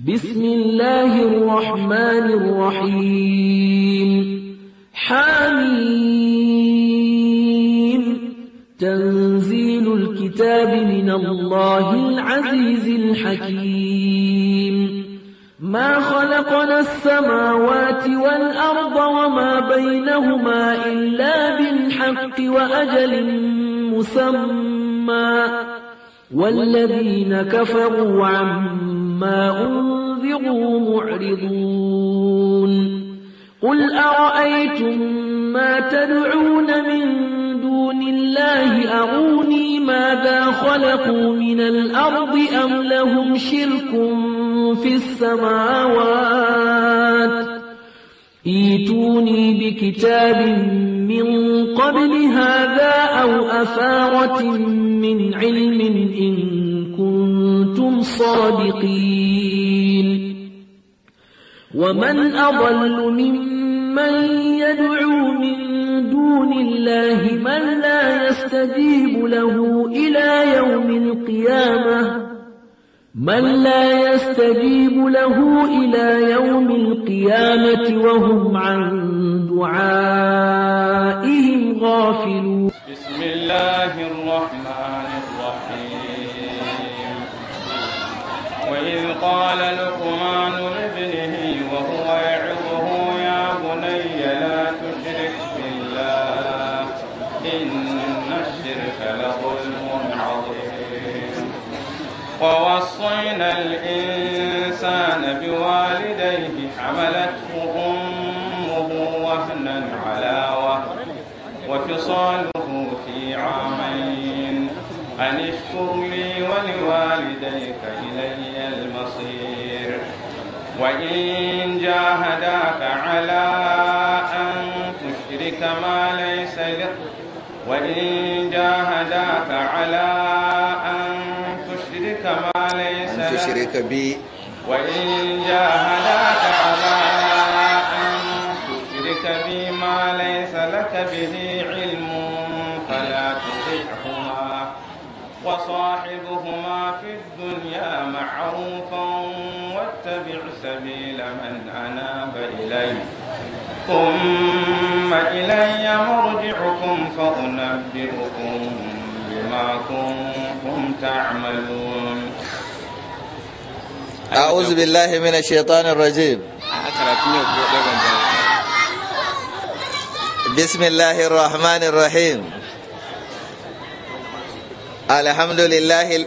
بسم الله الرحمن الرحيم حميم تنزيل الكتاب من الله العزيز الحكيم ما خلقنا السماوات والأرض وما بينهما إلا بالحق وأجل مسمى والذين كفروا عما أنذروا معرضون قل أرأيتم ما تدعون من دون الله أروني ماذا خلقوا من الأرض أم لهم شرك في السماوات إيتوني بكتاب من قبل هذا أو أثارة من علم إن صادقين ومن أضل ممن يدعو من دون الله من لا يستجيب له إلى يوم القيامة من لا يستجيب له إلى يوم القيامة وهم عن دعائهم غافلون بسم الله الرحمن قال لقمان لابنه وهو يعظه يا بني لا تشرك بالله إن الشرك لظلم عظيم ووصينا الإنسان بوالديه حملته أمه وهنا على وهن وفصاله في عام أن اشكر لي ولوالديك إلي المصير وإن جاهداك على أن تشرك ما ليس لك وإن جاهداك على أن تشرك ما ليس لك تشرك بي وإن جاهداك على أن تشرك بي ما ليس لك به معروفا واتبع سبيل من أناب إلي ثم إلي مرجعكم فأنبئكم بما كنتم تعملون أعوذ بالله من الشيطان الرجيم بسم الله الرحمن الرحيم الحمد لله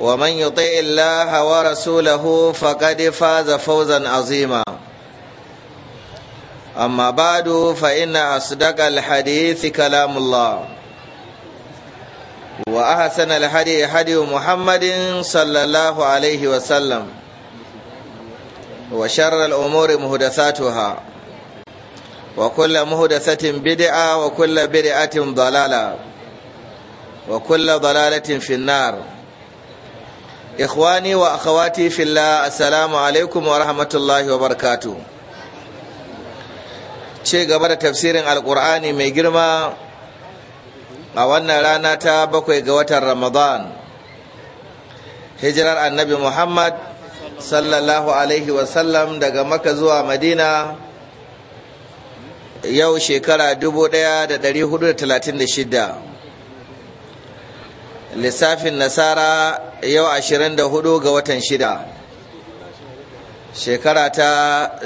ومن يطع الله ورسوله فقد فاز فوزا عظيما أما بعد فإن أصدق الحديث كلام الله وأحسن الحديث حديث محمد صلى الله عليه وسلم وشر الأمور مهدثاتها وكل مهدثة بدعة وكل بدعة ضلالة وكل ضلالة في النار ikhwani wa akhawati fillah assalamu alaikum wa rahmatullahi wa ce gaba da tafsirin alkur'ani mai girma a wannan rana ta bakwai ga watan ramadan Hijrar annabi muhammad sallallahu alaihi wasallam daga maka zuwa madina yau shekara shida. lissafin nasara yau ashirin da hudu ga watan shida shekara ta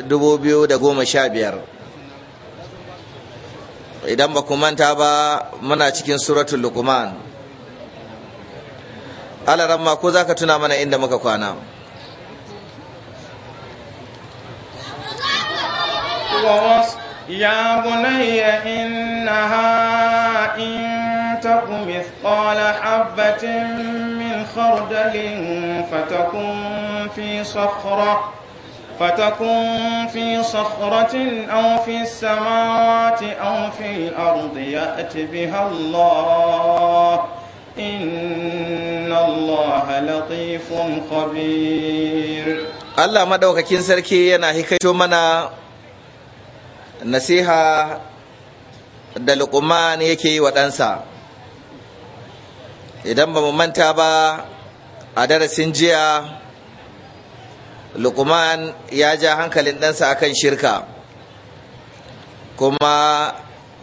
dubu biyu da goma sha biyar. idan ba manta ba muna cikin suratul luqman ma ko za ka tuna mana inda muka kwana Ya بني إنها in تق مثقال حبة من خردل فتكن في صخرة فتكون في صخرة أو في السماوات أو في الأرض يأت بها الله إن الله لطيف خبير الله ما دوك كين سركي أنا هيكتو منا نسيها da luqman yake yi wa ɗansa idan ba mu manta ba a darasin jiya lukman ya ja hankalin ɗansa akan shirka kuma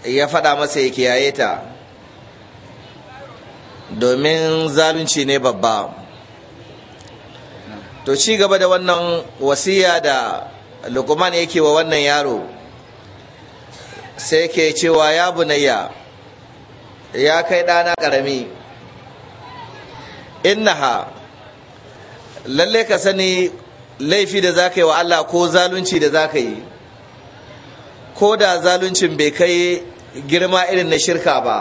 ya faɗa masa ya kiyaye ta domin zalunci ne babba to ci gaba da wannan wasiya da lukman yake wa wannan yaro sai ke cewa ya bunayya ya kai ɗana ƙarami innaha lalle ka sani laifi da zaka yi wa Allah ko zalunci da zaka yi ko da zaluncin bai kai girma irin na shirka ba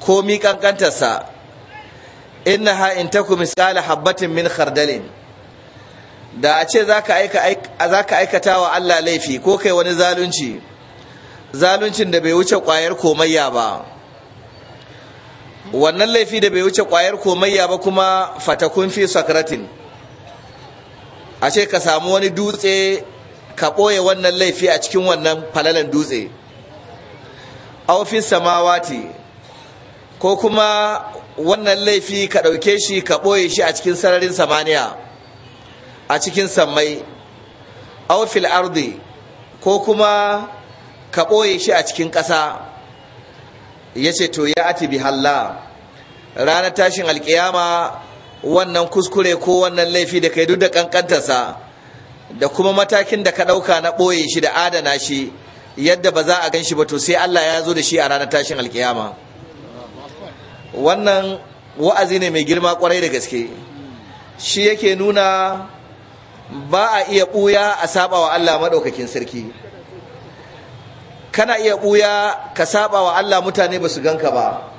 ko mi kankantarsa innaha in taku misali habbatin min khardalin da a ce za ka aikata wa Allah laifi ko kai wani zalunci zaluncin da bai wuce kwayar komayya ba wannan laifi da bai wuce kwayar komayya ba kuma fatakun fi sakratin a ce ka samu wani dutse ka ɓoye wannan laifi a cikin wannan falalan dutse aufin samawati ko kuma wannan laifi ka ɗauke shi ka ɓoye shi a cikin sararin samaniya a cikin sammai aufil ardi ko kuma ka ɓoye shi a cikin ƙasa ya ce to ya ati bi halla ranar tashin alkiyama wannan kuskure ko wannan laifi da kai duk da kankantarsa da kuma matakin da ka ɗauka na ɓoye shi da adana shi yadda ba za a gan shi ba to sai Allah ya zo da shi a ranar tashin alkiyama wannan wa'azi ne mai girma kwarai da gaske shi yake nuna ba a iya ɓuya a saba wa Allah maɗaukakin sarki kana iya buya ka saba wa Allah mutane ba su ganka ba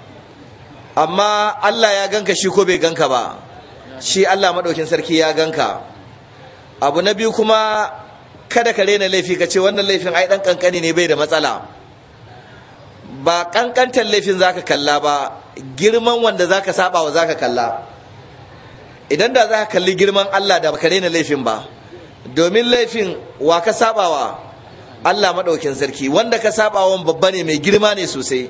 amma Allah ya ganka shi ko bai ganka ba shi Allah maɗaukin sarki ya ganka abu na biyu kuma kada ka rena laifi ka ce wannan laifin ai dan ƙanƙani ne bai da matsala ba ƙanƙantar laifin zaka kalla ba girman wanda zaka saba wa zaka kalla idan da zaka kalli girman Allah da ka rena laifin ba domin laifin wa ka wa? Allah maɗaukin sarki wanda ka saba wa babba ne mai girma ne sosai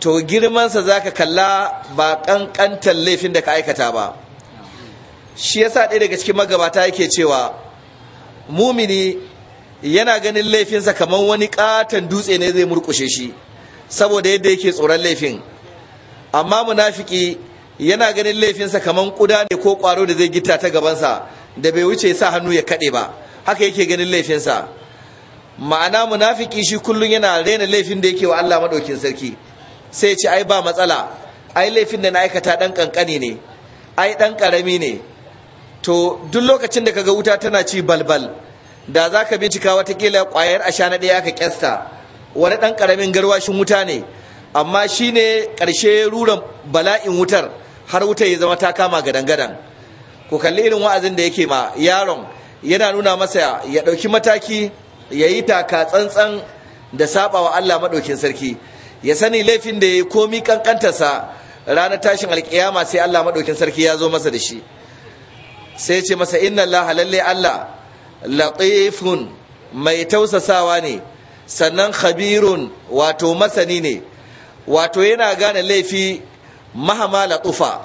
to girmansa za ka kalla ba ƙanƙantar laifin da ka aikata ba shi yasa ɗaya daga cikin magabata yake cewa mumini yana ganin laifinsa kamar wani ƙaton dutse ne zai murkushe shi saboda yadda yake tsoron laifin amma munafiki yana ganin laifinsa kamar ƙuda ne ko kwaro da zai gita ta gabansa da bai wuce sa hannu ya kaɗe ba haka yake ganin laifinsa ma'ana munafiki shi kullun yana rena laifin da yake wa Allah madaukin sarki sai ce ai ba matsala ai laifin da na aikata dan kankani ne ai dan karami ne to duk lokacin da kaga wuta tana ci balbal da za ka wata kila kwayar na ɗaya aka kyasta wani ɗan karamin garwashin wuta ne amma shi ne ƙarshe ruran bala'in wutar har wuta ya zama ta kama gadan ku kalli irin wa'azin da yake ma yaron yana nuna masa ya ɗauki mataki ya yi taka tsantsan da saba wa Allah maɗaukin sarki ya sani laifin da ya komi kankantarsa ranar tashin alkiyama sai Allah maɗaukin sarki ya zo masa da shi sai ce masa inna Allah lalle Allah Laqifun mai tausasawa ne sannan khabirun wato masani ne wato yana gane laifi mahama laƙufa.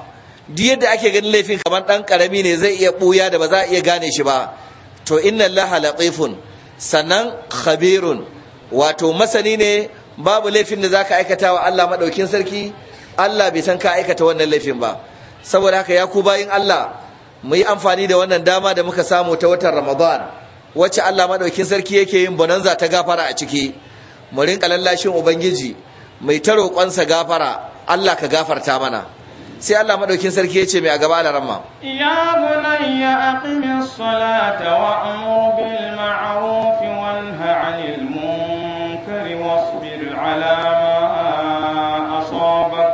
duk yadda ake ganin laifin kamar ɗan ƙarami ne zai iya buya da ba za a iya gane shi ba to inna Allah latifun sannan khabirun wato masani ne babu laifin da zaka aikata wa Allah madaukin sarki Allah bai san ka aikata wannan laifin ba saboda haka ya ku bayin Allah mu yi amfani da wannan dama da muka samu ta watan Ramadan wacce Allah madaukin sarki yake yin bonanza ta gafara a ciki mu rinka lallashin ubangiji mai taro kwansa gafara Allah ka gafarta mana sai Allah madaukin sarki ya ce mai a gaba da ramma ya bunayya aqimis salata wa amur bil ma'ruf wa nha 'anil munkar wasbir 'ala ma asabak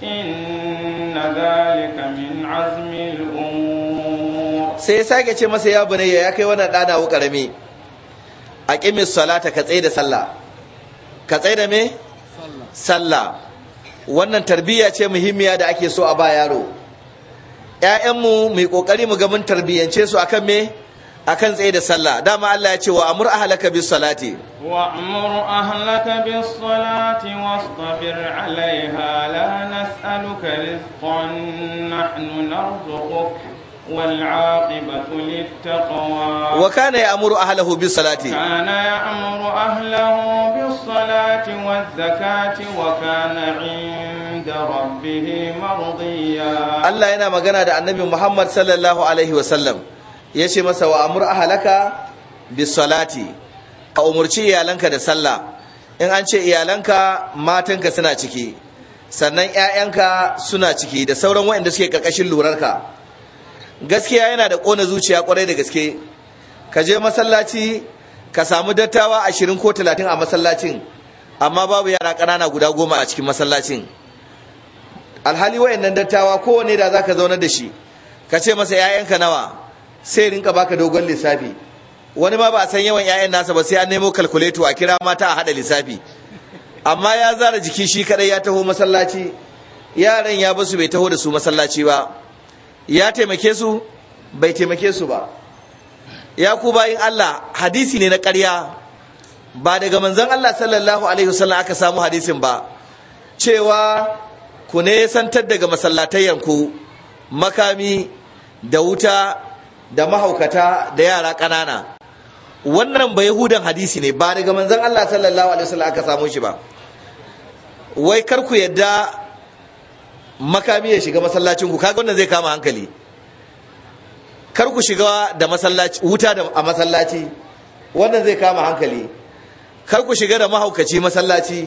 inna dhalika min 'azmil umur sai ya sake ce masa ya bunayya ya kai wannan dana wu karami aqimis salata ka tsaye da sallah ka tsaye da me sallah wannan tarbiyya ce muhimmiya da ake so a ba yaro Ya'yanmu mai ƙoƙari mu ga mun tarbiyyance su akan me akan tsaye da sallah dama Allah ya ce wa amur ahlaka bis salati wa amur ahlaka bis salati wastabir alaiha la nas'aluka rizqan nahnu narzuquka والعاقبة للتقوى وكان يأمر أهله بالصلاة كان يأمر أهله بالصلاة والزكاة وكان عند ربه مرضيا الله ينا مغنى دا النبي محمد صلى الله عليه وسلم يشي مسا وأمر أهلك بالصلاة أمرتي إيالنك دا صلاة in an ce iyalanka matanka suna ciki sannan 'ya'yanka suna ciki da sauran waɗanda suke ƙarƙashin lurarka gaskiya yana da kona zuciya kwarai da gaske ka je masallaci ka samu dattawa ashirin ko talatin a masallacin amma babu yara ƙanana guda goma a cikin masallacin alhali wayannan dattawa kowane da za ka zaunar da shi ka ce masa 'ya'yanka nawa sai rinka baka dogon lissafi wani ma ba a san yawan 'ya'yan nasa ba sai an nemo kalkuleto a kira mata a haɗa lissafi amma ya zara jiki shi kadai ya taho masallaci yaran ya basu bai taho da su masallaci ba ya taimake su bai taimake su ba ya ku bayin Allah hadisi ne na ƙarya ba daga manzan Allah sallallahu alaihi wasallam aka samu hadisin ba cewa ku ne santar daga masallatayyanku makami da wuta da mahaukata da yara ƙanana wannan ba yahudan hadisi ne ba daga manzan Allah sallallahu alaihi wasallam aka samu shi ba wai kar ku yadda makami ya shiga masallacin ku kaga wannan zai kama hankali kar ku shiga da masallaci wuta da a masallaci wannan zai kama hankali kar ku shiga da mahaukaci masallaci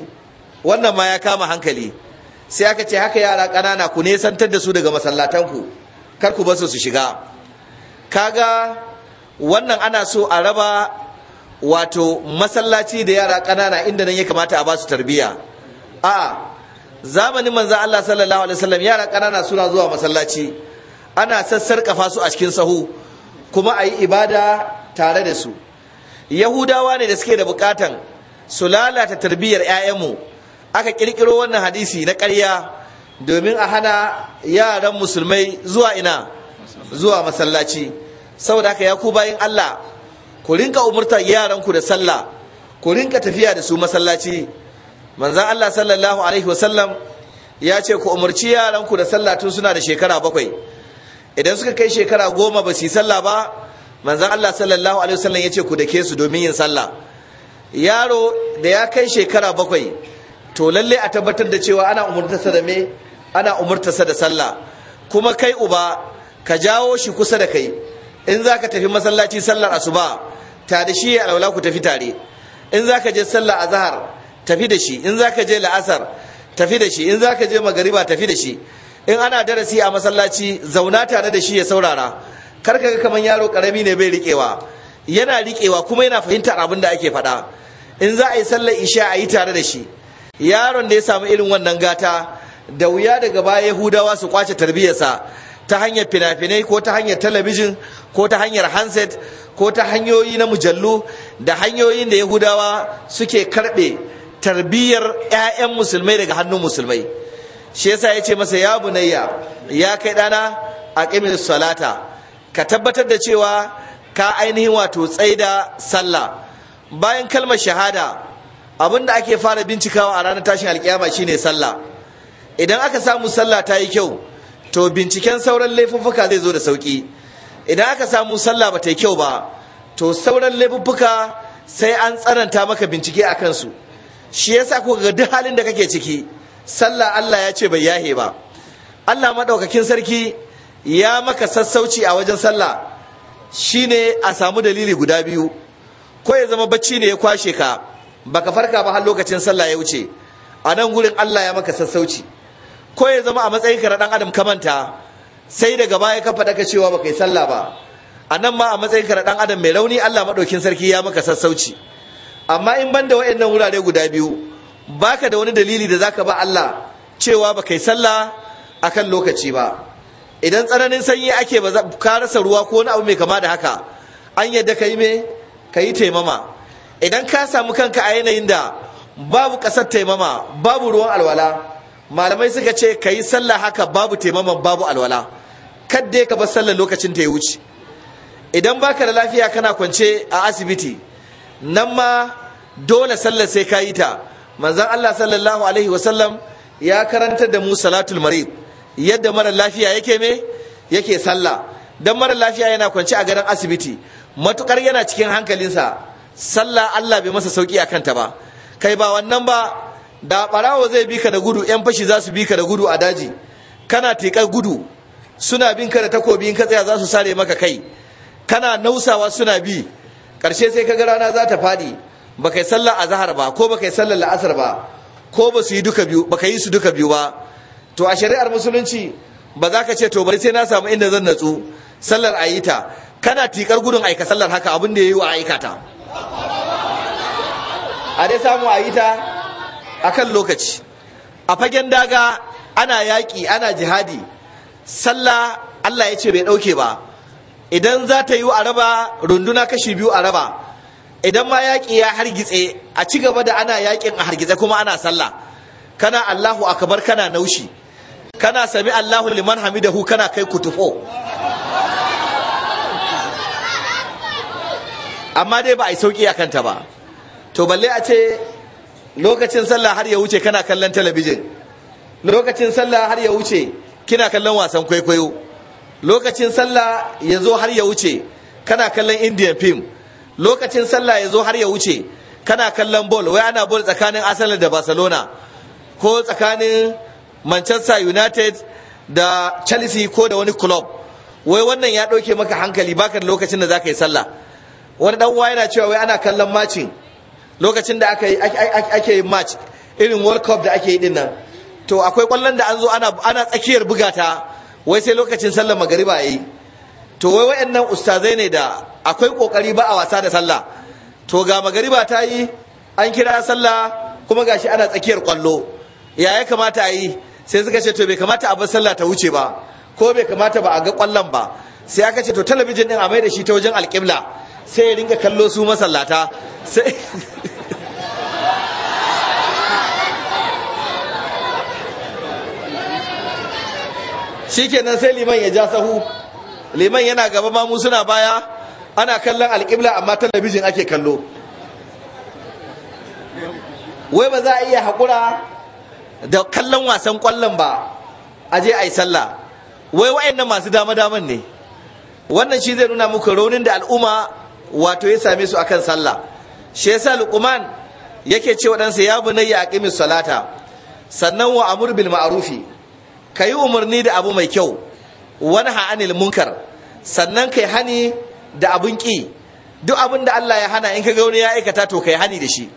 wannan ma ya kama hankali sai aka ce haka yara ƙanana ku nesantar da su daga masallatan ku. kar ku basu su shiga kaga wannan ana so a raba wato masallaci da yara ƙanana inda nan ya kamata a basu tarbiyya A'a. zamanin manzan Allah sallallahu alaihi wasallam yara ƙanana suna zuwa masallaci ana sassar kafa su a cikin sahu kuma a yi ibada tare da su yahudawa ne da suke da bukatan su lalata tarbiyyar 'ya'yanmu aka ƙirƙiro wannan hadisi na ƙarya domin a hana yaran musulmai zuwa ina zuwa masallaci saboda haka ya ku bayin Allah ku rinka umurtar yaranku da sallah ku rinka tafiya da su masallaci manzan Allah sallallahu alaihi wasallam ya ce ku umarci yaranku da sallah tun suna da shekara bakwai idan suka kai shekara goma ba su yi sallah ba manzan Allah sallallahu alaihi wasallam ya ce ku dake su domin yin sallah yaro da ya kai shekara bakwai to lalle a tabbatar da cewa ana umurtasa da me ana umurtasa da sallah kuma kai uba ka jawo shi kusa da kai in za ka tafi masallaci sallar asuba tare shi ya alwala ku tafi tare in za ka je sallar azhar tafi da shi in zaka je la'asar tafi da shi in zaka je magariba tafi da shi in ana darasi a masallaci zauna tare da shi ya saurara kar ka ga kaman yaro karami ne bai riƙewa yana riƙewa kuma yana fahimtar abin da ake faɗa in za a yi sallar isha a yi tare da shi yaron da ya samu irin wannan gata da wuya daga baya yahudawa su kwace tarbiyyarsa ta hanyar fina-finai ko ta hanyar talabijin ko ta hanyar handset ko ta hanyoyi na mujallu da hanyoyin da yahudawa suke karɓe tarbiyyar 'ya'yan musulmai daga hannun musulmai shi yasa ya ce masa ya bunayya ya kai dana a ƙimin salata ka tabbatar da cewa ka ainihin wato tsaida sallah bayan kalmar shahada abin da ake fara bincikawa a ranar tashin alkiyama shine sallah idan aka samu sallah ta yi kyau to binciken sauran laifuffuka zai zo da sauki idan aka samu sallah ba ta yi kyau ba to sauran laifuffuka sai an tsananta maka bincike a kansu shi yasa ku ga duk halin da kake ciki sallah Allah ya ce bai yahe ba Allah madaukakin sarki ya maka sassauci a wajen sallah shine a samu dalili guda biyu ko ya zama bacci ne ya kwashe ka baka farka ba har lokacin sallah ya wuce a nan gurin Allah ya maka sassauci ko ya zama a matsayin ka dan adam ka manta sai daga baya ka fada ka cewa baka yi sallah ba a nan ma a matsayin ka dan adam mai rauni Allah maɗaukin sarki ya maka sassauci amma in banda waɗannan wurare guda biyu baka da wani dalili da zaka ba Allah cewa ba kai sallah akan lokaci ba idan tsananin sanyi ake ba ka rasa ruwa ko wani abu mai kama da haka an yadda ka yi me ka yi taimama idan ka samu kanka a yanayin da babu ƙasar taimama babu ruwan alwala malamai suka ce ka yi sallah haka babu taimaman babu alwala kadda ka bar sallah lokacin ta ya wuce idan baka da lafiya kana kwance a asibiti nan ma dole sallar sai ka yi ta manzan Allah sallallahu alaihi wasallam ya karanta da mu salatul marid yadda mara lafiya yake me yake sallah Don mara lafiya yana kwance a gadon asibiti matukar yana cikin hankalinsa sallah Allah bai masa sauki a kanta ba kai ba wannan ba da barawo zai bi ka da gudu yan fashi za su bi ka da gudu a daji kana tekar gudu suna bin ka da takobi in ka tsaya za su sare maka kai kana nausawa suna bi karshe sai kaga rana za ta fadi baka yi sallar azhar ba ko baka yi sallar la'asar ba ko ba su yi duka biyu baka yi su duka biyu ba to a shari'ar musulunci ba za ka ce to bari sai na samu inda zan natsu sallar ayita kana tikar gudun aika sallar haka abin da yi wa aikata a dai samu ayita akan lokaci a fagen daga ana yaƙi ana jihadi sallah Allah ya ce bai ɗauke ba idan za ta yi a raba runduna kashi biyu a raba idan ma yaƙi ya hargitse a ci gaba da ana yaƙin a hargitse kuma ana sallah kana Allahu akbar kana naushi kana sami Allahu liman hamidahu kana kai kutufo amma dai ba a yi sauƙi a kanta ba to balle a ce lokacin sallah har ya wuce kana kallon talabijin lokacin sallah har ya wuce kina kallon wasan kwaikwayo lokacin sallah ya zo har ya wuce kana kallon indian film lokacin sallah ya zo har ya wuce kana kallon ball? wai ana ball tsakanin arsenal da barcelona ko tsakanin manchester united da chelsea ko da wani club wai wannan ya ɗauke maka hankali baka da lokacin da za ka yi sallah wani dan uwa yana cewa wai ana kallon matchin lokacin da aka ake yin match irin world cup da ake yi din to akwai kwallon da an zo ana ana tsakiyar buga ta wai sai lokacin sallar magariba yayi to wai wayannan ustazai ne da akwai kokari ba a wasa da sallah to ga magariba ta yi an kira sallah kuma gashi ana tsakiyar kwallo ya ya kamata a sai suka ce to bai kamata a bar sallah ta wuce ba ko bai kamata ba a ga kwallon ba sai aka ce to talabijin din a mai da shi ta wajen alƙibla sai ya ringa kallo su masallata sai shi shikenan sai liman ya ja sahu liman yana gaba mamu suna baya ana kallon alƙibla amma talabijin ake kallo wai ba za a iya haƙura da kallon wasan ƙwallon ba a je a yi sallah wai wa'annan masu dama-daman ne wannan shi zai nuna muku raunin da al'umma wato ya same su akan sallah shi yasa luqman yake ce waɗansa ya bunayya aqimis salata sannan wa amur bil ma'arufi ka yi umarni da abu mai kyau wani ha'anil munkar sannan kai hani da abun ƙi duk abin da Allah ya hana in ka ga wani ya aikata to kai hani da shi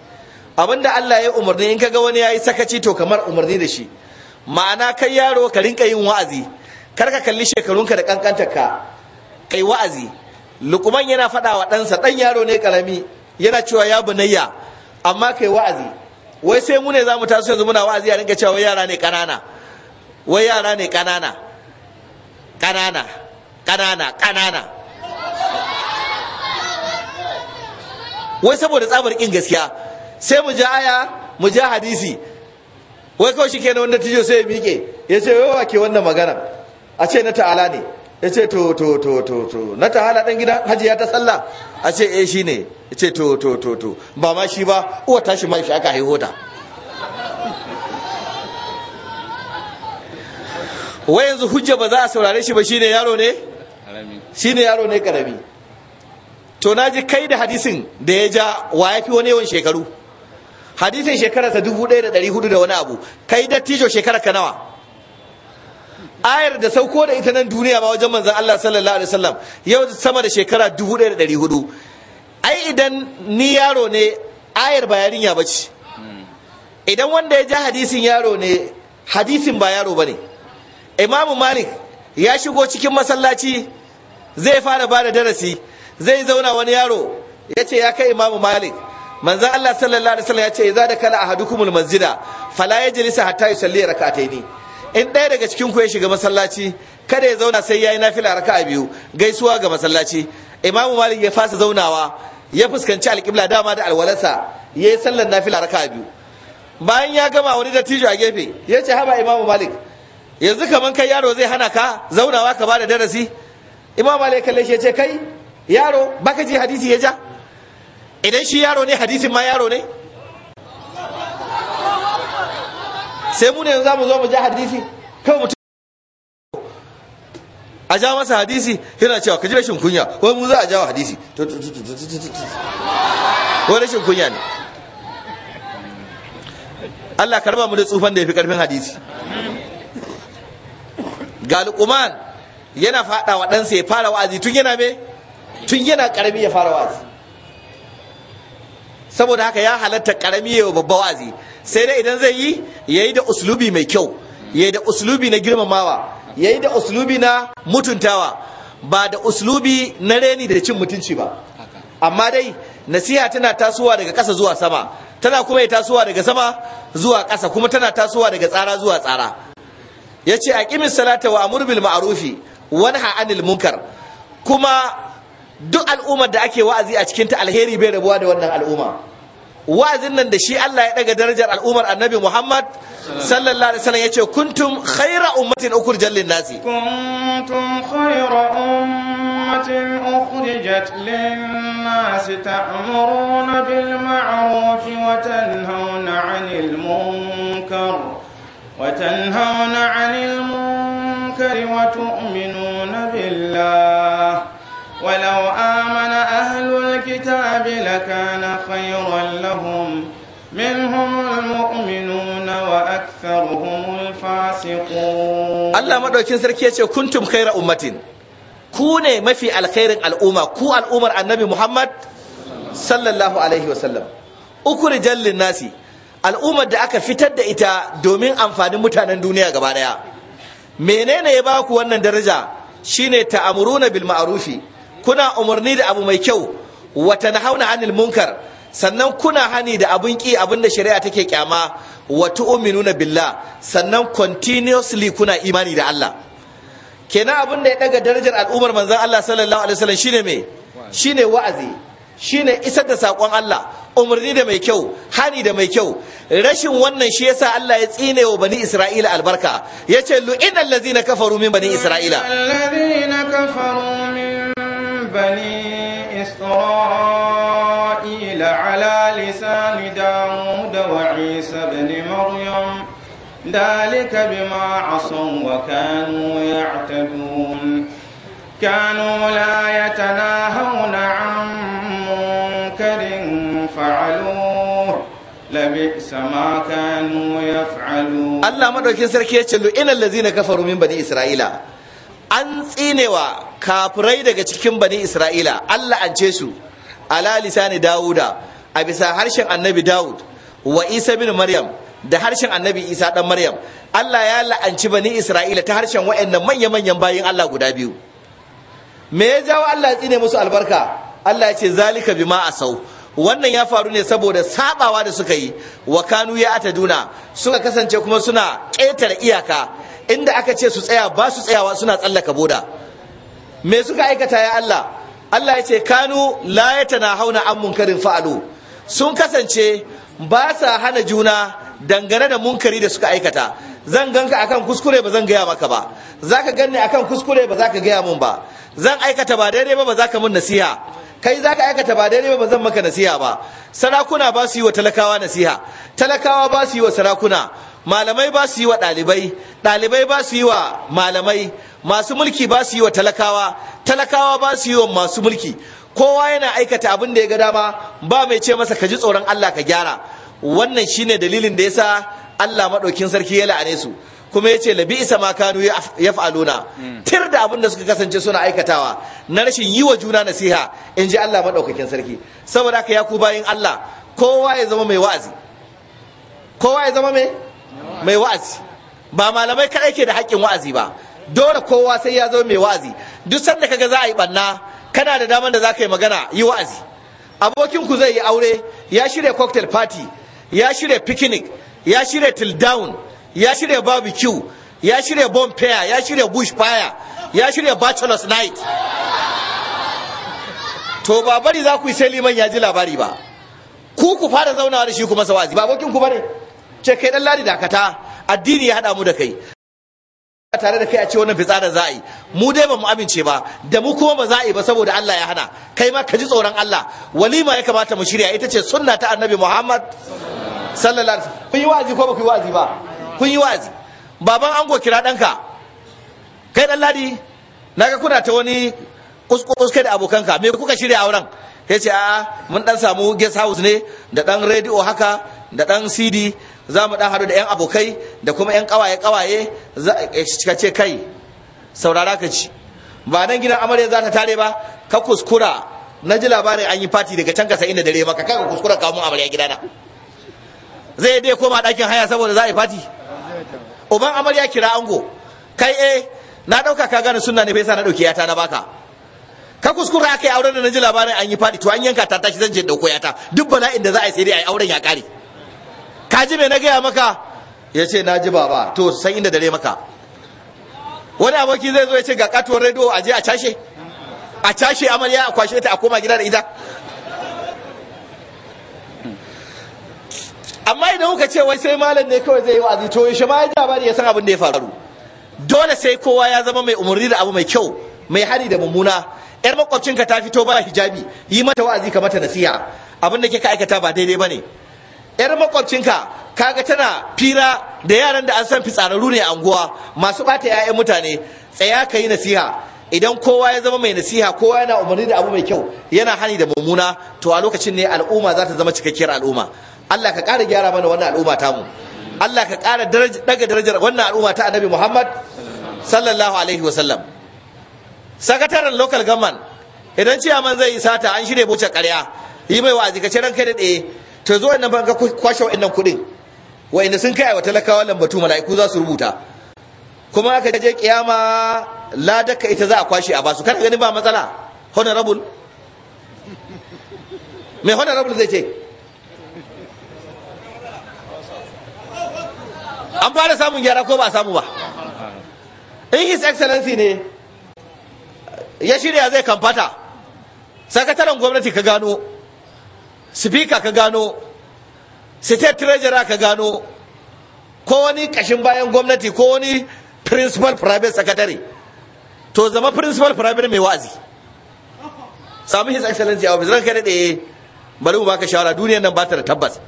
abin da Allah ya umarni in ka ga wani ya yi sakaci to kamar umarni da shi ma'ana kai yaro ka rinka yin wa'azi kar ka kalli shekarunka da kankantar ka kai wa'azi lukuman yana faɗa wa ɗansa ɗan yaro ne karami yana cewa ya bunayya amma kai wa'azi wai sai mu ne za mu taso yanzu muna wa'azi a rinka cewa yara ne ƙanana wai yara ne ƙanana ƙanana ƙanana ƙanana wai saboda tsabar ƙin gaskiya sai mu ji aya mu ji hadisi wai kawai shi kenan wanda tijo sai ya miƙe ya ce wai ke wannan magana a ce na ta'ala ne ya ce to to to to to na ta'ala ɗan gidan hajiya ta sallah a ce eh shi ne ya ce to to to to ba ma shi ba uwa tashi ma shi aka haihu ta wai yanzu hujja ba za a saurare shi ba shine yaro ne shine yaro ne karami to na ji kai da hadisin da ya ja wa ya fi wani yawan shekaru hadisin shekararsa dubu ɗaya da ɗari hudu da wani abu kai dattijo shekarar ka nawa ayar da sauko da ita nan duniya ba wajen manzan Allah sallallahu alaihi wasallam yau sama da shekara dubu ɗaya da ɗari hudu ai idan ni yaro ne ayar ba yarinya ba ce hmm. idan wanda ya ja hadisin yaro ne hadisin ba yaro ba ne imamu malik ya shigo cikin masallaci zai fara bada darasi zai zauna wani yaro ya ce ya kai imamu malik manzan allah sallallahu alaihi wasallam ya ce za da kala ahadukumul masjida fala ya jalisa hatta yusalli ni in ɗaya daga cikin ku ya shiga masallaci kada ya zauna sai yayi nafila a biyu gaisuwa ga masallaci imamu malik ya fasa zaunawa ya fuskanci alƙibla dama da alwalarsa ya yi sallar nafila a biyu bayan ya gama wani dattijo a gefe ya ce haba imamu malik yanzu kaman kai yaro zai hana ka zaunawa ka bada darasi imam ali kalle shi ya ce kai yaro baka ji hadisi ya ja idan shi yaro ne hadisin ma yaro ne sai mu ne yanzu mu zo mu ja hadisi kawai mutum a ja masa hadisi yana cewa ka ji rashin kunya wai mu za a jawa hadisi wai rashin kunya ne Allah karba mu da tsufan da ya fi karfin hadisi ga yana fada wa ɗansa ya fara wa'azi tun yana me tun yana karami ya fara wa'azi saboda haka ya halatta karami ya babba wa'azi sai dai idan zai yi ya yi da uslubi mai kyau ya yi da uslubi na girmamawa ya yi da uslubi na mutuntawa ba da uslubi na reni da cin mutunci ba amma dai nasiha tana tasowa daga ƙasa zuwa sama tana kuma ya tasowa daga sama zuwa ƙasa kuma tana tasowa daga tsara zuwa tsara ya ce a ƙimin salata wa amur bil ma'arufi wani anil munkar kuma duk al'ummar da ake wa'azi a cikin ta alheri bai rabuwa da wannan al'umma wa'azin nan da shi Allah ya daga darajar al'ummar annabi Muhammad sallallahu alaihi wasallam yace kuntum khayra ummatin ukhrijat lin nasi kuntum khayra ummatin ukhrijat lin nasi ta'muruna bil ma'ruf wa tanhauna 'anil munkar وتنهون عن المنكر وتؤمنون بالله ولو آمن أهل الكتاب لكان خيرا لهم منهم المؤمنون وأكثرهم الفاسقون الله مدوكين سركية كنتم خير أمة ku ne mafi alkhairin al'umma ku al'ummar annabi Muhammad sallallahu alaihi wasallam uku rijallin nasi al'ummar da aka fitar da ita domin amfanin mutanen duniya gaba daya menene ya baku wannan daraja shine ta'amuruna bil ma'rufi kuna umarni da abu mai kyau wa tanhauna 'anil munkar sannan kuna hani da abun ki abin da shari'a take kyama wa tu'minuna billah sannan continuously kuna imani da Allah kenan abin da ya daga darajar al'ummar manzon Allah sallallahu alaihi wasallam shine me shine wa'azi shine isar da sakon Allah umarni da mai kyau hani da mai kyau rashin wannan shi yasa Allah ya tsine wa bani Isra'ila albarka yace lu'ina allazina kafaru min bani Isra'ila allazina kafaru min bani Isra'ila ala lisan Dawud wa Isa ibn Maryam ذلك بما عصوا وكانوا يعتدون كانوا لا يتناهون عن Allah madaukin sarki ya ce lu'inan lazina kafaru min bani isra'ila an tsinewa kafurai daga cikin bani isra'ila Allah an ce su ala lisani dauda a bisa harshen annabi Dawud wa isa bin maryam da harshen annabi isa dan maryam Allah ya la'anci bani isra'ila ta harshen wa'annan manya manyan bayin Allah guda biyu me ya jawo Allah ya tsine musu albarka Allah ya ce zalika bima asau wannan ya faru ne saboda sabawa da suka yi wa kanu ya ata duna, suka kasance kuma suna ƙetare iyaka inda aka ce su tsaya ba su tsayawa suna tsallaka boda me suka aikata ya Allah Allah ya ce kanu la hauna an munkarin fa'alu sun kasance ba sa hana juna dangane da munkari da suka aikata zan ganka akan kuskure ba zan gaya maka ba zaka ganni akan kuskure ba zaka gaya mun ba zan aikata ba daidai ba ba ka mun nasiha kai za ka aikata ba daidai ba zan maka nasiha ba sarakuna ba su yi wa talakawa nasiha talakawa ba su yi wa sarakuna malamai ba su yi wa ɗalibai ɗalibai ba su yi wa malamai masu mulki ba su yi wa talakawa talakawa ba su yi wa masu mulki kowa yana aikata abin da ya ga dama ba mai ce masa ka ji tsoron Allah ka gyara wannan shine dalilin da yasa Allah maɗaukin sarki ya la'ane su kuma ya ce labi isa ma kanu ya faluna hmm. tir da abin da suka kasance suna aikatawa na rashin yi wa juna nasiha in ji Allah maɗaukakin sarki saboda haka ya ku bayin Allah kowa ya zama mai wa'azi kowa ya zama mai mai wa'azi ba malamai kaɗai ke da haƙƙin wa'azi ba dole kowa sai ya zama mai wa'azi duk sanda kaga za a yi ɓanna kana da daman da za ka yi magana yi wa'azi abokinku zai yi aure ya shirya cocktail party ya shirya picnic ya shirya till down ya shirya barbecue ya shirya bonfire ya shirya bush fire ya shirya bachelor's night to ba bari za ku yi sai liman ya ji labari ba ku ku fara zaunawa da shi kuma sawazi ba bokin ku bane ce kai dan ladi dakata addini ya hada mu da kai tare da kai a ce wannan fitsarin za a yi mu dai ba mu amince ba da mu kuma ba za a yi ba saboda Allah ya hana kai ma ka ji tsoron Allah walima ya kamata mu shirya ita ce sunna ta annabi Muhammad sallallahu alaihi wasallam kun yi wa'azi ko ba ku yi wa'azi ba kun yi wa'azi baban ango kira ɗanka kai ɗan ladi naga kuna ta wani kuskus kai da abokanka me kuka shirya auren ya ce a'a mun dan samu guest house ne da dan radio haka da dan cd za mu dan haɗu da yan abokai da kuma yan kawaye kawaye ka ce kai saurara ka ci ba nan gidan amarya za ta tare ba ka kuskura na ji labarin an yi fati daga can kasa inda dare maka kan kuskura kawo mun amarya gidana zai dai koma dakin haya saboda za a yi fati uban amarya kira ango kai eh na dauka ka gane sunna ne bai sa na dauki yata na baka ka kuskura kai auren da na ji labarin an yi fadi to an yanka ta tashi zan je dauko yata duk bala'in da za a yi sai dai a yi auren ya kare ka ji me na gaya maka ya ce na ji baba to san inda dare maka wani aboki zai zo ya ce ga katuwar rediyo a je a cashe a cashe amarya a kwashe ta a koma gida da ita amma idan kuka ce wai sai malam ne kawai zai yi wa'azi to yaushe ma ya ji labari ya san abin da ya faru dole sai kowa ya zama mai umarni da abu mai kyau mai hari da mummuna yar makwabcinka ta fito ba hijabi yi mata wa'azi ka mata nasiha abin da ke ka aikata ba daidai bane yar makwabcinka kaga tana fira da yaran da an san fitsararru ne a unguwa, masu bata 'ya'yan mutane tsaya ka yi nasiha idan kowa ya zama mai nasiha kowa yana umarni da abu mai kyau yana hani da mummuna to a lokacin ne al'umma za ta zama cikakkiyar al'umma Allah ka ƙara gyara mana wannan al'umma ta mu Allah ka ƙara daga darajar wannan al'umma ta annabi Muhammad sallallahu alaihi wasallam sakataren local government idan ciyaman zai yi sata an shirya buce ƙarya yi mai wa'azi ka ciran kai da ɗaya to zo wannan banka kwashe wa'annan kuɗin wa'anda sun kai wa talakawa lambatu mala'iku za su rubuta kuma aka je kiyama ladaka ita za a kwashe a basu kana ganin ba matsala honorable me honorable zai ce an fara samun gyara ko ba samu ba in his excellency ne ya shirya zai kamfata sakataren gwamnati ka gano speaker ka gano state treasurer ka gano ko wani kashin bayan gwamnati ko wani principal private secretary to zama principal private mai wa'azi sami his excellency a office da daɗe bari mu baka shawara duniyar nan ba ta da tabbas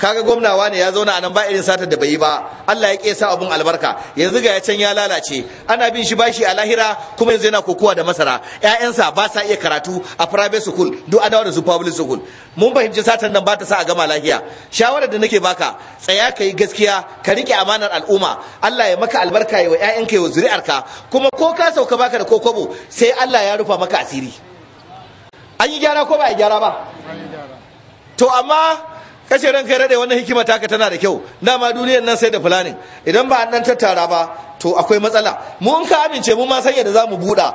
kaga gwamnawa ne ya zauna anan ba irin satar da bai yi ba Allah ya kesa abun albarka yanzu ga ya can ya lalace ana bin shi bashi a lahira kuma yanzu yana kokowa da masara ƴaƴansa ba sa iya karatu a private school duk adawa da su public school mun fahimci satar nan ba ta sa a gama lahiya shawarar da nake baka tsaya ka yi gaskiya ka rike amanar al'umma Allah ya maka albarka ya wa ƴaƴanka ya wa zuri'arka kuma ko ka sauka baka da kokobo sai Allah ya rufa maka asiri an yi gyara ko ba a gyara ba to amma kace ran kai rade wannan hikima taka tana da kyau dama duniyar nan sai da fulanin idan ba an nan tattara ba to akwai matsala mu in ka amince mu ma san yadda zamu buɗa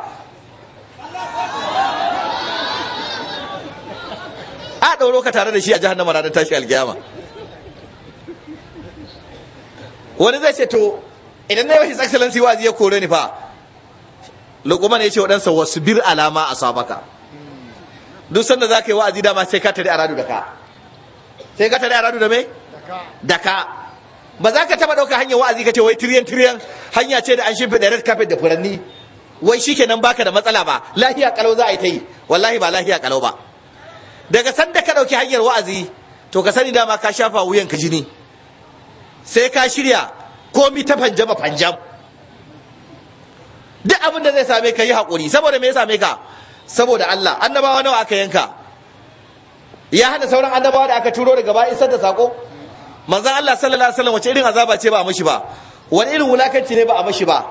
a ɗauro ka tare da shi a jahannama ranar tashi alkiyama wani zai ce to idan na yi his excellency wazi ya kore ni fa ne ya ce waɗansa wasu bir alama a sabaka duk sanda za ka yi wa'azi dama sai ka tare a radu da ka sai ka tare radu da mai? daka ba za ka taba ɗauka hanyar wa'azi ka ce wai tiriyan tiriyan hanya ce da an shimfi da red carpet da furanni wai shi shikenan baka da matsala ba lahiya kalau za a yi ta yi wallahi ba lahiya kalau ba daga sanda ka dauki hanyar wa'azi to ka sani dama ka shafa wuyan ka jini sai ka shirya komi ta fanjama fanjam duk abin da zai same ka yi hakuri, saboda me ya same ka saboda Allah annabawa nawa aka yanka ya hada sauran annabawa da aka turo daga baya isar da sako manzon Allah sallallahu alaihi wasallam wace irin azaba ce ba a mishi ba wani irin wulakanci ne ba a mishi ba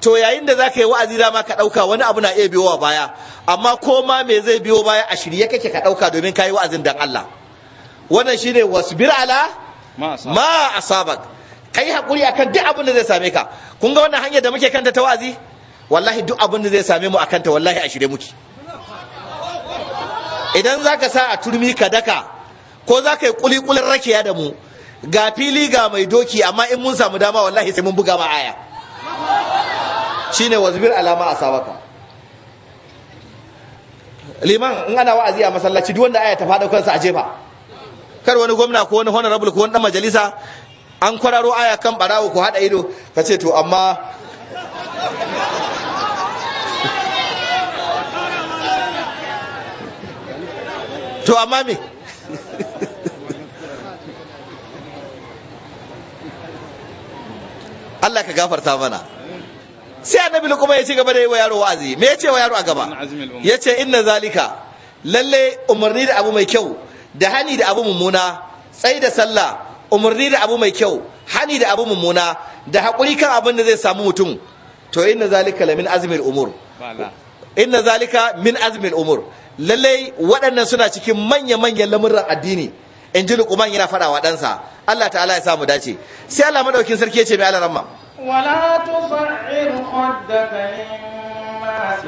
to yayin da zaka yi wa'azi dama ka dauka wani abu na iya biyowa baya amma ko ma me zai biyo baya a shirye kake ka dauka domin kai wa'azin dan Allah wannan shine wasbir ala ma asabak kai hakuri akan duk abin da zai same ka kun ga wannan hanyar da muke kanta ta wa'azi wallahi duk abin da zai same mu akan ta wallahi a shirye muke idan za ka sa a turmi ka daka ko za ka yi kulikulin rakiya da mu ga fili ga mai doki amma in mun samu dama wallahi sai mun buga ma aya Shi ne wazbir alama a sabaka liman in ana wa'azi a masallaci duk wanda aya ta faɗa kansa a jefa kar wani gwamna ko wani honorable ko wani dan majalisa an kwararo aya kan barawo ko hada ido ka ce to amma to amma me Allah ka gafarta mana sai annabi kuma ya ce gaba da yi wa yaro wa'azi me ya ce wa yaro a gaba ya ce inna zalika lalle umarni da abu mai kyau da hani da abu mummuna tsai da sallah umarni da abu mai kyau hani da abu mummuna da haƙuri kan abin da zai samu mutum to inna zalika la min azmil umur inna zalika min azmil umur lallai waɗannan suna cikin manya-manyan lamurran addini in ji lukuman yana faɗa wa ɗansa Allah ta'ala ya samu dace sai Allah madaukin sarki ya ce mai alaran ramma wala tusa'ir khaddaka lin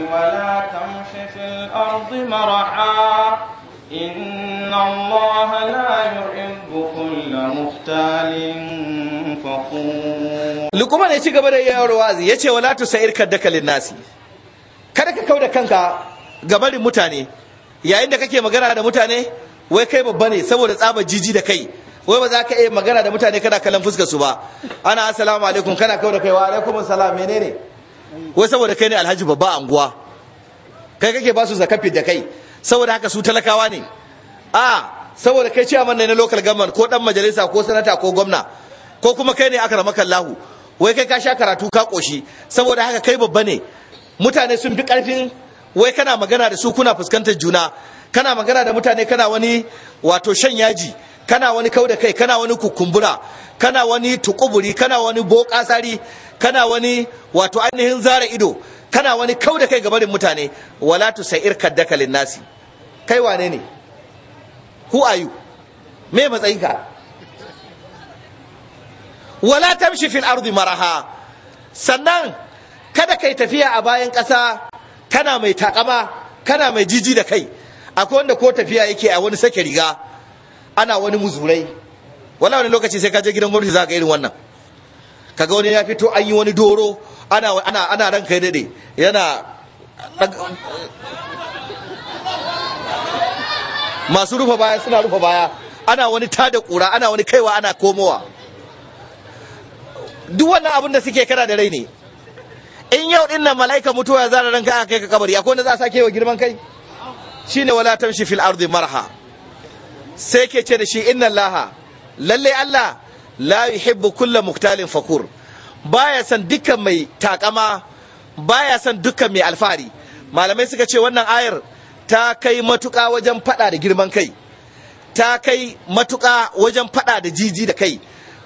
wala tamshi fil ardi maraha inna Allah la yuhibbu kulla muhtalin fakhur lukuman ya ci gaba da yawar wazi ce wala tusa'ir khaddaka lin nasi kada ka kauda kanka gabarin mutane yayin da kake magana da mutane wai kai babba ne saboda tsaba jiji da kai wai ba za ka iya magana da mutane kana kallon fuskar su ba ana assalamu alaikum kana kawo da kai wa alaikum assalam menene wai saboda kai ne alhaji babba anguwa kai kake ba su zakafi da kai saboda haka su talakawa ne a saboda kai ciyaman ne na local government ko dan majalisa ko sanata ko gwamna ko kuma kai ne aka rama kallahu wai kai ka sha karatu ka koshi saboda haka kai babba ne mutane sun fi karfin wai kana magana da su kuna fuskantar juna kana magana da mutane kana wani wato shan yaji kana wani kau da kai kana wani kukumbura kana wani tukuburi kana wani bokasari kana wani wato ainihin zara ido kana wani kau da kai gabarin mutane wala tu sa'ir kaddaka linnasi kai wane ne who are you me matsayinka wala tamshi fil ardi maraha sannan kada kai tafiya a bayan ƙasa kana mai takama kana mai jiji da kai akwai wanda ko tafiya yake a wani sake riga ana wani muzurai wala wani lokaci sai ka je gidan gwamnati za ka irin wannan kaga wani ya fito an yi wani doro ana ana ana ran kai dade yana masu rufe baya suna rufe baya ana wani tada kura ana wani kaiwa ana komowa duk wannan abin da suke kana da rai ne in yau din nan mala'ika mutuwa ya zara ranka kai ka kabari akwai wanda za a sake wa girman kai shine wala tamshi fil ardi marha sai ke ce da shi inna laha lalle Allah la yuhibbu kulla muktalin fakur baya san dukkan mai takama baya san dukkan mai alfahari malamai suka ce wannan ayar ta kai matuka wajen fada da girman kai ta kai matuka wajen fada da jiji da kai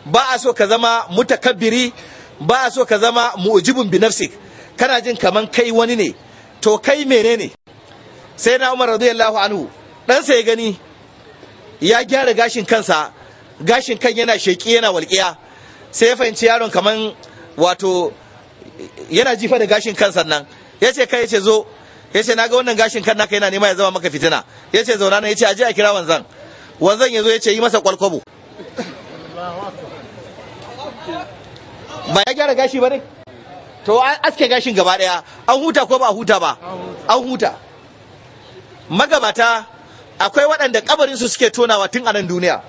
ba a so ka zama mutakabbiri ba a so ka zama mu'jibun bi nafsik kana jin kaman kai wani ne to kai menene sai na Umar radiyallahu anhu dan sai gani ya gyara gashin kansa gashin kan yana sheki yana walƙiya sai ya fahimci yaron kaman wato yana jifa da gashin kansa nan yace kai yace zo yace ga wannan gashin kan naka yana nema ya zama maka fitina yace zauna nan yace aje a kira wanzan wanzan yazo yace yi masa kwalkwabo ba ya gyara gashi ba ne to aske gashin gaba daya an huta ko ba huta ba an huta magabata akwai waɗanda kabarin su suke tonawa tun a nan duniya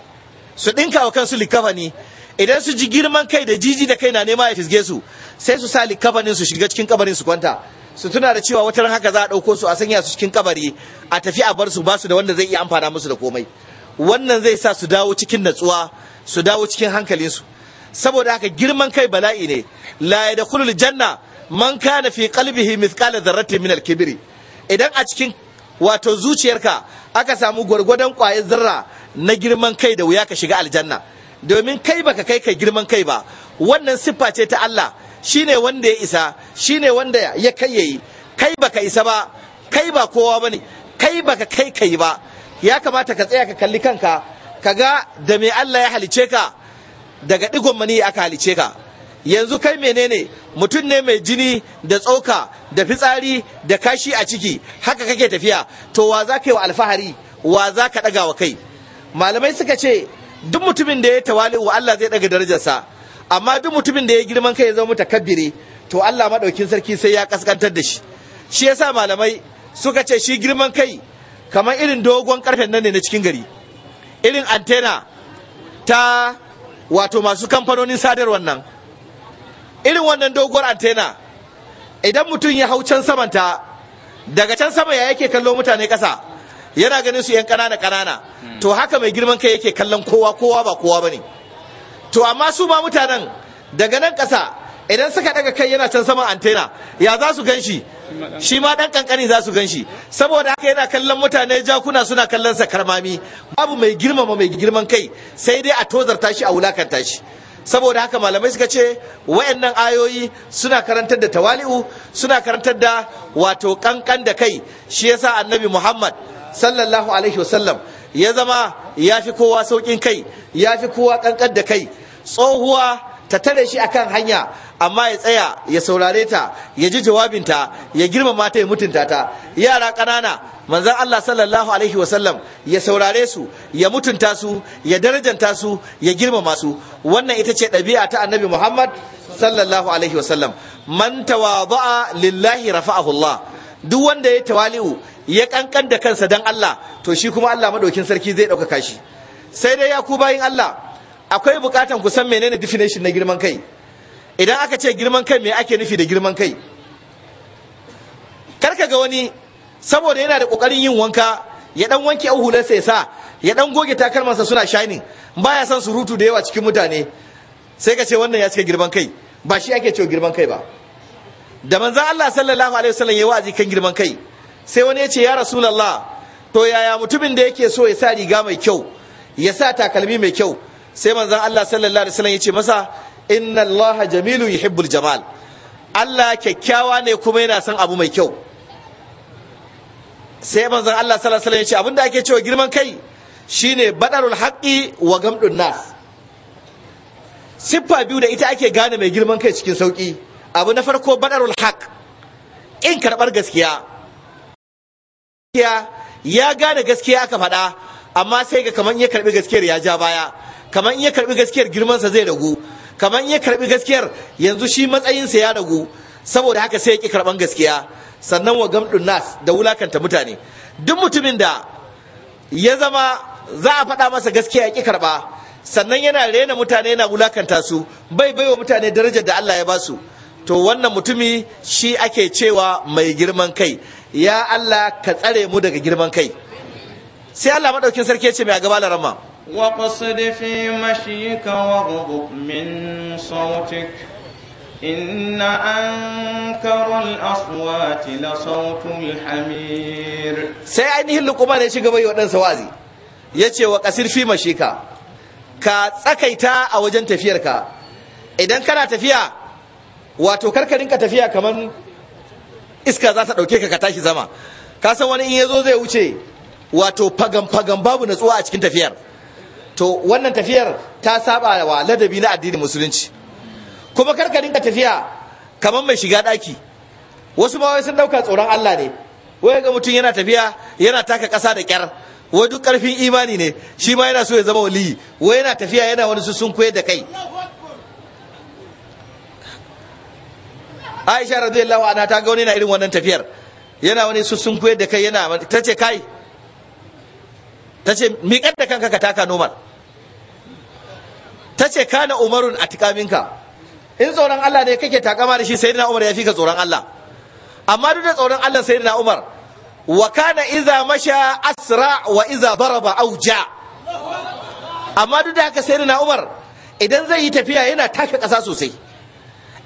su ɗinka wa kansu likafani idan su ji girman kai da jiji da kai na nema ya fisge su sai su sa likafanin su shiga cikin kabarin su kwanta su tuna da cewa wata ran haka za a ɗauko su a sanya su cikin kabari a tafi a bar su ba su da wanda zai iya amfana musu da komai wannan zai sa su dawo cikin natsuwa su dawo cikin hankalinsu saboda haka girman kai bala'i ne la kulul janna man kana fi qalbihi mithqala dharratin min al-kibri idan a cikin wato zuciyarka aka samu gwargwadon kwaye zarra na girman kai da wuya ka shiga aljanna domin kai baka kai ka girman kai ba wannan siffa ce ta Allah shine wanda ya isa shine wanda ya kai yayi kai baka isa ba kai ba kowa bane kai baka kai kai ba ya kamata ka tsaya ka kalli kanka ka ga da me Allah ya halice ka daga digon mani aka halice ka yanzu kai menene mutum ne mai jini da tsoka da fitsari da kashi a ciki haka kake tafiya to wa za ka yi wa alfahari wa za ka ɗaga wa kai malamai suka ce duk mutumin da ya tawali wa Allah zai ɗaga darajarsa amma duk mutumin da ya girman kai ya zama mutakabbiri to Allah maɗaukin sarki sai ya kaskantar da shi shi yasa malamai suka ce shi girman kai kamar irin dogon karfen nan ne na cikin gari irin antena ta wato masu kamfanonin sadarwar nan irin wannan doguwar antena idan mutum ya hau can samanta daga can sama ya yake kallo mutane ƙasa yana ganin su 'yan ƙanana ƙanana hmm. to haka mai girman kai yake kallon kowa kowa ba kowa ba ne to amma su ma mutanen daga nan ƙasa idan suka daga kai yana can saman antena ya za su gan shi shi ma dan kankani za su gan shi saboda haka yana kallon mutane jakuna suna kallon sa karmami babu mai girmama mai girman kai sai dai a tozarta shi a wulakanta shi saboda haka malamai suka ce wayannan ayoyi suna karantar da tawali'u suna karantar da wato kankan da kai shi yasa annabi muhammad sallallahu alaihi wasallam ya zama ya fi kowa saukin kai ya fi kowa kankan da kai tsohuwa ta tare shi akan hanya amma ya tsaya ya saurare ta ya ji jawabinta ya girmama ta ya mutunta ta yara ƙanana manzon Allah sallallahu alaihi wasallam ya saurare su ya mutunta su ya darajanta su ya girmama su wannan ita ce ɗabi'a ta annabi Muhammad sallallahu alaihi wasallam man tawadha'a lillahi rafa'ahu Allah duk wanda ya tawali'u ya kankan da kansa dan Allah to shi kuma Allah madaukin sarki zai ɗaukaka shi sai dai ya ku bayin Allah akwai bukatan ku san menene definition na girman kai idan aka ce girman kai me ake nufi da girman kai kar ka ga wani saboda yana da kokarin yin wanka ya dan wanke yan hularsa ya sa ya dan goge takalmansa suna shining baya son surutu da yawa cikin mutane sai ka ce wannan ya cika girman kai ba shi ake cewa girman kai ba da manzo Allah sallallahu alaihi wasallam yayi wa'azi kan girman kai sai wani ya ce ya rasulullah to yaya mutumin da yake so ya sa riga mai kyau ya sa takalmi mai kyau sai manzan Allah sallallahu alaihi wasallam yace masa inna Allah jamilu yuhibbul jamal Allah kyakkyawa ne kuma yana son abu mai kyau sai manzan Allah sallallahu alaihi wasallam yace abinda ake cewa girman kai shine badarul haqqi wa gamdun nas siffa biyu da ita ake gane mai girman kai cikin sauki abu na farko badarul haq in karbar gaskiya ya gane gaskiya aka faɗa amma sai ga kaman ya karbi gaskiyar ya ja baya kamar in ya karbi gaskiyar girmansa zai ragu kamar in ya karbi gaskiyar yanzu shi matsayinsa ya ragu saboda haka sai ya ki karban gaskiya sannan wa gamdun nas da wulakanta mutane duk mutumin da ya zama za a faɗa masa gaskiya ya ki karba sannan yana rena mutane yana wulakanta su bai baiwa mutane darajar da Allah ya ba su to wannan mutumi shi ake cewa mai girman kai ya Allah ka tsare mu daga girman kai sai Allah madaukin sarki ya ce mai a gaba larama واقصد في مشيك واغضب من صوتك إن أنكر الأصوات لصوت الحمير سيعينه اللقمان يشيك بي ودن سوازي يشي وقصد في مشيك ka tsakaita a wajen tafiyarka idan kana tafiya wato karka rinka tafiya kamar iska za ta ɗauke ka ka tashi zama ka san wani in ya zo zai wuce wato fagan fagan babu natsuwa a cikin tafiyar to wannan tafiyar ta saba wa ladabi na addinin musulunci kuma karka dinga tafiya kamar mai shiga daki wasu ma wai sun dauka tsoron Allah ne wai ga mutum yana tafiya yana taka ƙasa da ƙyar wai duk ƙarfin imani ne shi ma yana so ya zama wali wai yana tafiya yana wani sun koyar da kai Aisha radiyallahu anha ta ga wani na irin wannan tafiyar yana wani sun koyar da kai yana ta ce kai ta ce miƙar da kanka ka taka normal ta ce kana umarun a tikaminka in tsoron Allah ne kake takama da shi sayyidina Umar ya fi ka tsoron Allah amma duk da tsoron Allah sayyidina Umar wa kana iza masha asra wa iza daraba auja amma duk da haka sayyidina Umar idan zai yi tafiya yana taka ƙasa sosai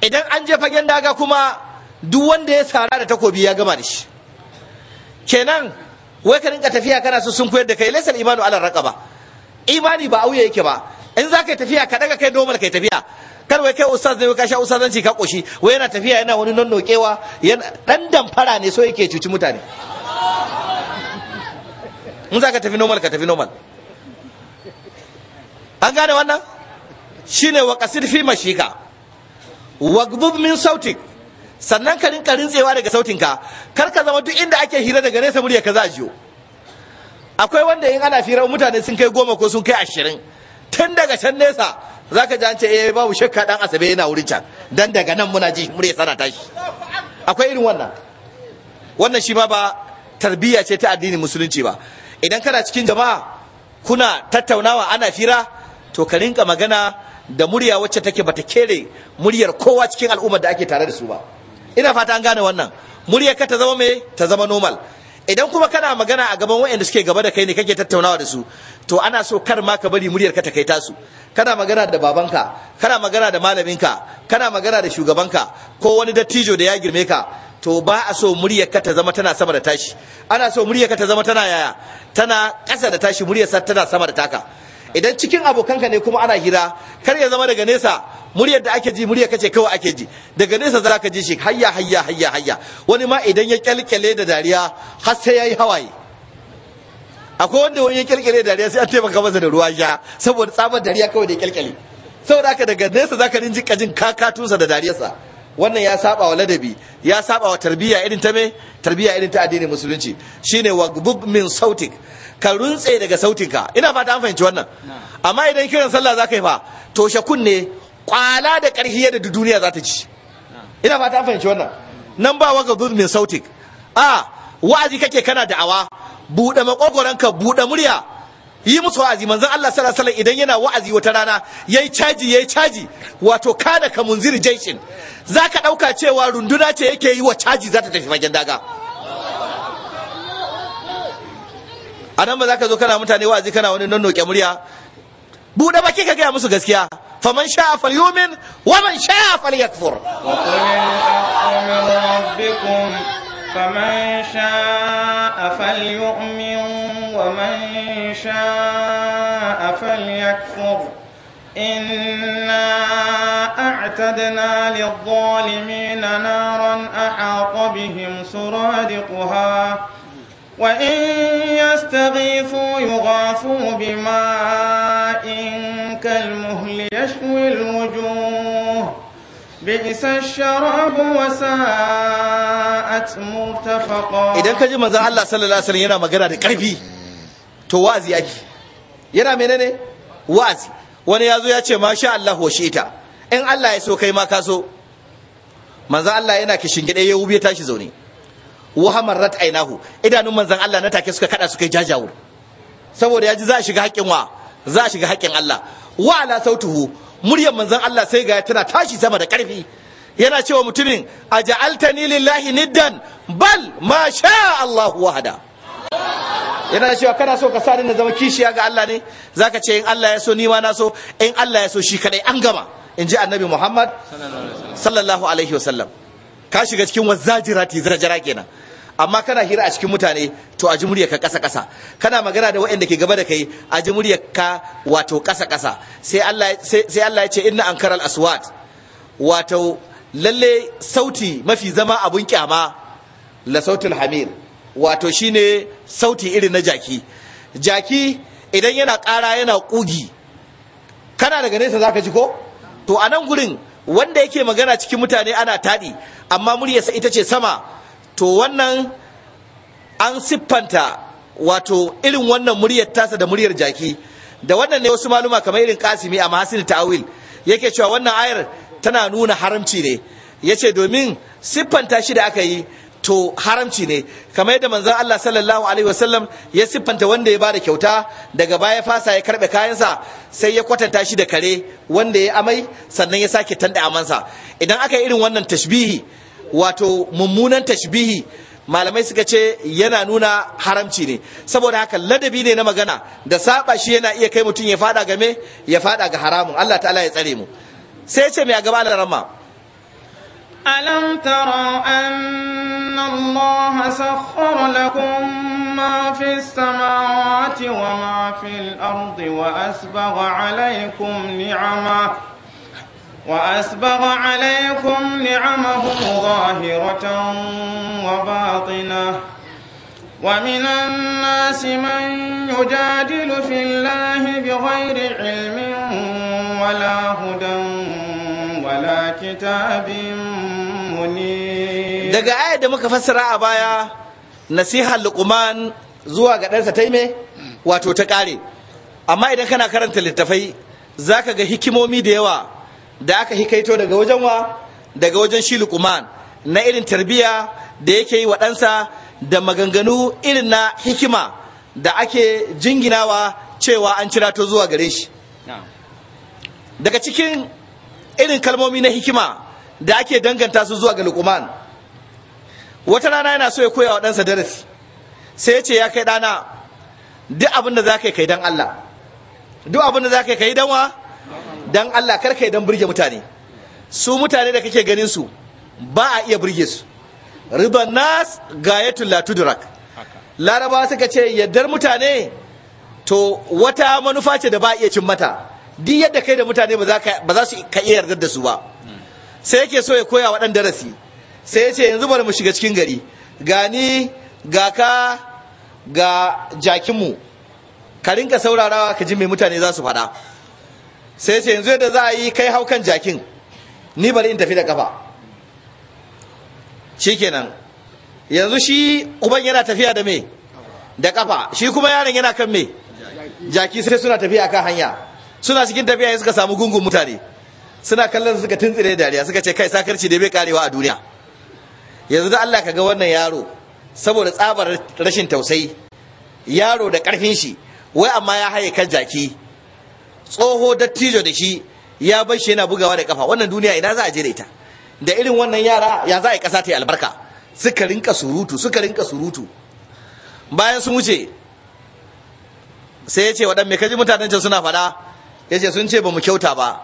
idan an je fagen daga kuma duk wanda ya sara da takobi ya gama da shi kenan wai ka rinka tafiya kana so sun koyar da kai laysal imanu ala raqaba imani ba auya yake ba in za ka yi tafiya ka daga kai domal ka yi tafiya kar wai kai ustaz ne ka sha ustazanci ka koshi wai yana tafiya yana wani nonnokewa yana dan damfara ne so yake cuci mutane in za ka tafi normal ka tafi normal an gane wannan shine wa qasid fi mashika wagbub min sautik sannan ka rinka rintsewa daga sautinka kar ka zama duk inda ake hira daga nesa murya ka za a jiyo akwai wanda in ana firar mutane sun kai goma ko sun kai ashirin tun daga can nesa za ka ji an ce eh babu shakka dan asabe yana wurin can dan daga nan muna ji murya sana tashi akwai irin wannan wannan shi ma ba tarbiyya ce ta addini musulunci ba idan kana cikin jama'a kuna tattaunawa ana fira to ka rinka magana da murya wacce take bata kere muryar kowa cikin al'ummar da ake tare da su ba ina fata an gane wannan muryar ka ta zama me ta zama normal idan kuma kana magana a gaban waɗanda suke gaba da kai ne kake tattaunawa da su to ana so kar ma ka bari muryar ka ta kai tasu kana magana da babanka kana magana da malaminka kana magana da shugabanka ko wani dattijo da ya girme ka to ba a so muryar ka ta zama tana sama da tashi ana so muryar ta zama tana yaya tana ƙasa da tashi muryar tana sama da taka idan cikin abokanka ne kuma ana hira kar ya zama daga nesa muryar da ake ji muryar kace kawai ake ji daga nesa za ka ji shi hayya hayya hayya hayya wani ma idan ya kyalkyale da dariya har sai yayi hawaye akwai wanda wani ya kirkire dariya sai an taimaka masa da ruwa sha saboda tsamar dariya kawai da ya kirkire saboda haka daga nesa zaka jin kajin kakatunsa da dariyarsa wannan ya saba wa ladabi ya saba wa tarbiyya irin ta me tarbiyya irin ta addinin musulunci shine wagbub min sautik ka runtse daga sautinka ina fata an fahimci wannan amma idan kiran sallah zaka yi fa shakun ne kwala da karhi yadda duniya za ta ci ina fata an fahimci wannan nan ba wagbub min sautik a ah, wa'azi kake kana da'awa buɗe makogoranka buɗe murya yi musu wa'azi manzon Allah sallallahu alaihi idan yana wa'azi wata rana yayi caji yayi caji wato kada ka munzir jaishin zaka dauka cewa runduna ce yake yi wa caji za ta tafi fagen daga anan ba za zo kana mutane wa'azi kana wani nan noke murya buɗe baki ka gaya musu gaskiya faman sha'a falyumin wa man sha'a falyakfur فمن شاء فليؤمن ومن شاء فليكفر إنا أعتدنا للظالمين نارا أحاط بهم سرادقها وإن يستغيثوا يغاثوا بماء كالمهل يشوي الوجوه بئس الشراب وساءت مرتفقا idan kaji manzon Allah sallallahu alaihi wasallam yana magana da karfi to wazi ake yana menene wazi wani yazo ya ce masha Allah wa shi'ita in Allah ya so kai ma ka so manzon Allah yana kishingide ya wube tashi zaune wahamarrat ainahu idanun manzon Allah na take suka kada suka yi jajawo saboda ya ji za a shiga haƙƙin wa za a shiga haƙƙin Allah wa ala sautuhu muryar manzon Allah sai ga tana tashi sama da karfi yana cewa mutumin a ja'altani lillahi niddan bal ma sha Allah wahada yana cewa kana so ka sani na zama kishiya ga Allah ne zaka ce in Allah ya so ni ma na so in Allah ya so shi kadai an gama in ji annabi Muhammad sallallahu alaihi wasallam ka shiga cikin wazajirati zarajara kenan amma kana hira a cikin mutane to a ji ka ƙasa ƙasa kana magana da waɗanda ke gaba da kai a ji ka wato ƙasa ƙasa sai Allah sai Allah ya ce inna al aswat wato lalle sauti mafi zama abun kyama la sautul hamir wato shine sauti irin na jaki jaki idan yana ƙara yana ƙugi kana daga nesa zaka ji ko to a nan gurin wanda yake magana cikin mutane ana taɗi amma muryarsa ita ce sama to wannan an siffanta wato irin wannan muryar tasa da muryar jaki da wannan ne wasu maluma kamar irin kasimi a mahasin ta'awil yake cewa wannan ayar tana nuna haramci ne yace domin siffanta shi da aka yi to haramci ne kamar yadda manzon Allah sallallahu alaihi wasallam ya siffanta wanda ya bada kyauta daga baya fasa ya karbe kayansa sai ya kwatanta shi da kare wanda ya amai sannan ya sake tanda amansa idan aka yi irin wannan tashbihi wato mummunan tashbihi malamai suka ce yana nuna haramci ne saboda haka ladabi ne na magana da saba shi yana iya kai mutum ya fada game ya fada ga haramun Allah ta'ala ya tsare mu sai ce mai gaba da rama alam tara anna Allah sakhara lakum wa wa fi al-ardi wa asbagha alaykum ni'ama وأسبغ عليكم نعمه ظاهرة وباطنة ومن الناس من يجادل في الله بغير علم ولا هدى ولا كتاب منير daga aya da muka fassara a baya nasihar luqman zuwa ga ɗansa ta me wato ta ƙare amma idan kana karanta littafai zaka ga hikimomi da yawa da aka hikaito daga wajen wa daga wajen shi lukuman na irin tarbiya da yake yi wa ɗansa da maganganu irin na hikima da ake jinginawa cewa an cirato zuwa gare shi daga cikin irin kalmomi na hikima da ake danganta su zuwa ga lukuman wata rana yana so ya koya wa ɗansa darasi sai ya ce ya kai ɗana duk abin da za ka yi kai don Allah duk abin da za ka yi kai don wa dan Allah karka idan burge mutane su mutane da kake ganin su ba a iya burge su riban nas gayatul la tudrak suka ce yaddar mutane to wata manufa ce da ba a iya cin mata duk yadda kai da mutane ba za su ka iya yardar da su ba sai yake so ya koya wa ɗan darasi sai ya ce yanzu bari mu shiga cikin gari gani ga ka ga jakinmu ka rinka saurarawa ka ji mai mutane za su faɗa sai ce yanzu yadda za a yi kai hau kan jakin ni bari in tafi da kafa kenan yanzu shi uban yana tafiya da me da kafa shi kuma yaron yana kan me jaki sai suna tafiya kan hanya suna cikin tafiya suka samu gungun mutane suna kallon suka tuntsire dariya suka ce kai sakarci da bai karewa a duniya yanzu da Allah ka ga wannan yaro saboda tsabar rashin tausayi yaro da karfin shi wai amma ya haye kan jaki tsoho dattijo da shi ya bar shi yana bugawa da kafa wannan duniya ina za a je da ita da irin wannan yara ya za a yi ƙasa ta yi albarka suka rinka surutu suka rinka surutu bayan sun wuce sai ya ce waɗan me kaji mutanen can suna faɗa ya ce sun ce ba mu kyauta ba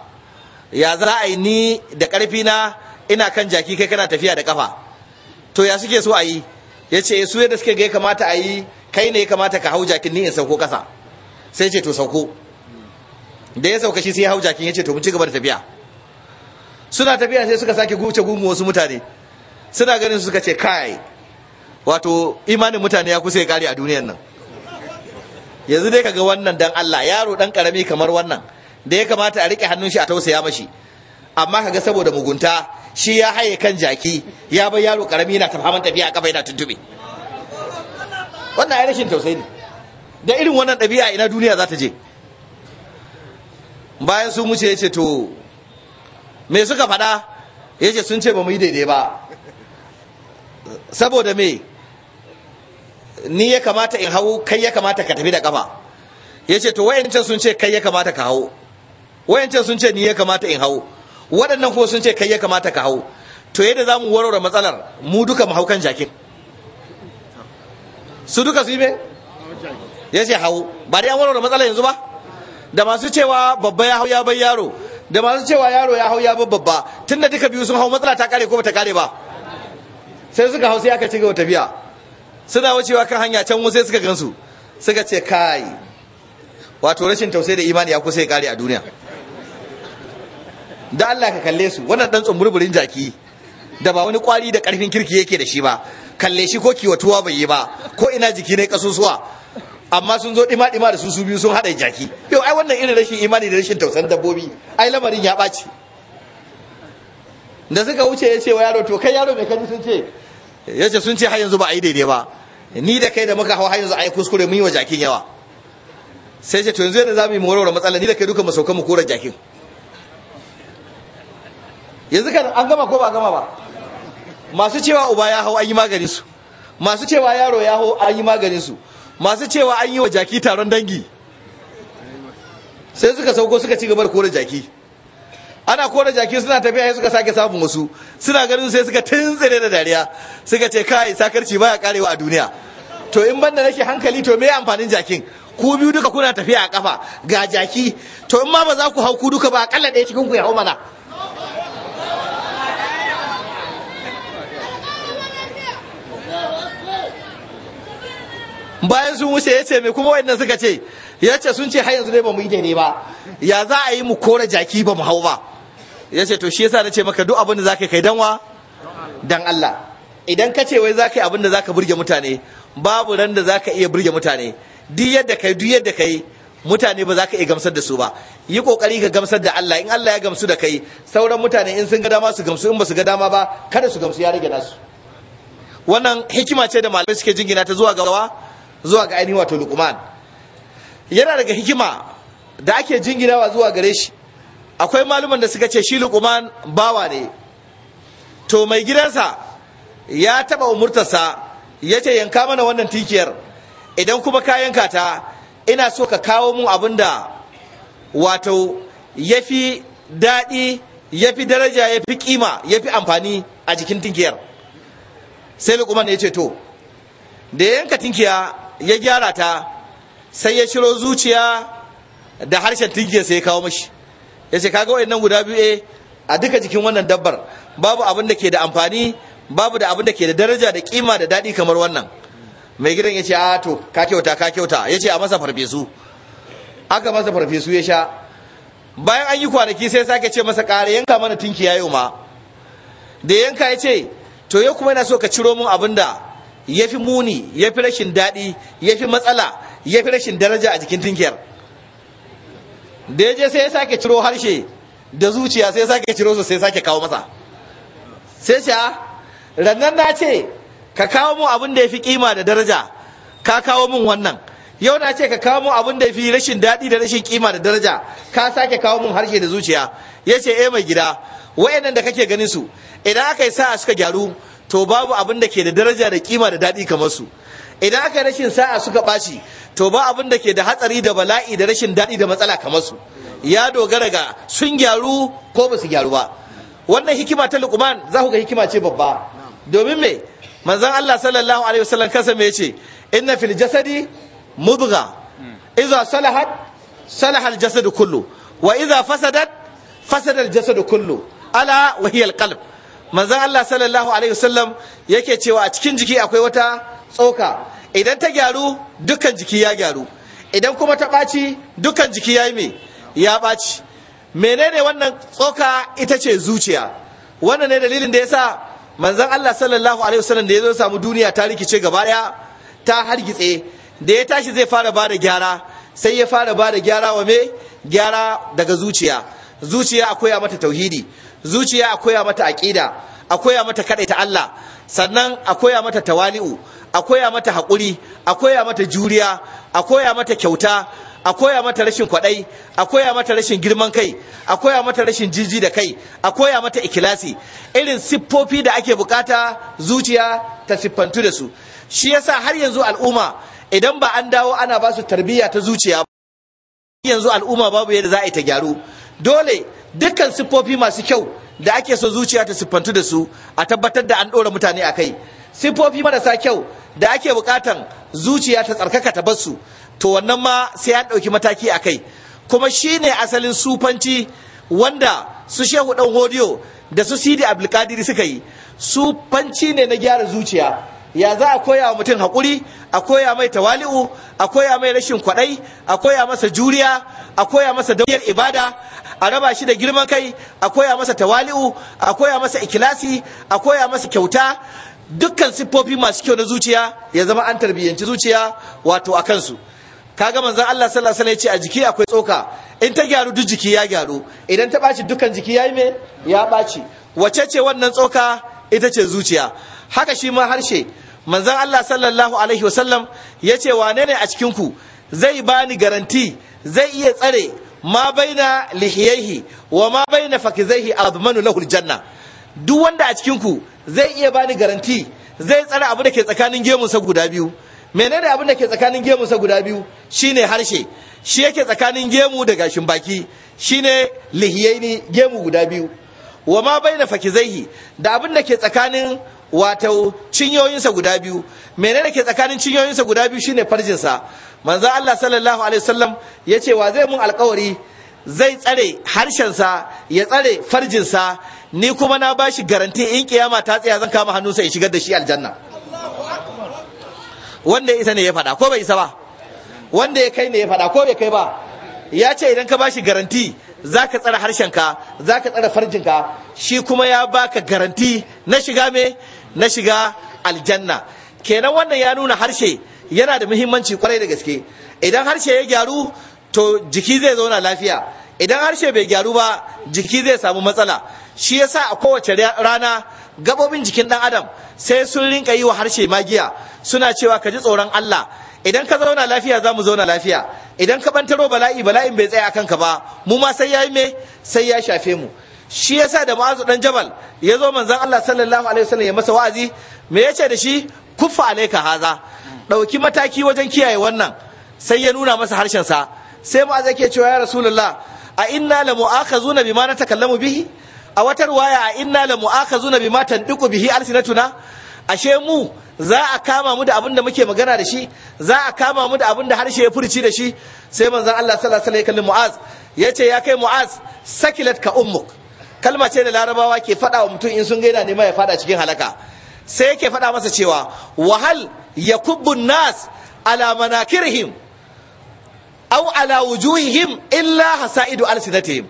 ya za a yi ni da ƙarfi na ina kan jaki kai kana tafiya da kafa to ya suke so a yi ya ce su yadda suke ga ya kamata a yi kai ne ya kamata ka hau jakin ni in sauko ƙasa sai ce to sauko da ya sauka shi sai ya hau jakin ya ce to mu ci gaba da tafiya suna tafiya sai suka sake guce gumu wasu mutane suna ganin suka ce kai wato imanin mutane ya kusa ya kare a duniyar nan yanzu dai kaga wannan dan Allah yaro dan karami kamar wannan da ya kamata a rike hannun shi a tausaya mashi amma kaga saboda mugunta shi ya haye kan jaki ya bar yaro karami yana tafaman tafiya a kafa yana tuntube wannan ai rashin tausayi ne da irin wannan ɗabi'a ina duniya za ta je bayan sun muce ya ce to me suka faɗa ya ce sun ce ba mu yi daidai ba saboda me ni ya kamata in hau kai ya kamata ka tafi da kafa ya ce to wayancan sun ce kai ya kamata ka hau wayancan sun ce ni ya kamata in hau waɗannan kuma sun ce kai ya kamata ka hau to yadda za mu warware matsalar mu duka mu hau kan jakin su duka su yi me ya ce hau ba dai an warware matsalar yanzu ba da masu cewa babba ya hau ya bai yaro da masu cewa yaro ya hau ya bai babba tun da duka biyu sun hau matsala ta kare ko bata kare ba sai suka hau sai aka ci gaba tafiya suna wucewa kan hanya can wasu suka gansu suka ce kai wato rashin tausayi da imani ya kusa ya kare a duniya da Allah ka kalle su wannan dan tsumburburin jaki da ba wani kwari da karfin kirki yake da shi ba kalle shi ko kiwatuwa bai yi ba ko ina jiki ne kasusuwa amma sun zo dima dima da su su biyu sun hada jaki yau ai wannan irin rashin imani da rashin tausan dabbobi ai lamarin ya ɓaci da suka wuce ya ce wa yaro to kai yaro mai kani sun ce ya ce sun ce har yanzu ba a yi daidai ba ni da kai da muka hau har yanzu ai kuskure mun yi wa jakin yawa sai ce to yanzu yadda za mu yi mu warware matsala ni da kai duka mu sauka mu kora jakin yanzu kan an gama ko ba gama ba masu cewa uba ya hau an yi maganin su masu cewa yaro ya hau an yi maganin su masu cewa an yi wa jaki taron dangi sai suka sauko suka ci gaba da kore jaki ana kore jaki suna tafiya suka sake samun wasu suna ganin sai suka tunzire da dariya suka ce kai sakarci baya karewa a duniya to in banda nake hankali to me amfanin jakin ku biyu duka kuna tafiya a kafa ga jaki to in ma ba za ku hau ku duka ba akalla ɗaya cikin ku ya hau mana bayan sun wuce ya ce me kuma wayannan suka ce ya ce sun ce har yanzu dai ba mu yi daidai ba ya za a yi mu kora jaki ba mu hau ba ya ce to shi yasa na ce maka duk abin da za ka kai danwa dan Allah idan ka ce wai za ka yi abin da za ka burge mutane babu ran da za ka iya burge mutane duk yadda kai duk yadda kai mutane ba za ka iya gamsar da su ba yi kokari ka gamsar da Allah in Allah ya gamsu da kai sauran mutane in sun ga dama su gamsu in ba su ga dama ba kada su gamsu ya rage nasu wannan hikima ce da malamai suke jingina ta zuwa gawa zuwa ga ainihin wato lukuman. yana daga hikima da ake jinginawa zuwa gare shi akwai maluman da suka ce shi lukuman bawa ne to mai gidansa ya taba umurtarsa ya ce yanka mana wannan tikiyar idan kuma ka yanka ta ina so ka kawo mun abin da wato ya fi daɗi ya fi daraja ya fi ƙima ya fi amfani a jikin tinkiyar sai lukuman ya ce to da yanka tinkiya ya gyara ta sai ya shiro zuciya da harshen tingiyar sai ya kawo mashi ya ce kaga wayannan guda biyu eh, a duka jikin wannan dabbar babu abin da ke da amfani babu da abin da ke da daraja da kima da daɗi kamar wannan mai gidan ya ce a to ka kyauta ka kyauta ya ce a masa farfesu aka masa farfesu ya sha bayan an yi kwanaki sai sake ce masa ƙara yanka mana ya yau ma da yanka ya ce to ya kuma yana so ka ciro min abin da ya fi muni ya fi rashin daɗi ya fi matsala ya fi rashin daraja a jikin tinkiyar da ya je sai ya sake ciro harshe da zuciya sai ya sake ciro su sai ya sake kawo masa sai ce rannan na ce ka kawo mu abin da ya fi kima da daraja ka kawo min wannan yau na ce ka kawo mu abin da ya fi rashin daɗi da rashin kima da daraja ka sake kawo min harshe da zuciya ya ce eh mai gida wa'annan da kake ganin su idan aka yi sa'a suka gyaru to babu abin da ke da daraja da kima da daɗi kamar su idan aka yi rashin sa'a suka ɓaci to ba abin da ke da hatsari da bala'i da rashin daɗi da matsala kamar su ya dogara ga sun gyaru ko ba su gyaru ba wannan hikima ta luqman za ku ga hikima ce babba domin me manzon Allah sallallahu alaihi wasallam kansa me yace inna fil jasadi mudgha idza salahat salaha al jasadu kullu wa idza fasadat fasada al jasadu kullu ala wa hiya al qalb manzon Allah sallallahu alaihi wasallam yake cewa a cikin jiki akwai wata tsoka idan ta gyaru dukkan jiki ya gyaru idan kuma ta ɓaci dukkan jiki ya yi me ya ɓaci menene wannan tsoka ita ce zuciya wannan ne dalilin da yasa manzon Allah sallallahu alaihi wasallam da ya zo samu duniya ta rikice gaba ta hargitse da ya tashi zai fara ba da gyara sai ya fara ba da gyara wa me gyara daga zuciya zuciya akwai a mata tauhidi zuciya a koya mata aƙida a koya mata ta Allah sannan a koya mata tawali'u a koya mata haƙuri a koya mata juriya a koya mata kyauta a koya mata rashin kwaɗai a koya mata rashin girman kai a koya mata rashin jiji da kai a koya mata ikilasi irin siffofi da ake bukata zuciya ta siffantu da su shi yasa har yanzu al'umma idan ba an dawo ana ba su tarbiyya ta zuciya ba yanzu al'umma babu yadda za a yi ta gyaru dole dukkan siffofi masu kyau da ake so zuciya ta siffantu da su a tabbatar da an ɗora mutane a kai siffofi marasa kyau da ake buƙatan zuciya ta tsarkaka ta basu to wannan ma sai an ɗauki mataki a kai kuma shi ne asalin sufanci wanda su shehu ɗan hodiyo da su sidi abdulkadiri suka yi sufanci ne na gyara zuciya ya za a koya wa mutum haƙuri a koya mai tawali'u a koya mai rashin kwaɗai a koya masa juriya a koya masa dauyar ibada a raba shi da girman kai a koya masa tawali'u a koya masa ikilasi a koya masa kyauta dukkan siffofi masu kyau na zuciya ya zama an tarbiyyanci zuciya wato a kansu kaga manzon Allah sallallahu alaihi wasallam ya ce a jiki akwai tsoka in ta gyaru duk jiki ya gyaru idan ta ɓaci dukkan jiki yayi me ya ɓaci wace ce wannan tsoka ita ce zuciya haka shi ma harshe manzon Allah sallallahu alaihi wasallam ya ce wane ne a cikin ku zai bani garanti zai iya tsare ma baina lihiyaihi wa ma baina fakizaihi azmanu lahu aljanna duk wanda a cikin ku zai iya bani garanti zai tsara abu da ke tsakanin sa guda biyu menene abu da ke tsakanin sa guda biyu shine harshe shi yake tsakanin gemu da gashin baki shine lihiyaini gemu guda biyu wa ma baina fakizaihi da abin da ke tsakanin wato cinyoyinsa guda biyu menene ke tsakanin cinyoyinsa guda biyu shine farjinsa manzo Allah sallallahu alaihi wasallam ya ce wa zai mun alƙawari zai tsare harshensa ya tsare farjinsa ni kuma na bashi garanti in kiyama ta tsaya zan kama hannunsa ya shigar da shi aljanna wanda ya isa ne ya faɗa ko bai isa ba wanda ya kai ne ya faɗa ko bai kai ba ya ce idan ka bashi garanti za ka tsara harshenka za ka tsara ka, shi kuma ya baka garanti na shiga me na shiga aljanna kenan wannan ya nuna harshe yana da muhimmanci kwarai da gaske idan harshe ya gyaru to jiki zai zauna lafiya idan harshe bai gyaru ba jiki zai samu matsala shi yasa a kowace rana gabobin jikin dan adam sai sun rinka yi wa harshe magiya suna cewa ka ji tsoron Allah idan ka zauna lafiya za mu zauna lafiya idan ka bantaro bala'i bala'in bai tsaya akan ka ba mu ma sai yayi me sai ya shafe mu shi yasa da ma'azu dan jabal ya zo manzon Allah sallallahu alaihi wasallam ya masa wa'azi me ya ce da shi kuffa alaika haza ɗauki mataki wajen kiyaye wannan sai ya nuna masa harshensa sai mu'az yake cewa ya rasulullah a inna la mu'akhazuna bima natakallamu bihi a wata waya a inna la mu'akhazuna bima tandiqu bihi alsinatuna ashe mu za a kama mu da abin da muke magana da shi za a kama mu da abin da harshe ya furci da shi sai manzon Allah sallallahu alaihi wasallam mu'az yace ya kai mu'az sakilat ka ummuk kalma ce da larabawa ke faɗa wa mutum in sun gaida ne ma ya faɗa cikin halaka sai yake faɗa masa cewa wahal ya kubbun nas ala manakirhim au ala wujuhihim illa hasa'idu alsinatihim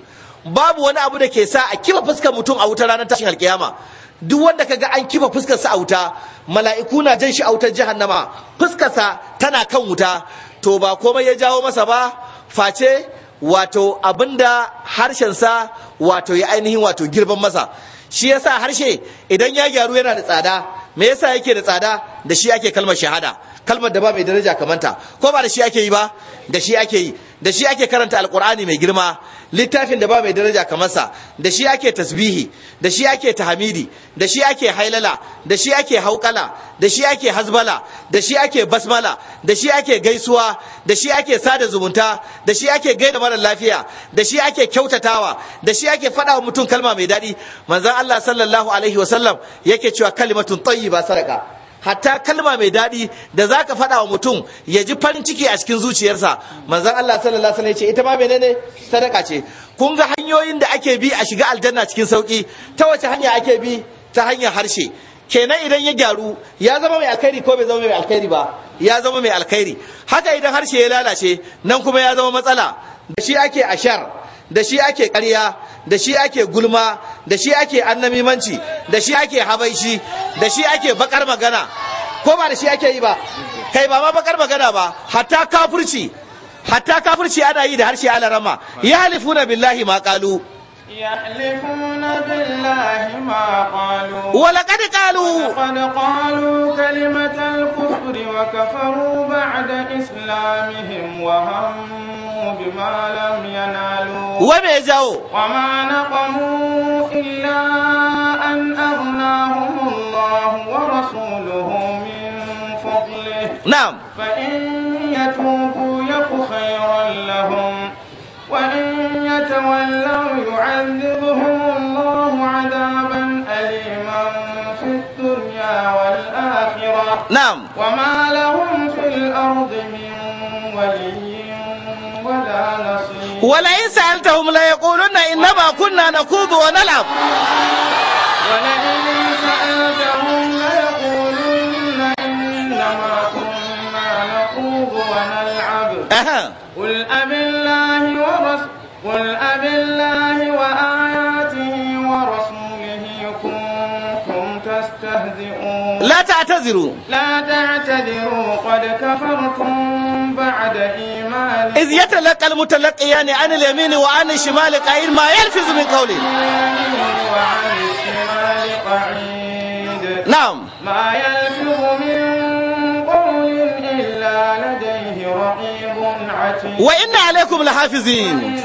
babu wani abu da ke sa a kifa fuskar mutum a wutar ranar tashin alkiyama duk wanda ka ga an kifa fuskar sa a wuta mala'iku na jan shi a wutar jahannama fuskar sa tana kan wuta to ba komai ya jawo masa ba face wato abinda harshen sa wato ya ainihin wato girban masa shi yasa harshe idan ya gyaru yana da tsada me yasa yake da tsada da shi ake kalmar shahada kalmar da ba mai daraja kamanta ko ba da shi ake yi ba da shi ake yi da shi ake karanta alkur'ani mai girma littafin da ba mai daraja kamarsa, da shi ake tasbihi da shi ake tahmidi da shi ake hailala da shi ake haukala da shi ake hazbala da shi ake basmala da shi ake gaisuwa da shi ake sada zumunta da shi ake gaida mara lafiya da shi ake kyautatawa da shi ake fada wa mutum kalma mai daɗi manzon Allah sallallahu alaihi wasallam yake cewa kalimatun tayyiba sadaka hatta kalma mai daɗi da za ka faɗa wa mutum ya ji farin ciki a cikin zuciyarsa manzan Allah sallallahu alaihi wasallam ya ce ita ma menene sadaka ce kun ga hanyoyin da ake bi a shiga aljanna cikin sauki ta wace hanya ake bi ta hanyar harshe kenan idan ya gyaru ya zama mai alkhairi ko bai zama mai alkhairi ba ya zama mai alkhairi haka idan harshe ya lalace nan kuma ya zama matsala da shi ake ashar da shi ake ƙarya da shi ake gulma da shi ake annamimanci da shi ake habaishi da shi ake bakar magana ko ba da shi ake yi ba kai ba ma bakar magana ba hatta kafirci hatta kafirci ana yi da harshe alarama ya halifuna billahi ma kalu يحلفون بالله ما قالوا ولقد قالوا ولقد قالوا كلمة الكفر وكفروا بعد إسلامهم وهموا بما لم ينالوا وما نقموا إلا أن أغناهم الله ورسوله من فضله نعم فإن يتوبوا يك خيرا لهم وإن تولوا يعذبهم الله عذابا أليما في الدنيا والآخرة نعم وما لهم في الأرض من ولي ولا نصير ولئن سألتهم ليقولن إنما كنا نخوض ونلعب ولئن سألتهم ليقولن إنما كنا نخوض ونلعب قل أب قل أبالله وآياته ورسوله كنتم تستهزئون لا تعتذروا لا تعتذروا قد كفرتم بعد إيمانكم إذ يتلقى المتلقيان عن اليمين وعن الشمال قعيد ما يلفظ من قول وعن الشمال قعيد نعم ما يلفظ من قول إلا لديه رقيب عتيد وإن عليكم لحافظين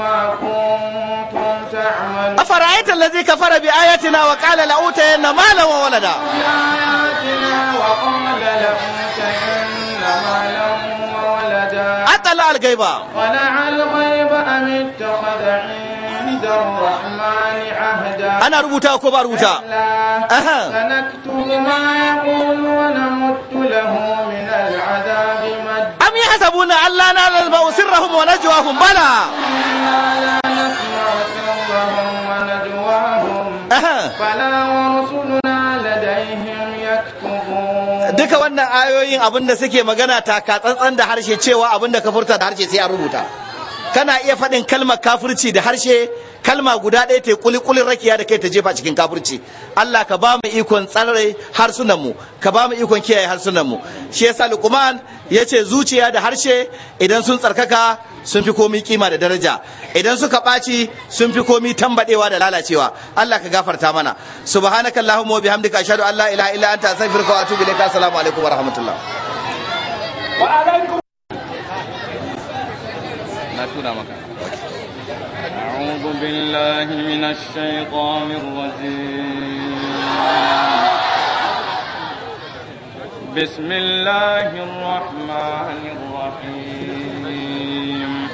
ayatan lazi ka fara bi ayatina wa kala la'uta yana malama walada atala algaiba ana rubuta ko ba rubuta am yahsabuna allana nalba sirrahum wa najwahum bala duka wannan ayoyin abinda suke magana taka tsantsan da harshe cewa abinda ka furta da harshe sai a rubuta kana iya faɗin kalmar kafirci da harshe kalma guda ɗaya ta yi kulikulin rakiya da kai ta jefa cikin kafirci Allah ka ba mu ikon tsare harsunan mu ka ba mu ikon kiyaye harsunan mu shi yasa ya ce zuciya da harshe idan sun tsarkaka sun fi komi kima da daraja idan suka ɓaci sun fi komi tambadewa da lalacewa Allah ka gafarta mana subhanakallahumma wa bihamdika ashhadu an la ilaha illa anta astaghfiruka wa atubu ilaika assalamu alaikum wa rahmatullah wa alaikum na tuna maka أعوذ بالله من الشيطان الرجيم بسم الله الرحمن الرحيم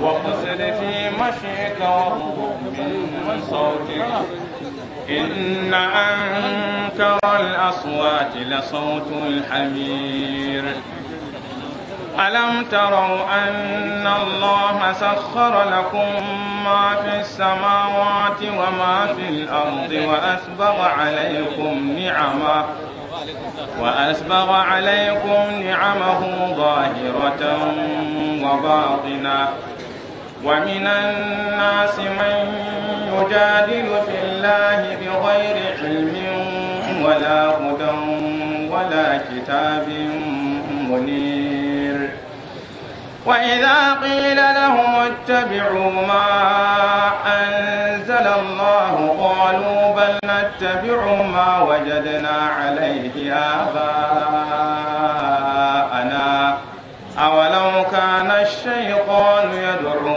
واقصد في مشيك واغضب من صوتك إن أنكر الأصوات لصوت الحمير ألم تروا أن الله سخر لكم ما في السماوات وما في الأرض وأسبغ عليكم نعمه وأسبغ عليكم نعمه ظاهرة وباطنة ومن الناس من يجادل في الله بغير علم ولا هدى ولا كتاب منير وإذا قيل لهم اتبعوا ما أنزل الله قالوا بل نتبع ما وجدنا عليه آباءنا أولم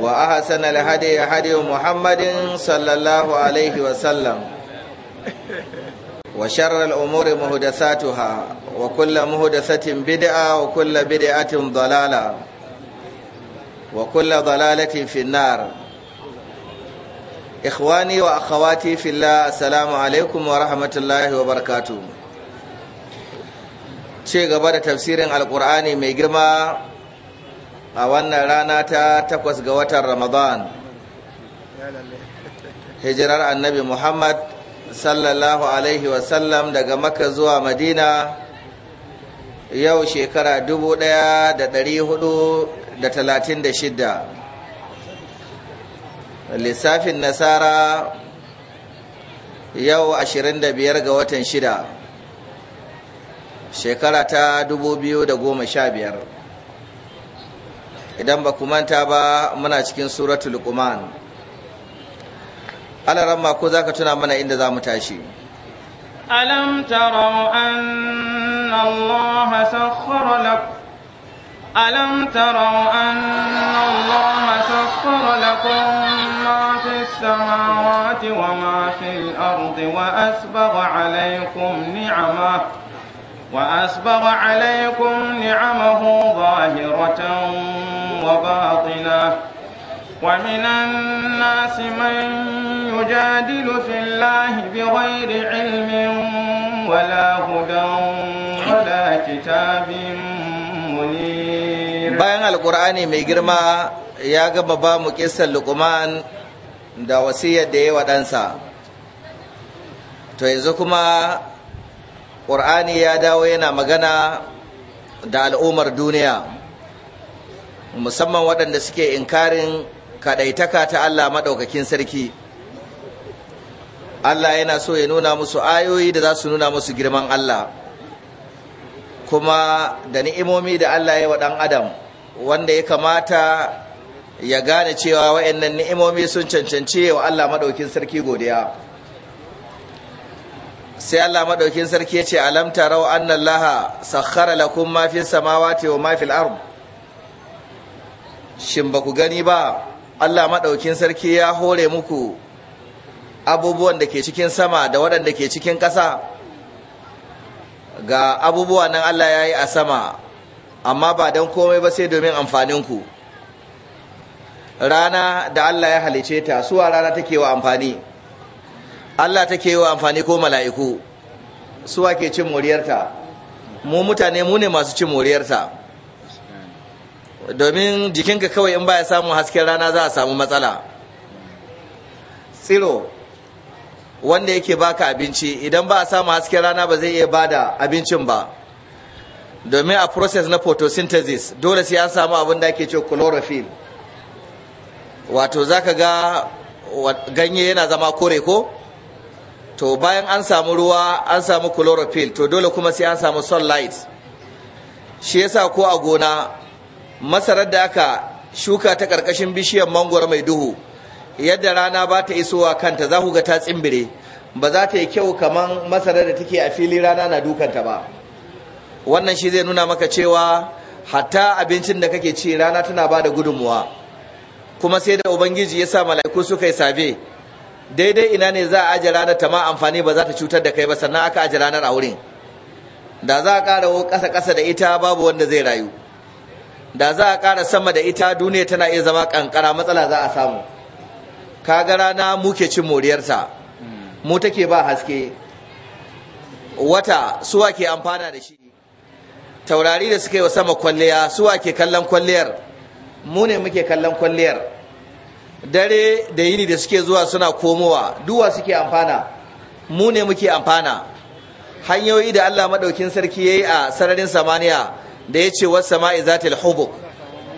وأحسن الهدي هدي محمد صلى الله عليه وسلم وشر الأمور مهدساتها وكل مهدسة بدعة وكل بدعة ضلالة وكل ضلالة في النار إخواني وأخواتي في الله السلام عليكم ورحمة الله وبركاته ce gaba da tafsirin alkur'ani mai girma a wannan rana ta takwas ga watan ramadan hijirar annabi muhammad sallallahu alaihi wasallam daga maka zuwa madina yau shekara 1436 lissafin nasara yau 25 ga watan shida shekara ta 2015 idan ba ku manta ba muna cikin suratul luqman ramma ko zaka tuna mana inda za mu tashi alam tarau anna allaha sakhkhara lakum ألم تروا أن الله سخر لكم ما في السماوات وما في وأسبغ عليكم نعمه ظاهرة وباطنة ومن الناس من يجادل في الله بغير علم ولا هدى ولا كتاب منير بيان القرآن ميجرما يا بابا مكسر لقمان دا wasiyar da ya waɗansa to yanzu kuma ƙur'ani ya dawo yana magana da al'ummar duniya musamman waɗanda suke inkarin kaɗaitaka ta Allah maɗaukakin sarki Allah yana so ya nuna musu ayoyi da za su nuna musu girman Allah kuma da ni'imomi da Allah ya wa adam wanda ya kamata ya gane cewa wa'annan ni'imomi sun cancanci wa Allah maɗaukin sarki godiya sai Allah maɗaukin sarki ya ce alam tarau anna Allah sakhara lakum ma fi samawati wa ma fil ard shin ba ku gani ba Allah maɗaukin sarki ya hore muku abubuwan da ke cikin sama da waɗanda ke cikin ƙasa ga abubuwa nan Allah ya yi a sama amma ba don komai ba sai domin amfaninku rana da Allah ya halice ta suwa rana take wa amfani Allah take yi wa amfani ko mala'iku suwa ke cin moriyarta mu mutane mu ne masu cin moriyarta domin jikinka kawai in baya samu hasken rana za a samu matsala tsiro wanda yake baka abinci idan ba a samu hasken rana ba zai iya bada abincin ba domin a process na photosynthesis dole sai an samu abin da ake ce chlorophyll wato zaka ga ganye yana zama kore ko to bayan an samu ruwa an samu chlorophyll to dole kuma sai an samu sunlight shi yasa ko a gona masarar da aka shuka ta karkashin bishiyar mangwaro mai duhu yadda rana ba ta isowa kanta za ku ga ta tsimbire ba za ta yi kyau kamar masarar da take a fili rana na dukanta ba wannan shi zai nuna maka cewa hatta abincin da kake ci rana tana ba da gudunmuwa kuma sai da ubangiji ya sa mala'iku suka yi sabe daidai ina ne za a aje ranar ta ma amfani ba za ta cutar da kai ba sannan aka aje ranar a wurin da za a ƙara ƙasa ƙasa da ita babu wanda zai rayu da za a ƙara sama da ita duniya tana iya zama ƙanƙara matsala za a samu kaga rana muke cin moriyarta mu take ba haske wata suwa ke amfana da shi taurari da suka yi wa sama kwalliya suwa ke kallon kwalliyar mu ne muke kallon kwalliyar dare da yini da suke zuwa suna komowa duwa suke amfana mu ne muke amfana hanyoyi da Allah madaukin sarki yayi a sararin samaniya da yace was sama'i zatil hubuk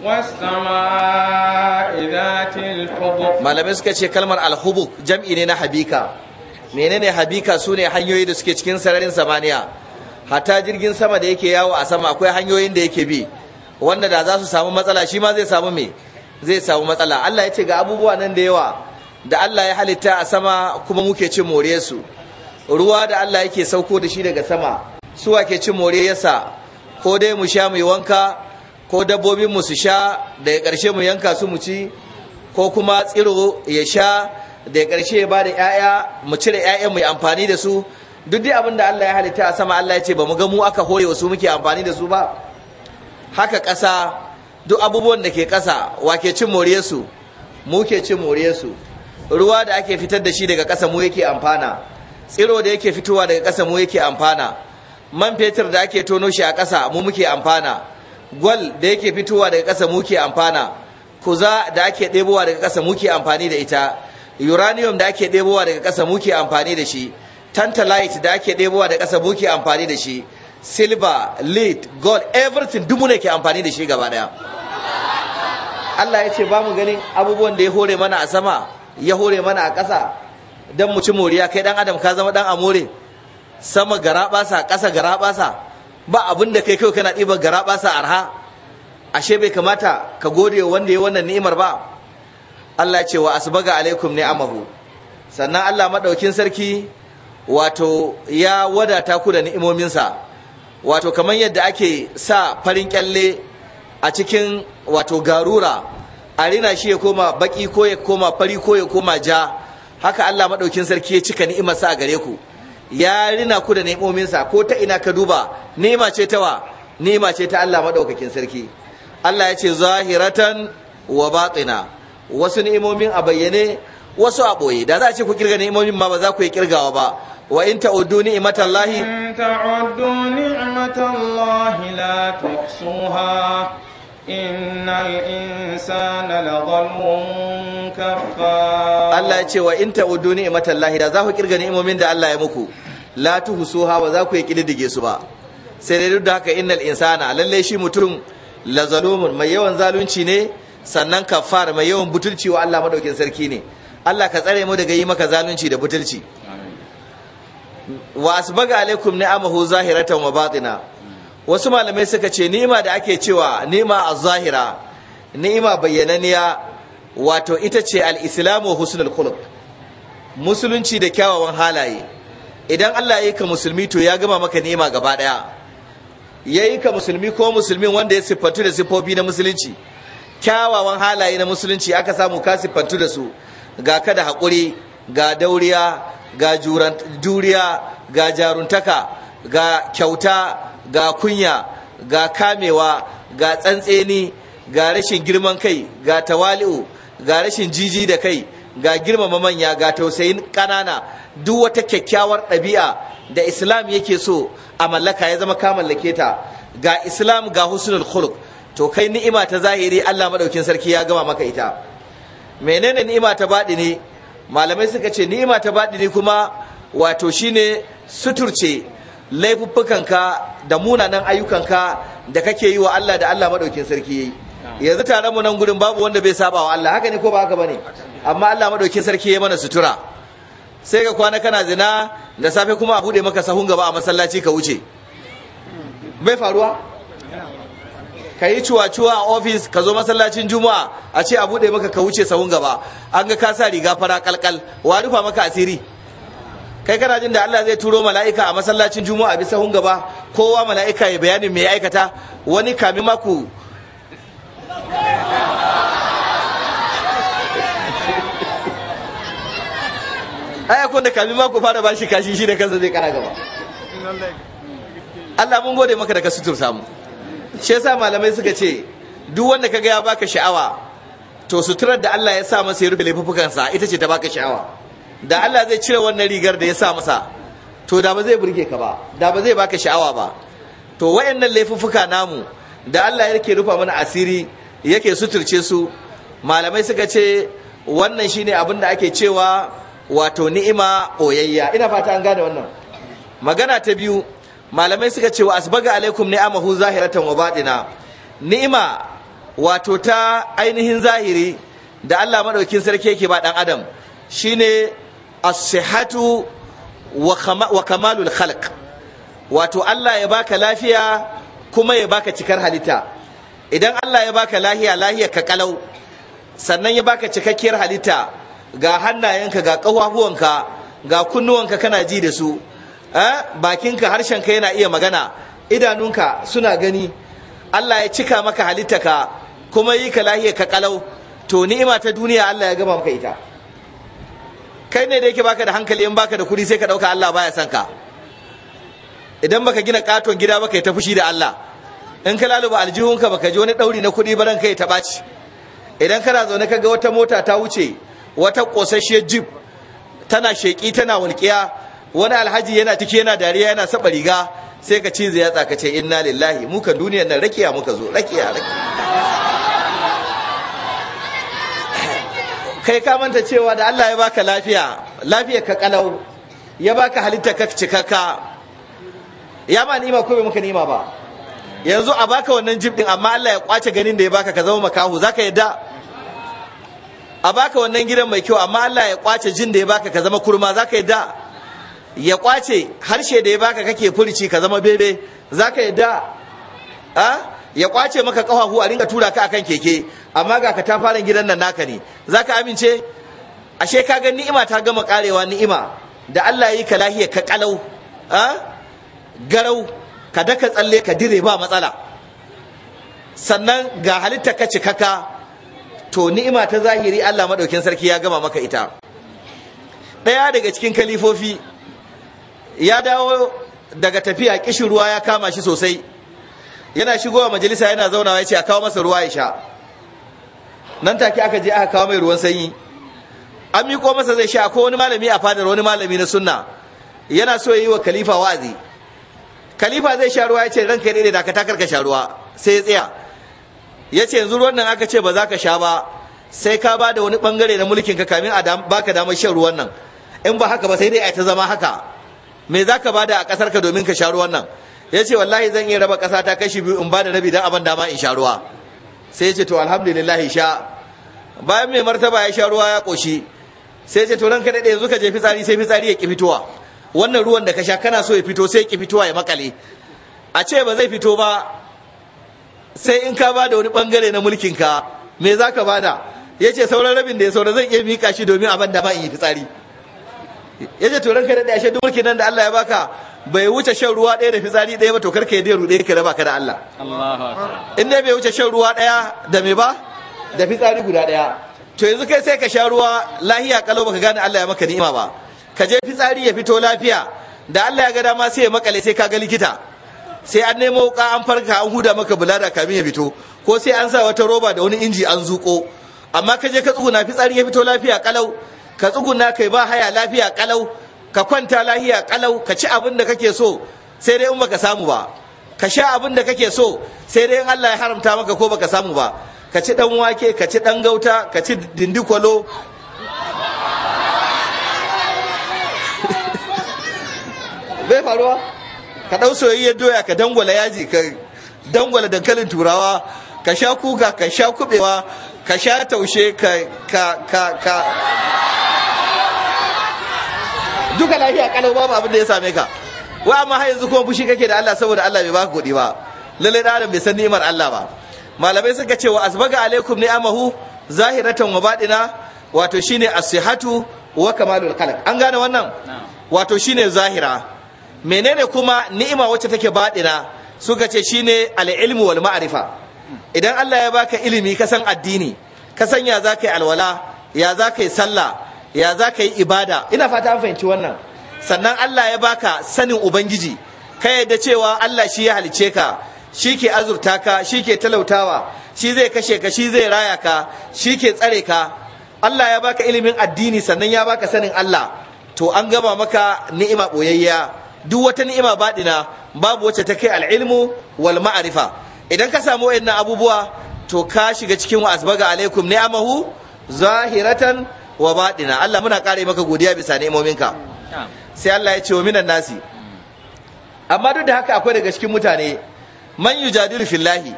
was sama'i zatil hubuk malamai suka ce kalmar al jam'i ne na habika menene habika sune hanyoyi da suke cikin sararin samaniya hatta jirgin sama da yake yawo a sama akwai hanyoyin da yake bi wanda da za su samu matsala shi ma zai samu me zai samu matsala Allah ya ce ga abubuwa nan da yawa da Allah ya halitta a sama kuma muke cin more su ruwa da Allah yake sauko da shi daga sama suwa ke cin more yasa ko dai mu sha mu wanka ko dabbobin mu su sha daga ƙarshe mu yanka su mu ci ko kuma tsiro ya sha daga ƙarshe ya bada ƴaƴa mu cire ƴaƴan mu amfani da su duk dai abin da Allah ya halitta a sama Allah ya ce ba mu ga mu aka hore wasu muke amfani da su ba haka ƙasa duk abubuwan da ke ƙasa wa ke cin moriyarsu mu ke cin moriyarsu ruwa da ake fitar da shi daga ƙasa mu yake amfana tsiro da yake fitowa daga ƙasa mu yake amfana man fetur da ake tono shi a ƙasa mu muke amfana gwal da yake fitowa daga ƙasa mu ke amfana kuza da ake ɗebowa daga ƙasa mu ke amfani da ita uranium da ake ɗebowa daga ƙasa mu ke amfani da shi tantalite da ake ɗebowa daga ƙasa mu ke amfani da shi silver lead gold everything duk ne ke amfani da shi gaba daya Allah ya ce ba mu ganin abubuwan da ya hore mana a sama ya hore mana a ƙasa don mu ci moriya kai dan adam ka zama dan amore sama garaɓasa ƙasa garaɓasa ba abin da kai kawai kana ɗiban garaɓasa arha ashe bai kamata ka gode wa wanda ya wannan ni'imar ba Allah ya ce wa asbaga alaikum ni'amahu sannan Allah maɗaukin sarki wato ya wadata ku da ni'imominsa wato kamar yadda ake sa farin kyalle a cikin wato garura a rina shi ya koma baki ko ya koma fari ko ya koma ja haka Allah maɗaukin sarki ya cika ni'imarsa a gare ku ya rina ku da sa ko ta ina ka duba ni'ima ce ta wa ni'ima ce ta Allah maɗaukakin sarki Allah ya ce zahiratan wa batina wasu ni'imomin a bayyane wasu a ɓoye da za a ce ku kirga ni'imomin ma ba za ku yi kirgawa ba wa in ta'uddu lahi. in ta'uddu lahi la tuhsuha innal insana kaffar Allah ya ce wa in ta'uddu lahi, da za ku kirga ni'imomin da Allah ya muku la tuhsuha ba za ku yi kididdige su ba sai dai duk da haka innal insana lalle shi mutum la zalumun mai yawan zalunci ne sannan kafar mai yawan butulci wa Allah madaukin sarki ne Allah ka tsare mu daga yi maka zalunci da butulci wa asbaga alaikum ni'amahu zahiratan wa batina wasu malamai suka ce ni'ima da ake cewa ni'ima a zahira ni'ima bayyananiya wato ita ce al-islamu husnul khuluq musulunci da kyawawan halaye idan Allah ya yi ka musulmi to ya gama maka ni'ima gaba daya ya yi ka musulmi ko musulmin wanda ya siffantu da siffofi na musulunci kyawawan halaye na musulunci aka samu ka siffantu da su ga ka da haƙuri ga dauriya ga juriya ga jaruntaka ga kyauta ga kunya ga kamewa ga tsantseni ga rashin girman kai ga tawali'u ga rashin jiji da kai ga girmama manya ga tausayin ƙanana duk wata kyakkyawar ɗabi'a da islam yake so a mallaka ya zama ka mallake ta ga islam ga husnul khuluq to kai ni'ima ta zahiri Allah maɗaukin sarki ya gama maka ita menene ni'ima ta baɗi ne malamai suka ce ni'ima ta baɗi ni kuma wato shine suturce laifuffukanka da munanan ayyukanka da kake yi wa Allah da Allah madaukin sarki yayi yanzu tare mu nan gurin babu wanda bai saba wa Allah haka ne ko ba haka bane amma Allah maɗaukin sarki yayi mana sutura sai ka kwana kana zina da safe kuma a bude maka sahun gaba a masallaci ka wuce bai faruwa ka yi cuwa-cuwa a ofis ka zo masallacin juma'a a ce a bude maka ka wuce sahun gaba an ga ka sa riga fara kalkal wa rufa maka asiri kai kana jin da Allah zai turo mala'ika a masallacin juma'a bi sahun gaba kowa mala'ika ya bayanin me ya aikata wani kami maku aya kun da kami maku fara bashi kashi shi da kansa zai kara gaba Allah mun gode maka da ka sutur samu shi yasa malamai suka ce duk wanda kaga ya baka sha'awa to suturar da Allah ya sa masa ya rufe sa ita ce ta baka sha'awa da Allah zai cire wannan rigar da ya sa masa to da ba zai burge ka ba da ba zai baka sha'awa ba to wayannan laifuffuka namu da Allah yake rufa mana asiri yake suturce su malamai suka ce wannan shine abin da ake cewa wato ni'ima oyayya ina fata an gane wannan magana ta biyu malamai suka ce wa asbaga alaikum ni'amahu zahiratan wa batina ni'ima wato ta ainihin zahiri da Allah madaukin sarki yake ba dan adam shine as-sihhatu wa kamalul khalq wato Allah ya baka lafiya kuma ya baka cikar halitta idan Allah ya baka lahiya lahiya ka kalau sannan ya baka cikakkiyar halitta ga hannayenka ga ƙafafuwanka ga kunnuwanka kana ji da su bakinka ka yana iya magana idanunka suna gani Allah ya cika maka halittaka kuma yi ka lahiya ka kalau to ni'ima ta duniya Allah ya gama maka ita kai ne da yake baka da hankali in baka da kuɗi sai ka ɗauka Allah baya son ka idan baka gina katon gida baka yi ta fushi da Allah in ka laluba aljihunka baka ji wani ɗauri na kuɗi ba ranka ya ta baci idan kana zaune ka ga wata mota ta wuce wata ƙosasshiyar jeep tana sheƙi tana walƙiya wani alhaji yana ciki yana dariya yana saba riga sai ka cize ya tsaka ce inna lillahi mu kan duniyar nan rakiya muka zo rakiya kai ka manta cewa da Allah ya baka lafiya lafiya ka kalau ya baka halitta ka cikakka ya ma ko bai maka nima ba yanzu a baka wannan jib din amma Allah ya kwace ganin da ya baka ka zama makahu zaka yadda a baka wannan gidan mai kyau amma Allah ya kwace jin da ya baka ka zama kurma zaka yadda ya kwace harshe da ya baka kake furci ka zama bebe za ka yadda a ya kwace maka kafafu a ringa tura ka akan keke amma ga ka ta fara gidan nan naka ne ka amince ashe ka ga ni'ima ta gama karewa ni'ima da Allah ya yi ka lahiya ka kalau a garau ka daka tsalle ka dire ba matsala sannan ga halitta ka cikaka to ni'ima ta zahiri Allah madaukin sarki ya gama maka ita ɗaya daga cikin kalifofi ya dawo daga tafiya kishin ruwa ya kama shi sosai yana shigowa majalisa yana zaunawa ya ce a kawo masa ruwa ya sha nan take aka je aka kawo mai ruwan sanyi an miko masa zai sha ko wani malami a fadar wani malami na sunna yana so yi wa khalifa wa'azi. khalifa zai sha ruwa ya ce ranka ne da ka takar ka sha ruwa sai ya tsaya ya ce yanzu ruwan nan aka ce ba za ka sha ba sai ka ba da wani bangare na mulkin ka kamin a baka damar shan ruwan nan in ba haka ba sai dai a ta zama haka me za ka bada a ƙasar ka domin ka sha ruwan nan ya ce wallahi zan iya raba ƙasa ta kashi biyu in bada rabi don abin dama in sha ruwa sai ya ce to alhamdulillah sha bayan mai martaba ya sha ruwa ya ƙoshi sai ya ce to ranka daɗe yanzu ka je fitsari sai fitsari ya ƙi wannan ruwan da ka sha kana so ya fito sai ya ya makale a ce ba zai fito ba sai in ka bada wani bangare na mulkin ka me za ka bada ya ce sauran rabin da ya saura zan iya miƙa shi domin abin da ba in yi fitsari Yaje turan kai da ashe shaidu mulki nan da Allah ya baka bai wuce shan ruwa ɗaya da fitsari ɗaya ba to karka yadda ruɗe ka da baka da Allah in dai bai wuce shan ruwa ɗaya da me ba da fitsari guda ɗaya to yanzu kai sai ka sha ruwa lahiya kalau baka gane Allah ya maka ni'ima ba ka je fitsari ya fito lafiya da Allah ya ga dama sai ya makale sai ka ga likita sai an nemo wuka an farka an huda maka bulada kamin ya fito ko sai an sa wata roba da wani inji an zuko amma ka je ka tsuguna fitsari ya fito lafiya kalau ka tsuguna kai ba haya lafiya kalau ka kwanta lafiya kalau ka ci abin da kake so sai dai in baka samu ba ka sha abin da kake so sai dai in Allah ya haramta maka ko baka samu ba ka ci dan wake ka ci dan gauta ka ci dindikwalo bai faruwa ka ɗau soyayyen doya ka dangwala yaji ka dangwala dankalin turawa ka sha kuka ka sha kubewa ka sha taushe ka ka ka ka duka lafiya kalau babu abin da ya same ka wa amma har yanzu kuma fushi kake da Allah saboda Allah bai baka kuɗi ba lalle da adam bai san ni'imar Allah ba malamai suka ce wa asbaga alaikum ni'amahu zahiratan wa badina wato shine as wa kamalul khalq an gane wannan wato shine zahira menene kuma ni'ima wacce take baɗina suka ce shine al-ilmu wal ma'rifa idan Allah ya baka ilimi ka san addini ka san ya zaka yi alwala ya za yi sallah ya za yi ibada ina fata an fahimci wannan sannan Allah ya baka sanin ubangiji ka yadda cewa Allah shi ya halice ka shi ke azurta ka shi ke talautawa shi zai kashe ka shi zai raya ka shi ke tsare ka Allah ya baka ilimin addini sannan ya baka sanin Allah to an gaba maka ni'ima boyayya duk wata ni'ima baɗina babu wacce ta kai al'ilmu wal ma'arifa idan ka samu wayannan abubuwa to ka shiga cikin wa asbaga alaikum ne amahu zahiratan wa baɗina Allah muna ƙara maka godiya bisa minka sai Allah ya ce wa minan nasi amma duk da haka akwai daga cikin mutane man yujadilu fillahi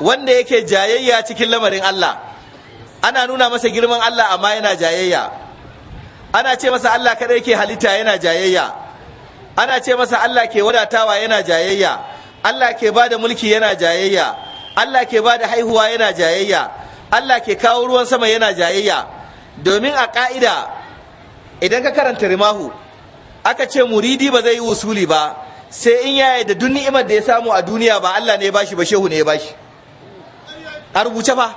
wanda yake jayayya cikin lamarin Allah ana nuna masa girman Allah amma yana jayayya ana ce masa Allah kada yake halitta yana jayayya ana ce masa Allah ke wadatawa yana jayayya Allah ke ba da mulki yana jayayya Allah ke ba da haihuwa yana jayayya Allah ke kawo ruwan sama yana jayayya domin a ƙa'ida idan ka karanta rimahu aka ce muridi ba zai yi usuli ba sai in yaya da duk ni'imar da ya samu a duniya ba Allah ne ya bashi ba shehu ne ya bashi a rubuce ba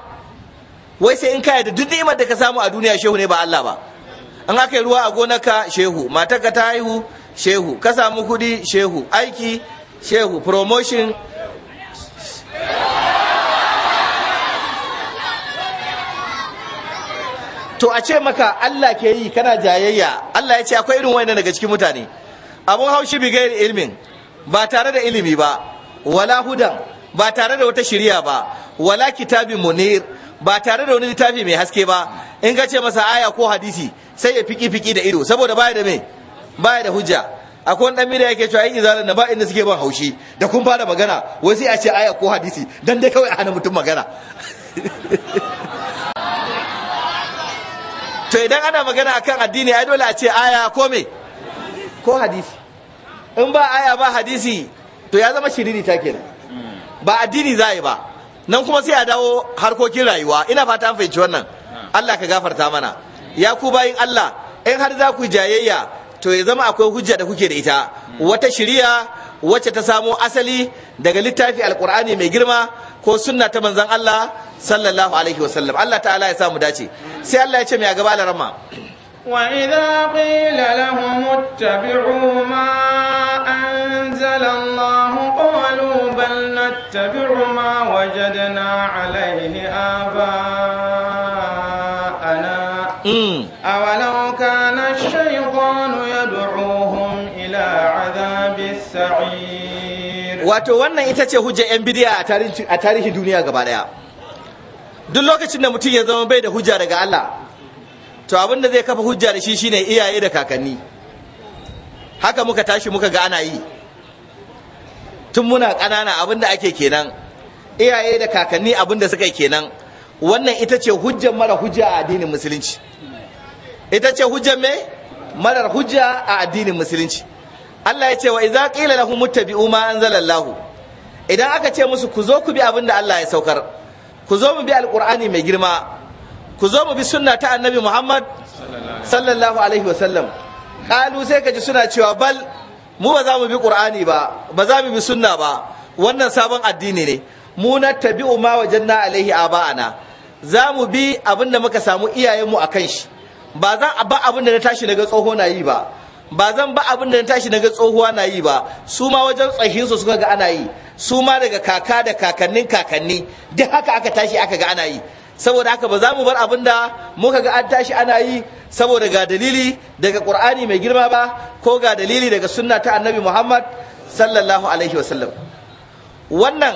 wai sai in kaya da duk ni'imar da ka samu a duniya shehu ne ba Allah ba an aka yi ruwa a ka, shehu matarka ta haihu shehu ka samu kuɗi shehu aiki shehu promotion to a ce maka Allah ke yi kana jayayya Allah ya ce akwai irin wani daga cikin mutane abun haushi bi gairi ilmin ba tare da ilimi ba wala hudan ba tare da wata shirya ba wala kitabi munir ba tare da wani littafi mai haske ba in ka ce masa aya ko hadisi sai ya fiki fiki da ido saboda baya da me baya da hujja akwai wani dan mira yake cewa ai izalan na ba inda suke ban haushi da kun fara magana wai sai a ce aya ko hadisi dan dai kawai a hana mutum magana to idan ana magana akan addini ai dole a ce aya ko me ko hadisi in ba aya ba hadisi to ya zama shiriri ta kenan ba addini za yi ba nan kuma sai a dawo harkokin rayuwa ina fata an fahimci wannan Allah ka gafarta mana ya ku bayin Allah in har za ku jayayya to ya zama akwai hujja da kuke da ita wata shiriya wacce ta samo asali daga littafi alkur'ani mai girma ko sunna ta manzon Allah sallallahu alaihi wa sallam. Allah ta'ala ya samu dace sai Allah ya ce mai gaba larama qila lahum ittabi'u ma anzala Allah qalu bal nattabi'u ma wajadna وجدنا aba ana أولو wato wannan ita ce hujja yan bidiya a tarihin duniya gaba daya duk lokacin da mutum ya zama bai da hujja daga Allah to abin da zai kafa hujja da shi shine iyaye da kakanni haka muka tashi muka ga ana yi tun muna ƙanana abin da ake kenan iyaye da kakanni abin da suka yi kenan wannan ita ce hujjar mara hujja a addinin musulunci ita ce hujjar me marar hujja a addinin musulunci Allah ya ce wa idza qila lahum muttabi'u ma anzalallahu idan aka ce musu ku zo ku bi abinda Allah ya saukar ku zo mu bi alqur'ani mai girma ku zo mu bi sunna ta annabi Muhammad sallallahu alaihi sallam. qalu sai kaji suna cewa bal mu ba za mu bi qur'ani ba ba za mu bi sunna ba wannan sabon addini ne mu na tabi'u ma wajanna alaihi aba'ana za mu bi abinda muka samu iyayenmu akan shi ba za a ba abin na tashi daga tsoho na yi ba ba zan ba abin da na tashi na ga tsohuwa na yi ba su ma wajen tsahinsu suka ga ana yi su ma daga kaka da kakannin kakanni duk haka aka tashi aka ga ana yi saboda haka ba za mu bar abin da muka ga an tashi ana yi saboda ga dalili daga qur'ani mai girma ba ko ga dalili daga sunna ta annabi muhammad sallallahu alaihi wasallam wannan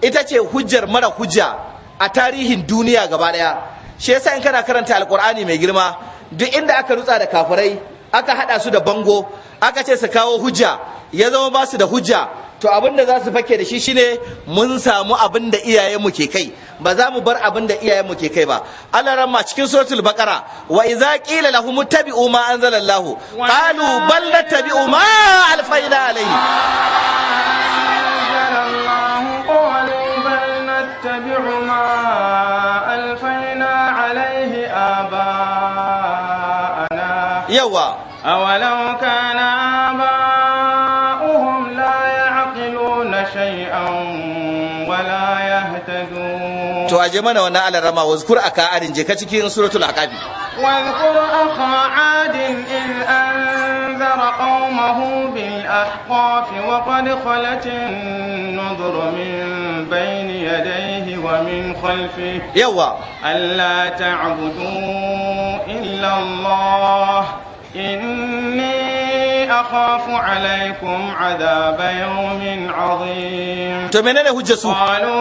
ita ce hujjar mara hujja a tarihin duniya gaba daya shi yasa in kana karanta alqur'ani mai girma duk inda aka rutsa da kafirai aka haɗa su da bango aka ce su kawo hujja ya zama ba su da hujja to abin da za su fake da shi shine mun samu abin da iyayenmu ke kai ba za mu bar abin da mu ke kai ba Allah ramma cikin suratul baqara wa idza qila lahum tabi'u ma anzalallahu qalu bal natabi'u ma alfayna alayhi Yawa. أولو كان na لا يعقلون شيئا ولا يهتدون to aje mana wannan alarama wazkur aka adin je ka cikin suratul aqabi wazkur akha adin in anzara qaumahu bil ahqaf wa qad khalat an-nudhr min bayni yadayhi wa min khalfihi yawa alla ta'budu illa Allah inni akhafu alaikum adhaba yawmin azim to menene hujja su qalu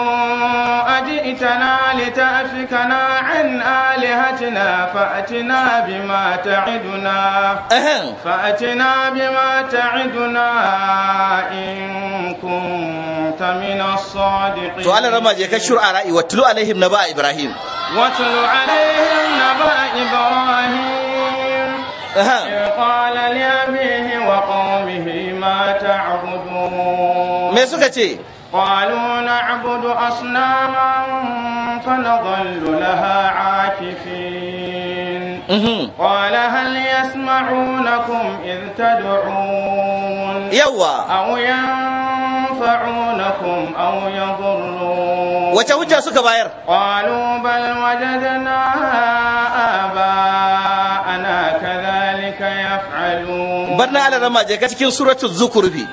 ajitana litafkana an alihatina fa'atina bima ta'iduna fa'atina bima ta'iduna in kunta min as-sadiqin to ala rama ka shur'a ra'i wa tulu alaihim ibrahim wa tulu Uh-huh. me suka ce Kwaluna abudu asnaman laha akifin Kwala hal yasma'una kum in tad'un Yawa aw yanfa'una kum aw yadhurun Wace hujja suka bayar Kwalu bal wajadna abaa barna na alaran maje ka cikin suratu zukurfi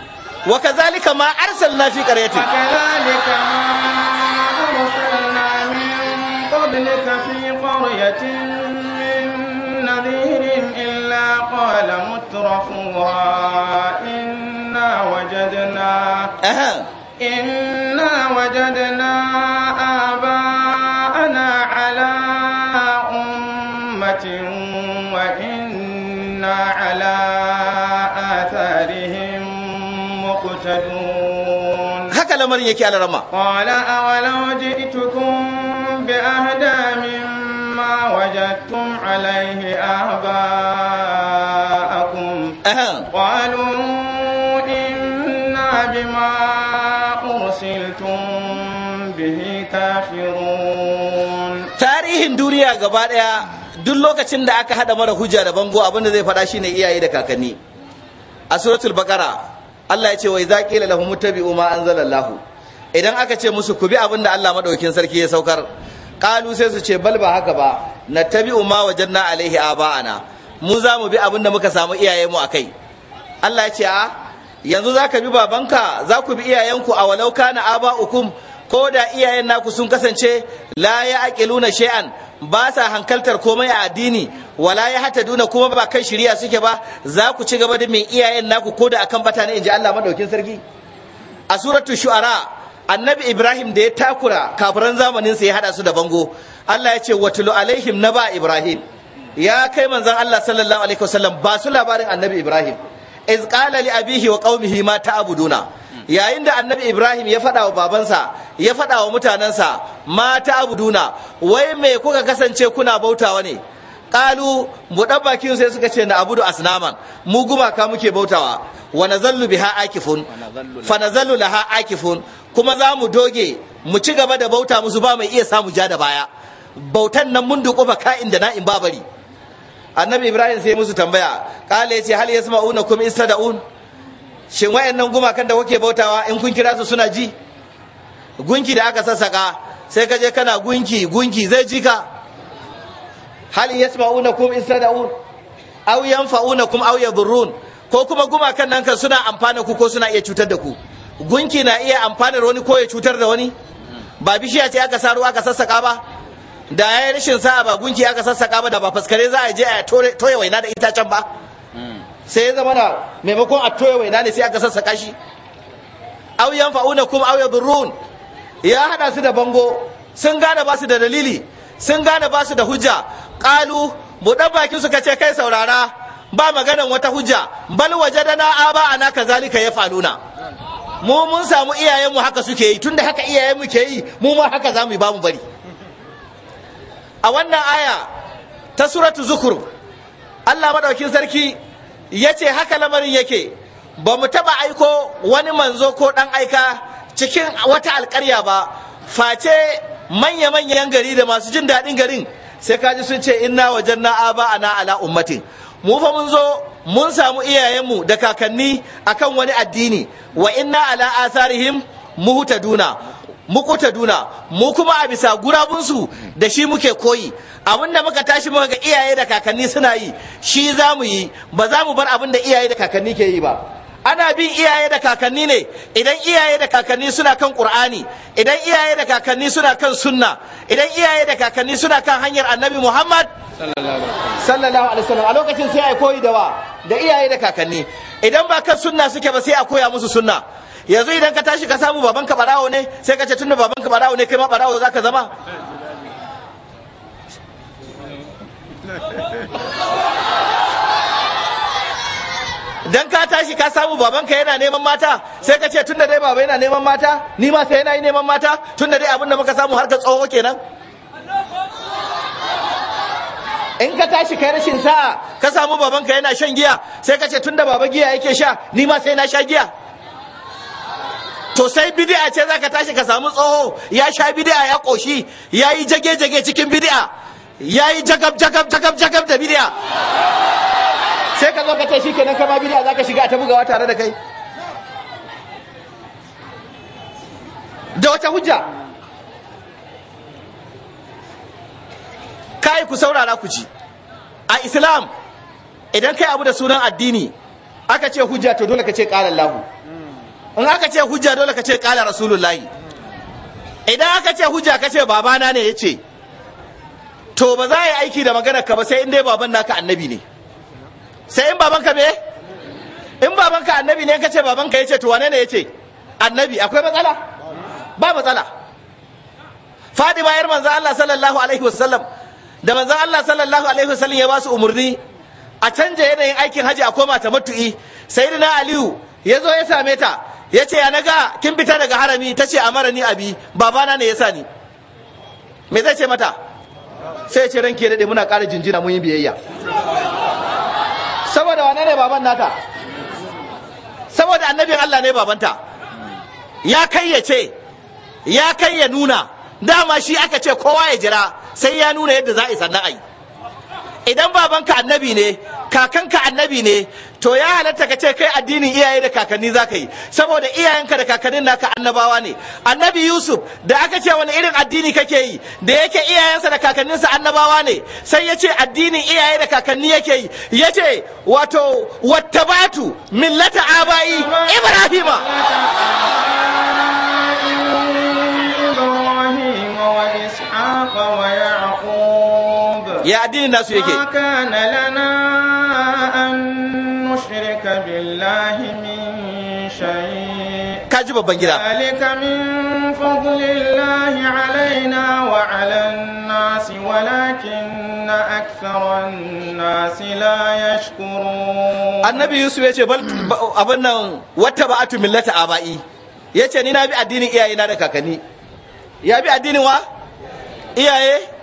wa kazalika ma arsalna fi qaryatin kazalika ma arsalna min qablika fi qaryatin min nadhirin illa qala mutrafuha inna wajadna inna wajadna aba'ana ala ummatin wa inna ala lamarin yake a rama qala awalau ji'tukum bi ahda mimma wajadtum alayhi aba'akum qalu inna bima ursiltum bihi kafirun tarihin duniya gaba daya duk lokacin da aka hada mara hujja da bango abinda zai faɗa shine iyaye da kakanni a suratul bakara Allah ya ce wa idza mu lahum ittabi'u ma Allah idan aka ce musu ku bi abin da Allah madaukakin sarki ya saukar qalu sai su ce bal ba haka ba na tabi'u ma wajanna alaihi aba'ana mu za mu bi abin da muka samu iyayenmu akai Allah ya ce a yanzu zaka bi babanka za ku bi iyayenku a walau kana aba'ukum ko da iyayen naku sun kasance la ya aqiluna shay'an ba sa hankaltar komai a addini wala ya hata nuna kuma ba kan shari'a suke ba za ku ci gaba da mai iyayen naku ko da akan bata ne ji Allah madaukin sarki a suratul shu'ara annabi ibrahim da ya takura kafiran zamanin sa ya hada su da bango allah ya ce watulu alaihim na ba ibrahim ya kai manzon allah sallallahu alaihi wasallam ba su labarin annabi ibrahim iz qala li abihi wa qaumihi ma ta'buduna yayin da annabi ibrahim ya faɗa wa babansa ya faɗa wa mutanensa ma ta'buduna wai me kuka kasance kuna bautawa ne qalu buɗan bakin sai suka ce na abudu asnaman mu gumaka muke bautawa wa nazallu biha akifun fa nazallu laha akifun kuma za mu doge mu ci gaba da bauta musu ba mai iya samu ja da baya bautan nan mun duƙufa ka'in da na'in babari annabi ibrahim sai musu tambaya kala yace hal yasma'una kum istada'un shin wayannan gumakan da kuke bautawa in kun kira su suna ji gunki da aka sassaka sai ka je kana gunki gunki zai ji ka hal yasma'una kum istada'un aw yanfa'una kum aw yadurrun ko kuma gumakan nan kan suna amfana ku ko suna iya cutar da ku gunki na iya amfanar wani ko ya cutar da wani ba bishiya ce aka saro aka sassaka ba da ya yi rashin sa'a ba gunki aka sassaka ba da ba faskare za a je a toye waina da itacen ba sai ya zama na maimakon a toye waina ne sai aka sassaka shi auyen fa'una kuma auya Birrun, ya hada su da bango sun gane ba su da dalili sun gane ba su da hujja mu dan bakin suka ce kai saurara ba maganan wata hujja bal wajadana aba ana kazalika ya faluna mu mun samu iyayenmu haka suke yi tunda haka iyayenmu ke yi mu ma haka zamu yi ba mu bari a wannan aya ta suratu zukur Allah madaukin sarki ya ce haka lamarin yake ba mu taɓa aiko wani manzo ko ɗan aika cikin wata alƙarya ba face manya-manyan gari da masu jin daɗin garin sai kaji sun ce inna wajen na aba ana ala ummatin mu fa mun zo mun samu iyayenmu da kakanni akan wani addini wa inna ala huta muhtaduna ta duna mu kuma a bisa gurabunsu da shi muke koyi abin da muka tashi muka ga iyaye da kakanni suna yi shi za mu yi ba za mu bar abin da iyaye da kakanni ke yi ba ana bin iyaye da kakanni ne idan iyaye da kakanni suna kan qur'ani idan iyaye da kakanni suna kan sunna idan iyaye da kakanni suna kan hanyar annabi muhammad sallallahu alaihi wasallam a lokacin sai a koyi da wa da iyaye da kakanni idan ba kan sunna suke ba sai a koya musu sunna yanzu idan ka tashi ka samu babanka barawo ne sai ka ce tunda babanka barawo ne kai ma barawo za ka zama dan ka tashi ka samu babanka yana neman mata sai ka ce tunda dai baba yana neman mata ni ma sai yana yi neman mata tunda dai abinda muka samu har ka tsoho kenan in ka tashi kai rashin sa'a ka samu babanka yana shan giya sai ka ce tunda baba giya yake sha ni ma sai na sha giya to sai bidi'a ce zaka tashi ka samu tsoho ya sha bidi'a ya koshi ya yi jage-jage cikin bidi'a. ya yi jagab-jagab-jagab da bidi'a. sai ka zo ka ce shi kenan kama za zaka shiga ta bugawa tare da kai da wata hujja kai ku saurara ku ji a islam idan kai abu da sunan addini aka ce hujja to dole ka ce qala lahu in aka ce hujja dole ka ce kala rasulullahi idan aka ce hujja ka ce babana ne ya ce to ba za a yi aiki da maganar ka ba sai in dai baban naka annabi ne sai in baban ka me in baban ka annabi ne ka ce baban ka ya ce to wane ne ya ce annabi akwai matsala ba matsala fadi bayar manzo Allah sallallahu alaihi wasallam da manzo Allah sallallahu alaihi wasallam ya ba su umurni a canja yanayin aikin haji a koma ta matu'i sayyidina aliyu ya zo ya same ta ya ce ya naga kin fita daga harami ta ce a mara ni abi babana ne ya sa ni me zai ce mata sai ya ce ranke daɗe muna ƙara jinjina mun yi biyayya saboda wane ne baban nata saboda annabin Allah ne babanta ya kai ya ce ya kai ya nuna dama shi aka ce kowa ya jira sai ya nuna yadda za a yi sannan a yi idan babanka annabi ne kakanka annabi ne to ya halatta ka ce kai addinin iyaye da kakanni za yi saboda iyayenka da kakannin naka annabawa ne annabi yusuf da aka ce wani irin addini kake yi da yake iyayensa da kakanninsa annabawa ne sai ya ce addinin iyaye da kakanni yake yi ya ce wato wattabatu millata abayi ibrahima ya addinin nasu yake ka ji babban gida annabi yusuf yace ce abin nan wata a millata ya ce ni na bi addinin iyayena da kakanni ya bi addinin wa iyaye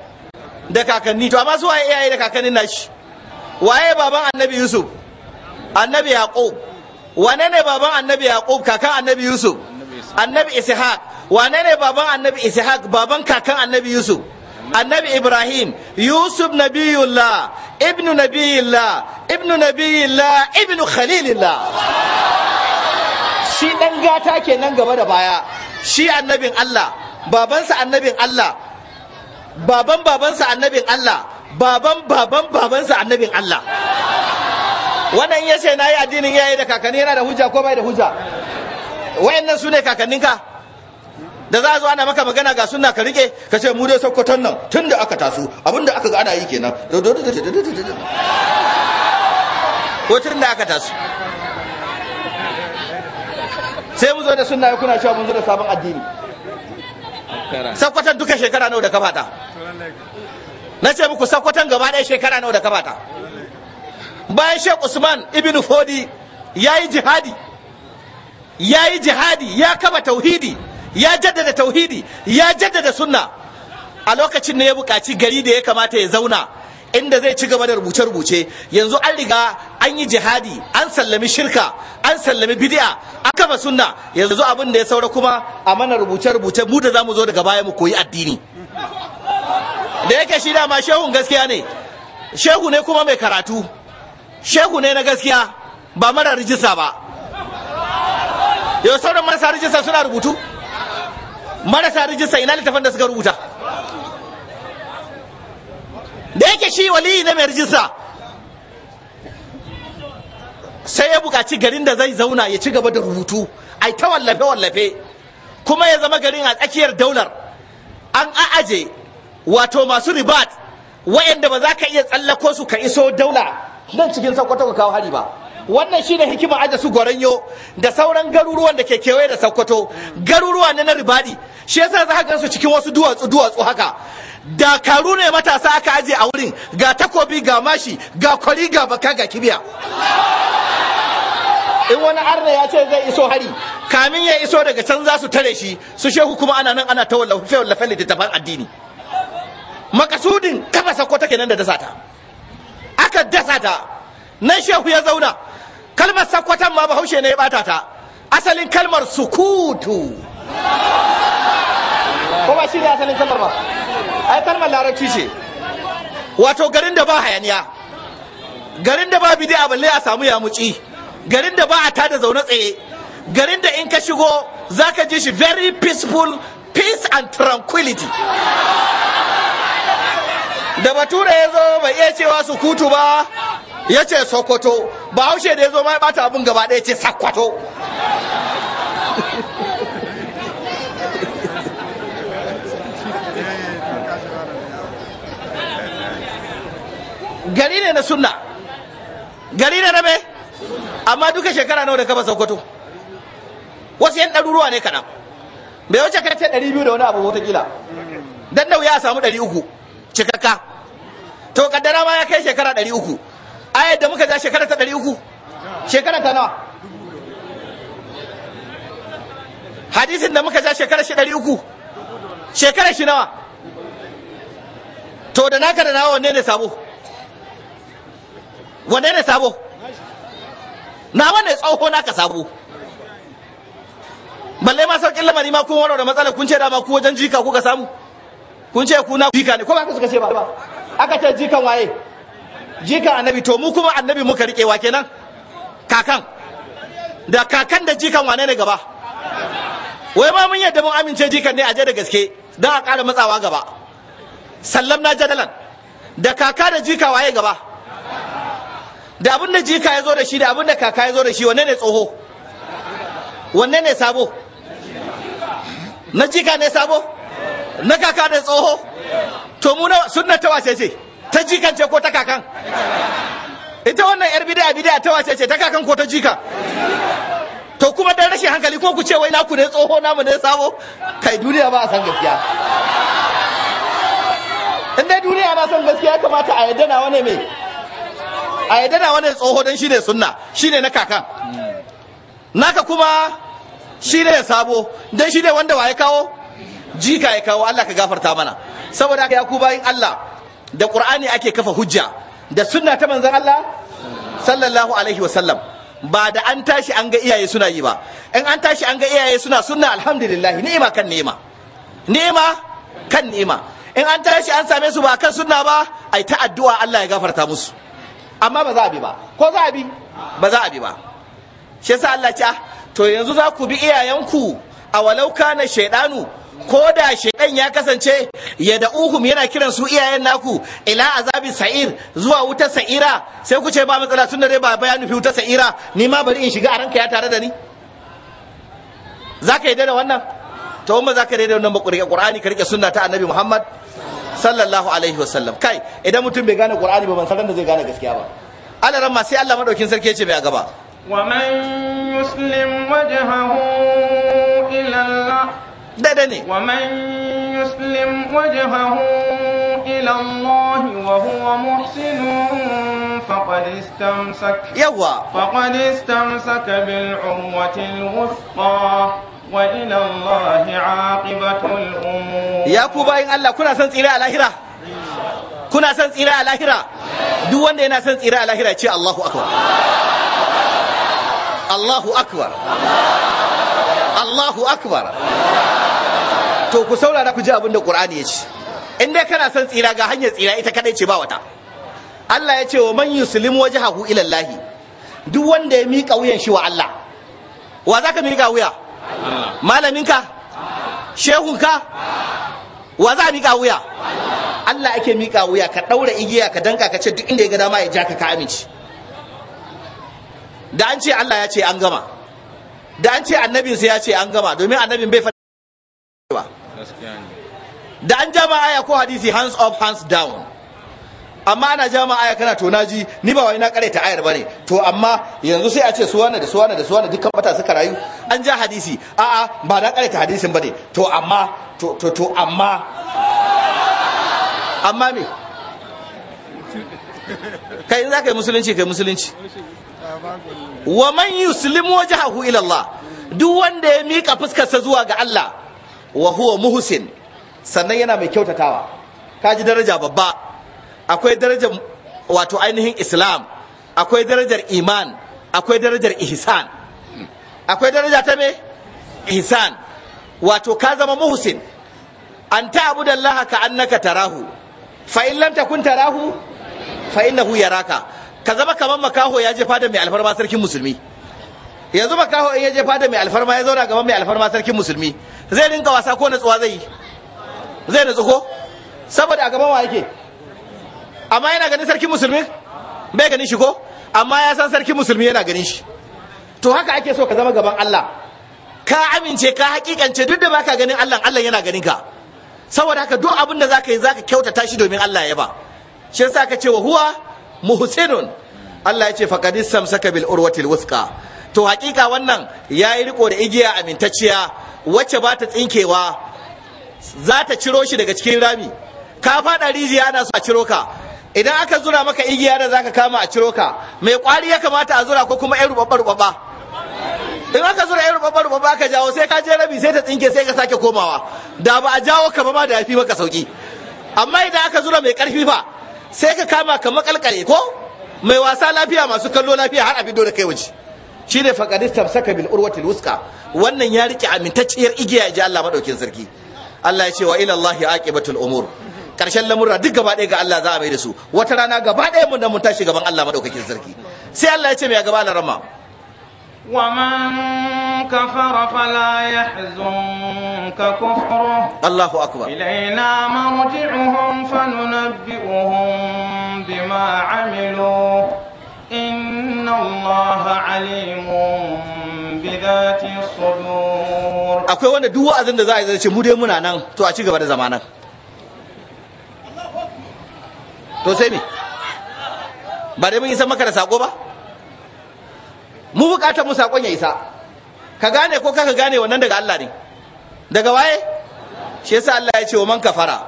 da kakanni to amma su waye iyaye da kakannin nashi waye baban annabi yusuf annabi yaqub wane ne baban annabi yaqub kakan annabi yusuf annabi ishaq wane ne baban annabi ishaq baban kakan annabi yusuf annabi ibrahim yusuf nabiyullah ibnu nabiyillah ibnu nabiyillah ibnu khalilillah shi dan gata kenan gaba da baya shi annabin allah babansa annabin allah baban babansa annabin Allah baban baban babansa annabin Allah wannan ya ce na yi addinin yayi da kakanni yana da hujja ko bai da hujja wayannan su ne kakanninka da za a zo ana maka magana ga sunna ka rike ka ce mu dai sokoton nan tun da aka taso abinda aka ga ana yi kenan ko tun da aka taso sai mu zo da sunna kuna cewa mun zo da sabon addini sakwatan duka shekara nawa da kafata na ce muku sakwatan gaba ɗaya shekara nawa da kafata bayan shek usman ibn fodi ya yi jihadi ya yi jihadi ya kama tauhidi ya jaddada tauhidi ya jaddada sunna a lokacin ne ya buƙaci gari da ya kamata ya zauna inda zai ci gaba da rubuce-rubuce yanzu an riga an yi jihadi an sallami shirka an sallami bid'a an kafa sunna yanzu abin da ya saura kuma a mana rubuce-rubuce mu da zamu zo daga baya mu koyi addini da yake shi dama shehun gaskiya ne shehu ne kuma mai karatu shehu ne na gaskiya ba mara rijista ba yau sauran marasa rijista suna rubutu marasa rijista ina littafin da suka rubuta da yake shi waliyi na mai rijista sai ya bukaci garin da zai zauna ya ci gaba da rubutu ai ta wallafe-wallafe kuma ya zama garin a tsakiyar daular an a'aje wato masu ribat wa'anda ba za ka iya tsallako su ka iso daula nan cikin sokoto ka kawo hari ba wannan shi ne hikima aje su goranyo da sauran garuruwan da ke kewaye da sokoto garuruwa ne na ribadi shi yasa za ka su cikin wasu duwatsu duwatsu haka dakaru ne matasa aka aje a wurin ga takobi ga mashi ga kwari ga baka ga kibiya in wani arna ya ce zai iso hari kamin ya iso daga can za su tare shi su shehu kuma ana nan ana ta wallafe wallafe littattafan addini makasudin kafa sako take nan da dasa ta aka dasa ta nan shehu ya zauna kalmar sakwatan ma bahaushe ne ya bata ta asalin kalmar sukutu ko ba shi ne asalin kalmar ba ai kalmar larabci ce wato garin da ba hayaniya garin da ba a balle a samu yamuci garin da ba a tada zaune tsaye garin da in ka shigo za ka ji shi very peaceful peace and tranquility da bature ya zo bai iya cewa su kutu ba ya ce sokoto ba haushe da ya zo ma ya bata abin gaba ɗaya ce sakwato gari ne na sunna gari ne na me amma duka shekara nawa da kafa sokoto wasu yan ɗaruruwa ne kaɗan bai wuce kai ce ɗari biyu da wani abu wataƙila dan da wuya a samu ɗari uku cikakka to kaddara ma ya kai shekara ɗari uku da muka ja shekara ta ɗari uku shekara ta nawa hadisin da muka ja shekara shi ɗari uku shekara shi nawa to da naka da nawa wanne ne sabo wane ne sabo na wane tsoho naka sabo balle ma sarkin lamari ma kun warware matsalar kun ce dama ku wajen jika kuka samu kun ce ku na jika ne ko ba ka suka ce ba aka ce jikan waye Jika annabi to mu kuma annabi muka rike wa kenan kakan da kakan da jikan wane ne gaba wai ma mun yadda mun amince jikan ne a je da gaske don a ƙara matsawa gaba sallam na jadalan da kaka da jika waye gaba da abin da jika ya zo da shi da abin da kaka ya zo da shi wanne ne tsoho wanne ne sabo na jika ne sabo na kaka ne tsoho to mu na sunna ta wace ce ta jikan ce ko ta kakan ita wannan yar bid'a bid'a ta wace ce ta kakan ko ta jika to kuma dan rashin hankali ko ku ce wai naku ne tsoho namu ne sabo kai duniya ba a san gaskiya in dai duniya na san gaskiya ya kamata a yadda wani ne mai a yadda da wani tsoho don shine sunna shine na kakan naka kuma shine ya sabo don shine wanda waye kawo jika ya kawo Allah ka gafarta mana saboda haka yaku bayin Allah da Qur'ani ake kafa hujja da sunna ta manzon Allah sallallahu alaihi wa sallam ba da an tashi an ga iyaye suna yi ba in an tashi an ga iyaye suna sunna alhamdulillah ni'ima kan ni'ima ni'ima kan ni'ima in an tashi an same su ba kan sunna ba ai ta addu'a Allah ya gafarta musu amma ba za a bi ba ko za a bi ba za a bi ba shi yasa Allah ce ah, to yanzu za ku bi iyayenku a walau kana shaidanu ko da shaidan ya kasance ya da uhum yana kiran su iyayen naku ila azabi sa'ir zuwa wuta sa'ira sai ku ce ba mu tun da ba ya nufi wuta sa'ira ni ma bari in shiga a ranka ya tare da ni zaka yi da wannan to ka zaka da wannan ba ku rike qur'ani ka rike sunna ta annabi muhammad sallallahu alaihi wasallam kai idan mutum bai gane qur'ani ba ban san da zai gane gaskiya ba alaran ma sai Allah madaukin sarki yace ce mai a gaba wa man yuslim wajhahu ila Allah dada ne wa man yuslim wajhahu ila Allah wa huwa muhsinun فقد Yawa. يوا فقد bil' بالعروة الوثقى wa Allah ya ku bayin Allah kuna son tsira a lahira kuna son tsira a lahira duk wanda yana son tsira a lahira ce Allahu akbar Allahu akbar Allahu akbar to ku saurara ku ji abin da Qur'ani ya ce in dai kana son tsira ga hanyar tsira ita kadai ce ba wata Allah ya ce wa man yuslimu wajhahu ila Allah duk wanda ya miƙa wuyan shi wa Allah wa zaka miƙa wuya malaminka shehunka wa za a miƙa wuya Allah ake miƙa wuya ka ɗaura igiya ka danka ka ce duk inda ya ga dama ya ja ka ka amince da an ce Allah ya ce an gama da an ce annabin sai ya ce an gama domin annabin bai faɗi ba da an jama'a ya ko hadisi hands up hands down amma ana jama'a ya aya kana to naji ni ba wai na kare ta ayar bane to amma yanzu sai a ce su wani da su wani da su wani dukkan bata suka rayu an ja hadisi a'a ba na kare ta hadisin bane to amma to to to amma amma me kai in za yi musulunci kai musulunci wa man yuslimu wajhahu ila Allah duk wanda ya mika fuskarsa zuwa ga Allah wa huwa muhsin sannan yana mai kyautatawa kaji daraja babba akwai darajar wato ainihin islam akwai darajar iman akwai darajar ihsan akwai daraja ta me ihsan wato ka zama muhsin an ta'budu allaha ka annaka tarahu fa in lam takun tarahu fa innahu yaraka ka zama kaman makaho ya je fada mai alfarma sarkin musulmi yanzu makaho in ya je fada mai alfarma ya zauna gaban mai alfarma sarkin musulmi zai rinka wasa ko natsuwa zai yi zai natsu ko saboda a gaban wa yake amma yana ganin sarki musulmi bai ganin shi ko amma ya san sarki musulmi yana ganin shi to haka ake so ka zama gaban Allah ka amince ka hakikance duk da baka ganin Allah Allah yana ganin ka saboda haka duk abin da zaka yi zaka kyautata shi domin Allah ya ba shi yasa ka ce wa huwa muhsinun Allah ya ce faqad samsaka bil urwatil wuthqa to hakika wannan yayi riko da igiya amintacciya wacce ba ta tsinkewa za ta ciro shi daga cikin rami ka faɗa rijiya ana so a ciro ka idan aka zura maka igiya da zaka kama a ciro ka mai kwari ya kamata a zura ko kuma yan rubabba rubabba in aka zura yan rubabba rubabba aka jawo sai ka je rabi sai ta tsinke sai ka sake komawa da ba a jawo ka ba ma da yafi maka sauki amma idan aka zura mai karfi fa sai ka kama ka makalkale ko mai wasa lafiya masu kallo lafiya har a bido da kai waje ne faqadis tamsaka bil urwatil wuska wannan ya rike amintacciyar igiya ya ji Allah madaukin sarki Allah ya ce wa ya aqibatul umur karshen lamurra duk gaba ɗaya ga Allah za a mai da su wata rana gaba ɗaya mun da mun tashi gaban Allah madaukakin sarki sai Allah ya ce mai gaba da rama ومن كفر فلا يحزنك كفره الله أكبر إلينا مرجعهم bima amilu inna Allah alimun bi dhati sudur akwai wanda duk wa'azin da za a yi zai ce mu dai muna nan to a ci gaba da zamanan to sai me ba dai mun isa maka da sako ba mu bukatar mu sakon ya isa ka gane ko kaka gane wannan daga Allah ne daga waye shi yasa Allah ya ce wa man kafara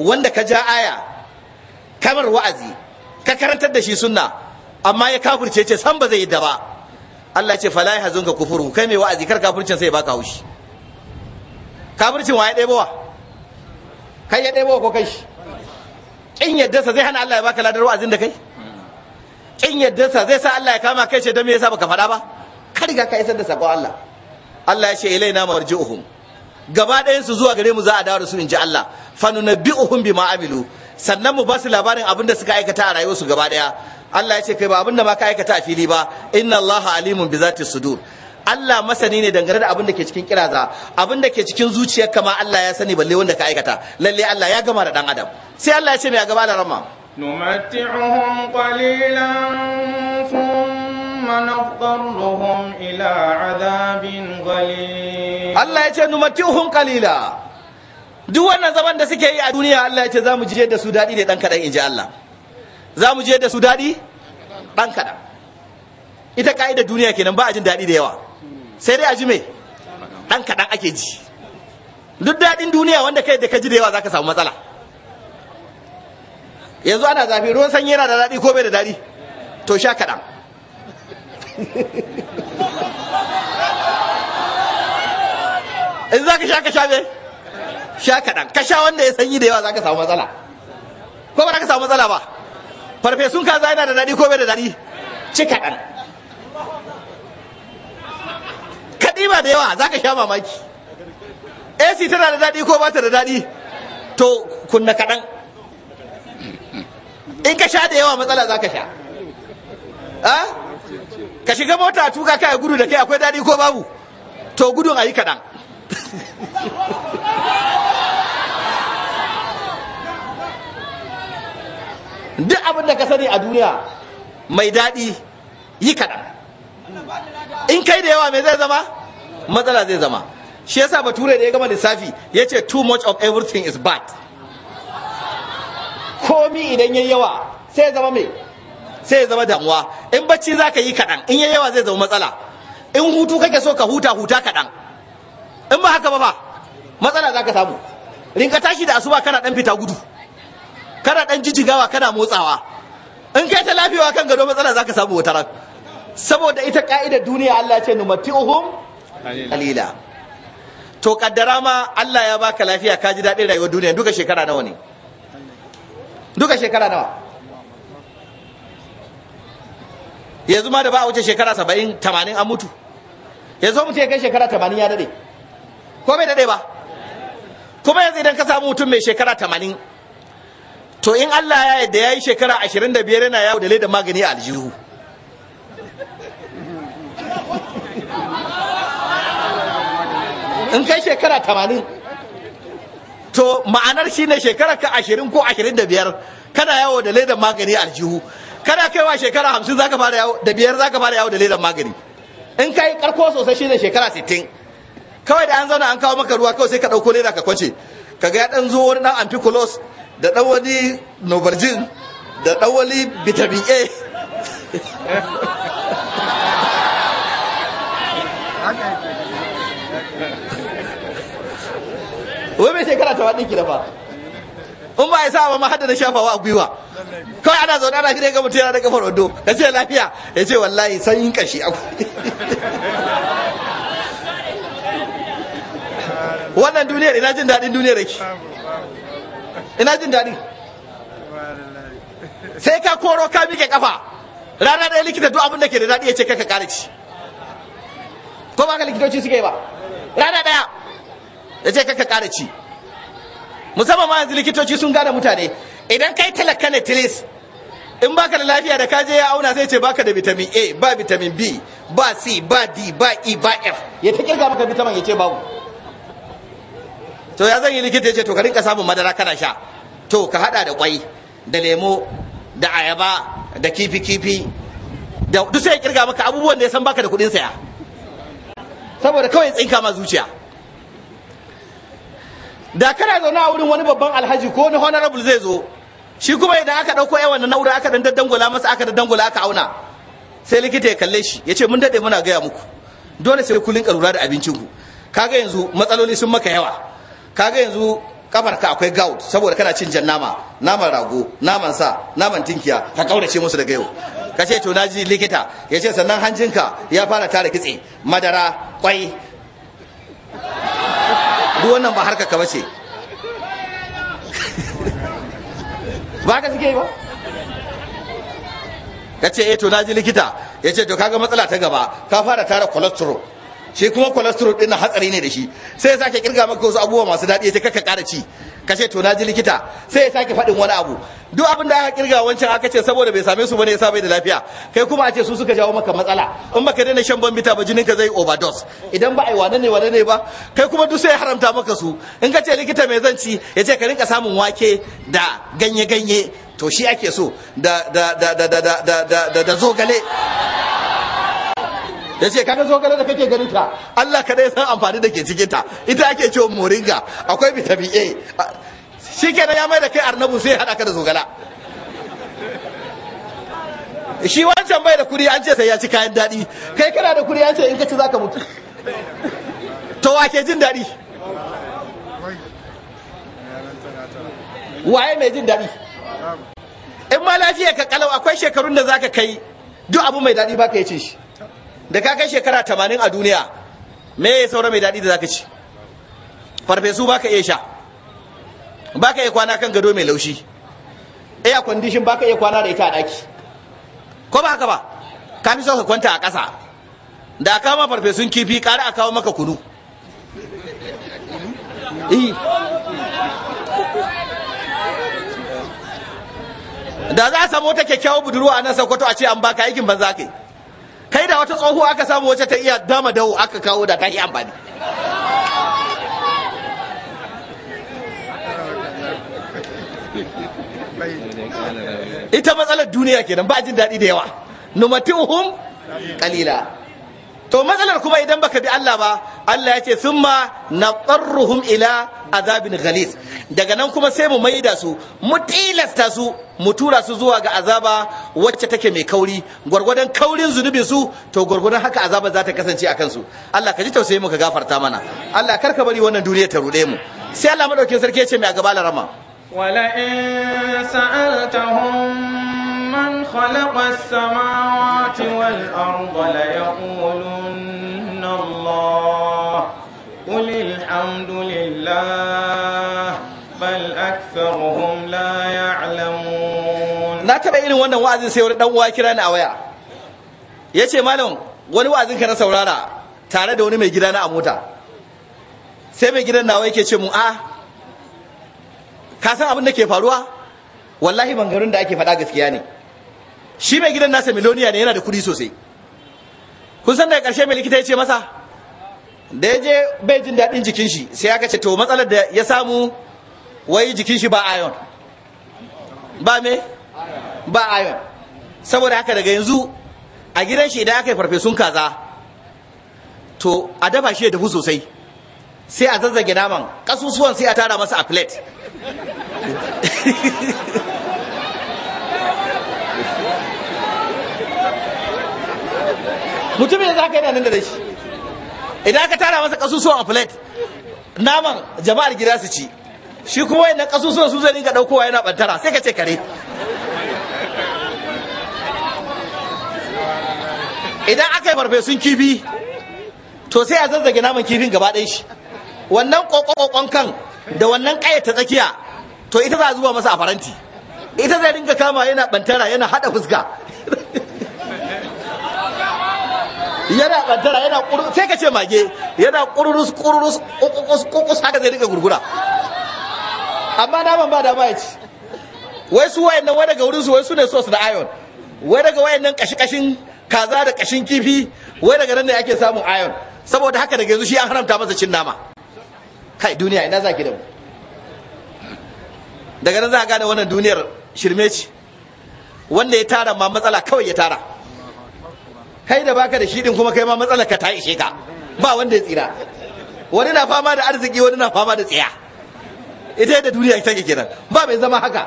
wanda ka ja aya kamar wa'azi ka karantar da shi sunna amma ya kafirce ce san ba zai yadda ba Allah ya ce fala ya hazunka kufuru kai mai wa'azi kar kafircin sai baka haushi kafircin waye ɗebowa kai ya ɗebowa ko kai shi kin yaddarsa zai hana Allah ya baka ladar wa'azin da kai kin yaddarsa zai sa Allah ya kama kai ce don me yasa baka faɗa ba ka riga ka isar da sako Allah Allah ya ce ilaina marji'uhum gaba ɗayan su zuwa gare mu za a dawo da su in ji Allah fa nunabbi'uhum bima amilu sannan mu ba su labarin abin da suka aikata a rayuwarsu gaba ɗaya Allah ya ce kai ba abin da ba ka aikata a fili ba inna Allah alimun bi zati sudur Allah masani ne dangane da abin da ke cikin kiraza abin da ke cikin zuciyar kama Allah ya sani balle wanda ka aikata lalle Allah ya gama da dan adam sai Allah ya ce mai gaba da rama numatti'uhum qalilan thumma nafdaruhum ila adabin ghalil Allah ya ce numatti'uhum qalila duk wannan zaman da suke yi a duniya Allah ya ce zamu je da su dadi ne dan kadan inji Allah zamu je da su dadi dan kadan ita ka'idar duniya kenan ba a jin dadi da yawa sai dai a ji me ɗan kaɗan ake ji duk daɗin duniya wanda kai da ka ji da yawa za ka samu matsala yanzu ana zafi ruwan sanyi yana da daɗi ko bai da daɗi to sha kaɗan in za ka sha ka sha me sha kaɗan ka sha wanda ya sanyi da yawa za ka samu matsala ko ba za ka samu matsala ba farfesun kaza yana da daɗi ko bai da daɗi ci kaɗan ba da yawa za ka sha mamaki ac tana da daɗi ko ba ta da daɗi to kunna kaɗan in ka sha da yawa matsala za ka sha ka shiga mota tuka kai gudu da kai akwai daɗi ko babu to gudun a yi kaɗan duk abin da ka sani a duniya mai daɗi yi kaɗan in kai da yawa mai zai zama matsala zai zama shi yasa bature da ya gama lissafi ya ce too much of everything is bad komi idan ya yawa sai ya zama mai sai ya zama damuwa in bacci za ka yi kaɗan in ya yawa zai zama matsala in hutu kake so ka huta huta kaɗan in ba haka ba ba matsala za ka samu rinka tashi da asuba kana ɗan fita gudu kana ɗan jijigawa kana motsawa in kai ta lafiyawa kan gado matsala za ka samu wata ran saboda ita ka'idar duniya Allah ce numati'uhum qalila to kaddara ma Allah ya baka lafiya ka ji daɗin rayuwar duniya duka shekara nawa ne duka shekara nawa yanzu ma da ba a wuce shekara saba'in tamanin an mutu yanzu mutum ya kai shekara tamanin ya daɗe ko bai daɗe ba kuma yanzu idan ka samu mutum mai shekara tamanin to in Allah ya yadda ya yi shekara ashirin da biyar yana yawo da leda magani a aljihu in kai shekara tamanin to ma'anar shine shekara ka ashirin ko ashirin da biyar kana yawo da ledan magani a aljihu kana kaiwa shekara hamsin zaka fara yawo da biyar zaka fara yawo da ledan magani in kai karko sosai shine shekara sittin kawai da an zauna an kawo maka ruwa kawai sai ka ɗauko leda ka kwace kaga ya ɗan zo wani ɗan amphicolos da ɗan wani nobarjin da ɗan wani vitamin a wai mai shekara ta waɗin kira dafa. in ba ya sa ba ma hada na shafa wa gwiwa kawai ana zaune ana gida ga mutum yana da kafar wando ya ce lafiya ya ce wallahi sanyin kashi a wannan duniyar ina jin daɗin duniyar yake ina jin daɗi sai ka koro ka miƙe kafa rana ɗaya likita duk abin da ke da daɗi ya ce kai ka ƙara ci ko ba ka likitoci suke ba rana ɗaya ya ce kaka ƙara ci musamman ma yanzu likitoci sun gane mutane idan kai talaka ne tilis in baka da lafiya da kaje ya auna sai ce baka da vitamin A ba vitamin B ba C ba D ba E ba F ya ta kirga maka vitamin ya ce babu to ya zan yi likita ya ce to ka rinka samun madara kana sha to ka hada da kwai da lemo da ayaba da kifi kifi da duk sai ya kirga maka abubuwan da ya san baka da kudin saya saboda kawai tsinka ma zuciya da kana zaune a wurin wani babban alhaji ko wani honorable zai zo shi kuma idan aka ɗauko yawan wannan na'ura aka dan daddangula masa aka daddangula aka auna sai likita ya kalle shi ya ce mun daɗe muna gaya muku dole sai kullun karura da abincin ku kaga yanzu matsaloli sun maka yawa kaga yanzu kafar ka akwai gout saboda kana cin jan nama naman rago naman sa naman tinkiya ka kaurace musu daga yau ka ce to naji likita ya ce sannan hanjinka ya fara tara kitse madara kwai duk wannan ba harka ka bace ba ka suke ba ka ce eto eh, na ji likita ya ce to kaga matsala ta gaba ka fara tara cholesterol shi kuma cholesterol din hatsari ne da shi sai ya sake kirga maka wasu abubuwa masu daɗi ya ce kakka ƙara ci ka ce to na ji likita sai ya sake faɗin wani abu duk abin da aka kirga wancan aka ce saboda bai same su bane yasa bai da lafiya kai kuma a ce su suka jawo maka matsala in baka daina shan bambita ba jininka zai overdose idan ba ai wane ne wane ne ba kai kuma duk sai haramta maka su in ka ce likita mai ci ya ce ka rinka samun wake da ganye ganye to shi ake so da da da da da da da da zogale ya ce kaga zogale da kake ganin ta Allah kada ya san amfani da ke cikin ta ita ake wa moringa akwai vitamin A shikenan ya mai da kai arnabu sai hada ka da zogala shi wancan bai da kuri an ce sai ya ci kayan daɗi kai kana da kuri an ce in ka ci za ka mutu to wa ke jin daɗi waye mai jin daɗi in ma lafiya ka kalau akwai shekarun da za ka kai duk abu mai daɗi ba ka ya ce shi da ka kai shekara tamanin a duniya me ya saura mai daɗi da zaka ci farfesu baka iya sha baka iya kwana kan gado mai laushi air condition baka iya kwana da ita a ɗaki ko ba haka ba ka fi so ka kwanta a ƙasa da aka ma farfesun kifi ƙara a kawo maka kunu da za a samu wata kyakkyawar budurwa a nan sakwato a ce an baka aikin banza kai kai da wata tsohu aka samu wacce ta iya dama dawo aka kawo da ta yi amfani ita matsalar duniya kenan ba jin daɗi da yawa numatuhum kalila to matsalar kuma idan baka bi Allah ba Allah ya ce summa naqarruhum ila azabin ghalis daga nan kuma sai mu maida su mu tilasta su mu tura su zuwa ga azaba wacce take mai kauri gwargwadon kaurin zunubin su to gwargwadon haka azaba za ta kasance a kansu Allah ka ji tausayi mu ka gafarta mana Allah kar ka bari wannan duniya ta rude mu sai Allah madaukin sarki ya ce mai a gaba larama wala in sa'altahum من خلق السماوات والأرض ليقولن الله قل الحمد لله بل أكثرهم لا يعلمون na taba irin wannan wa'azin sai wani dan uwa kira ni a waya malam wani wa'azin ka na saurara tare da wani mai gida na a mota sai mai gidan nawa yake ce mu a ah, ka san abin da ke faruwa wallahi bangarin da ake faɗa gaskiya ne shi mai gidan nasa miloniya ne yana da kuɗi sosai kun san daga ƙarshe mai likita ya ce masa da ya je bai jin daɗin jikin shi sai aka ce to matsalar da ya samu wai jikin shi ba ayon ba me ba ayon saboda haka daga yanzu a gidan shi idan aka yi farfesun kaza to a dafa shi ya dafu sosai sai a zazzage naman ƙasusuwan sai a tara masa a plate mutumin za ka yi nan da shi idan aka tara masa kasusuwa a plate naman jama'ar gida su ci shi kuma yana kasusuwa su zai rinka daukowa yana bantara sai ka ce kare idan aka yi farfesun kifi to sai a zazzage naman kifin gaba ɗaya shi wannan kokon kan da wannan ƙaya ta tsakiya to ita za a zuba masa a faranti ita zai dinga kama yana bantara yana hada fuska yana kantara yana kurus sai ka ce mage yana ƙururus, ƙururus, kukus kukus haka zai rika gurgura amma naman ba da ba ya ci wai su wayannan wai daga wurin su wai su ne sos da ayon. wai daga wayannan kashi kashin kaza da kashin kifi wai daga nan ne ake samun ayon. saboda haka daga yanzu shi an haramta masa cin nama kai duniya ina za ki da mu daga nan za a gane wannan duniyar shirme ce wanda ya tara ma matsala kawai ya tara kai da baka da shi din kuma kai ma matsalar ka ta ishe ka ba wanda ya tsira wani na fama da arziki wani na fama da tsaya ita yadda duniya ke kenan ba mai zama haka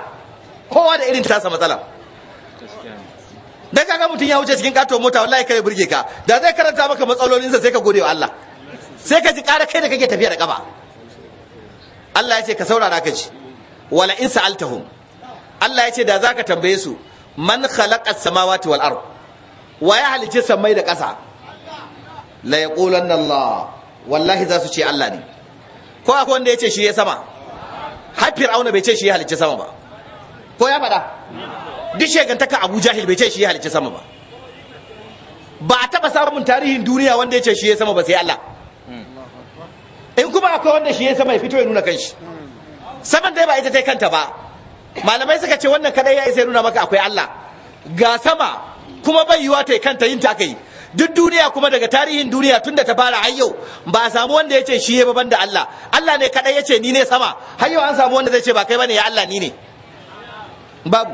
kowa da irin tasa matsala dan kaga mutun ya wuce cikin kato mota wallahi kai burge ka da zai karanta maka matsalolinsa sai ka gode wa Allah sai ka ji kare kai da kake tafiya da kaba Allah ya ce ka saurara ka ji wala in sa'altahum Allah ya ce da zaka tambaye su man khalaqas samawati wal ardh wa ya halice sammai da ƙasa la yaqulanna Allah wallahi za su ce Allah ne ko akwai wanda ya ce shi ya sama har fir'auna bai ce shi ya halice sama ba ko ya faɗa duk shegantaka Abu Jahil bai ce shi ya halice sama ba ba a taɓa samun tarihin duniya wanda ya ce shi ya sama ba sai Allah in kuma akwai wanda shi ya sama ya fito ya nuna kanshi saman dai ba ita ta kanta ba malamai suka ce wannan kadai ya isa ya nuna maka akwai Allah ga sama kuma bai yiwa ta kanta yin ta kai duk duniya kuma daga tarihin duniya tun da ta fara har yau ba a samu wanda ya ce shi ya baban da Allah Allah ne kadai ya ce ni ne sama har yau an samu wanda zai ce ba kai bane ya Allah ni ne babu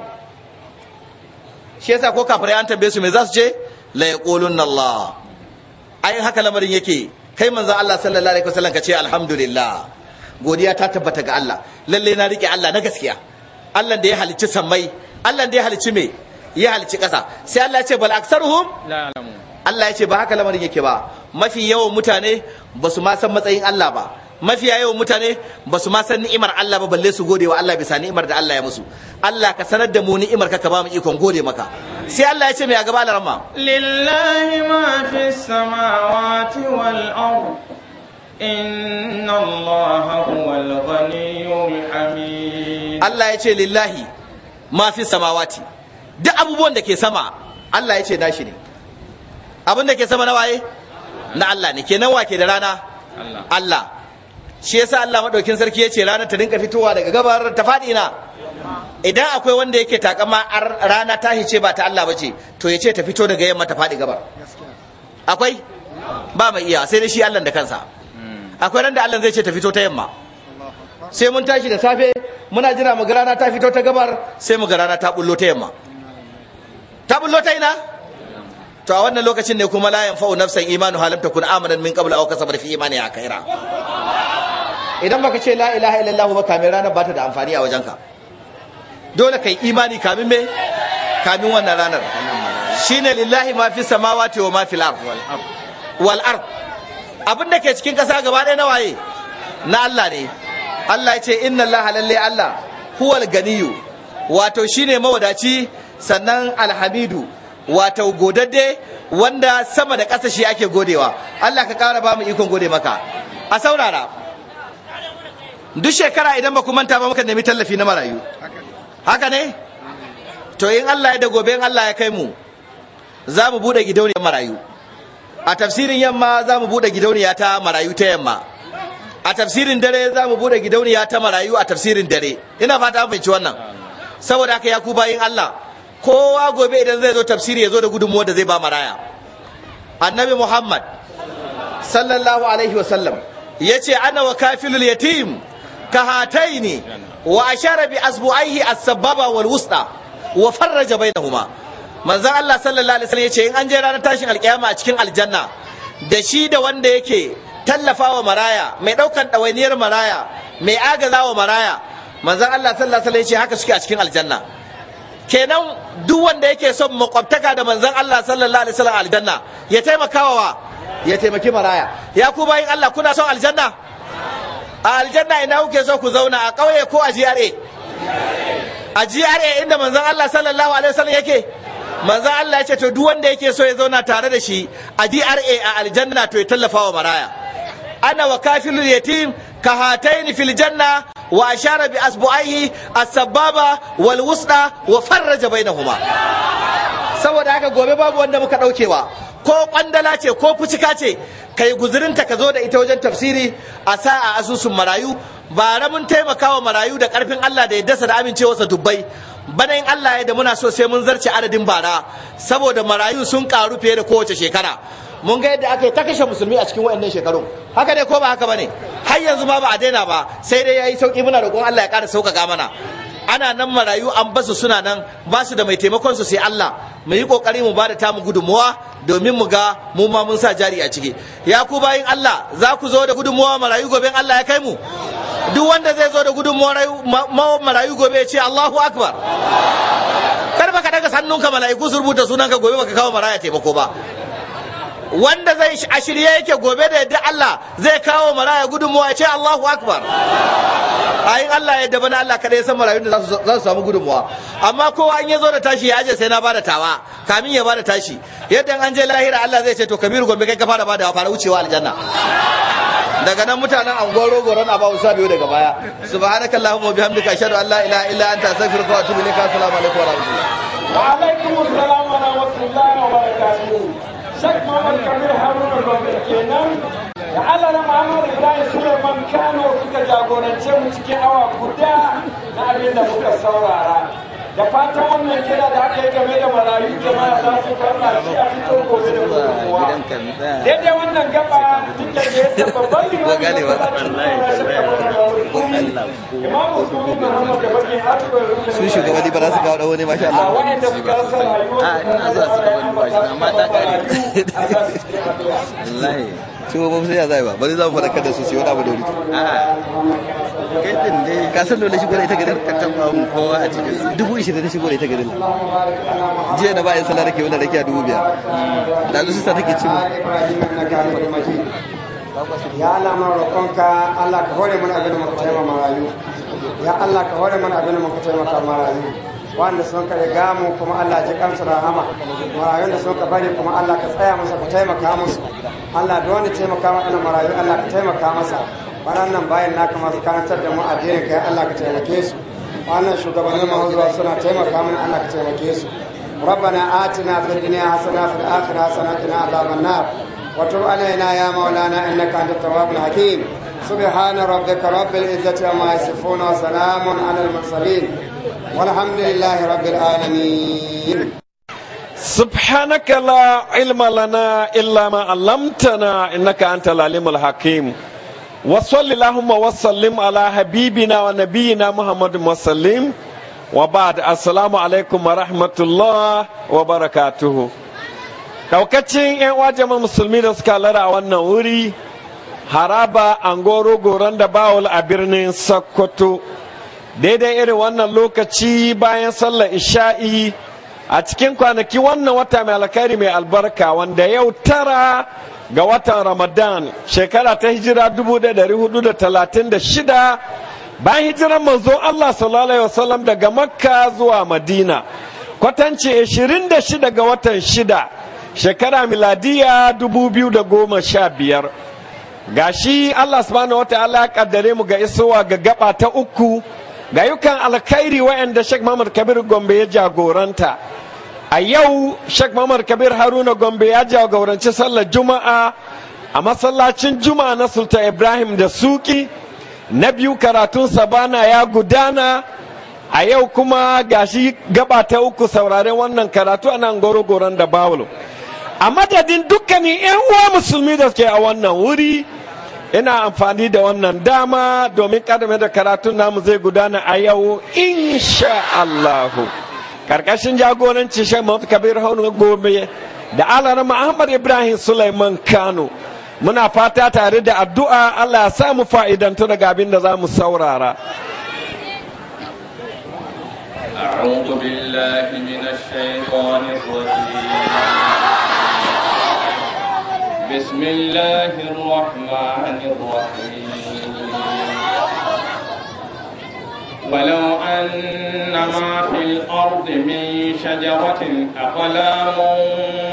shi yasa ko kafirai an tambaye su me za su ce la yaqulunna Allah ayin haka lamarin yake kai manzo Allah sallallahu alaihi wasallam ka ce alhamdulillah godiya ta tabbata ga Allah lalle na rike Allah na gaskiya Allah da ya halicci sammai Allah da ya halicci me ya halici ƙasa sai Allah ya ce bal aksaruhum la ya'lamun Allah ya ce ba haka lamarin yake ba mafi yawan mutane ba su ma san matsayin Allah ba mafiya yawan mutane ba su ma san ni'imar Allah ba balle su gode wa Allah bisa ni'imar da Allah ya musu Allah ka sanar da mu ni'imar ka ka ba mu ikon gode maka sai Allah ya ce mai a gaba larama lillahi ma fi samawati wal ard inna Allah huwal ghaniyyul hamid Allah ya ce lillahi ma fi samawati duk abubuwan da ke sama Allah ya ce nashi ne abin da ke sama na waye na Allah ne kenan wa ke da rana Allah shi yasa Allah madaukin sarki ya ce rana ta dinka fitowa daga gabar ta faɗi na idan akwai wanda yake takama rana ta hice ba ta Allah ba ce to ya ce ta fito daga yamma ta faɗi gabar akwai ba mai iya sai da shi Allah da kansa hmm. akwai ran da Allah zai ce ta fito ta yamma sai mun tashi da safe muna jira mu ga rana ta fito ta gabar sai mu ga rana ta bullo ta yamma ta bullo ta ina to a wannan lokacin ne kuma la yanfa'u nafsan imanu halam takun amanan min qabla aw kasabar fi imani kaira. idan baka ce la ilaha illallah ba kamin ranar ba ta da amfani a wajenka dole kai imani kamin me kamin wannan ranar shine lillahi ma fi samawati wa ma fil ard wal ard abin da ke cikin kasa gaba ɗaya na waye na Allah ne Allah ya ce inna Allah lalle Allah huwal ganiyu wato shine mawadaci sannan alhamidu wato godadde wanda sama da ƙasa shi ake godewa Allah ka ƙara ba mu ikon gode maka a saurara duk shekara idan ba ku manta ba muka nemi tallafi na marayu haka ne to in Allah ya da gobe in Allah ya kai mu za mu buɗe gidauniyar marayu a tafsirin yamma za mu buɗe gidauniya ta marayu ta yamma a tafsirin dare za mu buɗe gidauniya ta marayu a tafsirin dare ina fata an fahimci wannan saboda haka ya ku bayin Allah kowa gobe idan zai zo tafsiri ya zo da gudunmuwa da zai ba maraya annabi muhammad sallallahu alaihi wasallam ya ce ana wa kafilul yatim ka hatai ne wa ashara bi asbu'aihi as-sababa wal wusta wa farraja bainahuma manzon Allah sallallahu alaihi wasallam ya ce in an je ranar tashin alkiyama a cikin aljanna da shi da wanda yake tallafawa maraya mai ɗaukan ɗawainiyar maraya mai agaza wa maraya manzon Allah sallallahu alaihi wasallam ya ce haka suke a cikin aljanna kenan duk wanda yake son makwabtaka da manzon Allah sallallahu alaihi wasallam aljanna ya taimakawa wa ya taimaki maraya ya ku bayin Allah kuna son aljanna a aljanna ina kuke so ku zauna a ƙauye ko a GRA a GRA inda manzon Allah sallallahu alaihi wasallam yake manzon Allah ya ce to duk wanda yake so ya zauna tare da shi a DRA a aljanna to ya tallafa wa maraya ana wa kafilul yatim ka hataini fil janna wa ashara bi asbu'aihi as-sababa wal wusta wa farraja bainahuma saboda haka gobe babu wanda muka daukewa ko kwandala ce ko fucika ce kai guzurinta ka zo da ita wajen tafsiri a sa'a asusun marayu bara mun taimakawa marayu da karfin Allah da ya dasa da amincewarsa dubbai bana in Allah ya da muna so sai mun zarce adadin bara saboda marayu sun karu fiye da kowace shekara mun ga yadda aka yi ta kashe musulmi a cikin wayannan shekarun haka ne ko ba haka ne har yanzu ma ba a daina ba sai dai yayi sauki muna roƙon Allah ya ƙara sauƙaƙa mana ana nan marayu an basu suna nan ba su da mai taimakon su sai Allah mu yi kokari mu bada ta mu gudunmuwa domin mu ga mu ma mun sa jari a ciki ya ku bayin Allah za ku zo da gudunmuwa marayu gobe Allah ya kai mu duk wanda zai zo da gudunmuwa marayu gobe ce Allahu akbar kar baka daga sannunka mala'iku su rubuta sunanka gobe baka kawo maraya taimako ba wanda zai a shirye yake gobe da yadda Allah zai kawo maraya gudunmuwa ya ce Allahu Akbar a yin Allah ya daba na Allah kada ya san marayun da za su samu gudunmuwa amma kowa an ya zo da tashi ya aje sai na bada tawa kamin ya bada tashi yadda an je lahira Allah zai ce to kabiru gombe kai ka fara bada fara wucewa aljanna daga nan mutanen anguwar rogo na ba usa biyu daga baya subhanakallahumma wa bihamdika ashhadu an la ilaha illa anta astaghfiruka wa atubu ilaik assalamu alaikum wa rahmatullahi wa alaikum assalam wa rahmatullahi wa barakatuh shek mamar kamir haruna gobe kenan da alaram amur ibrahim suleiman kano suka jagorance mu cikin awa guda na abin da muka saurara da fatan wannan kira da aka yi game da marayu jama'a za su kama shi a fito gobe da kuma eh. daidai wannan gaba duk da ya babban limanin da ta imamu su da su ba za su kawo masha Allah wani da rayuwa a ina masha Allah mata kare su ba sai ya zai ba bari za mu faɗa da su sai wani abu da wuri kai din dai ka san dole shigo da ita garin ka tamba mu kowa a cikin dubu ishirin ta shigo da ita garin jiya na bayan salar rake wanda rake a dubu biyar da su sa take ci mu ya Allah mana roƙonka Allah ka hore mana abin da muka taimaka marayu ya Allah ka hore mana abin da muka taimaka marayu wanda sun ka riga mu kuma Allah ji kansu rahama marayun da sun ka bari kuma Allah ka tsaya masa ka taimaka musu Allah da wanda taimaka ma ina marayu Allah ka taimaka masa waɗannan bayan kama masu karantar da mu addinin kai Allah ka taimake su wannan shugabannin mahuzuwa suna taimaka mana Allah ka taimake su ربنا آتنا في الدنيا حسنة في الآخرة حسنة وقنا عذاب النار وتب علينا يا مولانا إنك أنت التواب الحكيم سبحان ربك رب العزة عما يصفون وسلام على المرسلين والحمد لله رب العالمين سبحانك لا علم لنا إلا ما علمتنا إنك أنت العليم الحكيم وصل اللهم وسلم على حبيبنا ونبينا محمد وسلم وبعد السلام عليكم ورحمة الله وبركاته daukacin 'yan wajen musulmi da suka lara a wannan wuri haraba angoro goron da bawul a birnin sokoto daidai irin wannan lokaci bayan sallar isha'i a cikin kwanaki wannan wata mai alkhairi mai albarka wanda yau tara ga watan ramadan shekara ta hijira 1436 bayan hijiran manzo allah sallallahu wasallam daga makka zuwa madina kwatanci 26 ga watan shida shekara miladiya 2015 gashi allah subhanahu wa ta'ala ya kaddare mu ga isowa ga gaba ta uku ga yukan alkhairi wa'anda Sheikh Muhammad Kabir Gombe ya jagoranta a yau Sheikh Muhammad Kabir Haruna Gombe ya jagoranci sallar Juma'a a masallacin Juma'a na Sultan Ibrahim da Suki na biyu karatun Sabana ya gudana a yau kuma gashi gaba ta uku sauraren wannan karatu a nan goro-goron da Bawulu a madadin dukkanin 'yan uwa musulmi da suke a wannan wuri ina amfani da wannan dama domin kadame da karatun namu zai gudana a yau insha Allahu karkashin jagoranci shan Muhammad Kabir Haunu gobe da Alara Muhammad Ibrahim Sulaiman Kano muna fata tare da addu'a Allah ya samu fa'idantu daga abin da za mu saurara أعوذ بالله من الشيطان الرجيم بسم الله الرحمن الرحيم ولو أن ما في الأرض من شجرة أقلام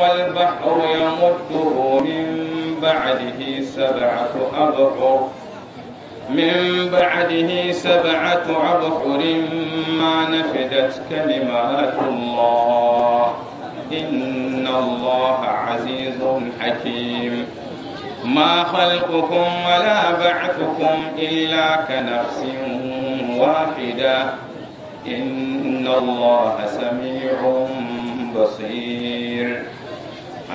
والبحر يمده من بعده سبعة أبحر من بعده سبعة أبحر ما نفدت كلمات الله إن الله عزيز حكيم ما خلقكم ولا بعثكم إلا كنفس واحدة إن الله سميع بصير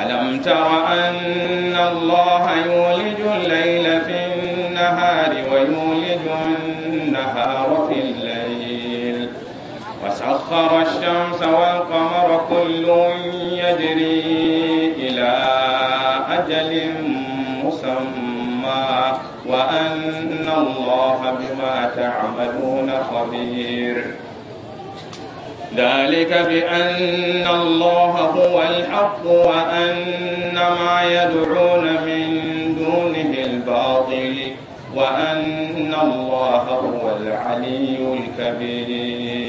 ألم تر أن الله يولج الليل في النهار ويولج النهار في وسخر الشمس والقمر كل يجري إلى أجل مسمى وأن الله بما تعملون خبير ذلك بأن الله هو الحق وأن ما يدعون من دونه الباطل وأن الله هو العلي الكبير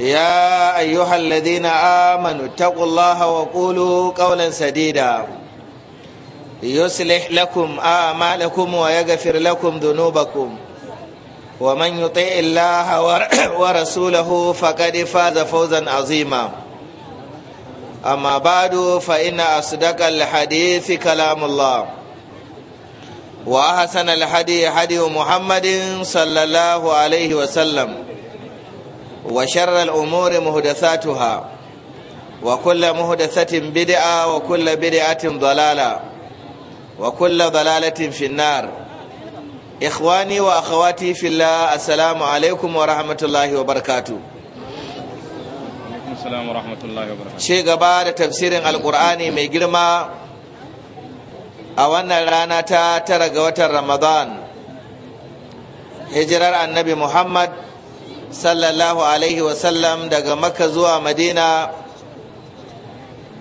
يا أيها الذين آمنوا اتقوا الله وقولوا قولا سديدا يصلح لكم أعمالكم ويغفر لكم ذنوبكم ومن يطع الله ورسوله فقد فاز فوزا عظيما أما بعد فإن أصدق الحديث كلام الله وأحسن الحديث حديث محمد صلى الله عليه وسلم wa sharral umuri muhdathatuha wa kullu muhdathatin bid'a wa kullu dalala wa kullu dalalatin finnar ikhwani wa akhawati fillah assalamu alaikum wa rahmatullahi wa barakatuh gaba da tafsirin alqur'ani mai girma a wannan rana ta tara ga watan ramadan hijirar annabi muhammad sallallahu alaihi wasallam daga makka zuwa madina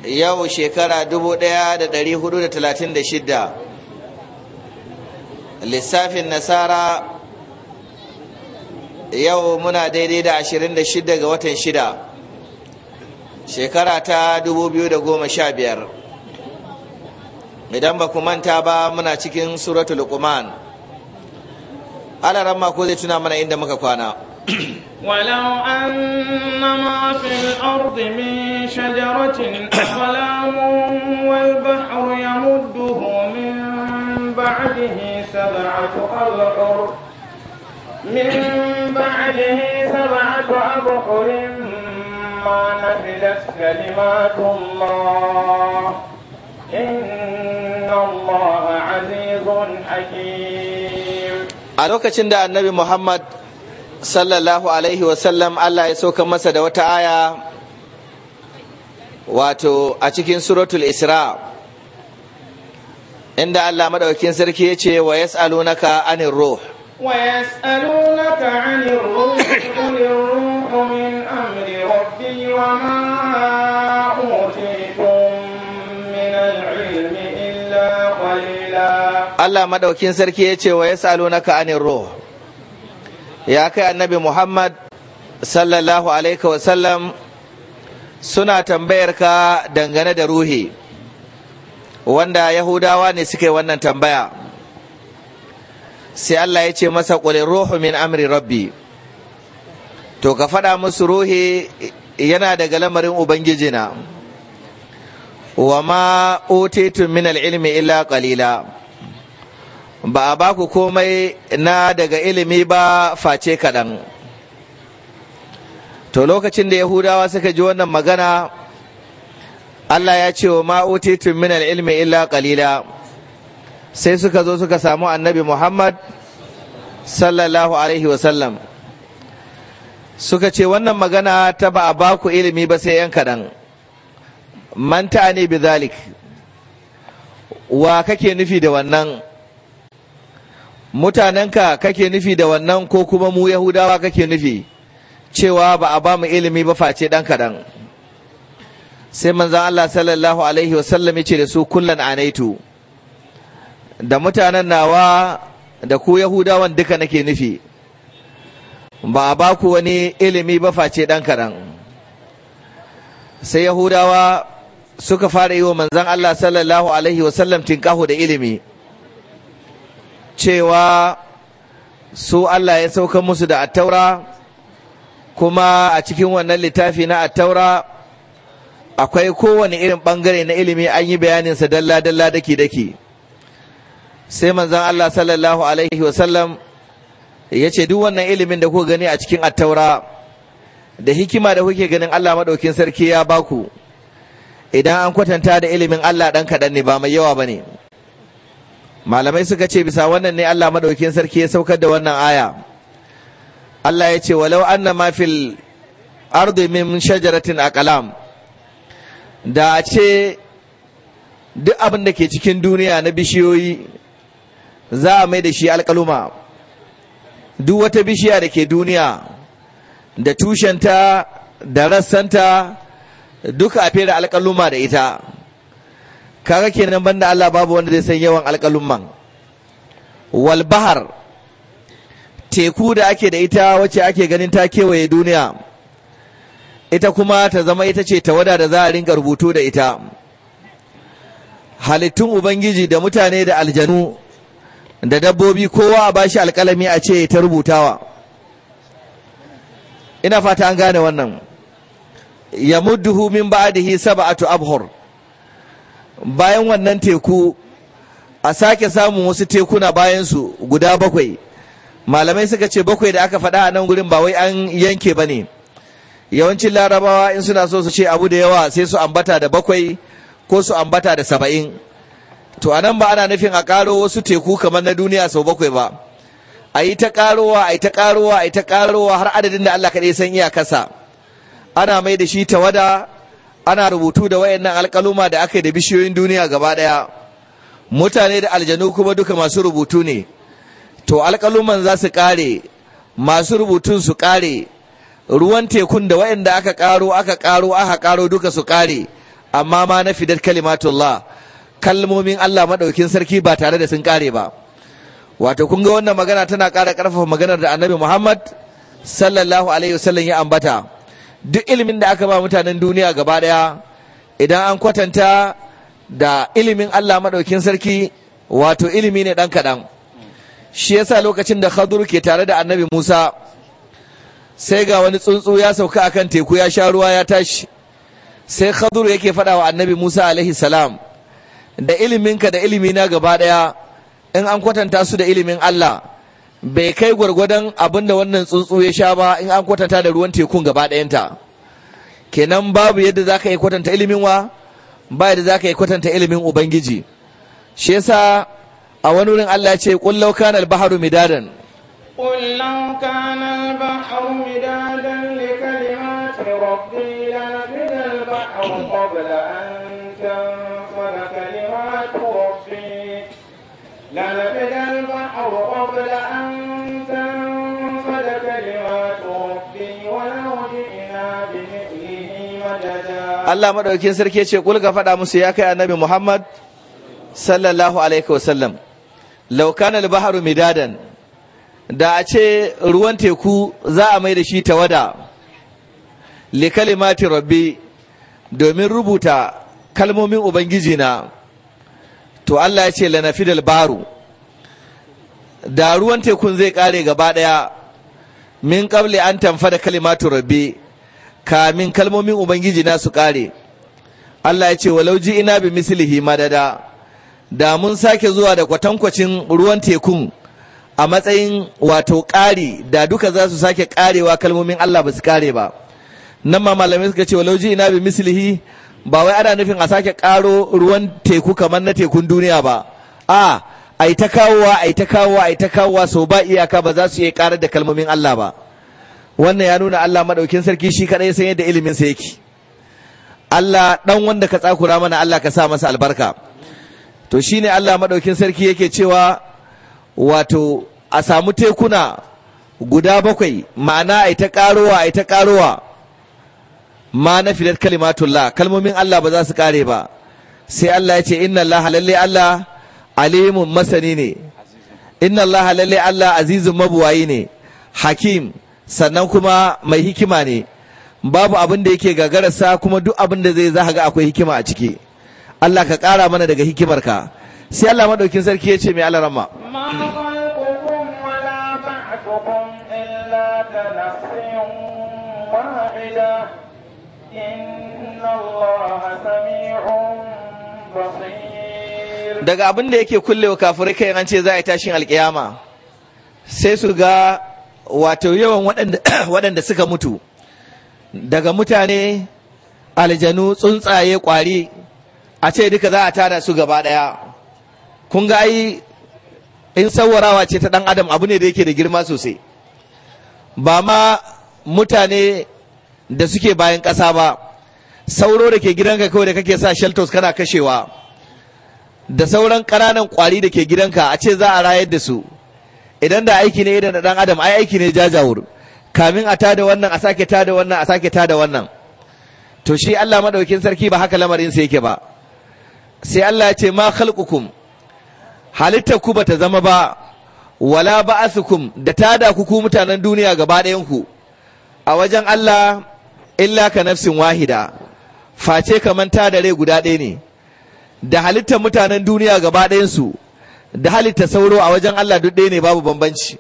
yau shekara 1436 lissafin nasara yau muna daidai da 26 ga watan 6 shekara ta 2015 idan ba ku manta ba muna cikin suratul luqman alaran ma ko zai tuna mana inda muka kwana ولو أن ما في الأرض من شجرة أقلام والبحر يمده من بعده سبعة أبحر من بعده سبعة أبحر ما نفدت كلمات الله إن الله عزيز حكيم. A lokacin da annabi Muhammad sallallahu alaihi wasallam Allah ya sauka masa da wata aya wato a cikin suratul isra inda Allah madaukakin sarki ya ce wa yas'alunaka anir ruh wa yas'alunaka anir ruh anir ruh min amri rabbi wa ma illa Allah madaukakin sarki ya ce wa yas'alunaka anir ruh ya kai annabi muhammad sallallahu alaihi wasallam suna tambayar ka dangane da ruhi wanda yahudawa ne suka wannan tambaya sai allah ya ce masa ƙulin ruhu min amri rabbi to ka faɗa musu ruhi yana daga lamarin ubangijina wa ma utitun min al'ilmi illa qalila ba a ba ku komai na daga ilimi ba face kaɗan to lokacin da yahudawa suka ji wannan magana allah ya ce wa ma'utitun min ilmi illa ƙalila sai suka zo suka samu annabi muhammad sallallahu alaihi wasallam suka ce wannan magana ta ba a ba ku ilimi ba sai yan kaɗan manta ne bi zalik wa kake nufi da wannan mutanenka kake nufi da wannan ko kuma mu yahudawa kake nufi cewa ba a ba mu ilimi ba face ɗan kaɗan sai manzan Allah sallallahu alaihi wasallam ya ce da su kullan anaitu da mutanen nawa da ku yahudawan duka nake nufi ba a ba ku wani ilimi ba face ɗan kaɗan sai yahudawa suka fara yi wa manzan Allah sallallahu alaihi wasallam tinkaho da ilimi cewa su Allah ya sauka musu da attaura kuma a cikin wannan littafi na attaura akwai kowane irin bangare na ilimi an yi bayaninsa dalla-dalla daki-daki sai manzan Allah sallallahu alaihi wasallam ya ce duk wannan ilimin da ku gani a cikin attaura da hikima da kuke ganin Allah maɗaukin sarki ya baku idan an kwatanta da ilimin Allah ɗan kaɗan ne ba mai yawa ba ne. malamai suka ce bisa wannan ne Allah maɗaukin sarki ya saukar da wannan aya Allah ya ce walau an na fil ardi min shajaratin kalam. da a ce duk abin da ke cikin duniya na bishiyoyi za a mai da shi alkaluma duk wata bishiya da ke duniya da tushenta da rassanta duka a fere alkaluma da ita kaga kenan banda Allah babu wanda zai san yawan alƙalumman wal bahar teku da ake da ita wacce ake ganin ta kewaye duniya ita kuma ta zama ita ce ta wada da za a ringa rubutu da ita halittun ubangiji da mutane da aljanu da dabbobi kowa a bashi alkalami a ce ta rubutawa ina fata an gane wannan ya mudduhu min ba'dihi sab'atu abhur bayan wannan teku a sake samun wasu tekuna bayan su guda bakwai malamai suka ce bakwai da aka faɗa a nan gurin ba wai an yanke ba ne yawancin larabawa in suna so su ce abu da yawa sai su ambata da bakwai ko su ambata da saba'in to a nan ba ana nufin a ƙaro wasu teku kamar na duniya sau bakwai ba a yi ta ƙarowa a yi ta ƙarowa a yi ta ƙarowa har adadin da Allah kaɗai san iya kasa ana mai da shi tawada ana rubutu da wayannan alƙaluma da aka yi da bishiyoyin duniya gaba ɗaya mutane da aljanu kuma duka masu rubutu ne to alƙaluman za su ƙare masu rubutun su ƙare ruwan tekun da wayanda aka ƙaro aka ƙaro aka ƙaro duka su ƙare amma ma na fidar kalimatullah kalmomin Allah maɗaukin sarki ba tare da sun ƙare ba wato kun ga wannan magana tana ƙara ƙarfafa maganar da annabi Muhammad sallallahu alaihi wasallam ya ambata duk ilimin da aka ba mutanen duniya gaba daya idan an kwatanta da ilimin Allah maɗaukin sarki wato ilimi ne ɗan kaɗan shi yasa lokacin da Khadur ke tare da annabi Musa sai ga wani tsuntsu ya sauka akan teku ya sha ruwa ya tashi sai Khadur yake faɗa wa annabi Musa alaihi salam da iliminka da ilimina gaba ɗaya in an kwatanta su da ilimin Allah bai kai gwargwadon abin da wannan tsuntsu ya sha ba in an kwatanta da ruwan tekun gaba ɗayanta kenan babu yadda za ka yi kwatanta ilimin wa ba yadda za ka yi kwatanta ilimin ubangiji shi yasa a wani wurin allah ce ƙullau kan albaharu midadan ƙullau midadan li rabbi la qabla an kalimatu allah البحر sarki أن ce kul ga faɗa musu ya kai annabi Muhammad sallallahu alaihi wasallam law al-bahru midadan da a ce ruwan teku za a mai da shi tawada li kalimati rabbi domin rubuta kalmomin ubangiji na to Allah ya ce fidal baro. da ruwan tekun zai kare gaba daya min kable an tamfa da kalimatu rabbi kamin kalmomin ubangiji na su kare Allah ya ce walau ji ina bi mislihi madada da mun sake zuwa da kwatankwacin ruwan tekun a matsayin wato kare, da duka za su sake karewa kalmomin Allah ba su kare ba nan ma malamai suka ce walau ji ina bi mislihi ba wai ana nufin a sake ƙaro ruwan teku kamar na tekun duniya ba a yi ta kawowa yi ta kawowa yi ta kawowa so ba iyaka ba za su iya karar da kalmomin Allah ba wannan ya nuna Allah madaukin sarki shi kadai san yadda ilimin sa yake Allah dan wanda ka tsakura mana Allah ka sa masa albarka to shine Allah madaukin sarki yake cewa wato a samu tekuna guda bakwai ma'ana yi ta ƙarowa yi ta ƙarowa ma na nafidat kalimatullah kalmomin Allah ba za su kare ba sai Allah ya ce inna Allah lalle Allah alimun masani ne inna Allah lalle Allah azizun mabuwayi ne hakim sannan kuma mai hikima ne babu abin da yake gagararsa kuma duk abin da zai za ga akwai hikima a ciki Allah ka kara mana daga hikimarka sai Allah madaukin sarki ya ce mai alarama Yeah. daga abin da yake kullewa kafirai kai an ce za a yi tashin alkiyama sai su ga wato yawan waɗanda suka mutu daga mutane aljanu tsuntsaye kwari a ce duka za a tara su gaba ɗaya kun ga ai in sauwarawa ce ta ɗan adam abu ne da yake da girma sosai ba ma mutane da suke bayan ƙasa ba sauro da ke gidanka kawai da kake sa shelters kana kashewa da sauran ƙananan ƙwari da ke gidanka a ce za a rayar da su idan da aiki ne idan na ɗan adam ai aiki ne jajawur kamin a tada wannan a sake tada wannan a sake tada wannan to shi Allah madaukin sarki ba haka lamarin sa yake ba sai Allah ya ce ma khalqukum halitta ku bata zama ba wala ba'asukum da tada ku ku mutanen duniya gaba ɗayan ku a wajen Allah illa ka nafsin wahida face kaman ta da rai guda ɗaya ne da halittar mutanen duniya gaba ɗayansu da halitta sauro a wajen Allah duk ɗaya ne babu bambanci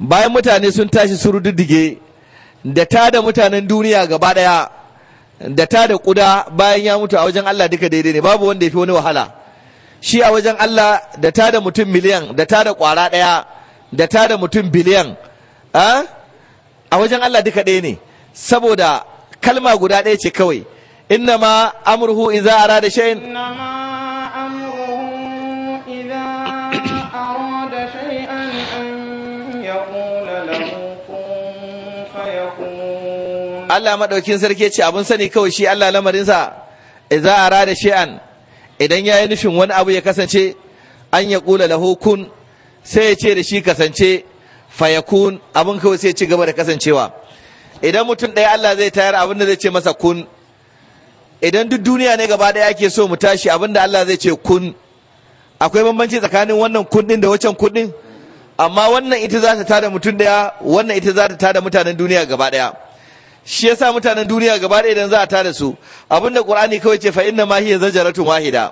bayan mutane sun tashi su rududdige da ta da mutanen duniya gaba ɗaya da ta da ƙuda bayan ya mutu a wajen Allah duka daidai ne babu wanda ya fi wani wahala shi a wajen Allah da ta da mutum miliyan da ta da ƙwara ɗaya da ta da mutum biliyan ah, a wajen Allah duka ɗaya ne saboda kalma guda ɗaya ce kawai inna ma amurhu In za a amruhu idza Allah maɗaukin sarki ce abin sani kawai shi Allah lamarin za a rada shi'an idan ya yi nufin wani abu ya kasance an kula da kun sai ya ce da shi kasance fayakun abun kawai sai ya ci gaba da kasancewa idan mutum ɗaya Allah zai tayar abin da zai ce masa kun idan duk duniya ne gaba ɗaya ake so mu tashi abin da Allah zai ce kun akwai bambanci tsakanin wannan kun da waccan kun ɗin amma wannan ita za ta tada mutum ɗaya wannan ita za ta tada mutanen duniya gaba ɗaya shi yasa mutanen duniya gaba ɗaya idan za a tada su abin da ƙurani kawai ce fa inna ma hiya zajaratun wahida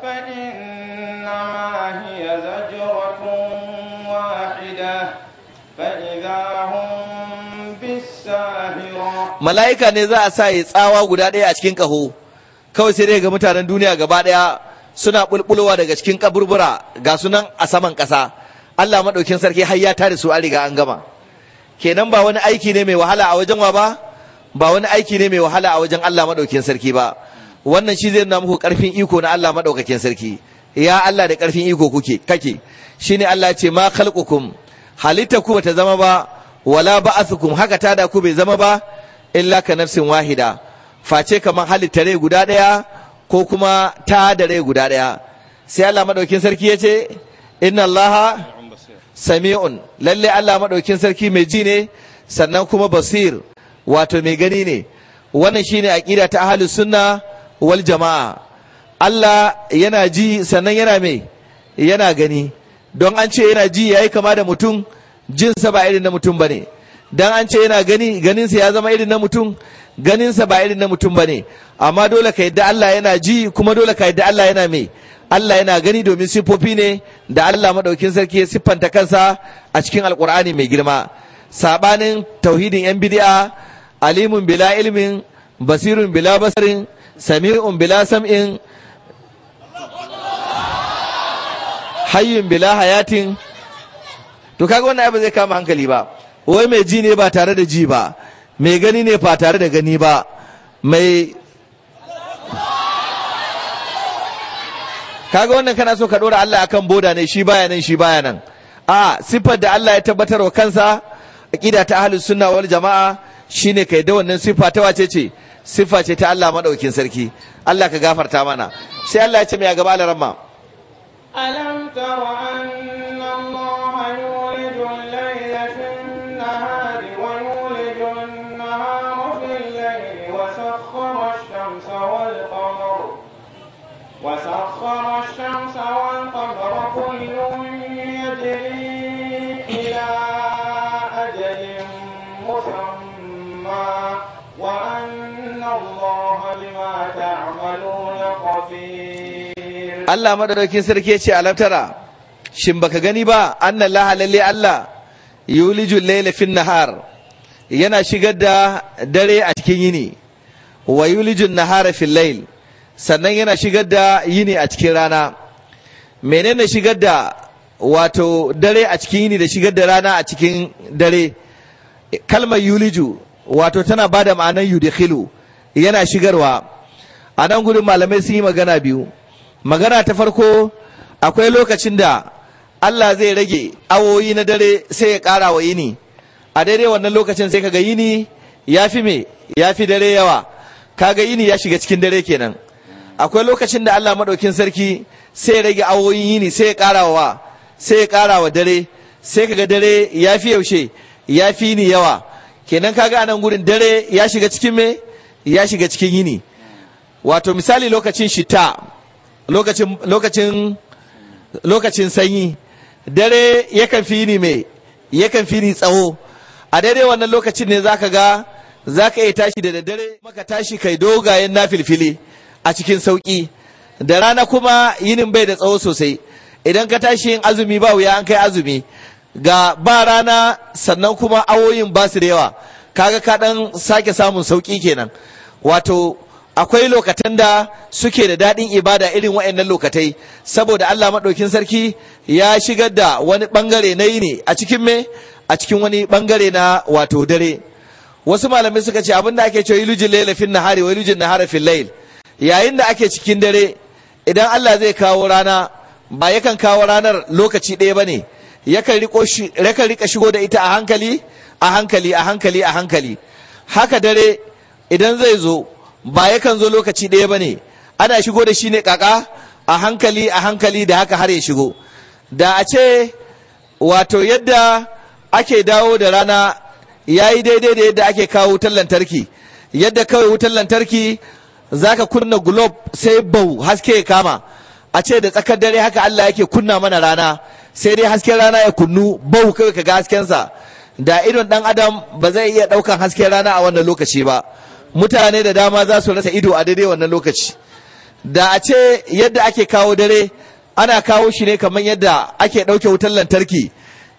mala'ika ne za a sa ya tsawa guda ɗaya a cikin ƙaho kawai sai dai ga mutanen duniya gaba ɗaya suna bulbulowa daga cikin kaburbura ga sunan a saman ƙasa Allah maɗaukin sarki har ya tare su a riga an gama kenan ba wani aiki ne mai wahala a wajen wa ba ba wani aiki ne mai wahala a wajen Allah maɗaukin sarki ba wannan shi zai nuna muku ƙarfin iko na Allah maɗaukakin sarki ya Allah da ƙarfin iko kuke kake shi ne Allah ce ma khalqukum halitta ku bata zama ba wala ba'athukum haka tada ku bai zama ba illa ka nafsin wahida face kamar halitta rai guda ɗaya ko kuma ta da rai guda ɗaya sai Allah maɗaukin sarki ya ce inna Allah sami'un lalle Allah maɗaukin sarki mai ji ne sannan kuma basir wato mai gani ne wannan shine aqida ta ahli sunna wal jama'a Allah yana ji sannan yana mai yana gani don an ce yana ji yayi kama da mutum jinsa ba irin na mutum bane dan an ce yana gani ganinsa ya zama irin na mutum ganinsa ba irin na mutum bane amma dole ka yadda Allah yana ji kuma dole ka yadda Allah yana me Allah yana gani domin sifofi ne da Allah madaukin sarki ya siffanta kansa a cikin alkur'ani mai girma sabanin tauhidin yan bid'a alimun bila ilmin basirun bila basarin sami'un bila sam'in hayyun bila hayatin to kaga wannan abin zai kama hankali ba wai mai ji ne ba tare da ji ba mai gani ne ba tare da gani ba mai kaga wannan kana so ka dora Allah akan boda ne shi baya nan shi baya nan a sifar da Allah ya tabbatar wa kansa aqida ta ahlus sunna wal jamaa shine kai da wannan sifa ta wace ce sifa ce ta Allah madaukin sarki Allah ka gafarta mana sai Allah ya ce mai gaba alaramma alam tara وسخر الشمس والقمر كل يجري إلى أجل مسمى وأن الله بما تعملون خبير الله مدركين سركيتي ترى shin baka gani ba anna laha lalle Allah yulijul layla fin nahar yana shigar da dare a cikin yini wa yulijul nahara fil layl sannan yana shigar da yini a cikin rana menene shigar da wato dare a cikin yini da shigar da rana a cikin dare kalmar yuliju wato tana ba da ma'anar yudikhilu yana shigarwa a nan gudun malamai sun yi magana biyu magana ta farko akwai lokacin da Allah zai rage awoyi na dare sai ya kara wa yini a daidai wannan lokacin sai kaga yini ya fi me ya fi dare yawa kaga yini ya shiga cikin dare kenan akwai lokacin da Allah maɗaukin sarki sai ya rage awoyin yini sai ya wa sai ya wa dare sai kaga dare ya fi yaushe ya fi ni yawa kenan kaga a nan gurin dare ya shiga cikin me ya shiga cikin yini wato misali lokacin shita lokacin lokacin lokacin sanyi dare yakan fi ni me yakan fi ni tsawo a daidai wannan lokacin ne zaka ga zaka iya tashi da dare maka tashi kai dogayen na filfili a cikin sauƙi da rana kuma yinin bai da tsawo sosai idan ka tashi yin azumi ba wuya an kai azumi ga ba rana sannan kuma awoyin ba su da yawa kaga ka ɗan sake samun sauƙi kenan wato akwai lokatan da suke da daɗin ibada irin wa'annan lokatai saboda Allah maɗaukin sarki ya shigar da wani ɓangare na yi a cikin me a cikin wani ɓangare na wato dare wasu malamai suka ce abinda ake cewa ilujin lailafin nahari wa ilujin nahara fil lail yayin da ake cikin dare idan Allah zai kawo rana ba yakan kawo ranar lokaci ɗaya ba ne yakan riƙa shigo da ita a hankali a hankali a hankali a hankali haka dare idan zai zo ba yakan zo lokaci ɗaya ba ne ana shigo da shi ne kaka a hankali a hankali da haka har ya shigo da a ce wato yadda ake dawo da rana ya yi daidai da yadda ake kawo wutar lantarki yadda kawai wutar lantarki za ka kunna gulob sai bau haske ya kama a ce da tsakar dare haka Allah yake kunna mana rana sai dai hasken rana ya kunnu bau kawai ka ga haskensa da idon dan adam ba zai iya daukan hasken rana a wannan lokaci ba mutane da dama za su rasa ido a daidai wannan lokaci da a ce yadda ake kawo dare ana kawo shi ne kamar yadda ake ɗauke wutar lantarki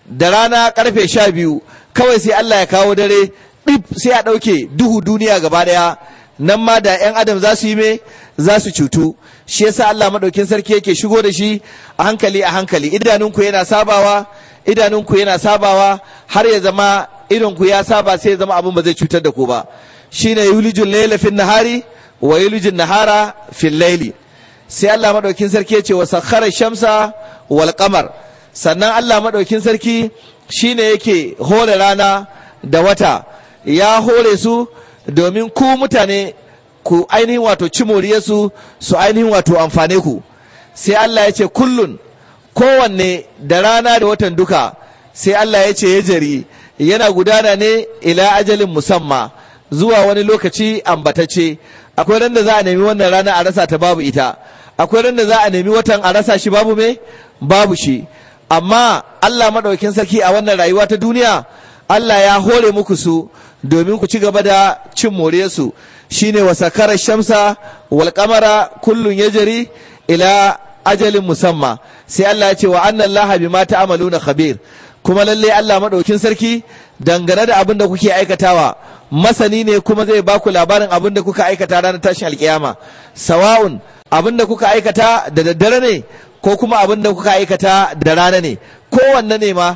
da rana karfe sha biyu kawai sai Allah ya kawo dare ɗib sai a ɗauke duhu duniya gaba daya nan ma da 'yan adam za su yi me za su cutu shi yasa Allah maɗaukin sarki yake shigo da shi a hankali a hankali idanunku yana sabawa idanunku yana sabawa har ya zama idonku ya saba sai ya zama abin ba zai cutar da ku ba shine yulijul layla fil nahari wa yulijul nahara fil layli sai Allah maɗaukin sarki ya ce wa sakhara shamsa wal sannan Allah maɗaukin sarki shine yake hore rana da wata ya hore su domin ku mutane ku ainihin wato ci su su ainihin wato amfane ku sai Allah ya ce kullun kowanne da rana da watan duka sai Allah ya ce ya jari yana gudana ne ila ajalin musamma zuwa wani lokaci ambatacce akwai ran da za a nemi wannan rana a rasa ta babu ita akwai ran da za a nemi watan a rasa shi babu me babu shi amma Allah maɗaukin sarki a wannan rayuwa ta duniya Allah ya hore muku su domin ku ci gaba da cin more su shine wa sakarar shamsa walƙamara kullum ya jari ila ajalin musamma sai Allah ya ce wa anna Allah ta'amalu na khabir kuma lallai Allah maɗaukin sarki dangane da abin da kuke aikatawa masani ne kuma zai ba ku labarin abin da kuka aikata ranar tashin alkiyama sawa'un abin da kuka aikata da daddare ne ko kuma abin da kuka aikata da rana ne kowanne ne ma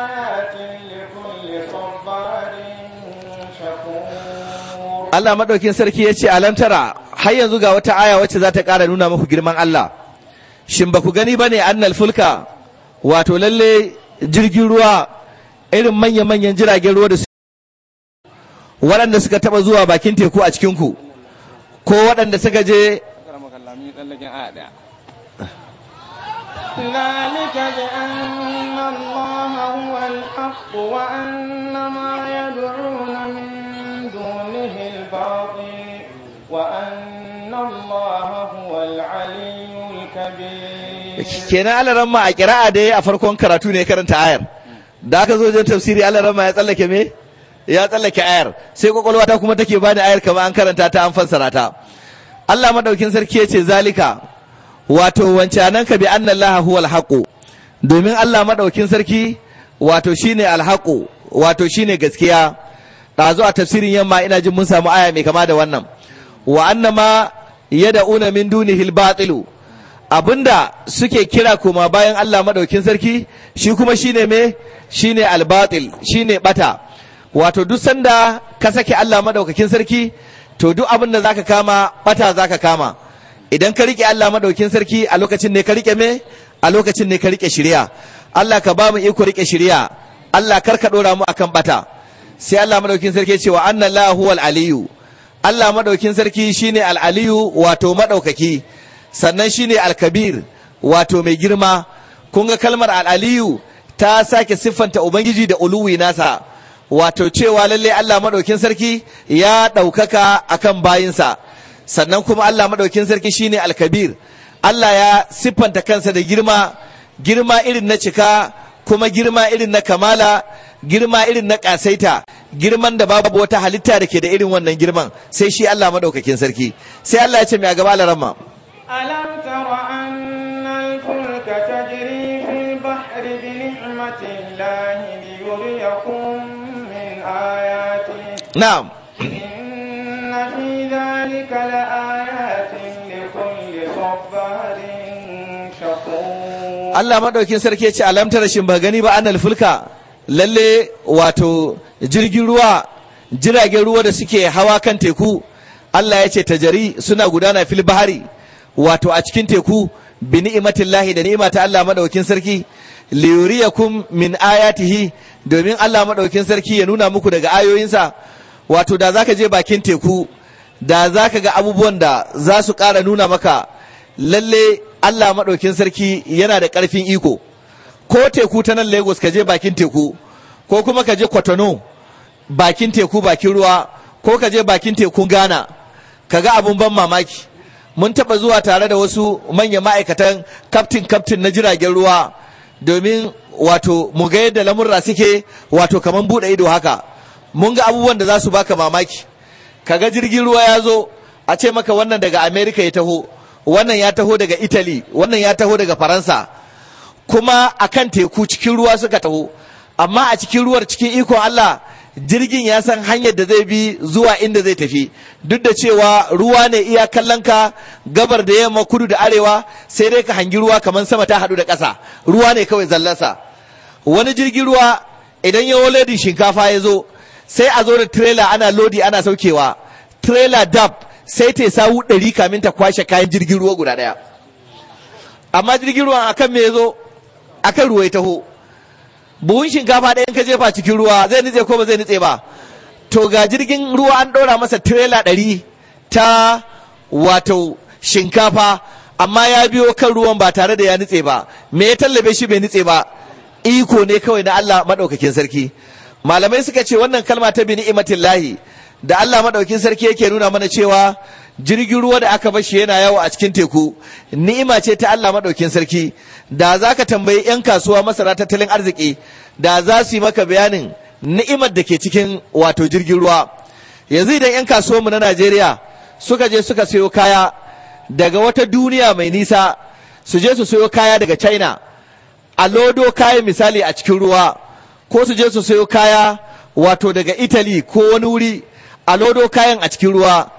Allah madaukin sarki ya ce alamtara har yanzu ga wata aya wacce za ta ƙara nuna muku girman Allah shin ba ku gani ba ne annal fulka wato lalle jirgin ruwa irin manya-manyan jiragen ruwa da su waɗanda suka taɓa zuwa bakin teku a cikinku ko waɗanda suka je ذلك بأن الله هو الحق وأن ما يدعون بالباطل وأن الله هو العلي الكبير كنا على رمى قراءة دي أفركون كراتوني كرنت آير da aka zo wajen tafsiri Allah rama ya tsallake ayar sai kwakwalwa ta kuma take bani ayar kamar an karanta ta an fassara ta Allah madaukin sarki ya ce zalika wato wancanan ka bi annallaha huwal haqu domin Allah madaukin sarki wato shine alhaqu wato shine gaskiya ɗazu a tafsirin yamma ina jin mun samu aya mai kama da wannan wa annama yad'una min dunihil batilu abinda suke kira kuma bayan Allah madaukin sarki shi kuma shine me shine albatil shine bata wato duk sanda ka sake Allah madaukakin sarki to duk abinda zaka kama bata zaka kama idan ka rike Allah madaukin sarki a lokacin ne ka rike me a lokacin ne ka rike shari'a Allah ka ba mu iko rike shari'a Allah kar ka dora mu akan bata sai Allah madaukin sarki cewa wa la wal aliyu Allah madaukin sarki shine al aliyu wato madaukaki sannan shine al kabir wato mai girma kun ga kalmar al aliyu ta sake siffanta ubangiji da uluwi nasa wato cewa lalle Allah madaukin sarki ya daukaka akan bayinsa sannan kuma Allah madaukin sarki shine al kabir Allah ya siffanta kansa da girma girma irin na cika kuma girma irin na kamala girma irin na kasaita girman da babu wata halitta da ke da irin wannan girman sai shi Allah maɗaukakin sarki sai Allah ya ce mai a gaba larama alam tara annal fulka tajri fil bahri bi ni'matillahi liyuriyakum min ayatihi na'am inna fi dhalika la Allah maɗaukin sarki ya ce alamta shin ba gani ba annal fulka lalle wato jirgin ruwa jiragen ruwa da suke hawa kan teku Allah ya ce tajari suna gudana fil bahari wato a cikin teku bi lahi da ni'ima ta Allah maɗaukin sarki liyuriyakum min ayatihi domin Allah maɗaukin sarki ya nuna muku daga ayoyinsa wato da zaka je bakin teku da zaka ga abubuwan da za su ƙara nuna maka lalle Allah maɗaukin sarki yana da ƙarfin iko ko teku ta nan Lagos ka je bakin teku ko kuma ka je Kwatano bakin teku bakin ruwa ko ka je bakin tekun Ghana ka ga abun ban mamaki mun taɓa zuwa tare da wasu manyan ma'aikatan kaftin kaftin na jiragen ruwa domin wato mu ga yadda lamurra suke wato kamar buɗe ido haka mun ga abubuwan da za su baka mamaki ka ga jirgin ruwa ya zo a ce maka wannan daga Amerika ya taho wannan ya taho daga italy wannan ya taho daga faransa kuma akan teku cikin ruwa suka taho amma a cikin ruwar cikin ikon allah jirgin ya san hanyar da zai bi zuwa inda zai tafi duk da cewa ruwa ne iya kallonka gabar da yamma kudu da arewa sai dai ka hangi ruwa kamar sama ta haɗu da ƙasa ruwa ne kawai zallarsa wani jirgin ruwa idan ya lodin shinkafa ya zo sai a zo da tirela ana lodi ana saukewa trela dab sai ta yi sawu ɗari kamin ta kwashe kayan jirgin ruwa guda ɗaya amma jirgin ruwan akan me zo akan ruwa ya taho buhun shinkafa ɗaya in ka jefa cikin ruwa zai nitse ko ba zai nitse ba to ga jirgin ruwa an ɗora masa tirela ɗari ta wato shinkafa amma ya biyo kan ruwan ba tare da ya nitse ba me ya tallabe shi bai nitse ba iko ne kawai na Allah maɗaukakin sarki malamai suka ce wannan kalma ta bi ni'imatillahi da Allah maɗaukin sarki yake nuna mana cewa jirgin ruwa da aka bashi yana yawo a cikin teku ni'ima ce ta Allah maɗaukin sarki da za ka tambayi 'yan kasuwa masara tattalin arziki da za su yi maka bayanin ni'imar da ke cikin wato jirgin ruwa yanzu idan 'yan kasuwanmu na Najeriya suka je suka sayo kaya daga wata duniya mai nisa su je su sayo kaya daga China a lodo kayan misali a cikin ruwa ko su je su sayo kaya wato daga Italy ko wani wuri a lodo kayan a cikin ruwa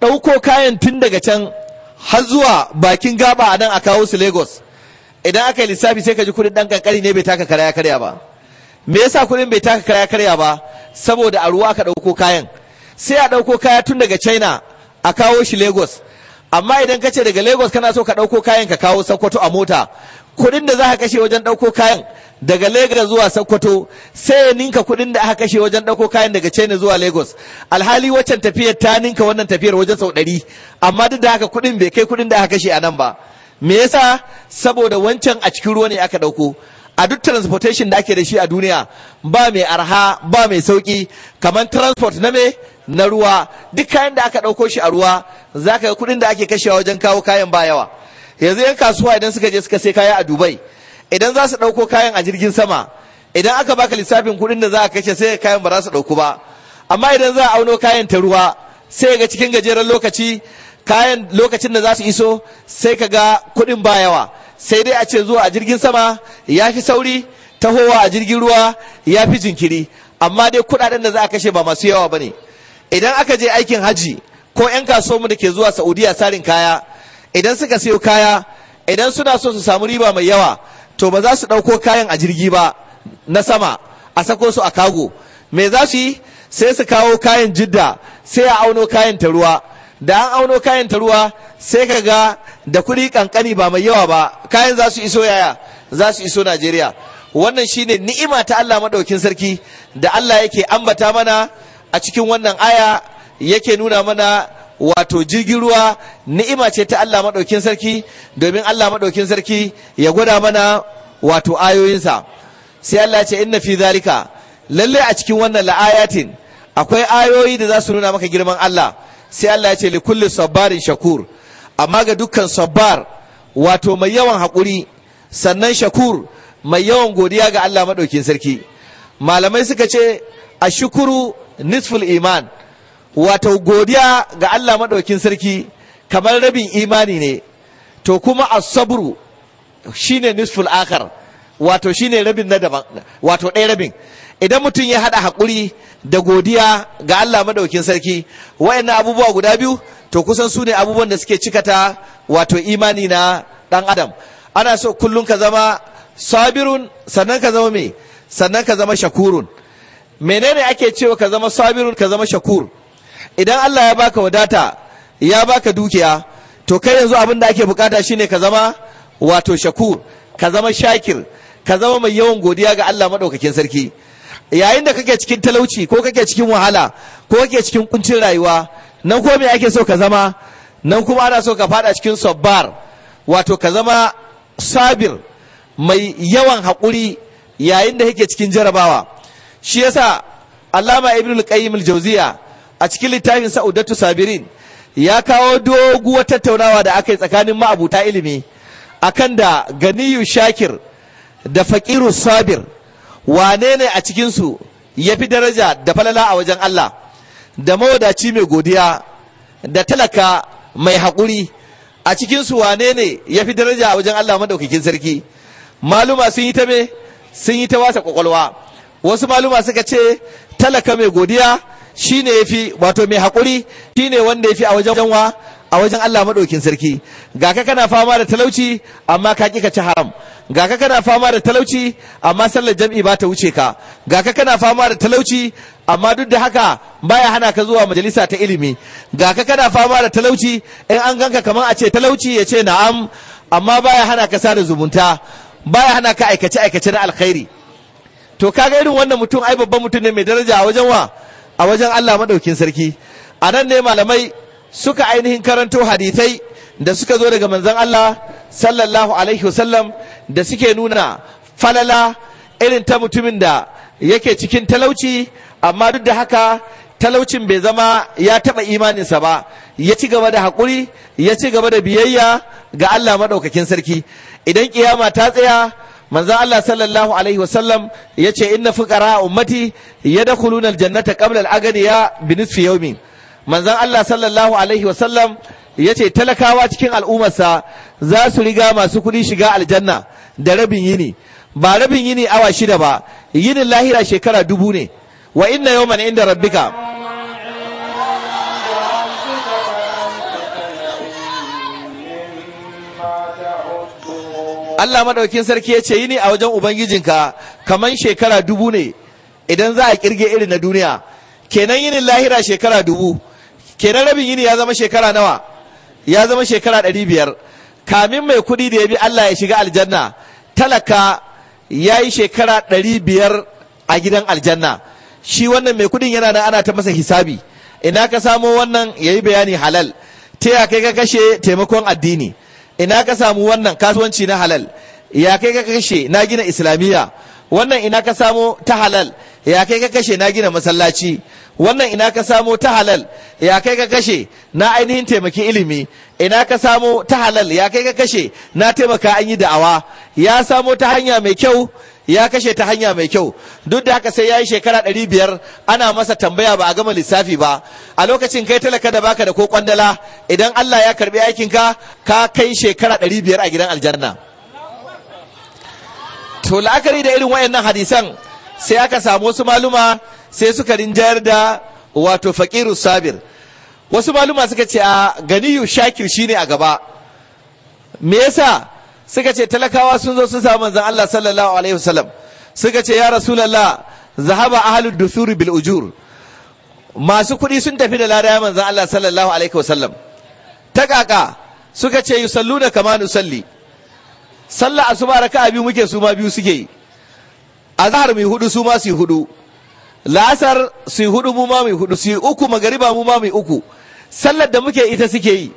ɗauko kayan tun daga can har zuwa bakin gaba a nan a kawo su lagos idan aka yi lissafi sai ka ji kuɗin ɗan ƙanƙari ne bai taka karya karya ba me yasa kuɗin bai taka karya karya ba saboda a ruwa aka ɗauko kayan sai a ɗauko kaya tun daga china a kawo shi lagos amma idan ka ce daga lagos kana so ka ɗauko kayan ka kawo sokoto a mota kuɗin da za ka kashe wajen ɗauko kayan daga Lagos zuwa Sokoto sai ya ninka kuɗin da aka kashe wajen ɗauko kayan daga China zuwa Lagos alhali waccan tafiyar ta ninka wannan tafiyar wajen sau ɗari amma duk da haka kuɗin bai kai kuɗin da aka kashe a nan ba me yasa saboda wancan a cikin ruwa ne aka ɗauko a duk transportation da ake da shi a duniya ba mai arha ba mai sauki kamar transport na me na ruwa duk kayan da aka ɗauko shi a ruwa za ka ga kuɗin da ake kashewa wajen kawo kayan ba yawa yanzu yan kasuwa idan suka je suka sai kaya a dubai idan za su ɗauko kayan a jirgin sama idan aka baka lissafin kuɗin da za a kashe sai kayan ba za su ɗauko ba amma idan za a auno kayan ta ruwa sai ga cikin gajeren lokaci kayan lokacin da za su iso sai ka ga kuɗin ba yawa sai dai a ce zuwa a jirgin sama ya fi sauri tahowa a jirgin ruwa ya fi jinkiri amma dai kuɗaɗen da za a kashe ba masu yawa ba ne idan aka je aikin haji ko 'yan kasuwanmu da ke zuwa saudiya sarin kaya idan suka siyo kaya idan suna so su samu riba mai yawa to ba za su ɗauko kayan a jirgi ba na sama a sako su a kago me za su yi sai su kawo kayan jidda sai a auno kayan ta ruwa da an auno kayan ta ruwa sai ka ga da kuɗi kankani ba mai yawa ba kayan za su iso yaya za su iso najeriya wannan shine ni'ima ta allah maɗaukin sarki da allah yake ambata mana a cikin wannan aya yake nuna mana wato jirgin ruwa ni'ima ce ta Allah maɗaukin sarki domin Allah maɗaukin sarki ya gwada mana wato ayoyinsa sai Allah ce inna fi zalika lalle a cikin wannan la'ayatin akwai ayoyi da za su nuna maka girman Allah sai Allah ya ce li sabbarin shakur amma ga dukkan sabbar wato mai yawan haƙuri sannan shakur mai yawan godiya ga Allah maɗaukin sarki malamai suka ce a shukuru nisful iman wato godiya ga Allah maɗaukin sarki kamar rabin imani ne to kuma asabru shine nisful akar wato shine rabin na daban wato ɗaya rabin idan mutum ya haɗa haƙuri da godiya ga Allah maɗaukin sarki wayannan abubuwa guda biyu to kusan su ne abubuwan da suke cikata wato imani na ɗan adam ana so kullum ka zama sabirun sannan ka zama me sannan ka zama shakurun menene ake cewa ka zama sabirun ka zama shakur idan Allah ya baka wadata ya baka dukiya to kai yanzu abin da ake bukata shine ka zama wato shakur ka zama shakir ka zama mai yawan godiya ga Allah maɗaukakin sarki yayin da kake cikin talauci ko kake cikin wahala ko kake cikin kuncin rayuwa nan ko me ake so ka zama nan kuma ana so ka fada cikin sabbar wato ka zama sabir mai yawan hakuri yayin da kake cikin jarabawa shi yasa Allama ibnul qayyim al a cikin littafin sa'udatu sabirin ya kawo doguwar tattaunawa da aka yi tsakanin ma'abuta ilimi akan da ganiyu shakir da faƙiru sabir wane ne a cikinsu ya fi daraja da falala a wajen Allah da mawadaci mai godiya da talaka mai haƙuri a cikinsu wane ne ya fi daraja a wajen Allah maɗaukakin sarki maluma sun yi ta me sun yi ta wasa ƙwaƙwalwa wasu maluma suka ce talaka mai godiya shi ne ya fi wato mai haƙuri shi ne wanda ya fi a wajen wa a wajen Allah maɗaukin sarki ga ka kana fama da talauci amma ka ƙi ka ci haram ga ka kana fama da talauci amma sallar jam'i ba ta wuce ka ga ka kana fama da talauci amma duk da haka baya hana ka zuwa majalisa ta ilimi ga ka kana fama da talauci in an ganka kamar a ce talauci ya ce na'am amma baya hana ka sada zumunta baya hana ka aikace aikace na alkhairi to kaga irin wannan mutum ai babban mutum ne mai daraja a wajen wa a wajen Allah maɗaukin sarki a nan ne malamai suka ainihin karanto hadithai da suka zo daga manzon Allah sallallahu alaihi wasallam da suke nuna falala irin ta mutumin da yake cikin talauci amma duk da haka talaucin bai zama ya taɓa imaninsa ba ya ci gaba da haƙuri ya ci gaba da biyayya ga Allah maɗaukakin sarki idan ƙiyama ta tsaya manzo Allah sallallahu alaihi wasallam yace inna fuqara ummati yadkhuluna aljannata qabla al-aghniya bi nisfi yawmin manzan Allah sallallahu alaihi wasallam yace talakawa cikin al'ummarsa za su riga masu kuɗi shiga aljanna da rabin yini ba rabin yini awa shida ba yinin lahira shekara dubu ne wa inna yawman inda rabbika Allah madaukin sarki ya ce yini a wajen ubangijinka kaman shekara dubu ne idan za a kirge irin na duniya kenan yinin lahira shekara dubu kenan rabin yini ya zama shekara nawa ya zama shekara ɗari biyar kamin mai kuɗi da ya bi Allah ya shiga aljanna talaka ya yi shekara ɗari biyar a gidan aljanna shi wannan mai kuɗin yana da ana ta masa hisabi ina ka samo wannan ya yi bayani halal ta ya kai ka kashe taimakon addini ina ka samu wannan kasuwanci na halal ya kai ka kashe na gina islamiyya wannan ina ka samu ta halal ya kai ka kashe na gina masallaci wannan ina ka samu ta halal ya kai ka kashe na ainihin taimaki ilimi ina ka samu ta halal ya kai ka kashe na taimaka an yi da'awa ya samo ta hanya mai kyau ya kashe ta hanya mai kyau duk da haka sai ya yi shekara ɗari biyar ana masa tambaya ba a gama lissafi ba a lokacin kai talaka da baka da ko kwandala idan Allah ya karbi aikinka ka kai shekara ɗari biyar a gidan aljanna to la'akari da irin wayannan hadisan sai aka samu wasu maluma sai suka rinjayar da wato faqiru sabir wasu maluma suka ce a ganiyu shakir shine a gaba me yasa suka ce talakawa sun zo sun samu manzon Allah sallallahu alaihi wasallam suka ce ya rasulullah zahaba ahlud dusuri bil ujur masu kuɗi sun tafi da ladaya manzon Allah sallallahu alaihi wasallam ta suka ce yusalluna kama nusalli sallah asuba raka'a biyu muke su ma biyu suke yi azhar mai hudu su ma su hudu la'asar su hudu mu ma mai hudu su uku magariba mu ma mai uku sallar da muke ita suke yi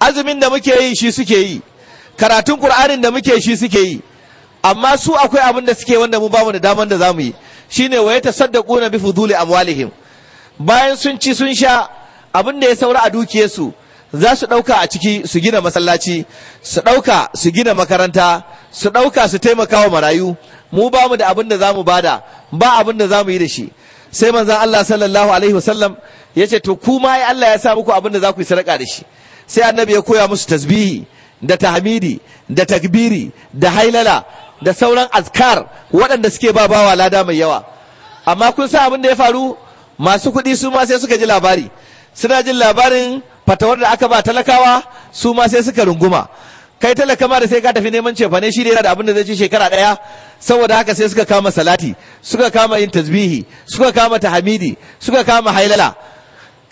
azumin da muke yi shi suke yi karatun ƙur'anin da muke shi suke yi amma su akwai abin da suke wanda mu bamu da daman da zamu yi shine waye saddaku na bi fuduli amwalihim bayan sun ci sun sha abin da ya saura a dukiyarsu za su ɗauka a ciki su gina masallaci su ɗauka su gina makaranta su ɗauka su taimaka wa marayu mu ba mu da abin da za bada ba abin da za yi da shi sai manzon Allah sallallahu alaihi wasallam ya ce to kuma ya Allah ya sa muku abin da za ku yi sadaka da shi sai annabi ya koya musu tasbihi da tahmidi da takbiri da hailala da sauran azkar waɗanda suke ba bawa lada mai yawa amma kun sa abin da ya faru masu kuɗi su ma sai suka ji labari suna jin labarin fatawar da aka ba talakawa su ma sai suka runguma kai talaka ma da sai ka tafi neman cefane shi ne da abin da zai ci shekara ɗaya saboda haka sai suka kama salati suka kama yin tasbihi suka kama tahmidi suka kama hailala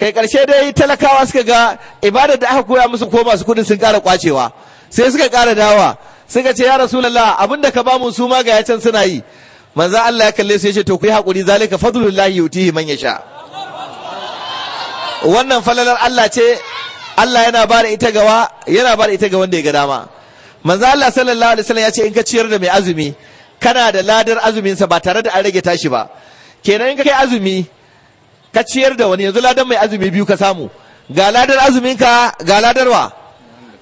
kai karshe dai talakawa suka ga ibada da aka koya musu ko masu kudin sun kara kwacewa sai suka kara dawa suka ce ya rasulullah abinda ka bamu su ma ga yacen suna yi manzo Allah ya kalle su ya ce to ku yi hakuri zalika fadlullahi yutihi man yasha wannan falalar Allah ce Allah yana ba ita gawa yana ba ita ga wanda ya ga dama manzo Allah sallallahu alaihi wasallam ya ce in ka ciyar da mai azumi kana da ladar azuminsa ba tare da an rage tashi ba kenan in ka kai azumi ka ciyar da wani yanzu ladan mai azumi biyu ka samu ga ladar azuminka ga ladarwa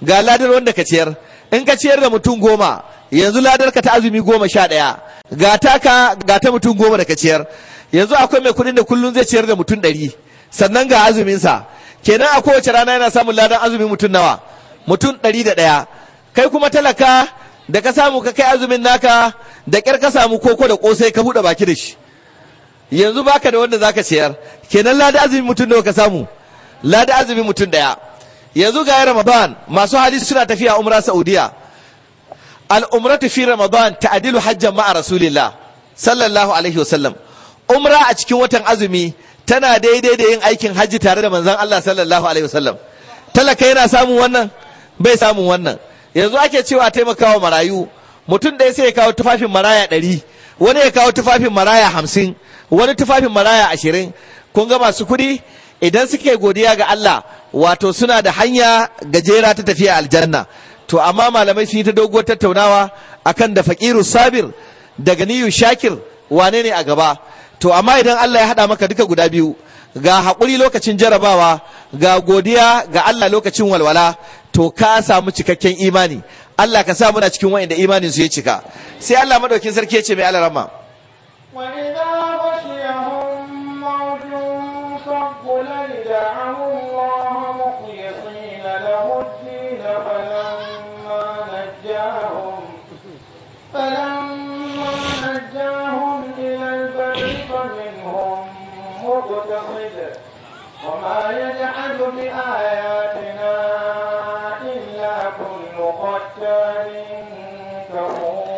ga ladar wanda ka ciyar in ka ciyar da mutum goma yanzu ladar ka ta azumi goma sha ɗaya ga ta ka ga ta mutum goma da ka ciyar yanzu akwai mai kuɗin da kullum zai ciyar da mutum ɗari sannan ga azuminsa kenan a kowace rana yana samun ladan azumi mutum nawa mutum ɗari da ɗaya kai kuma talaka da ka samu ka kai azumin naka da ƙyar ka samu koko da ƙosai ka buɗe baki da shi yanzu baka da wanda zaka siyar kenan lada azumi mutum nawa ka samu lada azumi mutum daya yanzu ga ramadan masu hadisi suna tafiya umra saudiya Al umratu fi ramadan ta'dilu hajjan ma'a rasulillah sallallahu alaihi wasallam umra a cikin watan azumi tana daidai da yin aikin hajji tare da manzon Allah sallallahu alaihi wasallam talaka yana samun wannan bai samun wannan yanzu ake cewa taimakawa marayu mutum ɗaya sai ya kawo tufafin maraya ɗari wani ya kawo tufafin maraya hamsin wani tufafin maraya ashirin kun ga masu kuɗi idan suke godiya ga Allah wato suna da hanya gajera ta tafiya aljanna to amma malamai sun yi ta doguwar tattaunawa akan da faƙiru sabir da ganiyu shakir wane ne a gaba to amma idan Allah ya haɗa maka duka guda biyu ga hakuri lokacin jarabawa ga godiya ga Allah lokacin walwala to ka samu cikakken imani Allah ka sa muna cikin wa'inda imanin su ya cika sai Allah madaukin sarki ya ce mai alarama وإذا غشيهم موج كالظلل دعوا الله مخلصين له الدين فلما نجاهم فلما نجاهم إلى البر فمنهم مقتصد وما يجحد بآياتنا إلا كل ختان كفور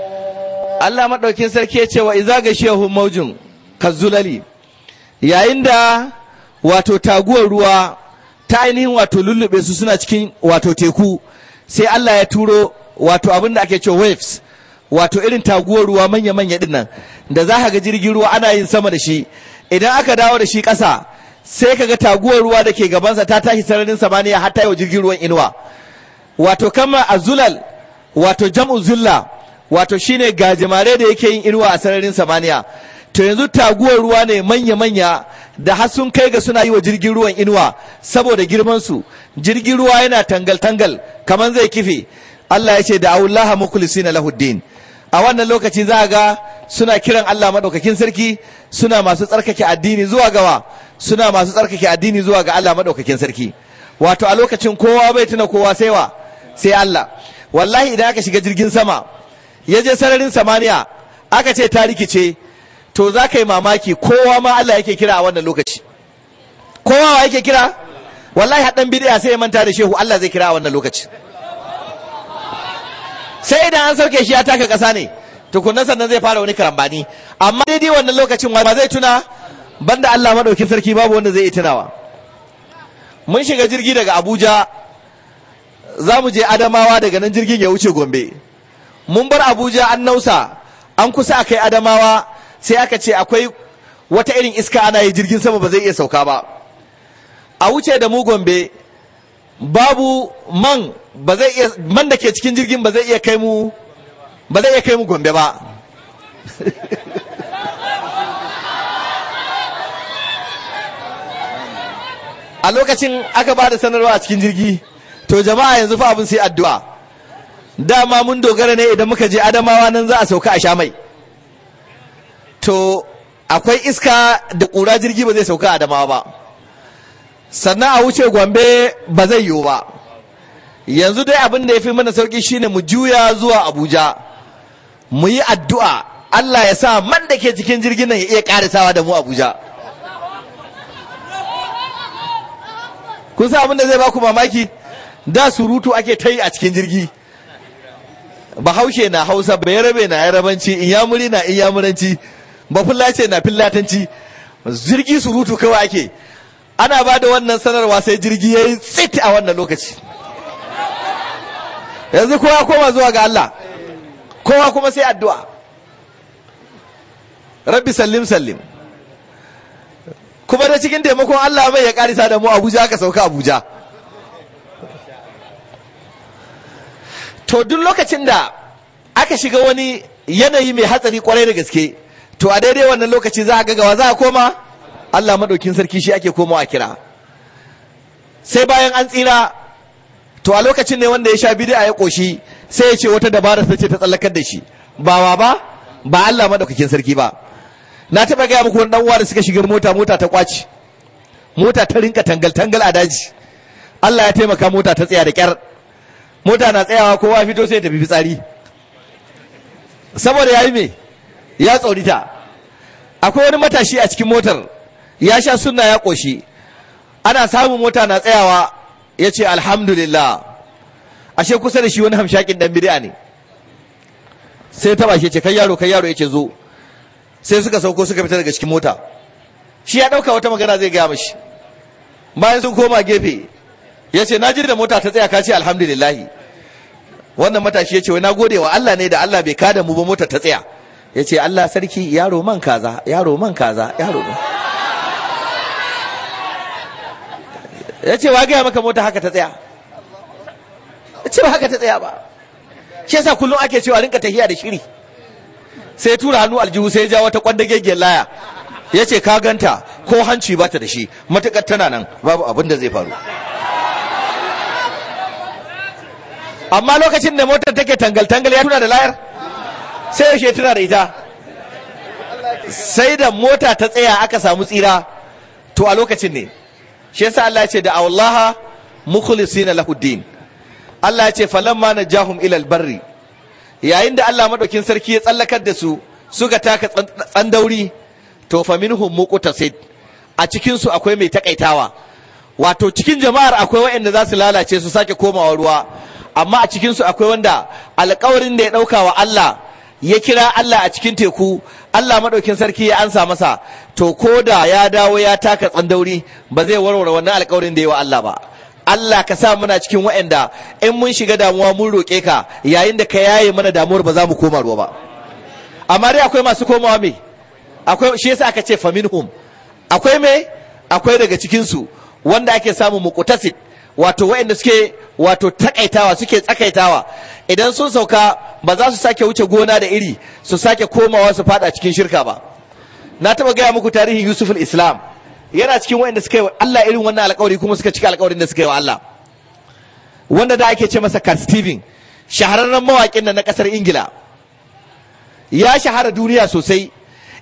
Allah maɗaukin sarki ya ce wa iza ga shehun maujin kazzulali yayin da wato taguwar ruwa ta ainihin wato lullube su suna cikin wato teku sai Allah ya turo wato abin da ake ce waves wato irin taguwar ruwa manya-manya dinnan da za ka ga jirgin ruwa ana yin sama da shi idan aka dawo da shi ƙasa sai ka ga taguwar ruwa da ke gabansa ta tashi sararin samaniya har ta yi wa jirgin ruwan inuwa wato kama azulal wato jam'u zulla wato shine gajimare da yake yin inuwa a sararin samaniya to yanzu taguwar ruwa ne manya-manya da har sun kai ga suna yi wa jirgin ruwan inuwa saboda girmansu jirgin ruwa yana tangal-tangal kamar zai kife Allah ya ce da aulaha mukhlisin lahuddin a wannan lokaci za ga suna kiran Allah madaukakin sarki suna masu tsarkake addini zuwa gawa suna masu tsarkake addini zuwa ga Allah madaukakin sarki wato a lokacin kowa bai tuna kowa sai wa sai Allah wallahi idan aka shiga jirgin sama ya je sararin samaniya aka ce ta rikice to za ka yi mamaki kowa ma Allah yake kira a wannan lokaci kowa wa yake kira wallahi haɗin bidiya sai ya manta da shehu Allah zai kira a wannan lokaci sai idan an sauke shi ya taka ƙasa ne tukunan sannan zai fara wani karambani amma daidai wannan lokacin ba zai tuna banda Allah maɗauki sarki babu wanda zai yi tunawa mun shiga jirgi daga Abuja za mu je Adamawa daga nan jirgin ya wuce Gombe mun bar abuja an nausa an kusa a kai adamawa sai aka ce akwai wata irin iska ana yi jirgin sama ba zai iya sauka ba a wuce da mu gombe babu man ba man da ke cikin jirgin ba zai iya kai mu ba zai iya kai mu gombe ba a lokacin aka ba da sanarwa a cikin jirgi to jama'a yanzu fa abin sai addu'a dama mun dogara ne idan muka je adamawa nan za a sauka a sha mai to akwai iska da ƙura jirgi ba zai sauka a adamawa ba sannan a wuce gombe ba zai yiwu ba yanzu dai abin da ya fi mana sauƙi shine mu juya zuwa abuja mu yi addu'a allah ya sa man da ke cikin jirgin nan ya iya ƙarisawa da mu abuja kun sa abin da zai ba ku mamaki da surutu ake ta yi a cikin jirgi bahaushe na hausa bayarabe na yarabanci Iyamuri na ba bafullace na fillatanci jirgi surutu kawai ake ana ba da wannan sanarwa sai jirgi ya yi tsit a wannan lokaci yanzu kowa koma zuwa ga Allah kowa kuma sai addu'a rabbi sallim sallim kuma da cikin taimakon Allah mai ya karisa da mu abuja aka sauka abuja to duk lokacin da aka shiga wani yanayi mai hatsari kwarai da gaske to a daidai wannan lokaci za a gagawa za a koma Allah maɗaukin sarki shi ake komawa kira sai bayan an tsira to a lokacin ne wanda ya sha bid'a ya koshi sai ya ce wata dabara sai ce ta tsallakar da shi ba wa ba ba Allah madaukakin sarki ba na taba gaya muku wani dan uwa da suka shigar mota mota ta kwaci mota ta rinka tangal tangal a daji Allah ya taimaka mota ta tsaya da kyar mota na tsayawa kowa fito sai tafi fitsari saboda yayi me ya tsorita akwai wani matashi a cikin motar ya sha sunna ya koshi ana samun mota na tsayawa ya ce alhamdulillah ashe kusa da shi wani hamshakin dan bid'a ne sai ta bashe ce kai yaro kai yaro yace zo sai suka sauko suka fita daga cikin mota shi ya dauka wata magana zai gaya mashi bayan sun koma gefe ya ce na ji da mota ta tsaya ka ce alhamdulillahi wannan matashi ya ce wai na gode wa Allah ne da Allah bai kada mu ba mota ta tsaya ya ce Allah sarki yaro man kaza yaro man kaza yaro man ya ce wa gaya maka mota haka ta tsaya ya ce ba haka ta tsaya ba shi yasa kullum ake cewa rinka tahiya da shiri sai tura hannu aljihu sai ja wata kwanda kwandagegiyar laya ya ce ka ganta ko hanci ba ta da shi matuƙar tana nan babu abin da zai faru amma lokacin da motar take tangal-tangal ya tuna da layar sai yaushe tuna da ita sai da mota ta tsaya aka samu tsira to a lokacin ne shi yasa Allah ya ce da Allah mukhlisin lahuddin Allah ya ce falamma najahum ilal barri yayin da Allah madaukin sarki ya tsallakar da su suka taka tsandauri to fa muqtasid a cikin su akwai mai takaitawa wato cikin jama'ar akwai waɗanda za su lalace su sake komawa ruwa amma a cikinsu akwai wanda alkawarin da ya ɗauka wa Allah ya kira Allah a cikin teku Allah maɗaukin sarki ya ansa masa to ko da ya dawo ya taka tsandauri ba zai warware wannan alkawarin da ya wa Allah ba Allah ka sa muna cikin waɗanda in mun shiga damuwa mun roƙe ka yayin da ka yaye mana damuwar ba za mu koma ruwa ba amma dai akwai masu komawa me akwai shi yasa aka ce faminhum akwai me akwai daga cikin su wanda ake samu muqtasid wato waɗanda suke wato takaitawa suke tsakaitawa idan sun sauka ba za su sake wuce gona da iri su sake komawa su fada cikin shirka ba na taba gaya muku tarihin yusuf islam yana cikin waɗanda suka yi wa allah irin wannan alkawari kuma suka cika alkawarin da suka yi wa allah wanda da ake ce masa cat steven shahararren mawaƙin nan na ƙasar ingila ya shahara duniya sosai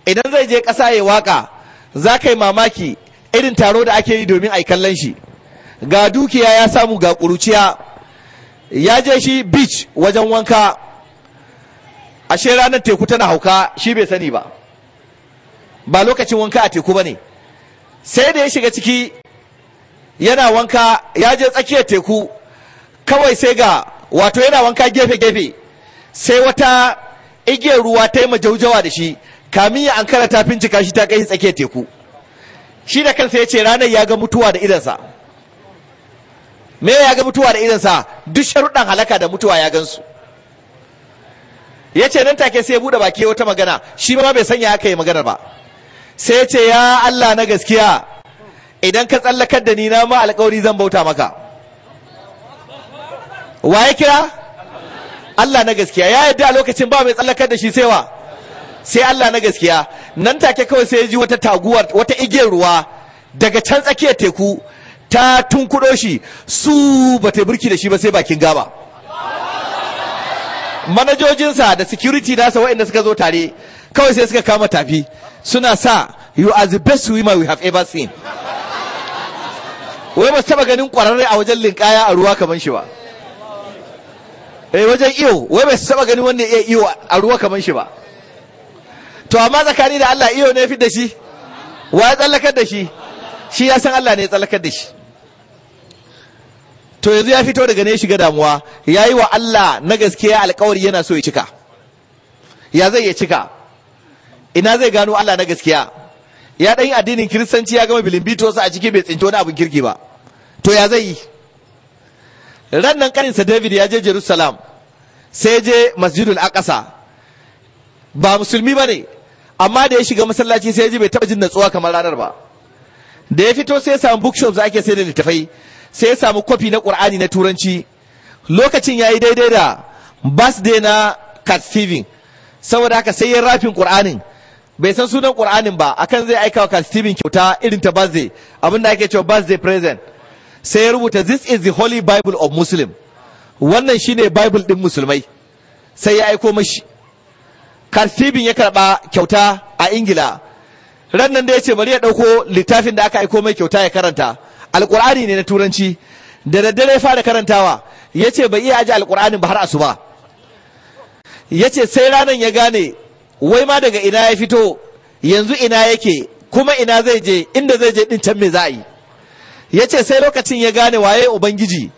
idan zai je ƙasa ya waka za ka yi mamaki irin taro da ake yi domin a yi kallon shi ga dukiya ya samu ga ƙuruciya ya je shi beach wajen wanka ashe ranar teku tana hauka shi bai sani ba ba lokacin wanka a teku ba ne sai da ya shiga ciki yana wanka ya je tsakiyar teku kawai sai ga wato yana wanka gefe-gefe sai wata igiyar ruwa ta yi majaujawa da shi kamin ya ankara ta fincika shi ta kai tsakiyar teku shi da kansa ya ce ranar ya ga mutuwa da idansa me ya ga mutuwa da irinsa duk sharuɗan halaka da mutuwa ya gansu ya ce nan take sai ya buɗe baki wata magana shi ma bai sanya aka yi magana ba sai ya ce ya Allah na gaskiya idan ka tsallakar da ni na ma alkawari zan bauta maka wa ya kira Allah na gaskiya ya yadda a lokacin ba mai tsallakar da shi sai wa sai Allah na gaskiya nan take kawai sai ya ji wata taguwar wata igiyar ruwa daga can tsakiyar teku ta tunkuɗo shi su ba ta burki da shi ba sai bakin gaba manajojinsa da security nasa waɗanda suka zo tare kawai sai suka kama tafi suna sa you are the best swimmer we have ever seen wai ba taba ganin kwararre a wajen linkaya a ruwa kamar shi ba eh wajen iyo wai ba taba ganin wanda ya iyo a ruwa kamar shi ba to amma tsakani da Allah iyo ne fi da shi wa ya tsallakar da shi shi ya san Allah ne ya tsallakar da shi to yanzu ya fito daga ne shiga damuwa ya yi wa Allah na gaskiya alkawari yana so ya cika ya zai ya cika ina zai gano Allah na gaskiya ya ɗan yi addinin kiristanci ya gama bilimbitosa a ciki bai tsinto wani abin kirki ba to ya zai yi ran nan kaninsa david ya je jerusalem sai je masjidul aqsa ba musulmi ba ne amma da ya shiga masallaci sai ya ji bai taɓa jin natsuwa kamar ranar ba da ya fito sai ya samu bookshops ake sai da littafai sai ya samu kwafi na ƙur'ani na turanci lokacin ya yi daidai da bas birthday na cat steven saboda haka sai ya rafin ƙur'anin bai san sunan ƙur'anin ba akan zai aika wa cat steven kyauta irin ta birthday abin da ake cewa birthday present sai ya rubuta this is the holy bible of muslim wannan shine bible din musulmai sai ya aiko mashi cat steven ya karɓa kyauta a ingila ran nan da ya ce bari ya ɗauko littafin da aka aiko mai kyauta ya karanta alkur'ani ne na turanci da daddare ya fara karantawa ya ce bai iya aji alkur'anin ba har asu ba. ya ce sai ranar ya gane wai ma daga ina ya fito yanzu ina yake kuma ina zai je inda zai je din can me za a yi ya ce sai lokacin ya gane waye ubangiji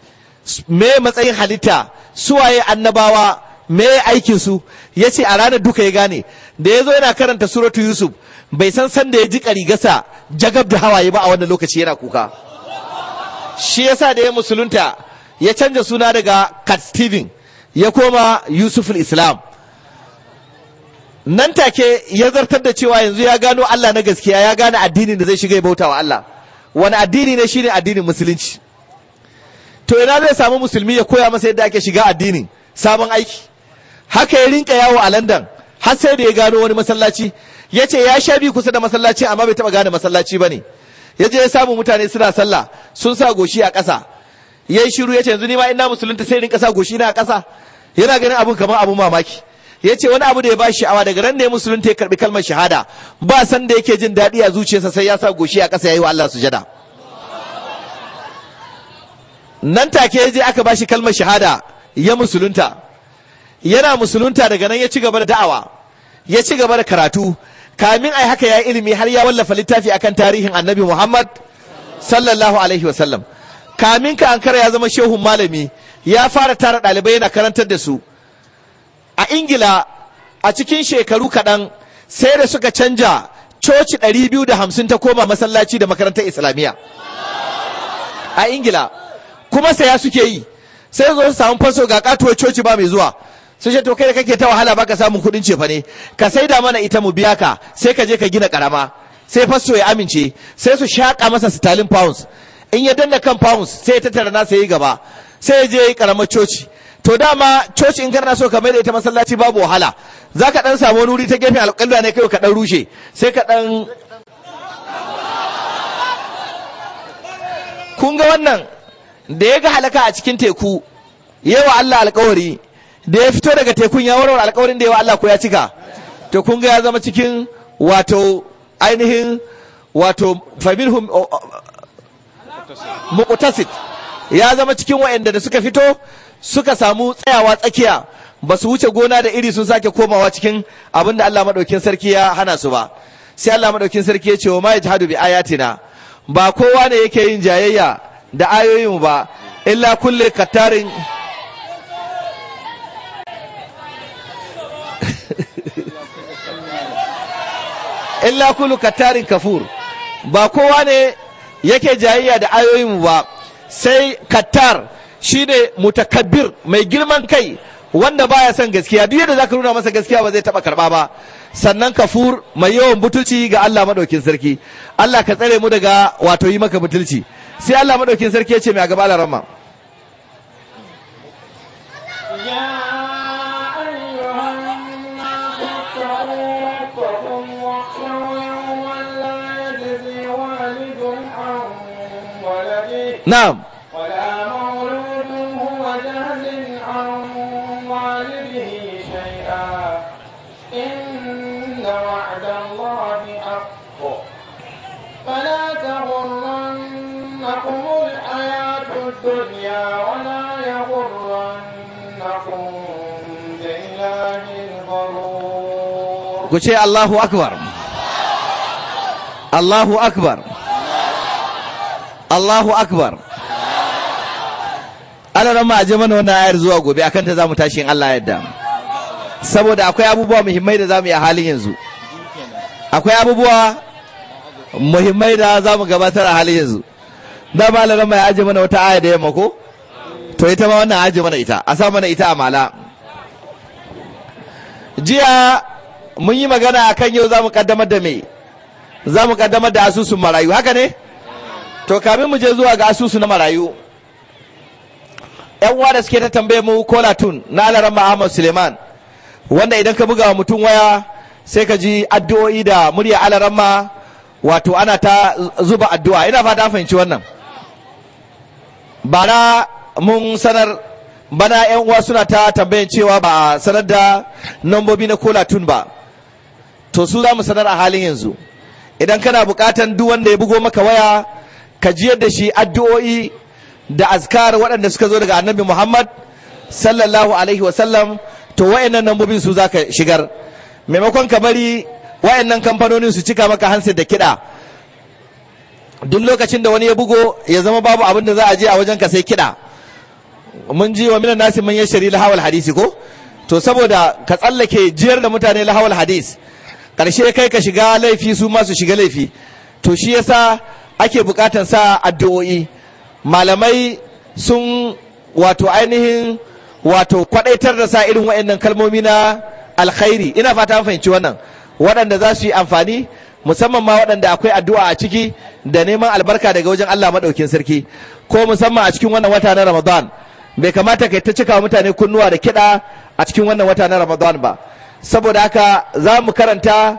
me matsayin halitta Su waye annabawa me aikinsu ya ce a ranar duka ya gane da ya zo yana karanta suratu yusuf bai san sanda ya ji ƙarigasa jagab da hawaye ba a wannan lokaci yana kuka shi yasa da ya musulunta ya canza suna daga Kat Steven ya koma Yusuf Islam nan take ya zartar da cewa yanzu ya gano Allah na gaskiya ya gane addinin da zai shiga ya bauta wa Allah wani addini ne shi ne addinin musulunci to ina zai samu musulmi ya koya masa yadda ake shiga addinin sabon aiki haka ya rinka yawo a Landan har sai da ya gano wani masallaci ya ce ya sha bi kusa da masallaci amma bai taba gane masallaci ba ne ya je ya samu mutane suna sallah sun sa goshi a ƙasa ya yi shiru ya ce yanzu ni ma ina musulunta sai rinka sa goshi na a ƙasa yana ganin abun kamar abun mamaki ya ce wani abu da ya ba sha'awa daga nan da musulunta ya karbi kalmar shahada ba san da yake jin daɗi a zuciyarsa sai ya sa goshi a ƙasa ya yi wa Allah sujada nan take ya je aka ba shi kalmar shahada ya musulunta yana musulunta daga nan ya ci gaba da da'awa ya ci gaba da karatu kamin ai haka ya yi ilimi har ya wallafa littafi akan tarihin annabi muhammad sallallahu alaihi wasallam kamin ka ankara ya zama shehun malami ya fara tara ɗalibai yana karantar da su a ingila a cikin shekaru kaɗan sai da suka canja coci 250 ta koma masallaci da makarantar islamiyya a ingila kuma saya suke yi sai zo su samu faso ga katuwar coci ba mai zuwa sun ce to kai da kake ta wahala baka samun kuɗin cefa ne ka saida mana ita mu biya ka sai ka je ka gina karama sai fasto ya amince sai su shaƙa masa sitalin pounds in ya danna kan pounds sai ya tattara nasa yi gaba sai ya je coci to dama coci in kana so ka mai da ita masallaci babu wahala za ka ɗan samu wani wuri ta gefen alƙalla ne kai ka ɗan rushe sai ka ɗan kun ga wannan da ya ga halaka a cikin teku yawa Allah alƙawari da ya fito daga tekun ya warware alkawarin da yawa Allah ko ya cika to kun ga ya zama cikin wato ainihin wato faminhum muqtasid ya zama cikin waɗanda da suka fito suka samu tsayawa tsakiya ba su wuce gona da iri sun sake komawa cikin abin da Allah madaukin sarki ya hana su ba sai Allah madaukin sarki ya ce wa ma yajhadu bi ayatina ba kowa ne yake yin jayayya da ayoyin ba illa kullu kattarin illa kullu kattarin kafur ba kowa ne yake jayayya da ayoyinmu ba sai kattar shine mutakabbir mai girman kai wanda baya son gaskiya duk yadda zaka nuna masa gaskiya ba zai taba karba ba sannan kafur mai yawan butulci ga Allah madaukin sarki Allah ka tsare mu daga wato yi maka butulci sai Allah madaukin sarki ya ce mai a gaba larama yeah. نعم ولا مولود هو جهل عن والده شيئا إن وعد الله حق فلا تغرنكم الحياة الدنيا ولا يغرنكم بالله الغرور قل شيء الله أكبر الله أكبر Allahu akbar Allah ran ma aje mana wannan ayar zuwa gobe akan ta zamu tashi in Allah yadda saboda akwai abubuwa muhimmai da zamu yi a halin yanzu akwai abubuwa muhimmai da zamu gabatar a halin yanzu da ba Allah ran ma ya aje mana wata aya da yamma ko to ita ma wannan aje mana ita a sa mana ita a mala jiya mun yi magana akan yau zamu kaddamar da me zamu kaddamar da asusun marayu haka ne to kamin mu je zuwa ga asusu na marayu Ƴan uwa da suke ta tambaye mu tun na laran Ahmad Suleiman wanda idan ka buga mutum waya sai ka ji addu'o'i da murya alaran wato ana ta zuba addu'a ina fata fahimci wannan bara mun sanar bana ƴan uwa suna ta tambayan cewa ba a sanar da nambobi na tun ba to su za mu sanar a halin yanzu idan kana bukatan duk wanda ya bugo maka waya ka jiyar da shi addu'o'i da azkar waɗanda suka zo daga annabi Muhammad sallallahu alaihi wasallam to wayannan nambobin su ka shigar maimakon ka bari wayannan kamfanonin su cika maka hanset da kiɗa duk lokacin da wani ya bugo ya zama babu abin da za a je a wajen ka sai kiɗa mun ji wa minan nasi man yashari lahawal hadisi ko to saboda ka tsallake jiyar da mutane lahawal hadis karshe kai ka shiga laifi su ma su shiga laifi to shi yasa ake bukatan sa addu'o'i malamai sun wato ainihin wato kwadaitar da sa irin wa'annan kalmomi na alkhairi ina fata an fahimci wannan waɗanda za su yi amfani musamman ma waɗanda akwai addu'a a ciki da neman albarka daga wajen Allah maɗaukin sarki ko musamman a cikin wannan wata na Ramadan bai kamata kai ta cika mutane kunnuwa da kiɗa a cikin wannan wata na Ramadan ba saboda haka za mu karanta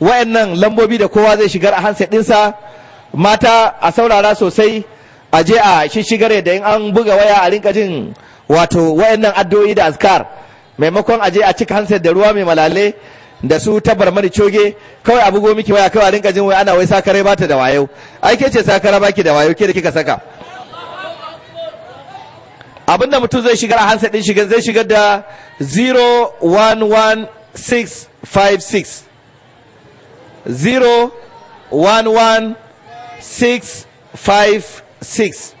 wa'annan lambobi da kowa zai shigar a hansa ɗinsa mata a saurara sosai a je a shishigar da in an buga waya a rinka jin wato wayannan addu'o'i da azkar maimakon a je a cika hansar da ruwa mai malale da su tabar mani coge kawai a bugo miki waya kawai a rinka jin waya ana wai sakare bata da wayo ai ke ce sakara baki da wayo ke da kika saka abin da mutum zai shigar a hansar din shigar zai shigar da 011656 011 Six five six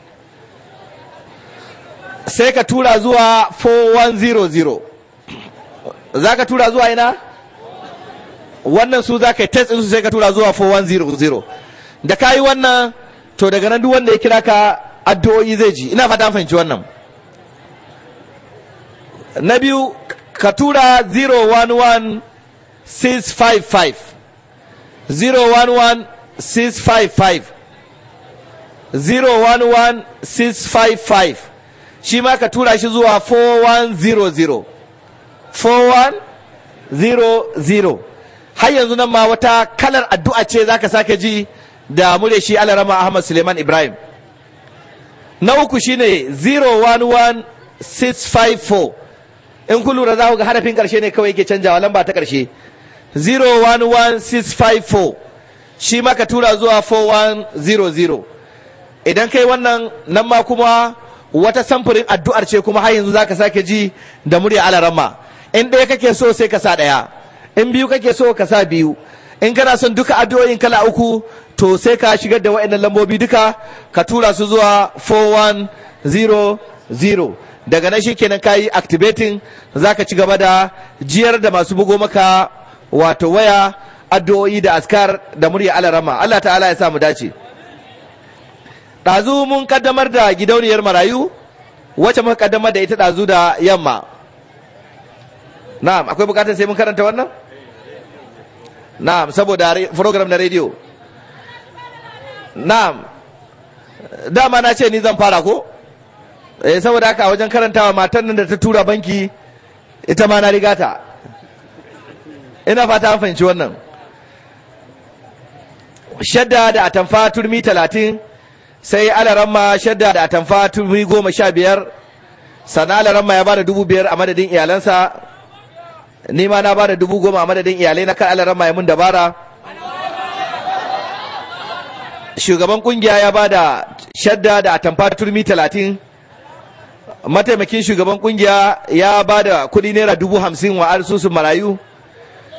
sai ka tura zuwa 4100 za ka tura zuwa ina wannan su za ka yi test su sai ka tura zuwa 4100 da ka yi wannan to daga nan duk wanda ya kira ka addu'o'i zai ji ina fata fahimci wannan na biyu ka tura 011655 011 655 shi ma ka tura shi zuwa 4100 4100 har yanzu nan ma wata kalar addu'a ce za ka sake ji da mure shi alarama ahmad suleiman ibrahim na uku shine 011654 in kun lura za ku ga harafin karshe ne kawai ke canjawa lamba ta karshe 011654 shi ma ka tura zuwa 4100 idan kai wannan nan ma kuma wata samfurin addu'ar ce kuma har yanzu zaka sake ji da murya alarama in ɗaya kake so sai ka sa ɗaya in biyu kake so ka sa biyu in kana son duka addu'o'in kala uku to sai ka shigar da wa'annan lambobi duka ka tura su zuwa 4100 daga nan shikenan kayi activating zaka ci gaba da jiyar da masu bugo maka wato waya addu'o'i da askar da murya alarama Allah ta'ala ya sa mu dace ɗazu mun kaddamar da gidauniyar marayu wacce muka kaddamar da ita ɗazu da yamma na'am akwai bukatar sai mun karanta wannan na'am saboda program na rediyo na'am dama na ce ni zan fara ko eh saboda haka wajen karantawa matan nan da ta tura banki ita ma na rigata ina fata an fahimci wannan shadda da atamfa turmi talatin sai alaramma shadda da atamfa turmi goma sha biyar sannan alaramma ya ba da dubu biyar a madadin iyalansa ni ma na da dubu goma a madadin iyalai na kan alaramma ya mun dabara shugaban kungiya ya ba da shadda da atamfa turmi talatin mataimakin shugaban kungiya ya ba da kudi naira dubu hamsin wa asusun marayu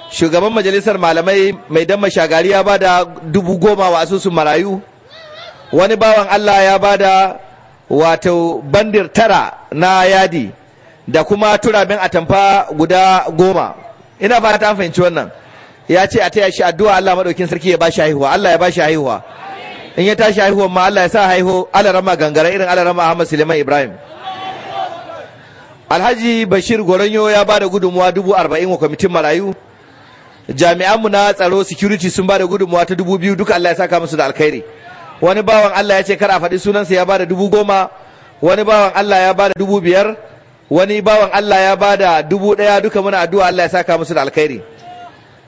shugaban majalisar malamai mai dan mashagari ya bada dubu goma wa asusun marayu wani bawan Allah ya bada wato bandir tara na yadi da kuma turabin atamfa guda goma ina ba ta fahimci wannan ya ce a taya shi addu'a Allah madaukin sarki ya ba shi haihuwa Allah ya ba shi haihuwa in ya tashi haihuwa ma Allah ya sa haihu alarama gangara irin alarama Ahmad Suleiman Ibrahim Alhaji Bashir Goronyo ya ba da gudunmuwa dubu arba'in wa kwamitin marayu jami'anmu na tsaro security sun ba da gudunmuwa ta dubu biyu duka Allah ya saka musu da alkhairi wani bawan Allah ya ce kar a faɗi sunansa ya ba da dubu goma wani bawan Allah ya ba da dubu biyar wani bawan Allah ya ba da dubu ɗaya duka muna addu'a Allah ya saka musu da alkhairi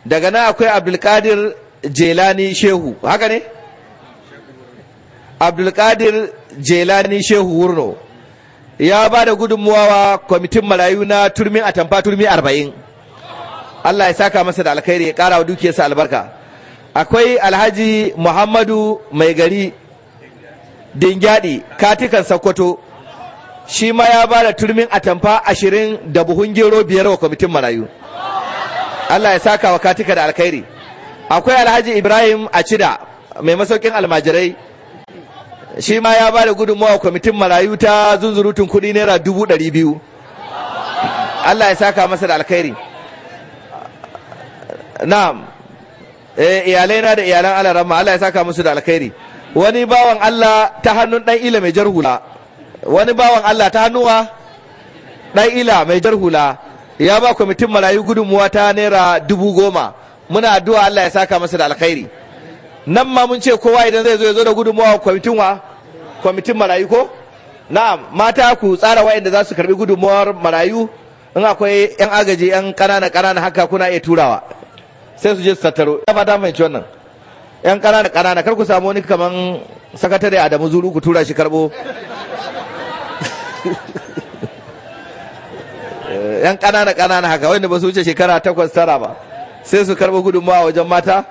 daga nan akwai Abdulkadir Jelani Shehu haka ne Abdulkadir Jelani Shehu Wurno ya ba da gudunmuwa wa kwamitin marayu na turmin atamfa turmi arba'in Allah ya saka masa da alkhairi ya kara wa dukiyarsa albarka akwai alhaji muhammadu mai gari dingyadi katikan sokoto shi ma ya ba da turmin atamfa ashirin da buhun gero biyar wa kwamitin marayu Allah ya saka wa katika da alkhairi akwai alhaji ibrahim a cida mai masaukin almajirai shi ma ya ba da gudunmawa kwamitin marayu ta zunzurutun kuɗi naira dubu ɗari biyu Allah ya saka masa da alkhairi na'am eh iyalai na da iyalan Allah rahma Allah ya saka musu da alkhairi wani bawan Allah ta hannun dan ila mai jarhula wani bawan Allah ta hannuwa dan ila mai jarhula ya ba kwamitin marayu gudunmuwa ta naira dubu goma muna addu'a Allah ya saka masa da alkhairi nan ma mun ce kowa idan zai zo ya zo da gudunmuwa kwamitin wa kwamitin marayu ko na'am mata ku tsara wa'anda za su karbi gudunmuwar marayu in akwai yan agaji yan ƙanana ƙanana haka kuna iya turawa sai su je su tattaro ya fata mai wannan yan ƙanana ƙanana kar ku samu wani kaman sakatare Adamu Zuru ku tura shi karbo yan ƙanana ƙanana haka wanda ba su wuce shekara takwas tara ba sai su karbo gudunmawa wajen mata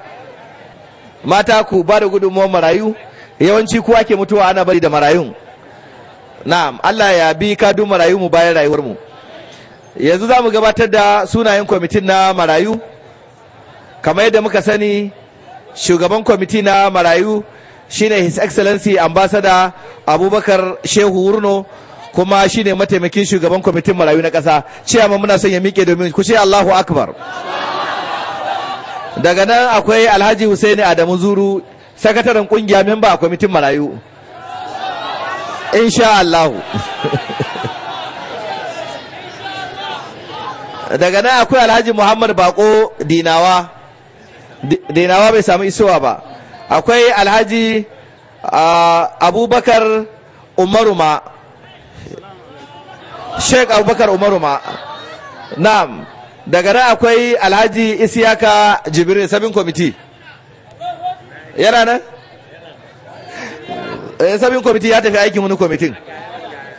mata ku ba da gudunmawar marayu yawanci kowa ke mutuwa ana bari da marayun na'am Allah ya bi kadun marayu mu bayan rayuwar mu yanzu za mu gabatar da sunayen kwamitin na marayu kamar yadda muka sani shugaban kwamiti na marayu shine his excellency ambassador abubakar shehu wurno kuma shine mataimakin shugaban kwamitin marayu na ƙasa ciyama muna son ya miƙe domin ku ce allahu akbar daga nan akwai alhaji husaini adamu zuru sakataren kungiya memba a kwamitin marayu insha allahu daga nan akwai alhaji muhammad bako dinawa Dinawa bai samu isowa ba akwai alhaji abubakar umaruma sheik abubakar umaruma na'am daga nan akwai alhaji isiyaka jibirin sabin kwamiti yana nan eh, sabin kwamiti ya tafi aikin wani kwamitin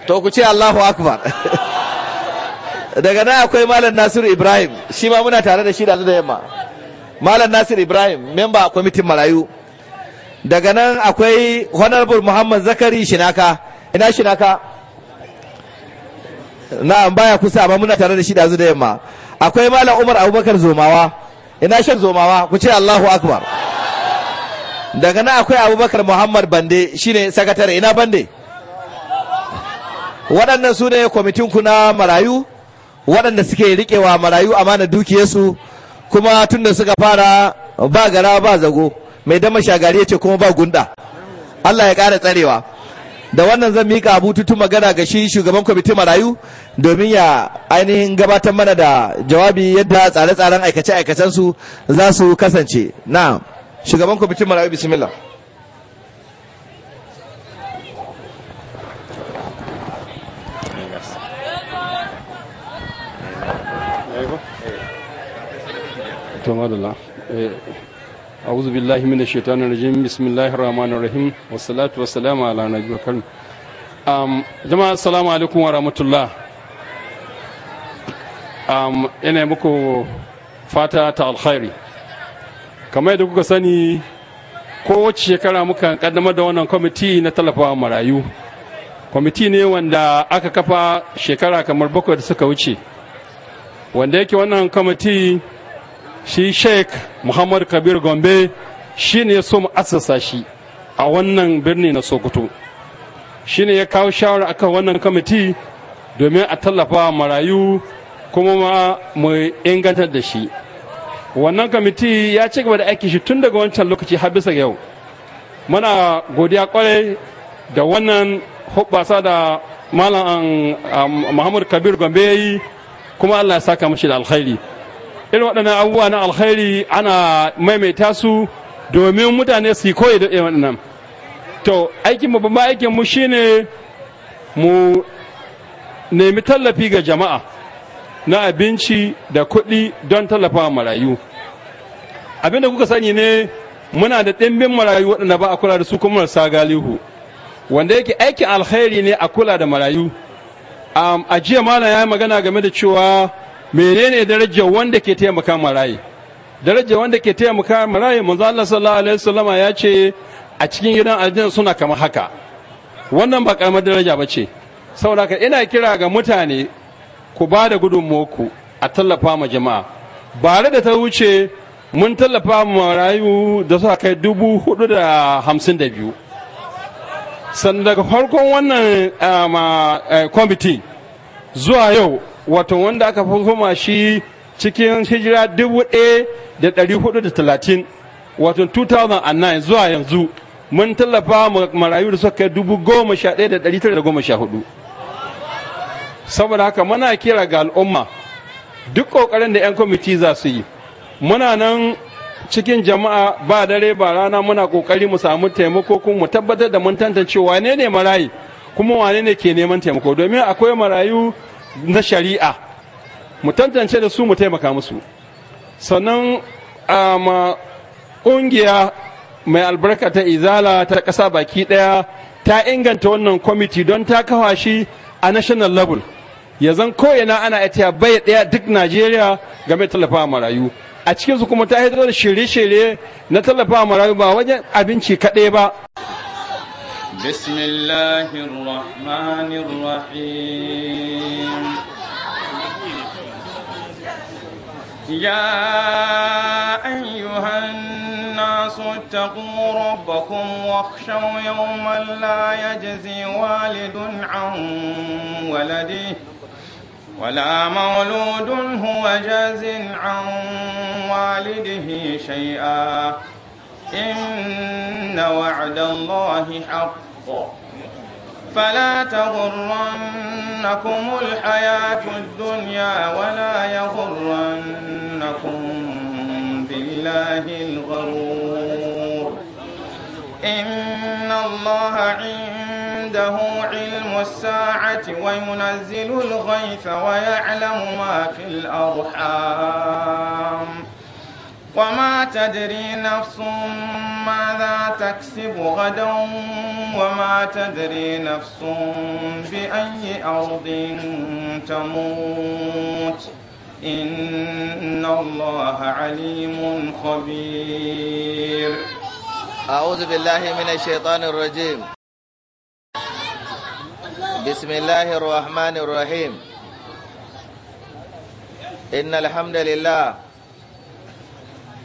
to ku ce allahu akbar daga nan akwai malam nasiru ibrahim shi ma muna tare da shi da yamma malam nasir ibrahim memba a kwamitin marayu daga nan akwai honorable muhammad zakari shinaka ina shinaka na'am baya kusa amma muna tare da shi da da yamma akwai malam umar abubakar zomawa ina shan zomawa ku ce allahu akbar daga nan akwai abubakar muhammad bande shine sakatare ina bande waɗannan su ne kwamitin ku na marayu waɗanda suke riƙewa marayu amana dukiyarsu kuma tun da suka fara ba gara ba zago mai dama shagari ya ce kuma ba gunda Allah ya ƙara tsarewa da wannan zan mika bututun magana ga shi shugaban kwamitin marayu domin ya ainihin gabatar mana da jawabi yadda tsare-tsaren aikace-aikacensu za su kasance na shugaban kwamitin marayu bismillah to madalla eh, a'udhu billahi minash shaitanir rajim bismillahir rahmanir rahim wassalatu wassalamu ala nabiyil karim um jama'a assalamu alaikum wa rahmatullah um ina muku fata ta alkhairi kamar yadda kuka sani ko wacce shekara muka kaddamar da wannan kwamiti na tallafawa marayu kwamiti ne wanda aka kafa shekara kamar bakwai da suka wuce wanda yake wannan kwamiti shi sheik muhammad kabir gombe shi ne ya so mu asasa shi a wannan birni na sokoto shi ne ya kawo shawara kan wannan kamiti domin a tallafa marayu kuma ma mu ingantar da shi wannan kamiti ya ci gaba da aiki shi tun daga wancan lokaci har bisa yau muna godiya kwarai da wannan hubbasa da malam um, muhammad kabir gombe ya yi kuma allah ya saka mashi da alkhairi irin waɗannan abubuwa na alkhairi ana maimaita su domin mutane su yi koyi da irin waɗannan to aikin babban aikin mu shine mu nemi tallafi ga jama'a na abinci da kuɗi don tallafa marayu abinda kuka sani ne muna da ɗimbin marayu waɗanda ba a kula da su kuma marasa galihu wanda yake aikin alkhairi ne a kula da marayu a jiya mana ya yi magana game da cewa menene darajar wanda ke taimaka marayi darajar wanda ke taimaka marayi manzo Allah sallallahu alaihi wasallam ya ce a cikin gidan aljanna suna kamar haka wannan ba karamar daraja ba ce ka ina kira ga mutane ku ba da ku a tallafa ma jama'a bare da ta wuce mun tallafa ma marayu da suka kai dubu hudu da hamsin da biyu sannan daga farkon wannan eh, eh, kwamiti zuwa yau wato wanda aka fahuma shi cikin hijira dubu wato 2009 zuwa yanzu mun tallafa marayu da suka kai dubu goma sha ɗaya da ɗari tara da goma sha hudu saboda haka muna kira ga al'umma duk ƙoƙarin da 'yan kwamiti za su yi muna nan cikin jama'a ba dare ba rana muna ƙoƙari mu samu taimako kuma mu tabbatar da mun tantance wane ne marayu kuma wane ne ke neman taimako domin akwai marayu na shari'a mu tantance da su mu taimaka musu sannan a um, ma ƙungiya mai albarka ta izala ta ƙasa baki ɗaya ta inganta wannan kwamiti don ta kawa shi a national level ya zan koyana ana ita bai ɗaya duk najeriya game tallafa marayu a cikinsu kuma ta haifar da shirye-shirye na tallafa marayu ba wajen abinci kaɗai ba بسم الله الرحمن يا أيها الناس اتقوا ربكم واخشوا يوما لا يجزي والد عن ولده ولا مولود هو جاز عن والده شيئا إن وعد الله حق فلا تغرنكم الحياة الدنيا ولا يغرنكم بالله الغرور إن الله عنده علم الساعة وينزل الغيث ويعلم ما في الأرحام وما تدري نفس ماذا تكسب غدا وما تدري نفس بأي أرض تموت إن الله عليم خبير أعوذ بالله من الشيطان الرجيم بسم الله الرحمن الرحيم إن الحمد لله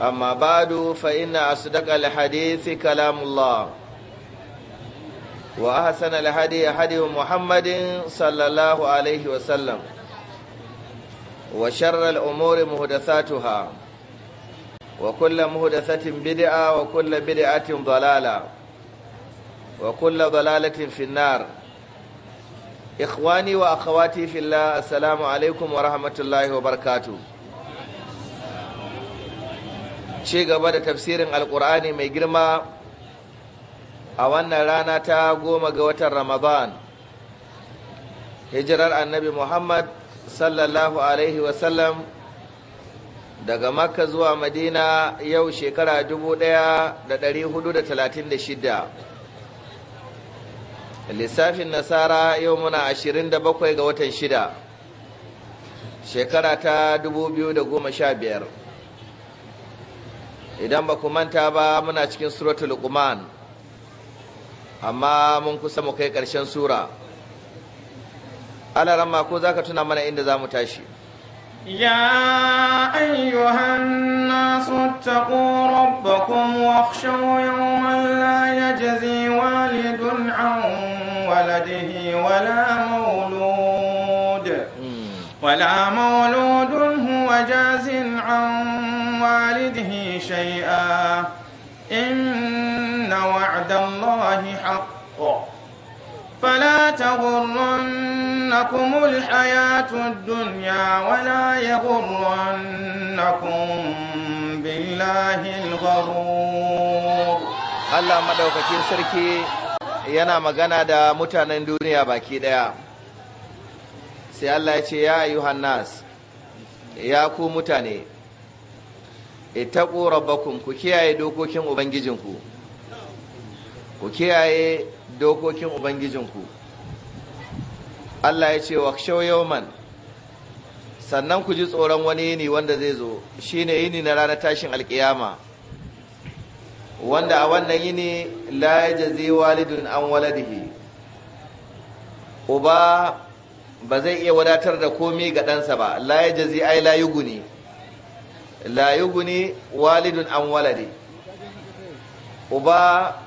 أما بعد فإن أصدق الحديث كلام الله وأحسن الهدي هدي محمد صلى الله عليه وسلم وشر الأمور محدثاتها وكل محدثة بدعة وكل بدعة ضلالة وكل ضلالة في النار إخواني وأخواتي في الله السلام عليكم ورحمة الله وبركاته Ci gaba da tafsirin alkur'ani mai girma a wannan rana ta goma ga watan ramadan hijirar annabi muhammad sallallahu alaihi wasallam daga makka zuwa madina yau shekara 1436 lissafin nasara yau muna 27 ga watan shida shekara ta 2015 idan ba ku manta ba muna cikin suratul luqman amma mun kusa mu kai ƙarshen sura alaran ma ko zaka tuna mana inda za mu tashi يا أيها الناس اتقوا ربكم واخشوا يوما لا يجزي walidun an waladihi wala مولود ولا مولود هو جاز عن والده شيئا إن وعد الله حق فلا تغرنكم الحياة الدنيا ولا يغرنكم بالله الغرور الله مدوكاكين سركي yana magana da mutanen duniya baki daya sai Allah ya ce ya ayyuhan ya ku mutane ittaqu rabbakum ku kiyaye dokokin ubangijinku ku kiyaye dokokin ubangijinku Allah ya ce wakshaw yawman sannan ku ji tsoron wani yini wanda zai zo shi ne yini na ranar tashin alkiyama wanda a wannan yini la yajzi walidun an waladihi uba ba zai iya wadatar da komi ga ɗansa ba la ya jazi ai la yuguni la walidun an walade uba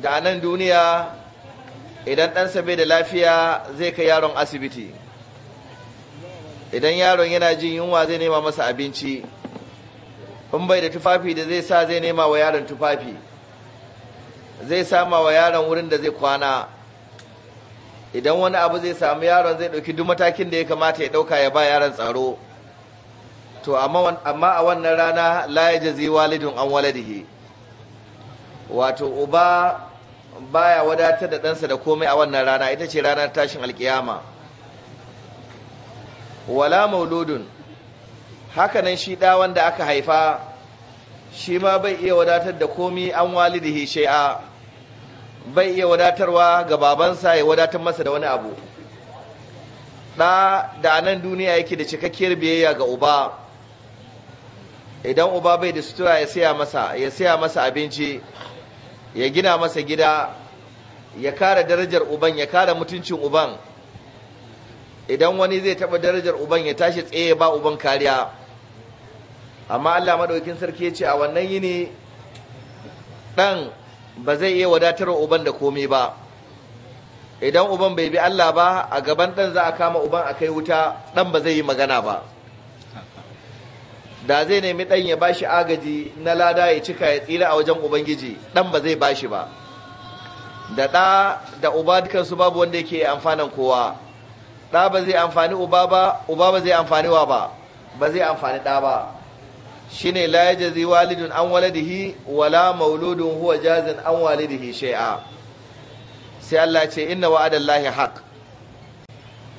da anan duniya idan ɗansa bai da lafiya zai kai yaron asibiti idan yaron yana jin yunwa zai nema masa abinci in bai da tufafi da zai sa zai nema wa yaron tufafi zai sama wa yaron wurin da zai kwana idan wani abu zai samu yaron zai ɗauki duk matakin da ya kamata ya ɗauka ya ba yaron tsaro to amma a wannan rana la ya jazi walidun an waladihi wato uba baya wadatar da ɗansa da komai a wannan rana ita ce ranar tashin alkiyama wala mauludun hakanan shi ɗa wanda aka haifa shi ma bai iya wadatar da komi an walidihi shai'a bai iya wadatarwa ga babansa ya wadatar masa da wani abu ɗa da nan duniya yake da cikakkiyar biyayya ga uba idan uba bai da sutura ya siya masa ya saya masa abinci ya gina masa gida ya kara darajar uban ya kara mutuncin uban idan wani zai taba darajar uban ya tashi tsaye ba uban kariya amma allah maɗaukin sarki ya ce a wannan yini ɗan ba zai iya wadatar uban da komai ba idan uban bai bi Allah ba a gaban ɗan za a kama uban a kai wuta ɗan ba zai yi magana ba da zai nemi ɗan ya bashi agaji na lada ya cika ya tsira a wajen ubangiji ɗan ba zai bashi ba da ɗa da uba dukansu babu wanda yake amfanan kowa ɗa ba zai amfani uba ba uba ba zai amfani wa ba ba zai amfani ɗa ba shine la jazi walidun an waladihi wala mauludun huwa jazin an walidihi shai'a sai Allah ce inna wa'adallahi haq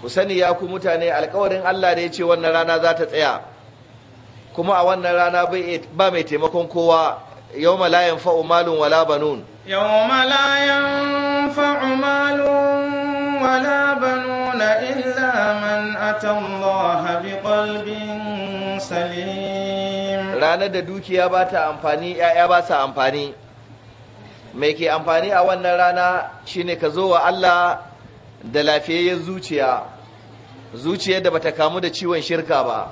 ku sani ya ku mutane alƙawarin Allah da ya ce wannan rana za ta tsaya kuma a wannan rana ba mai taimakon kowa Yau la fa'u malun wala banun la fa'u malun wala banun illa man biqalbin salim ranar da dukiya ba ta amfani ‘ya'ya ba sa amfani mai ke amfani a wannan rana shine ka zo wa Allah da lafiyayyen zuciya zuciya da bata kamu da ciwon shirka ba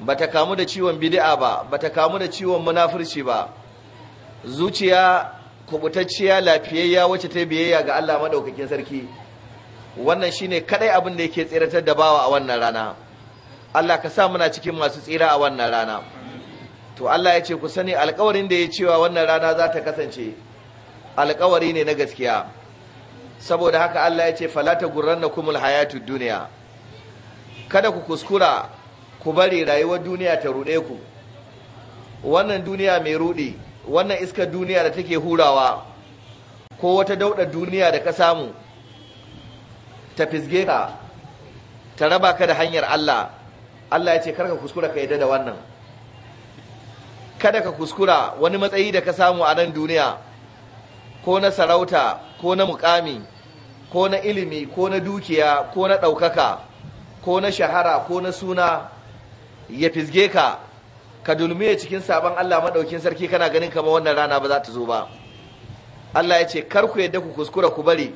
bata kamu da ciwon bid'a ba bata kamu da ciwon munafurci ba zuciya kubutacciya lafiyayya wacce ta biyayya ga Allah madaukakin sarki wannan shine kadai abin da yake tsiratar da bawa a wannan rana Allah ka sa muna cikin masu tsira a wannan rana to Allah ya ce ku sani alkawarin da ya cewa wannan rana za ta kasance alkawari ne na gaskiya saboda haka Allah ya ce falata gurranna kumul hayatu duniya kada ku kuskura ku bari rayuwar duniya ta ruɗe ku wannan duniya mai ruɗi wannan iskar duniya da take hurawa ko wata dauɗa duniya da ka samu ta fisge ka ta raba ka da hanyar Allah Allah ya ce karka kuskura ka yadda da wannan kada ka kuskura wani matsayi da ka samu a nan duniya ko na sarauta ko na mukami ko na ilimi ko na dukiya ko na ɗaukaka ko na shahara ko na suna ya fizge ka ka dulmi ya cikin sabon Allah maɗaukin sarki kana ganin kama wannan rana ba za ta zo ba Allah ya ce kar ku yadda ku kuskura ku bari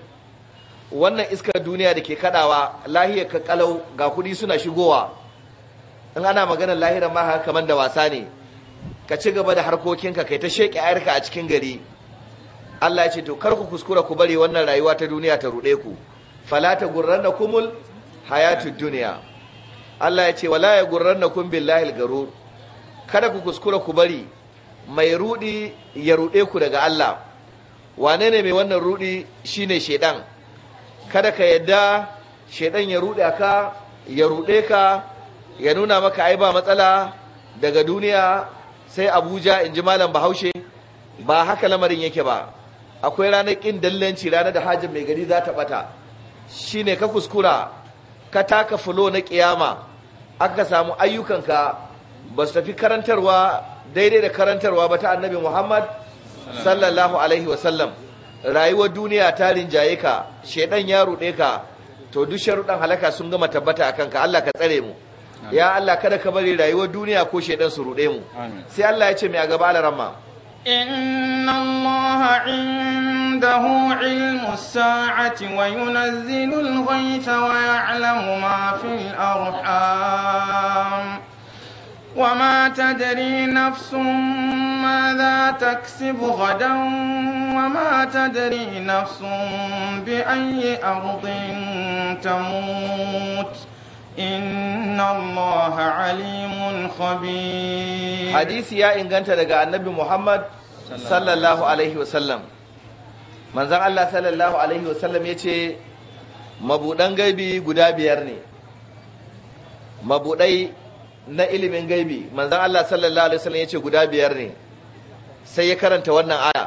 wannan iskar duniya da ke kaɗawa, lahiyar ka kalau ga kuɗi suna shigowa in ana maganar lahirar ma kamar da wasa ne ka ci gaba da harkokinka kai ta sheke ayarka a cikin gari Allah ya ce to kar ku kuskura ku bari wannan rayuwa ta duniya ta ruɗe ku Falata ta gurranna kumul hayatud duniya Allah ya ce wala ya gurranna kum billahi garur kada ku kuskura ku bari mai rudi ya ruɗe ku daga Allah wane ne mai wannan rudi shine shedan kada ka yadda shedan ya ruɗe ka ya rude ka ya nuna maka ai ba matsala daga duniya sai abuja in ji malam bahaushe ba haka lamarin yake ba akwai ranar dallanci ranar da hajjin mai gari za ta ɓata shi ne ka kuskura ka taka fulo na ƙiyama aka samu ayyukanka ba su tafi karantarwa daidai da karantarwa ba ta annabi muhammad sallallahu alaihi wasallam rayuwar duniya ta rinjaye ka shaidan ya ruɗe ka to duk sharuɗan halaka sun gama tabbata a kanka allah ka tsare mu ya Allah kada ka bari rayuwar duniya ko shaidan su ruɗe mu sai Allah ya ce mai a gaba alaramma inna Allah indahu ilmu sa'ati wa yunazzilu al-ghaytha wa ya'lamu ma fil arham وما تدري نفس ماذا تكسب غدا وما تدري نفس بأي أرض تموت إن الله عليم خبير حديث يا إن كنت لقى النبي محمد صلى الله عليه وسلم من زن الله صلى الله عليه وسلم يتي mabuɗan gaibi guda biyar ne mabuɗai na ilimin gaibi manzan Allah sallallahu alaihi wasallam ya ce guda biyar ne sai ya karanta wannan aya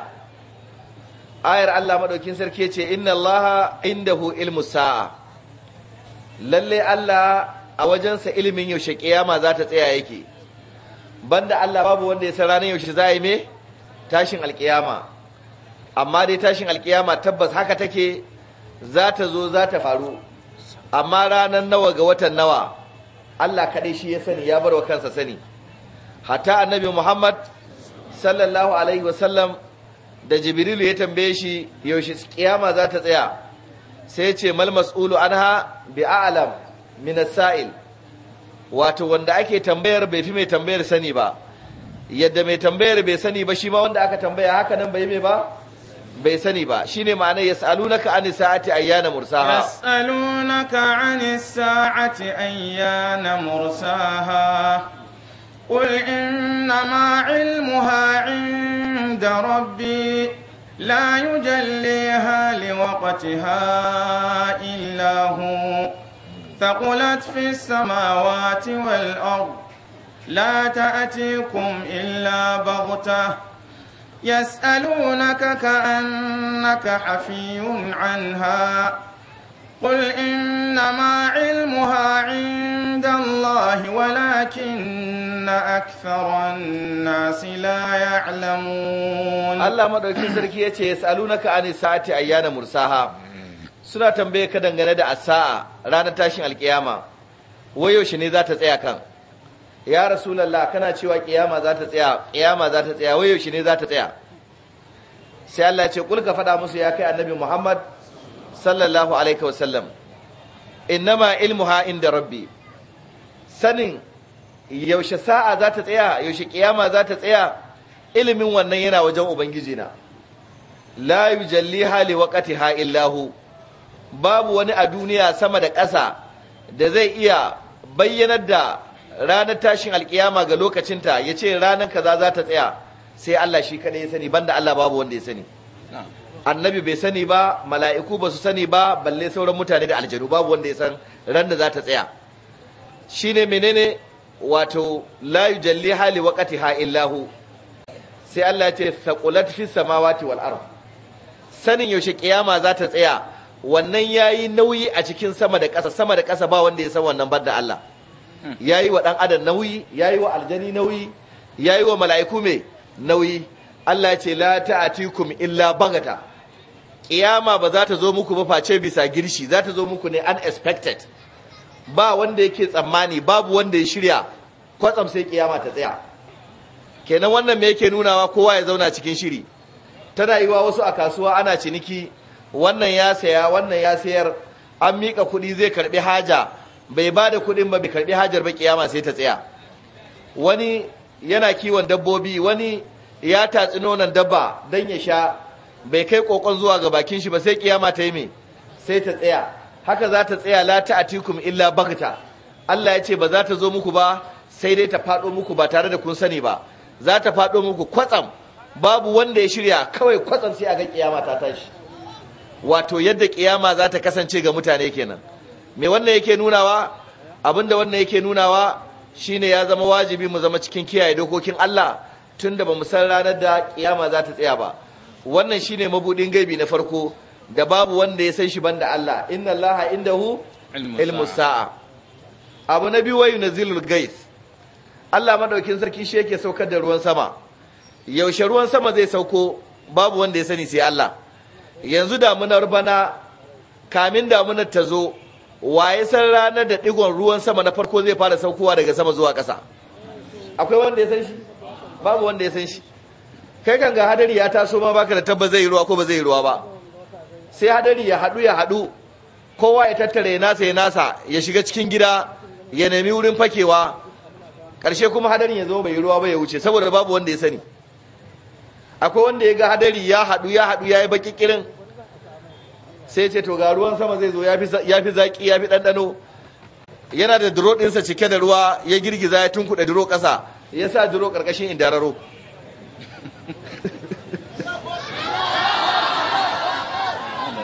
ayar Allah maɗaukin sarki ya ce inna Allah indahu ilmu sa'a lalle Allah a wajensa ilimin yaushe kiyama za ta tsaya yake banda Allah babu wanda ya san ranar yaushe za a yi me tashin alkiyama amma dai tashin alkiyama tabbas haka take za ta zo za ta faru amma ranar nawa ga watan nawa Allah kaɗai shi ya sani ya bar wa kansa sani Hata annabi Muhammad sallallahu alaihi wasallam da jibrilu ya tambaye shi yaushe kiyama za ta tsaya sai ce mal mas'ulu anha bi a'lam min sail wato wanda ake tambayar bai fi mai tambayar sani ba yadda mai tambayar bai sani ba shi ma wanda aka tambaya haka nan bai mai ba bai sani ba shine ma'anar yas'alunaka an sa'ati ayyana mursaha yas'alunaka an sa'ati ayyana mursaha قل إنما ilmuha, inda Rabbi. لا يجليها لوقتها إلا هو ثقلت في السماوات والأرض لا تأتيكم إلا بغتة يسألونك كأنك حفي عنها قل إنما علمها عند الله ولكن أكثر الناس لا ya الله مدركين سركية يسألونك عن الساعة أيان مرساها suna tambaye ka dangane da asa'a ranar tashin alkiyama wai yaushe ne za ta tsaya kan ya rasulallah kana cewa kiyama za ta tsaya kiyama za ta tsaya wai yaushe ne za ta tsaya sai ya ce kul ka faɗa musu ya kai annabi Muhammad sallallahu alaihi wasallam innama ilmuha inda rabbi sanin yaushe sa'a za ta tsaya yaushe kiyama za ta tsaya ilimin wannan yana wajen ubangiji na la yujalliha li waqtiha illahu babu wani a duniya sama da ƙasa da zai iya bayyanar da ranar tashin alkiyama ga lokacinta ya ce ranar kaza za ta tsaya sai Allah shi kaɗai ya sani banda Allah babu wanda ya sani annabi bai sani ba mala'iku ba su sani ba balle sauran mutane da aljanu babu wanda ya san ran da za ta tsaya shine menene wato la yujalli hali ha illahu sai Allah ya ce thaqulat fi samawati wal ard sanin yaushe kiyama za ta tsaya wannan yayi nauyi a cikin sama da ƙasa sama da ƙasa ba wanda ya san wannan da Allah yayi wa dan adam nauyi yayi wa aljani nauyi yayi wa mala'iku me nauyi Allah ya ce la ta'atikum illa bagata kiyama ba za ta zo muku ba face bisa girshi za ta zo muku ne unexpected ba wanda yake tsammani babu wanda ya shirya kwatsam sai kiyama ta tsaya kenan wannan me yake nunawa kowa ya zauna cikin shiri tana yiwa wasu a kasuwa ana ciniki wannan ya saya wannan ya sayar an mika kuɗi zai karbi haja bai ba da kuɗin ba bai karbi hajar ba kiyama sai ta tsaya wani yana kiwon dabbobi wani ya tatsi nonon dabba don ya sha bai kai kokon zuwa ga bakin shi ba sai kiyama ta yi me sai ta tsaya haka za ta tsaya la ta atikum illa bagta Allah ya ce ba za ta zo muku ba sai dai ta faɗo muku ba tare da kun sani ba za ta faɗo muku kwatsam babu wanda ya shirya kawai kwatsam sai a ga kiyama ta tashi wato yadda kiyama za ta kasance ga mutane kenan me wannan yake nunawa abinda wannan yake nunawa shine ya zama wajibi mu zama cikin kiyaye dokokin Allah tunda ba mu san ranar da kiyama za ta tsaya ba wannan shine mabudin gaibi na farko da babu wanda ya san shi banda Allah inna laha indahu ilmu sa'a abu na biyu wayu nazilul gais Allah madaukin sarki shi yake saukar da ruwan sama yaushe ruwan sama zai sauko babu wanda ya sani sai Allah yanzu damunar bana kamin damunar ta zo waye san ranar da digon ruwan sama na farko zai fara saukowa daga sama zuwa ƙasa akwai wanda ya san shi babu wanda ya san shi kai kan ga hadari ya taso ma baka da tabbas zai ruwa ko ba zai ruwa ba sai hadari ya haɗu ya haɗu kowa ya tattare nasa ya nasa ya shiga cikin gida ya nemi wurin fakewa karshe kuma hadarin ya zo bai ruwa ba ya wuce saboda babu wanda ya sani akwai wanda ya ga hadari ya haɗu ya haɗu ya yi baki kirin sai ce to ga ruwan sama zai zo ya fi zaƙi ya fi ɗanɗano yana da duro ɗinsa cike da ruwa ya girgiza ya tunkuɗa duro ƙasa ya sa duro ƙarƙashin indararo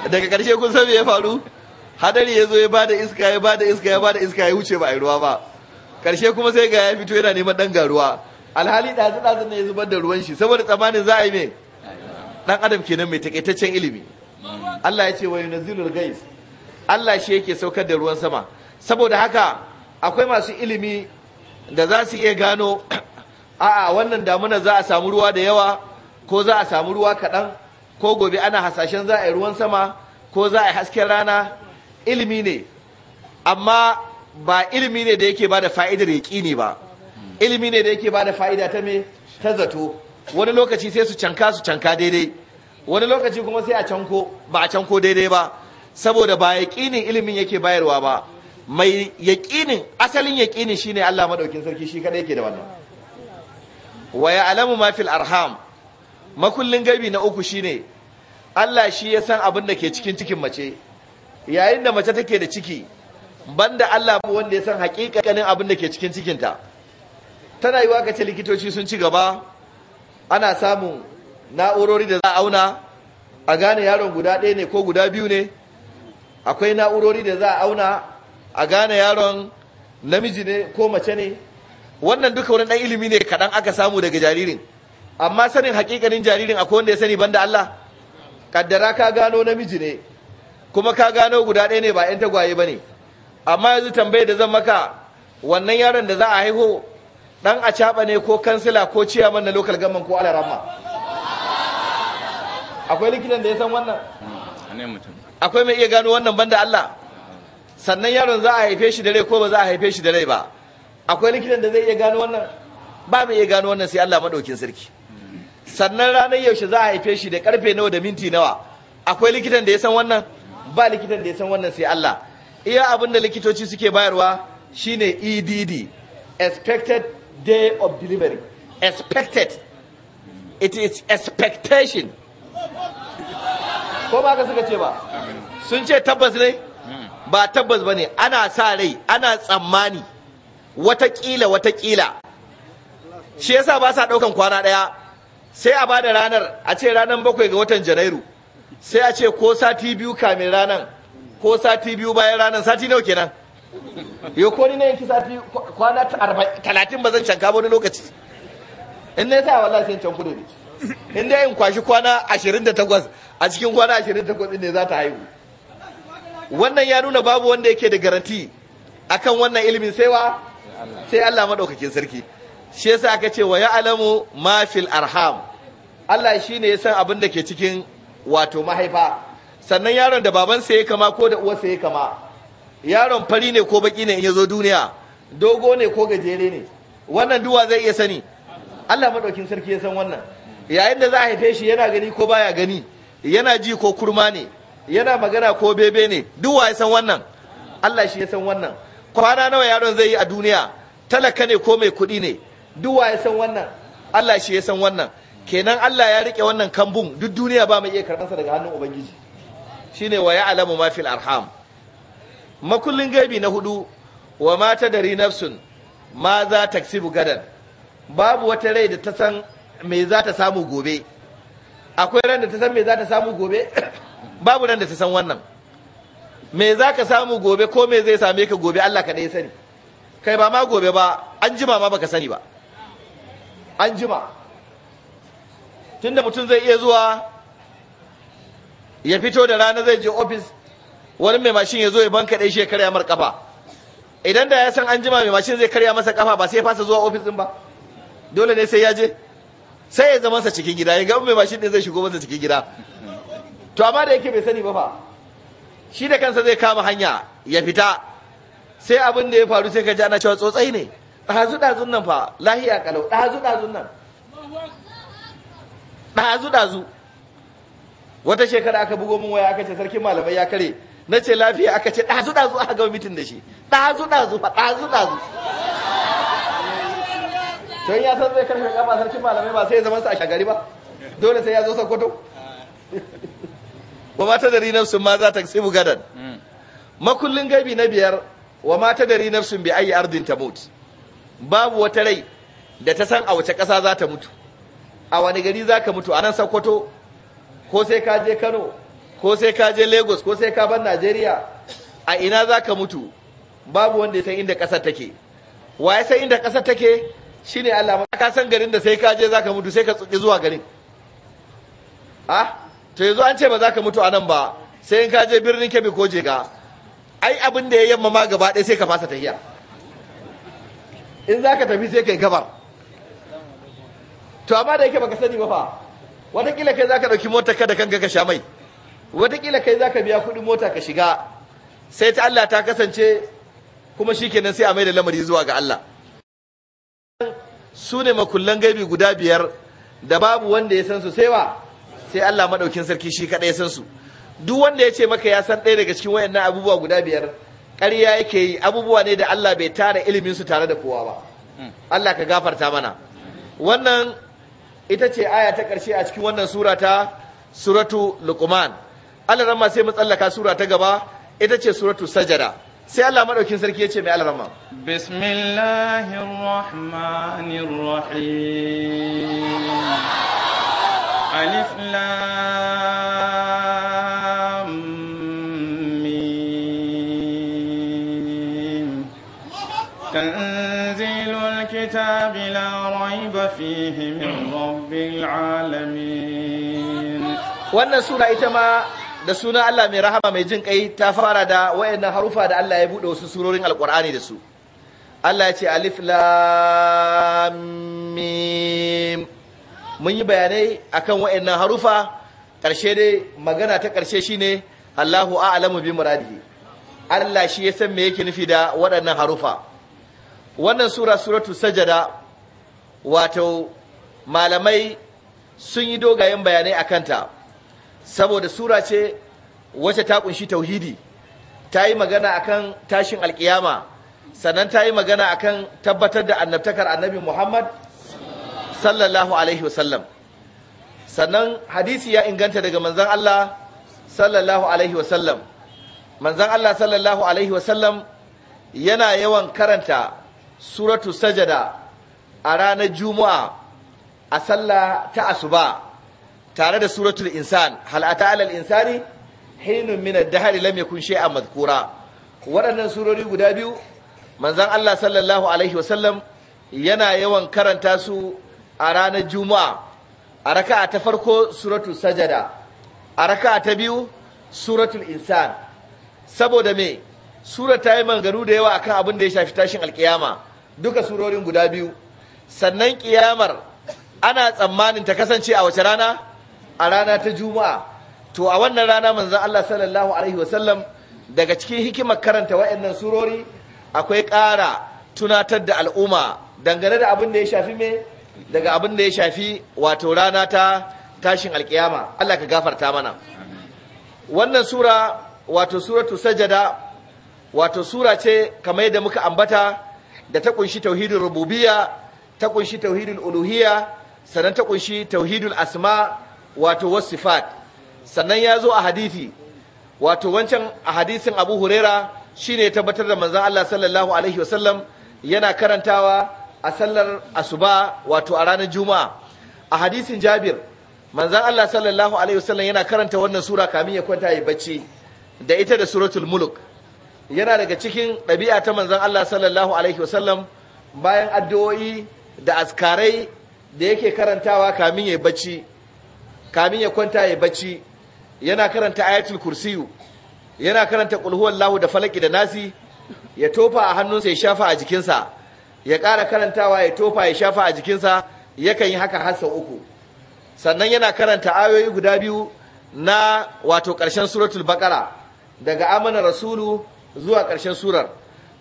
daga karshe kun san ya faru hadari ya zo ya bada iska ya bada iska ya bada iska ya wuce ba a ruwa ba karshe kuma sai ga ya fito yana neman ɗan garuwa alhali da ɗazu ne ya zubar da ruwan shi saboda tsamanin za a yi me Ɗan adam kenan mai taƙaitaccen ilimi Allah ya ce wa yunazzilul gais Allah shi yake saukar da ruwan sama saboda haka akwai masu ilimi da za su iya gano a'a wannan damuna za a samu ruwa da yawa ko za a samu ruwa kaɗan ko gobe ana hasashen za a yi ruwan sama ko za a yi hasken rana ilimi ne amma ba ilimi ne da yake ba da fa'idar yaƙini ba ilimi ne da yake ba da fa'ida ta me ta zato wani lokaci sai su canka su canka daidai wani lokaci kuma sai a canko ba a canko daidai ba saboda ba yaƙinin ilimin yake bayarwa ba mai yaƙinin asalin yaƙinin shine Allah maɗaukin sarki shi kadai yake da wannan wa ma fil arham makullin gaibi na uku shine Allah shi ya san abin da ke cikin cikin mace yayin da mace take da ciki banda Allah wanda ya san hakikanin abin da ke cikin cikinta tana yiwa ka likitoci sun ci gaba ana samun na'urori da za a auna a gane yaron guda ɗaya ne ko guda biyu ne akwai na'urori da za a auna a gane yaron namiji ne ko mace ne wannan duka wani ɗan ilimi ne kaɗan aka samu daga jaririn amma sanin hakikanin jaririn akwai wanda ya sani banda Allah kaddara ka gano namiji ne kuma ka gano guda ɗaya ne ba yan tagwaye bane amma yanzu tambaye da zan maka wannan yaron da za a haihu dan a caba ne ko kansila ko ciyaman na local government ko alarama akwai likitan da ya san wannan akwai mai iya gano wannan banda Allah sannan yaron za a haife shi da rai ko ba za a haife shi da rai ba akwai likitan da zai iya gano wannan ba mai iya gano wannan sai Allah madaukin sarki sannan ranar yaushe za a haife shi da karfe nawa da minti nawa akwai likitan da ya san wannan ba likitan da ya san wannan sai Allah iya abin da likitoci suke bayarwa shine EDD expected day of delivery expected it is expectation ko ba ka suka ce ba sun ce tabbas ne ba tabbas ba ne ana sa rai ana tsammani watakila watakila shi yasa ba sa daukan kwana daya sai a bada ranar a ce ranar bakwai ga watan janairu sai a ce ko sati biyu kamin ranar ko sati biyu bayan ranar sati nawa kenan yau ko ni na yanki sati kwana talatin ba zan canka wani lokaci in na sa wallah sai can kudu ne in dai in kwashi kwana ashirin da takwas, a cikin kwana ashirin takwas ne za ta haihu wannan ya nuna babu wanda yake da garanti akan wannan ilimin saiwa sai Allah madaukakin sarki shi yasa aka ce wa ya'lamu ma fil arham Allah shine ya san abin da ke cikin wato mahaifa sannan yaron da babansa ya kama ko da sa ya kama yaron fari ne ko baki ne in ya zo duniya dogo ne ko gajere ne wannan duwa zai iya sani Allah madaukin sarki ya san wannan yayin da za a haife shi yana gani ko baya gani yana ji ko kurma ne yana magana ko bebe ne duwa ya san wannan Allah shi ya san wannan kwana nawa yaron zai yi a duniya talaka ne ko mai kuɗi ne duwa ya san wannan Allah shi ya san wannan kenan Allah ya rike wannan kambun duk duniya ba mai iya karɓarsa daga hannun ubangiji shine wa ya'lamu ma fil arham makullin gaibi na hudu wa ma tadari nafsun ma za taksibu gadan babu wata rai da ta san me za ta samu gobe akwai ran da ta san me za ta samu gobe babu ran da ta san wannan me za ka samu gobe ko me zai same ka gobe Allah kaɗai ya sani kai ba ma gobe ba an jima ma baka sani ba an jima tunda mutum zai iya zuwa ya fito da rana zai je ofis wani mai mashin ya zo ya banka ɗai shi ya karya mar kafa idan da ya san an jima mai mashin zai karya masa kafa ba sai fasa zuwa ofis din ba dole ne sai ya je sai ya zama sa cikin gida ya ga mai mashin din zai shigo masa cikin gida to amma da yake bai sani ba fa shi da kansa zai kama hanya ya fita sai abin da ya faru sai ka ji ana cewa tsotsai ne ɗazu nan fa lahiya kalau ɗazu nan ɗazu ɗazu wata shekara aka bugo min waya aka ce sarkin malamai ya kare na ce lafiya aka ce ɗazu ɗazu aka gama mitin da shi ɗazu ɗazu fa ɗazu ɗazu don ya san zai karfe gaba sarkin malamai ba sai ya zama sa a shagari ba dole sai ya zo sokoto wa mata da rinafsun ma za ta sai bugadan hmm. makullin gabi na biyar wa mata da rinafsun bi ayi ardin tamut babu wata rai da ta san a wace ƙasa za ta mutu a wani gari za ka mutu a nan sokoto ko sai ka je kano ko sai ka je lagos ko sai ka bar najeriya a ina za ka mutu babu wanda ya san inda ƙasar take wa ya san inda ƙasar take ne allah ka san garin da sai ka je za ka mutu sai ka tsuki zuwa garin ah to yanzu an ce ba za ka mutu a nan ba sai in ka je birnin kebe ko jega ai abin da ya yamma ma gaba ɗaya sai ka fasa tahiya in za ka tafi sai ka yi gabar to amma da yake baka sani ba fa watakila kai za ka ɗauki mota ka da kanka ka sha mai watakila kai za ka biya kuɗin mota ka shiga sai ta Allah ta kasance kuma shi kenan sai a mai da lamari zuwa ga Allah su ne makullan gaibi guda biyar da babu wanda ya san su sai wa sai Allah maɗaukin sarki shi kaɗai ya san su duk wanda ya ce maka ya san ɗaya daga cikin wayannan abubuwa guda biyar ƙarya yake yi abubuwa ne da Allah bai tara ilimin su tare da kowa ba hmm. Allah ka gafarta mana wannan ita ce aya ta ƙarshe a cikin wannan sura ta suratu luqman Allah ramma sai mu tsallaka sura ta gaba ita ce suratu sajada sai Allah maɗaukin sarki ya ce mai alrama bismillahir rahmanir alif lam فيه من رب العالمين wannan sura ita ma da suna Allah mai rahama mai jin kai ta fara da wayannan harufa da Allah ya bude wasu surorin alqur'ani da su Allah ya ce alif lam mim mun yi bayanai akan wayannan harufa karshe dai magana ta karshe shine Allahu a'lamu bi muradihi Allah shi ya san me yake nufi da waɗannan harufa wannan sura suratu sajada wato malamai sun yi dogayen bayanai a kanta saboda sura ce wacce ta kunshi tauhidi ta yi magana a kan tashin alkiyama sannan ta yi magana a kan tabbatar da annabtakar annabi muhammad sallallahu alaihi wasallam sannan hadisi ya inganta daga manzan allah sallallahu alaihi wasallam manzan allah sallallahu alaihi wasallam yana yawan karanta suratu sajada a ranar juma'a a sallah ta asuba tare da suratul insan hal alal insani hinun min ad-dahr lam yakun shay'an madhkura waɗannan surori guda biyu manzon Allah sallallahu alaihi wasallam yana yawan karanta su a ranar juma'a a raka'a ta farko suratul sajada a raka'a ta biyu suratul insan saboda me sura ta yi mangaru da yawa akan abin da ya shafi tashin alkiyama duka surorin guda biyu sannan kiyamar ana tsammanin ta kasance a wace rana a rana ta juma'a to a wannan rana manzon Allah sallallahu alaihi wasallam daga cikin hikimar karanta wayannan surori akwai ƙara tunatar da al'umma dangane da abin da ya shafi me daga abin da ya shafi wato rana ta tashin alkiyama Allah ka gafarta mana wannan sura wato suratu sajada wato sura ce kamar yadda muka ambata da ta kunshi tauhidin rububiyya ta kunshi tauhidul uluhiyya sannan ta kunshi tauhidul asma wato wasifat sannan ya zo a hadithi wato wancan a hadisin abu huraira shine ya tabbatar da manzan Allah sallallahu alaihi wasallam yana karantawa a sallar asuba wato a ranar juma'a a hadisin jabir manzan Allah sallallahu alaihi wasallam yana karanta wannan sura kamin ya kwanta ya bacci da ita da suratul muluk yana daga cikin ɗabi'a ta manzan Allah sallallahu alaihi wasallam bayan addu'o'i da askarai da yake karantawa kamin ya bacci kamin ya kwanta ya bacci yana karanta ayatul kursiyu yana karanta qul da falaki da nasi ya tofa a hannunsa ya shafa a jikinsa ya ƙara karantawa ya tofa ya shafa a jikinsa yakan yi haka har uku sannan yana karanta ayoyi guda biyu na wato ƙarshen suratul baƙara daga amana rasulu zuwa ƙarshen surar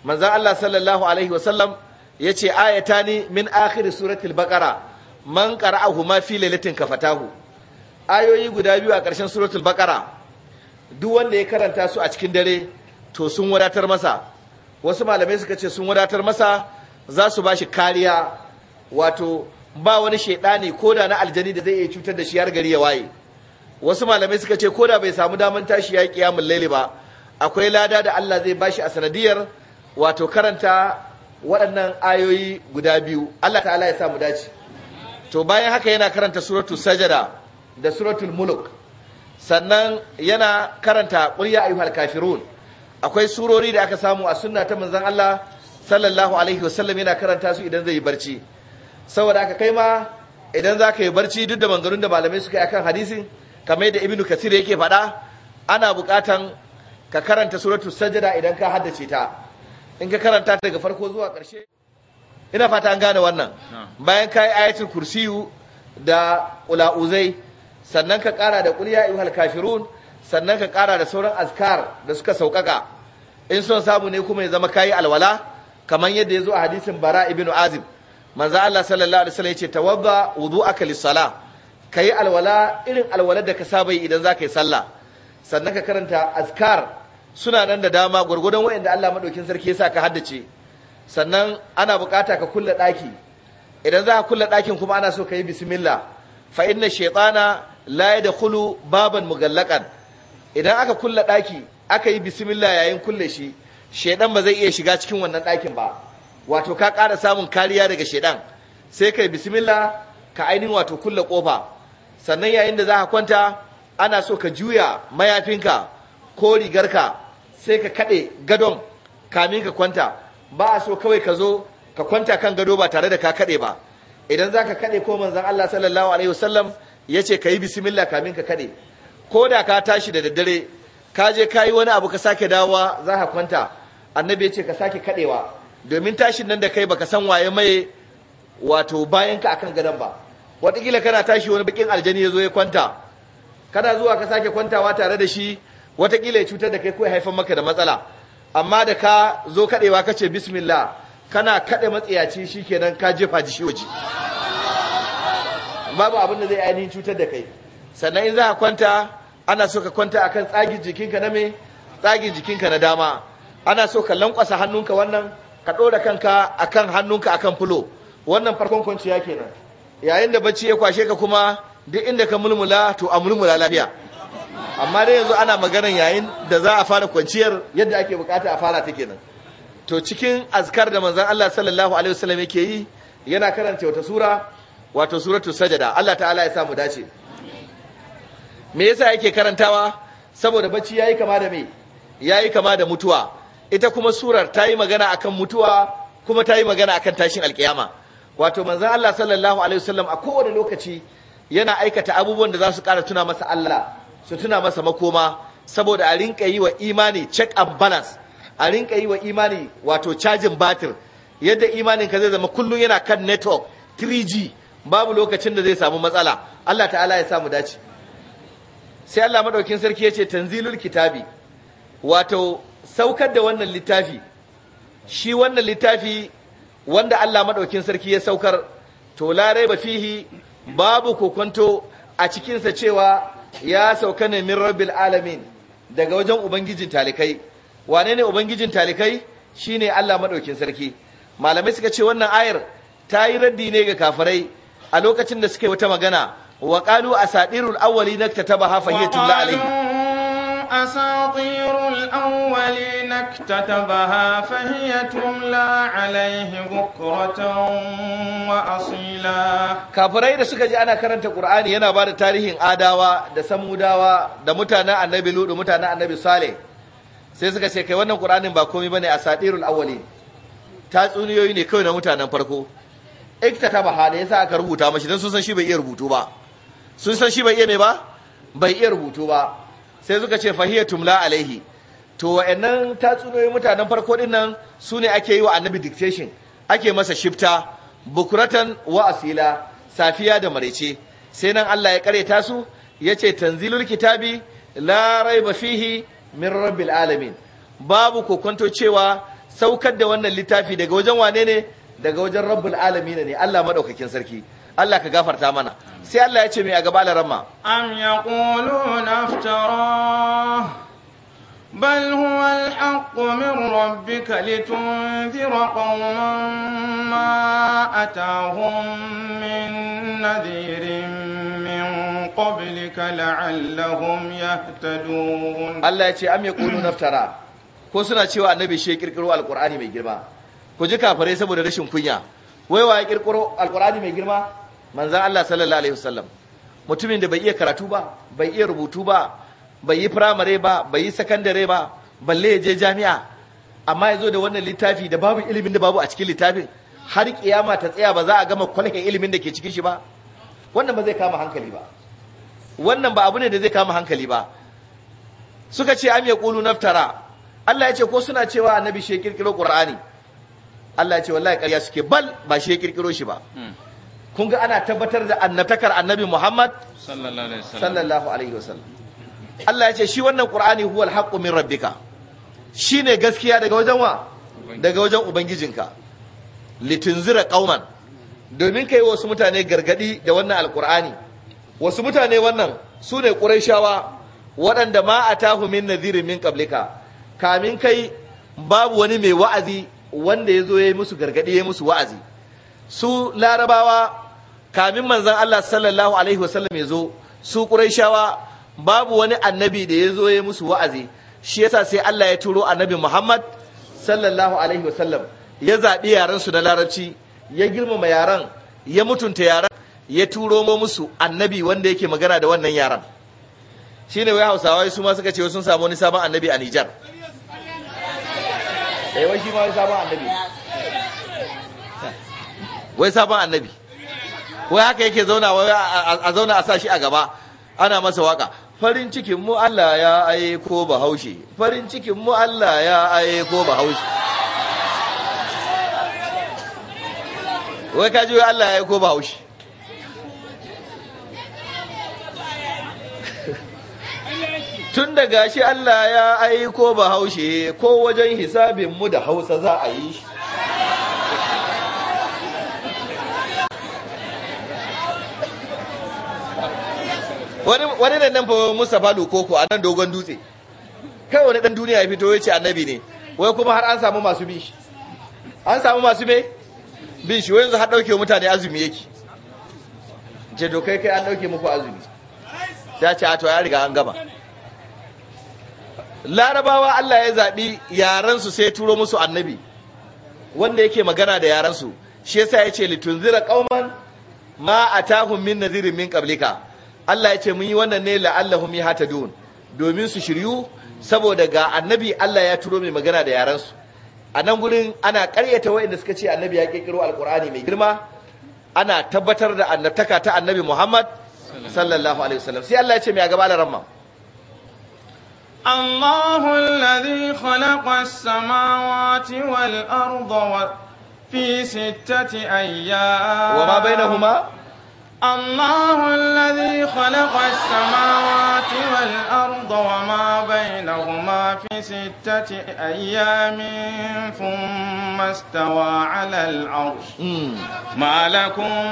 manzan Allah sallallahu alaihi wasallam Ya ce, ayata ni min akhir suratul baqara man ma fi lailatin kafatahu ayoyi guda biyu a ƙarshen suratul baqara duk wanda ya karanta su a cikin dare to sun wadatar masa wasu malamai suka ce sun wadatar masa za su ba shi kariya wato ba wani shedani ko da na aljani da zai iya cutar da shi har gari ya waye wasu malamai suka ce ko da bai samu daman tashi ya yi kiyamun laili ba akwai lada da Allah zai bashi a sanadiyar wato karanta waɗannan ayoyi guda biyu Allah ta'ala ya sa mu dace to bayan haka yana karanta suratul sajada da suratul muluk sannan yana karanta qul ayyuhal kafirun akwai surori da aka samu a sunna ta manzon Allah sallallahu alaihi wasallam yana karanta su idan zai barci saboda aka kai ma idan za ka yi barci duk da mangarun da malamai suka yi akan hadisin kamar da ibnu kasir yake faɗa ana buƙatan ka karanta suratul sajada idan ka haddace ta in ka karanta daga farko zuwa ƙarshe ina fata an gane wannan bayan ka yi ayatul kursiyu da ula'uzai sannan ka ƙara da ƙulya ayyuhal kafirun sannan ka ƙara da sauran azkar da suka sauƙaƙa in son samu ne kuma ya zama kayi alwala kamar yadda ya zo a hadisin bara ibnu azib manzo Allah sallallahu alaihi wasallam yace tawadda wudu'aka lis-sala kayi alwala irin alwala da ka saba yi idan zaka yi sallah sannan ka karanta azkar suna nan da dama gwargwadon da Allah madaukin sarki yasa ka haddace sannan ana bukata ka kulle daki idan za ka kulla dakin kuma ana so ka yi bismillah fa inna shaytana la yadkhulu baban mughallaqan idan aka kulle daki aka yi bismillah yayin kulle shi shaydan ba zai iya shiga cikin wannan dakin ba wato ka ƙara samun kariya daga shaydan sai kai bismillah ka ainihin wato kulle kofa sannan yayin da za ka kwanta ana so ka juya mayafinka ko rigarka sai ka kaɗe gadon kamin ka kwanta ba a so kawai ka zo ka kwanta kan gado ba tare da ka kaɗe ba idan za ka kaɗe ko manzan Allah sallallahu alaihi wasallam ya ce ka yi bismillah kamin ka kaɗe ko da ka tashi da daddare ka je ka yi wani abu ka sake dawowa za ka kwanta annabi ya ce ka sake kaɗewa domin tashin nan da kai baka san waye mai wato bayan ka akan gadon ba wataƙila kana tashi wani bikin aljani ya zo ya kwanta kana zuwa ka sake kwantawa tare da shi watakila ya cutar da kai ko ya maka da matsala amma da ka zo kadewa ka ce bismillah kana kade matsiyaci kenan ka jefa ji shi waje babu abin da zai ainihin cutar da kai sannan in za ka kwanta ana so ka kwanta akan tsagin jikinka na me tsagin jikinka na dama ana so ka lankwasa hannunka wannan ka ɗora kanka akan hannunka akan fulo wannan farkon kwanciya kenan yayin da bacci ya kwashe ka kuma duk inda ka mulmula to a mulmula lafiya amma dai yanzu ana maganar yayin da za a fara kwanciyar yadda ake bukata a fara ta kenan to cikin azkar da manzon Allah sallallahu alaihi wasallam yake yi yana karanta wata sura wato suratul sajada Allah ta'ala ya samu dace me yasa yake karantawa saboda bacci yayi kama da me yayi kama da mutuwa ita kuma surar ta yi magana akan mutuwa kuma tayi magana akan tashin alkiyama wato manzon Allah sallallahu alaihi wasallam a kowane lokaci yana aikata abubuwan da za su ƙara tuna masa Allah su tuna masa makoma saboda a rinka yi wa imani check and balance a rinka yi wa imani wato cajin batir yadda imanin ka zai zama kullum yana kan network 3G babu lokacin da zai samu matsala Allah ta'ala ya samu dace sai Allah madaukin sarki ya ce tanzilul kitabi wato saukar da wannan littafi shi wannan littafi wanda Allah madaukin sarki ya saukar to la ba fihi babu kokonto a cikinsa cewa ya sauka ne min rabbil alamin daga wajen ubangijin talikai wane ne ubangijin talikai shine Allah madaukin sarki malamai suka ce wannan ayar ta yi raddi ne ga kafirai a lokacin da suka yi wata magana wa qalu asadirul awwalin naktataba hafa hiya tulla أساطير الأولين اكتتبها فهي تملى عليه بكرة وأصيلا كافرين suka ji ana karanta Qur'ani yana bada tarihin Adawa da Samudawa da mutanen Annabi Lut da mutanen Annabi Saleh sai suka ce kai wannan Qur'anin ba komai bane asatirul awwalin tatsuniyoyi ne kawai na mutanen farko iktatabaha da yasa aka rubuta mashi dan sun san shi bai iya rubutu ba sun san shi bai iya ne ba bai iya rubutu ba sai suka ce fahiya tumla alaihi to wa'annan tatsuniyoyi mutanen farko din nan su ne ake yi wa annabi dictation ake masa shifta bukuratan wa asila safiya da maraice sai nan Allah ya kareta su ya ce tanzilul kitabi la raiba fihi min rabbil alamin babu kokonto cewa saukar da wannan littafi daga wajen wane ne daga wajen rabbul alamin ne Allah madaukakin sarki Allah ka gafarta mana sai Allah ya ce mai a gaba larama am yaquluna iftara بل هو الحق من ربك لتنذر قوما ما أتاهم من نذير من قبلك لعلهم يهتدون الله يتي أم يقولون naftara ko suna cewa annabi shi ya kirkiro alkur'ani mai girma ku ji kafare saboda rashin kunya wai wa ya kirkiro mai girma manzan Allah sallallahu alaihi wasallam mutumin da bai iya karatu ba bai iya rubutu ba bai yi firamare ba bai yi sakandare ba balle ya je jami'a amma ya zo da wannan littafi da babu ilimin da babu a cikin littafin har kiyama ta tsaya ba za a gama kwalke ilimin da ke cikin shi ba wannan ba zai kama hankali ba wannan ba abu ne da zai kama hankali ba suka ce am yaqulu naftara Allah ya ce ko suna cewa annabi shi ya kirkiro qur'ani Allah ya ce wallahi ƙarya suke bal ba shi ya kirkiro shi ba hmm. kun ga ana tabbatar da annatakar annabi Muhammad sallallahu alaihi wasallam Allah ya ce shi wannan Qur'ani huwal haqqu min rabbika shine gaskiya daga wajen wa daga wajen ubangijinka litunzira qauman domin kai wasu mutane gargadi da wannan alqur'ani wasu mutane wannan sune quraishawa waɗanda ma atahu min nadhirin min qablika kamin kai babu wani mai wa'azi wanda ya zo ya yi musu gargadi ya yi musu wa'azi su larabawa kamin manzon Allah sallallahu alaihi wasallam ya zo su Qurayshawa babu wani annabi da ya zo ya musu wa'azi shi yasa sai Allah ya turo annabi Muhammad sallallahu alaihi wasallam ya zaɓi yaran su na larabci ya girmama yaran ya mutunta yaran ya turo musu annabi wanda yake magana da wannan yaran shine wai Hausawa su ma suka ce sun samu wani sabon annabi a Nijar eh wai shi ma wani sabon annabi wai sabon annabi wai haka yake zauna a zauna a sashi a gaba ana masa waka farin cikin mu Allah ya aiko bahaushe farin cikin mu Allah ya aiko bahaushe wai ka ji Allah ya aiko bahaushe tun da gashi Allah ya aiko bahaushe ko wajen hisabin mu da Hausa za a yi shi wani nan nan fa Mustapha Dokoko a nan dogon dutse kai wani dan duniya ya fito ya ce annabi ne wai kuma har an samu masu bin shi an samu masu me bin shi wai yanzu har dauke mutane azumi yake je dokai kai an dauke muku azumi ya ce a to ya riga an gama larabawa Allah ya zaɓi yaransu sai turo musu annabi wanda yake magana da yaransu shi yasa ya ce litunzira qauman ma atahum min nadhirin min qablika Allah ya ce mun yi wannan ne la'allahum yahtadun domin su shiryu saboda ga annabi Allah ya turo mai magana da yaran su a nan gurin ana ƙaryata waɗanda suka ce annabi ya kirkiro alqur'ani mai girma ana tabbatar da annabtaka ta annabi Muhammad sallallahu alaihi wasallam sai Allah ya ce mai a gaba ramma الله الذي خلق السماوات والأرض في ستة أيام الله الذي خلق السماوات والأرض وما بينهما في ستة أيام ثم استوى على العرش ما لكم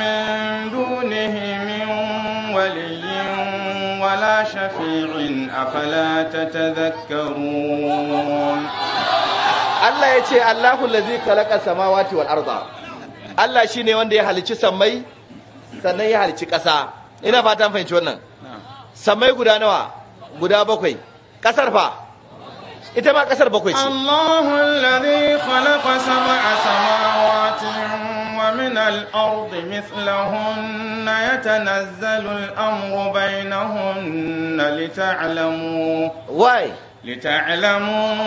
من دونه من ولي ولا شفيع أفلا تتذكرون الله يتي الله الذي خلق السماوات والأرض الله شيني وندي هل تسمي sannan ya halici ƙasa ina fatan fahimci wannan samai guda nawa guda bakwai ƙasar fa ita ma ƙasar bakwai ce Allahu alladhi khalaqa sab'a samawati wa min ومن الأرض مثلهن يتنزل الأمر بينهن لتعلموا Why? لتعلموا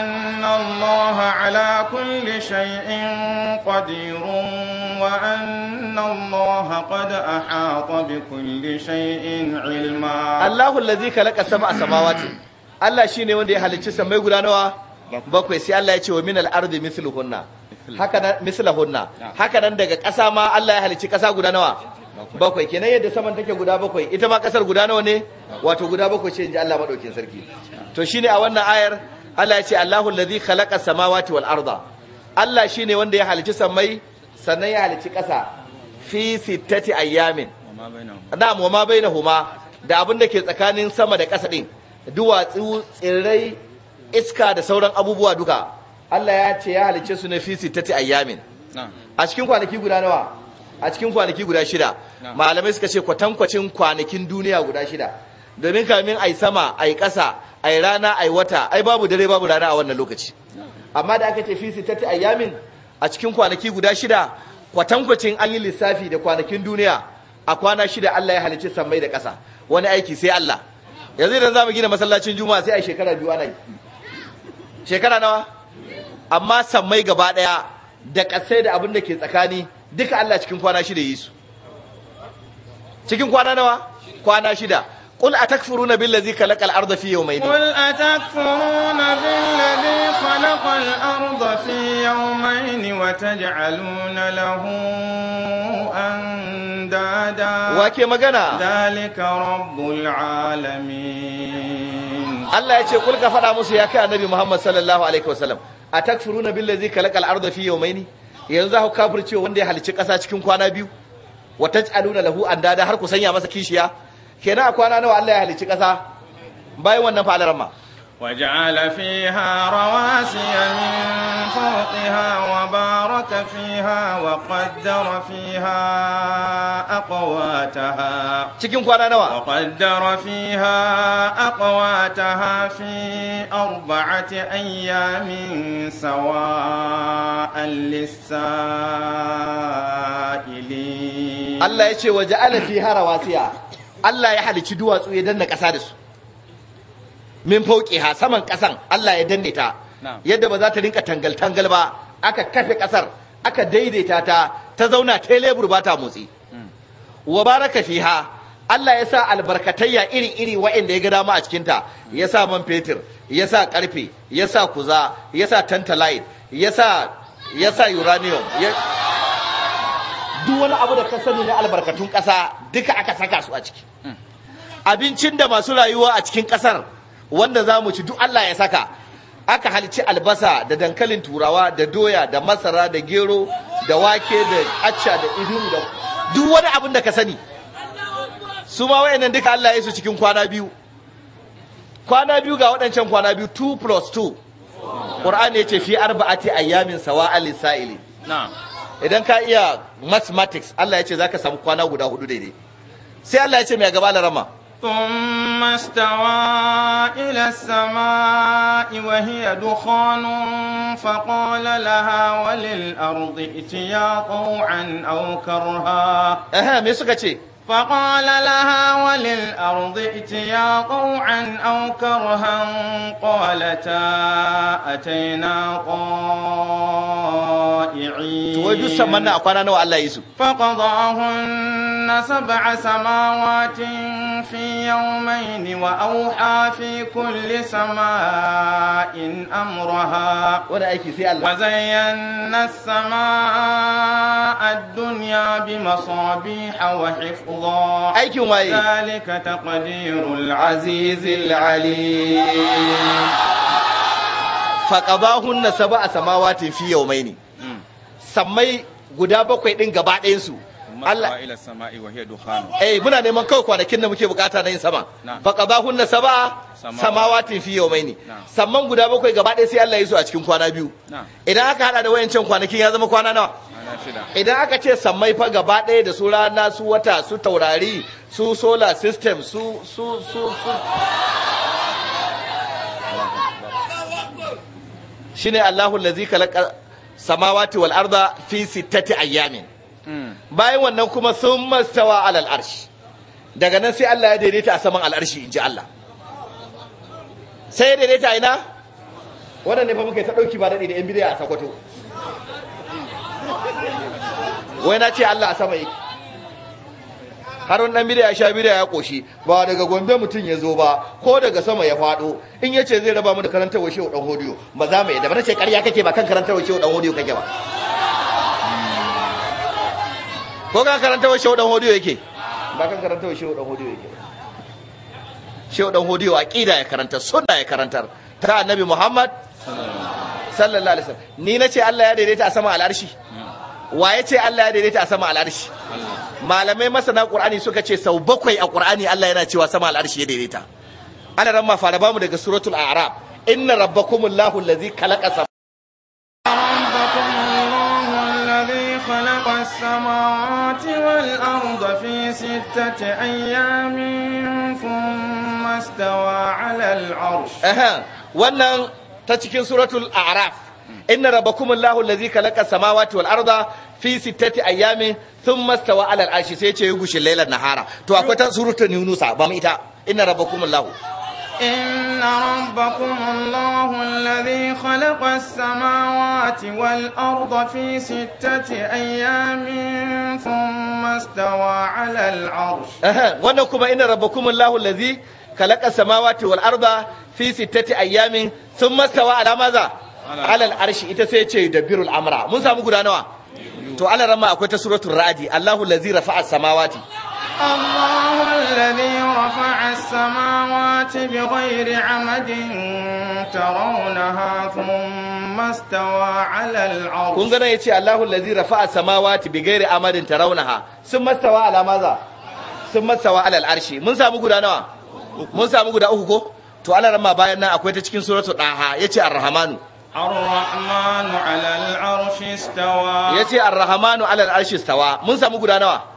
أن الله على كل شيء قدير وأن الله قد أحاط بكل شيء علما الله الذي خلق sai Allah ya ce wa min daga ƙasa ma Allah ya halicci ƙasa guda nawa bakwai kenan yadda saman take guda bakwai ita ma kasar guda nawa ne wato guda bakwai ce inji Allah madaukin sarki to shine a wannan ayar Allah ya ce Allahu allazi khalaqa samawati wal arda Allah shine wanda ya halici samai sannan ya halici kasa fi sittati ayyamin na'am wa ma bainahuma da abin da ke tsakanin sama da kasa din duwatsu tsirrai iska da sauran abubuwa duka Allah ya ce ya halice su ne fi sittati ayyamin a cikin kwanaki guda nawa a cikin kwanaki guda shida malamai suka ce kwatankwacin kwanakin duniya guda shida domin kamin ai sama ai ƙasa ai rana ai wata ai babu dare babu rana a wannan lokaci amma da aka ce fi sittati ayyamin a cikin kwanaki guda shida kwatankwacin an yi lissafi da kwanakin duniya a kwana shida Allah ya halicci sammai da ƙasa wani aiki sai Allah yanzu idan zamu gina masallacin juma'a sai a shekara biyu ana yi shekara nawa amma sammai gaba daya da kasai da abin da ke tsakani duka Allah cikin kwana shida yi su cikin kwana nawa kwana shida قل اتكفرون بالذي خلق الارض في يومين قل اتكفرون بالذي خلق الارض في يومين وتجعلون له اندادا واكي magana ذلِكَ رَبُّ Allah yace kul ka fada musu ya kai annabi Muhammad sallallahu alaihi wasallam atakfuruna billazi khalaqal arda fi yawmayni yanzu za hau kafirce wanda ya halicci ƙasa cikin kwana biyu wa aluna lahu an dada har ku sanya masa kishiya kenan a kwana nawa Allah ya halicci ƙasa bayan wannan fa'alar ma وجعل فيها رواسي من فوقها وبارك فيها وقدر فيها أقواتها وقدر فيها أقواتها في أربعة أيام سواء للسائلين الله يشي وجعل فيها رواسي الله يحلي تدوى سويدن كسادس min ha saman kasan Allah ya danne ta yadda ba za ta rinka tangal tangal ba aka kafe ƙasar aka daidaita ta ta zauna ta lebur ba ta motsi hmm. wa baraka fiha Allah ya sa albarkatayya iri-iri waɗanda ya ga dama a cikinta hmm. ya sa man fetur ya sa ƙarfe ya sa kuza ya sa tantalite ya sa uranium duk wani abu da ka sani na albarkatun ƙasa duka aka saka su a ciki hmm. abincin da masu rayuwa a cikin ƙasar wanda za mu ci duk Allah ya saka aka halci albasa da dankalin turawa da doya da masara da gero da wake da acca da idun da duk wani abin da ka sani su ma wayannan duka Allah ya su cikin kwana biyu kwana biyu ga waɗancan kwana biyu 2 plus 2 Qur'ani ya ce fi arba'ati ayyamin sawa alisaili na'am idan ka iya mathematics Allah ya ce zaka samu kwana guda hudu daidai sai Allah ya ce mai gaba rama. ثم استوى إلى السماء وهي دخان فقال لها وللأرض ائتيا طوعا أو كرها أها ميسوكا فقال لها وللأرض ائتيا طوعا أو كرها قالتا أتينا طائعين فقضاهن سبع سماوات في يومين وأوحى في كل سماء أمرها وزينا السماء الدنيا بمصابيح وحفظ Aikin waye? Faƙa bahun na saba a samawa ta fiyaumai ne. Sammai guda bakwai ɗin gaba gabaɗayansu. Allah ila sama'i wa hiya dukhan eh muna neman kawai kwanakin da muke bukata na yin sama fa qadahunna sab'a samawati fi yawmaini samman guda bakwai gaba ɗaya sai Allah ya su a cikin kwana biyu idan aka hada da wayancan kwanakin ya zama kwana nawa idan aka ce sammai fa gaba ɗaya da su rana su wata su taurari su solar system su su su su shine Allahu allazi khalaqa samawati wal arda fi sittati ayyamin Mm. bayan wannan kuma sun mastawa alal arshi daga nan sai Allah ya daidaita a saman al'arshi in ji Allah sai ya daidaita ina waɗanda fa muka yi ta ɗauki ba daɗi da ‘yan bidiyar a sakwato wai na ce Allah a sama yake har wani ɗan bidiyar sha bidiyar ya ƙoshi ba daga gombe mutum ya zo ba ko daga sama ya faɗo in ya ce zai raba mu da karantar wa shehu ɗan hodiyo ba za mu yi da ba na ce ƙarya kake ba kan karantar wa shehu ɗan hodiyo kake ba ko ka karanta wa shehu dan hodiyo yake ba kan karanta wa shehu dan hodiyo yake shehu dan hodiyo aqida ya karanta sunna ya karantar ta annabi muhammad sallallahu alaihi wasallam ni nace Allah ya daidaita a sama al'arshi wa ya ce Allah ya daidaita a sama al'arshi malamai masana qur'ani suka ce sau bakwai a qur'ani Allah yana cewa sama al'arshi ya daidaita ana ran ma fara bamu daga suratul a'raf inna rabbakumullahu allazi khalaqa خلق السماوات والأرض في ستة أيام ثم استوى على العرش أها ولا تتكين سورة الأعراف إن ربكم الله الذي خلق السماوات والأرض sun mastawa alal sai ce ya gushe lailar nahara to akwai ta surutun yunusa ba mu ita inna إن ربكم الله الذي خلق السماوات والأرض في ستة أيام ثم استوى على العرش ونكما إن ربكم الله الذي خلق السماوات والأرض في ستة أيام ثم استوى على ماذا على العرش إتسيتش يدبر الأمر موسى مقرانوا تو على رما أكوة سورة الرعد الله الذي رفع السماوات الله الذي رفع السماوات بغير عمد ترونها ثم استوى على العرش kun gane yace Allahu allazi rafa'a samawati bighairi amadin tarawunaha sun mastawa ala sun mastawa ala al'arshi mun samu guda nawa mun samu guda uku ko to Allah bayan na akwai ta cikin suratu daha yace ar-rahmanu ar-rahmanu ala al-arshi istawa ar-rahmanu ala al mun samu guda nawa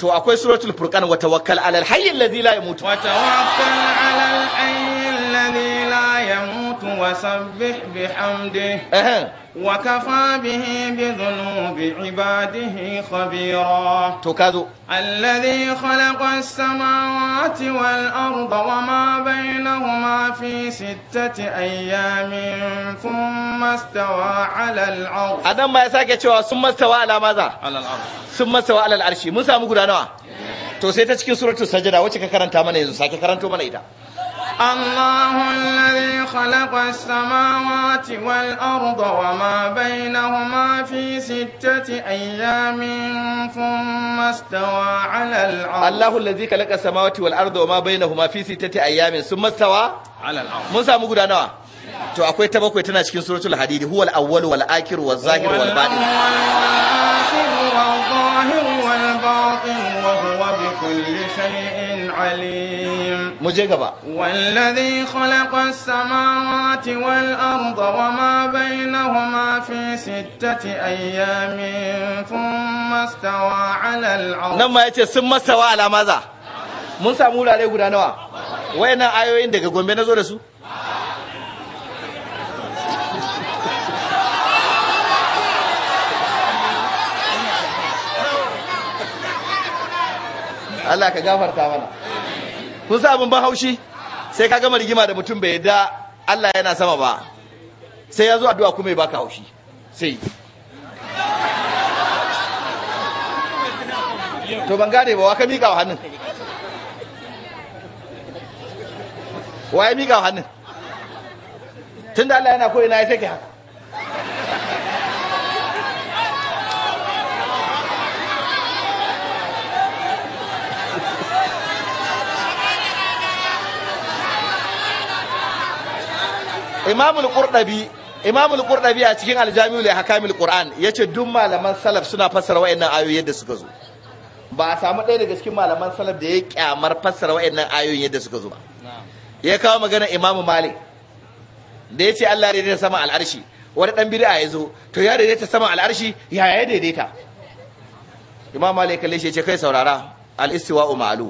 to akwai suratul furqan wa tawakkal alal hayy alladhi la yamut wa tawakkal alal hayy alladhi la yamut وسبح بحمده وكفى به بذنوب عباده خبيرا تكادو الذي خلق السماوات والأرض وما بينهما في ستة أيام ثم استوى على العرش أدم ما يساكي تشوى ثم استوى على ماذا؟ على العرش ثم استوى على العرش موسى مقرانوا تو سيتا تشكي سورة السجدة وشكا كرانتا karanta يزو ساكي كرانتو karanto mana الله الذي خلق السماوات والأرض وما بينهما في ستة أيام ثم استوى على العرش الله الذي خلق السماوات والأرض وما بينهما في ستة أيام ثم استوى على العرش موسى مغدانا to akwai ta bakwai tana cikin suratul hadidi huwal awwal wal akhir wal zahir wal batin wal zahir wal batin wa huwa bi kulli shay'in alim mu je gaba wallazi khalaqa as-samawati wal arda wama bainahuma fi sittati ayyamin thumma istawa 'ala al-'arsh nan ma yace sun mastawa ala maza mun samu wurare guda nawa wayannan ayoyin daga Gombe na zo da su Allah ka gafarta mana kun sa abin ban haushi sai ka gama rigima da mutum bai yadda Allah yana sama ba sai ya zo addu'a kuma ya baka haushi sai to ban gane ba wa ka mika wa hannun wa ya mika wa hannun tunda Allah yana koyi na ya sai kai haka imamul qurdabi imamul qurdabi a cikin aljami'ul hakamil qur'an yace duk malaman salaf suna fassara wayannan ayoyi yadda suka zo ba a samu ɗaya daga cikin malaman salaf da ya kyamar fassara wayannan ayoyin yadda suka zo ba ya kawo magana imamu malik da ya ce Allah daidaita sama al'arshi wani dan bid'a ya zo to ya daidaita sama al'arshi ya ya daidaita imam malik kalle shi ce kai saurara al-istiwa ma'lu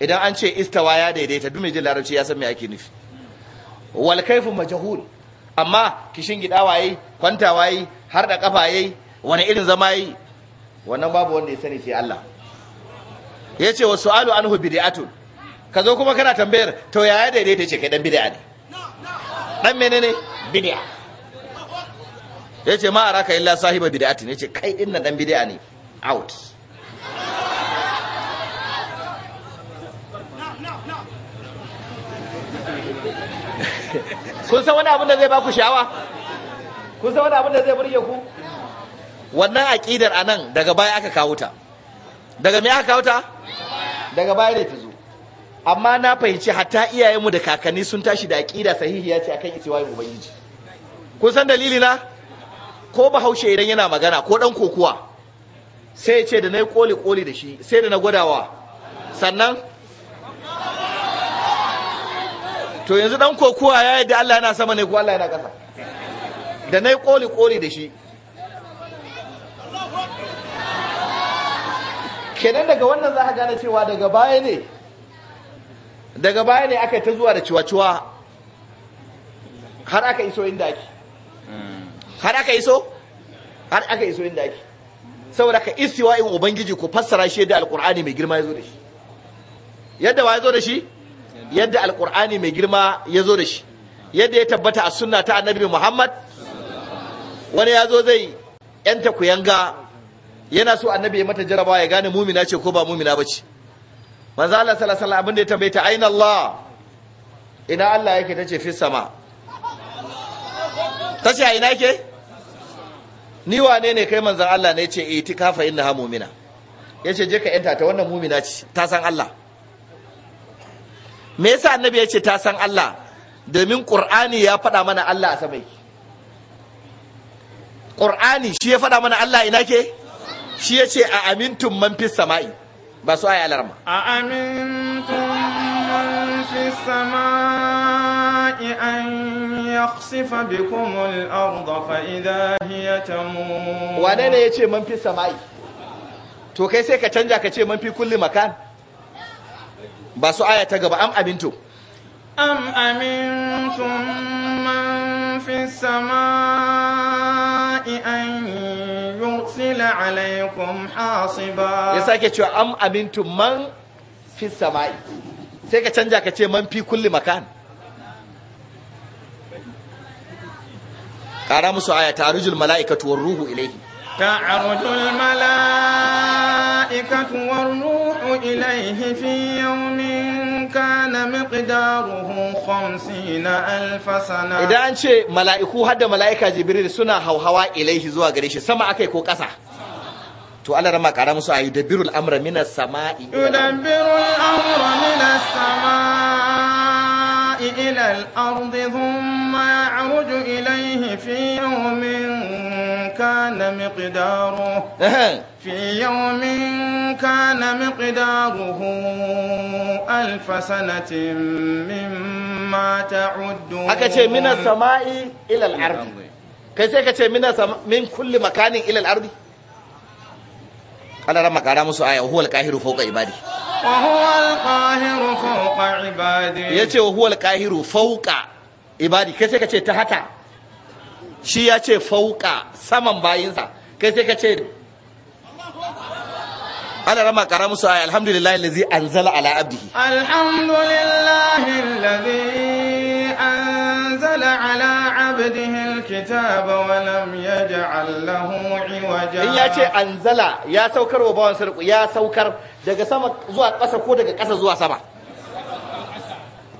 idan an ce istawa ya daidaita duk mai jin larabci ya san me ake nufi Walkaifin kaifu majhul amma kishin gida waye kwanta waye har da kafa yayi wani irin zama yayi wannan babu wanda ya sani sai Allah yace wa su'alu anhu bid'atun ka zo kuma kana tambayar to yaya daidaita ce kai dan bid'a ne dan menene bid'a yace ma araka illa sahiba bid'atin yace kai din na dan bid'a ne out kun san wani abin da zai baku sha'awa kun san wani abin da zai burge ku wannan aqidar anan daga baya aka kawo ta daga me aka kawo ta daga baya da ta zo amma na fahimci hatta iyayenmu da kakanni sun tashi da aqida sahihiya ce akan istiwayin ubangiji kun san dalili na ko bahaushe idan yana magana ko dan kokuwa sai ya ce da nayi koli koli da shi sai da na gwadawa sannan to yanzu dan kokuwa ya yadda Allah yana sama ne ko Allah yana ƙasa da na yi ƙoli ƙoli da shi kenan daga wannan za ka gane cewa daga baya ne daga baya ne aka ta zuwa da ciwa-ciwa har aka iso inda ake har aka iso har aka iso inda ake saboda ka istiwa in ubangiji ku fassara shi da alkur'ani mai girma ya zo da shi yadda wa ya zo da shi yadda alkur'ani mai girma ya zo da shi yadda ya tabbata a sunna ta annabi muhammad wani ya zo zai yanta yanga. yana so annabi ya mata jarabawa ya gane mumina ce ko ba mumina ba ce manzo Allah sallallahu alaihi abin da ya tambaye ta aina Allah ina Allah yake tace fi sama tace a ina yake ni wane ne kai manzon Allah ne yace itikafa eh, innaha mumina yace je ka yanta ta wannan mumina ce ta san Allah me yasa annabi ya ce ta san Allah domin qur'ani ya faɗa mana Allah a samai. qur'ani shi ya faɗa mana Allah ina ke shi ya ce a amintun man fis sama'i ba su ayi alarma a amintun man fis sama'i an يخسف بكم الأرض فإذا هي تمور وانا yace man fis sama'i to kai sai ka canja ka ce man fi kulli makan ba su aya ta gaba am amintu am amintum man fi samai an yursila alaikum hasiba ya sake cewa am amintum man fi samai sai ka canja ka ce man fi kulli makan Kara musu aya ta rujul mala'ikatu war ruhu ilaihi تعرج الملائكة والروح إليه في يوم كان مقداره خمسين ألف سنة إذا أنت ملائكو هذا ملائكة جبريل سنة هو هوا إليه زوا قريش سمع كيكو كسا to Allah rama kara musu a yudabbiru al'amra minas sama'i yudabbiru al'amra minas sama'i ila al-ardi thumma ya'ruju ilayhi fi yawmin كان مقداره في يوم كان مقداره ألف سنة مما تعدون أكتشي من السماء إلى الأرض كيف musu aya wa huwal qahiru ibadi wa huwal qahiru ibadi yace wa huwal qahiru fawqa ibadi kace kace ta hata shi ya ce fauka saman bayinsa kai sai ka ce ana rama kara musu ayi alhamdulillahi allazi anzala ala abdi alhamdulillahi lazi anzala ala abdihi Kitaba wa lam yaj'al lahu iwaja in ya ce anzala ya saukar wa bawan sarku ya saukar daga sama zuwa ƙasa ko daga ƙasa zuwa sama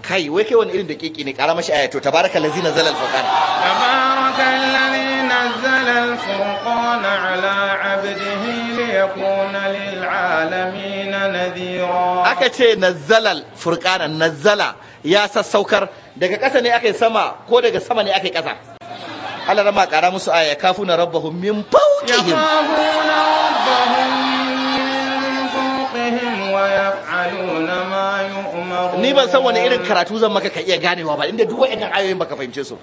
kai wai kai wani irin da kiki ne kara mashi ayato tabarakallazi nazala alfurqan تبارك الذي نزل الفرقان على عبده ليكون للعالمين نذيرا أكتشي نزل الفرقان نزل يا سسوكر daga ƙasa ne سما yi sama ko daga sama ne aka yi ƙasa Allah rama ƙara musu aya kafuna ni ban san wani irin karatu zan maka ka iya ganewa ba inda duk wa'annan ayoyin baka fahimce su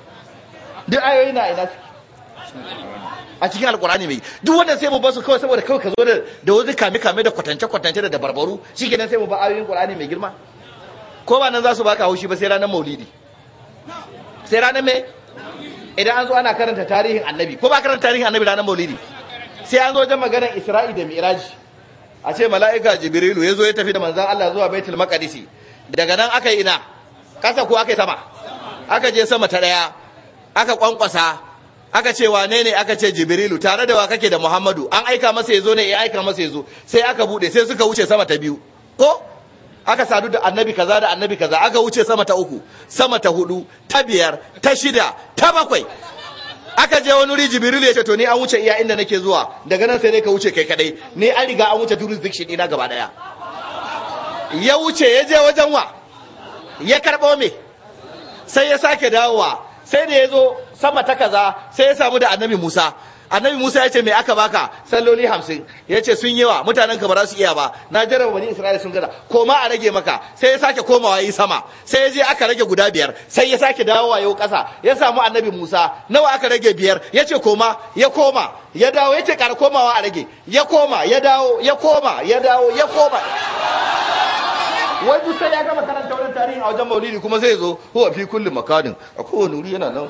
duk ayoyi na ina suke a cikin alkurani mai duk wannan sai mu basu kawai saboda kawai ka zo da da wani kame kame da kwatance kwatance da dabarbaru shikenan sai mu ba ayoyin qur'ani mai girma ko ba nan za su baka haushi ba sai ranar maulidi sai ranar me idan an zo ana karanta tarihin annabi ko ba karanta tarihin annabi ranar maulidi sai an zo wajen maganar isra'i da miraji a ce mala'ika jibrilu ya zo ya tafi da manzan allah zuwa baitul maqdisi daga nan aka yi ina kasa ko aka yi sama aka je sama ta daya aka kwankwasa aka ce wane ne aka ce jibrilu tare da wa kake da muhammadu an aika masa yazo ne ya aika masa yazo sai aka bude sai suka wuce sama ta biyu ko aka sadu da annabi kaza da annabi kaza aka wuce sama ta uku sama ta hudu ta biyar ta shida ta bakwai aka je wani wuri jibrilu ya ce to ni an wuce iya inda nake zuwa daga nan sai ne ka wuce kai kadai ni an riga an wuce jurisdiction ina gaba daya ya wuce ya je wajen wa ya karbo me sai ya sake dawowa sai da ya zo sama ta kaza sai ya samu da annabi musa annabi Musa ya ce me aka baka salloli hamsin ya ce sun yawa mutanen ka ba za su iya ba na jarraba bani Isra'ila sun gada koma a rage maka sai ya sake komawa yi sama sai ya je aka rage guda biyar sai ya sake dawowa yau ƙasa ya samu annabi Musa nawa aka rage biyar ya ce koma ya koma ya dawo ya ce ƙara komawa a rage ya koma ya dawo ya koma ya dawo ya koma wai sai ya gama karanta wani tarihin a wajen maulidi kuma zai zo huwa fi kulli makadin a kowane wuri yana nan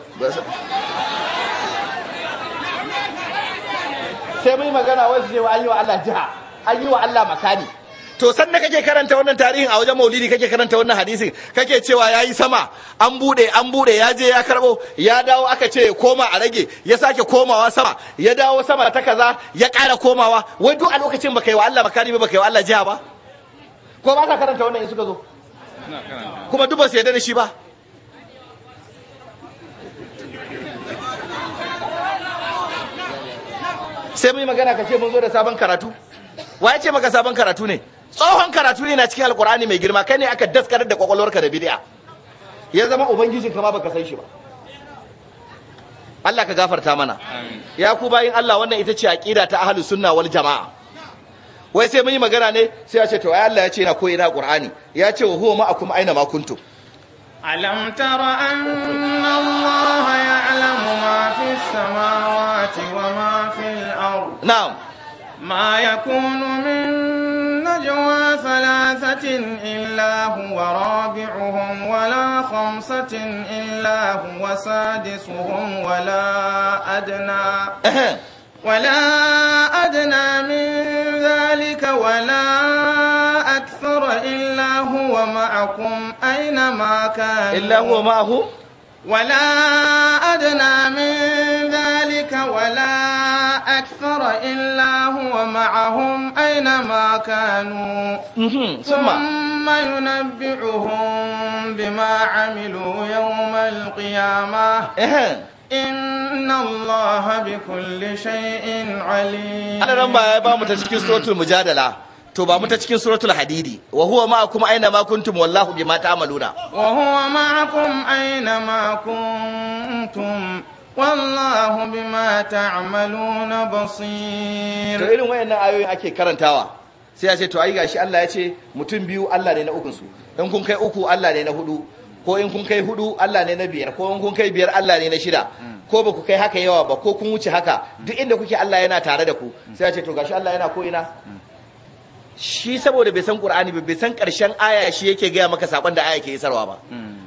sai mai magana wai su ce wa an yi wa Allah jiha an yi wa Allah makani to da kake karanta wannan tarihin a wajen maulidi kake karanta wannan hadisin kake cewa yayi sama an bude an bude ya je ya karbo ya dawo aka ce koma a rage ya sake komawa sama ya dawo sama ta kaza ya ƙara komawa wai duk a lokacin baka yi wa Allah makani ba baka yi wa Allah jiha ba ko ba ka karanta wannan in suka zo kuma duk ba su yarda da shi ba sai mun yi magana ka ce mun zo da sabon karatu wa ce maka sabon karatu ne tsohon karatu ne na cikin alkur'ani mai girma kai ne aka daskarar da kwakwalwarka da bid'a ya zama ubangijin kama baka san shi ba Allah ka gafarta mana ya ku bayin Allah wannan ita ce aqida ta ahlus sunna wal jamaa wai sai mun yi magana ne sai ya ce to ai Allah ya ce na koyi na qur'ani ya ce wa huwa ma'akum aina ma kuntum ألم تر أن الله يعلم ما في السماوات وما في الأرض نعم ما يكون من نجوى ثلاثة إلا هو رابعهم ولا خمسة إلا هو سادسهم ولا أدنى ولا أدنى من ذلك ولا أكثر إلا هو معكم أينما كان إلا هو معه ولا أدنى من ذلك ولا أكثر إلا هو معهم أينما كانوا ثم ينبئهم بما عملوا يوم القيامة إن الله بكل شيء عليم أنا لما يبقى متشكي سورة المجادلة to ba mu ta cikin suratul hadidi wa huwa ma'akum aina ma kuntum wallahu bima ta'maluna wa huwa ma'akum aina ma kuntum wallahu bima ta'maluna basir to irin wayannan ayoyin ake karantawa sai ya ce to ai gashi Allah ya ce mutum biyu Allah ne na ukun su in kun kai uku Allah ne na hudu ko in kun kai hudu Allah ne na biyar ko in kun kai biyar Allah ne na shida ko ba ku kai haka yawa ba ko kun wuce haka duk inda kuke Allah yana tare da ku sai ya ce to gashi Allah yana ko ina shi saboda bai san qur'ani ba bai san karshen aya shi yake gaya maka sakon da aya ke isarwa ba hmm.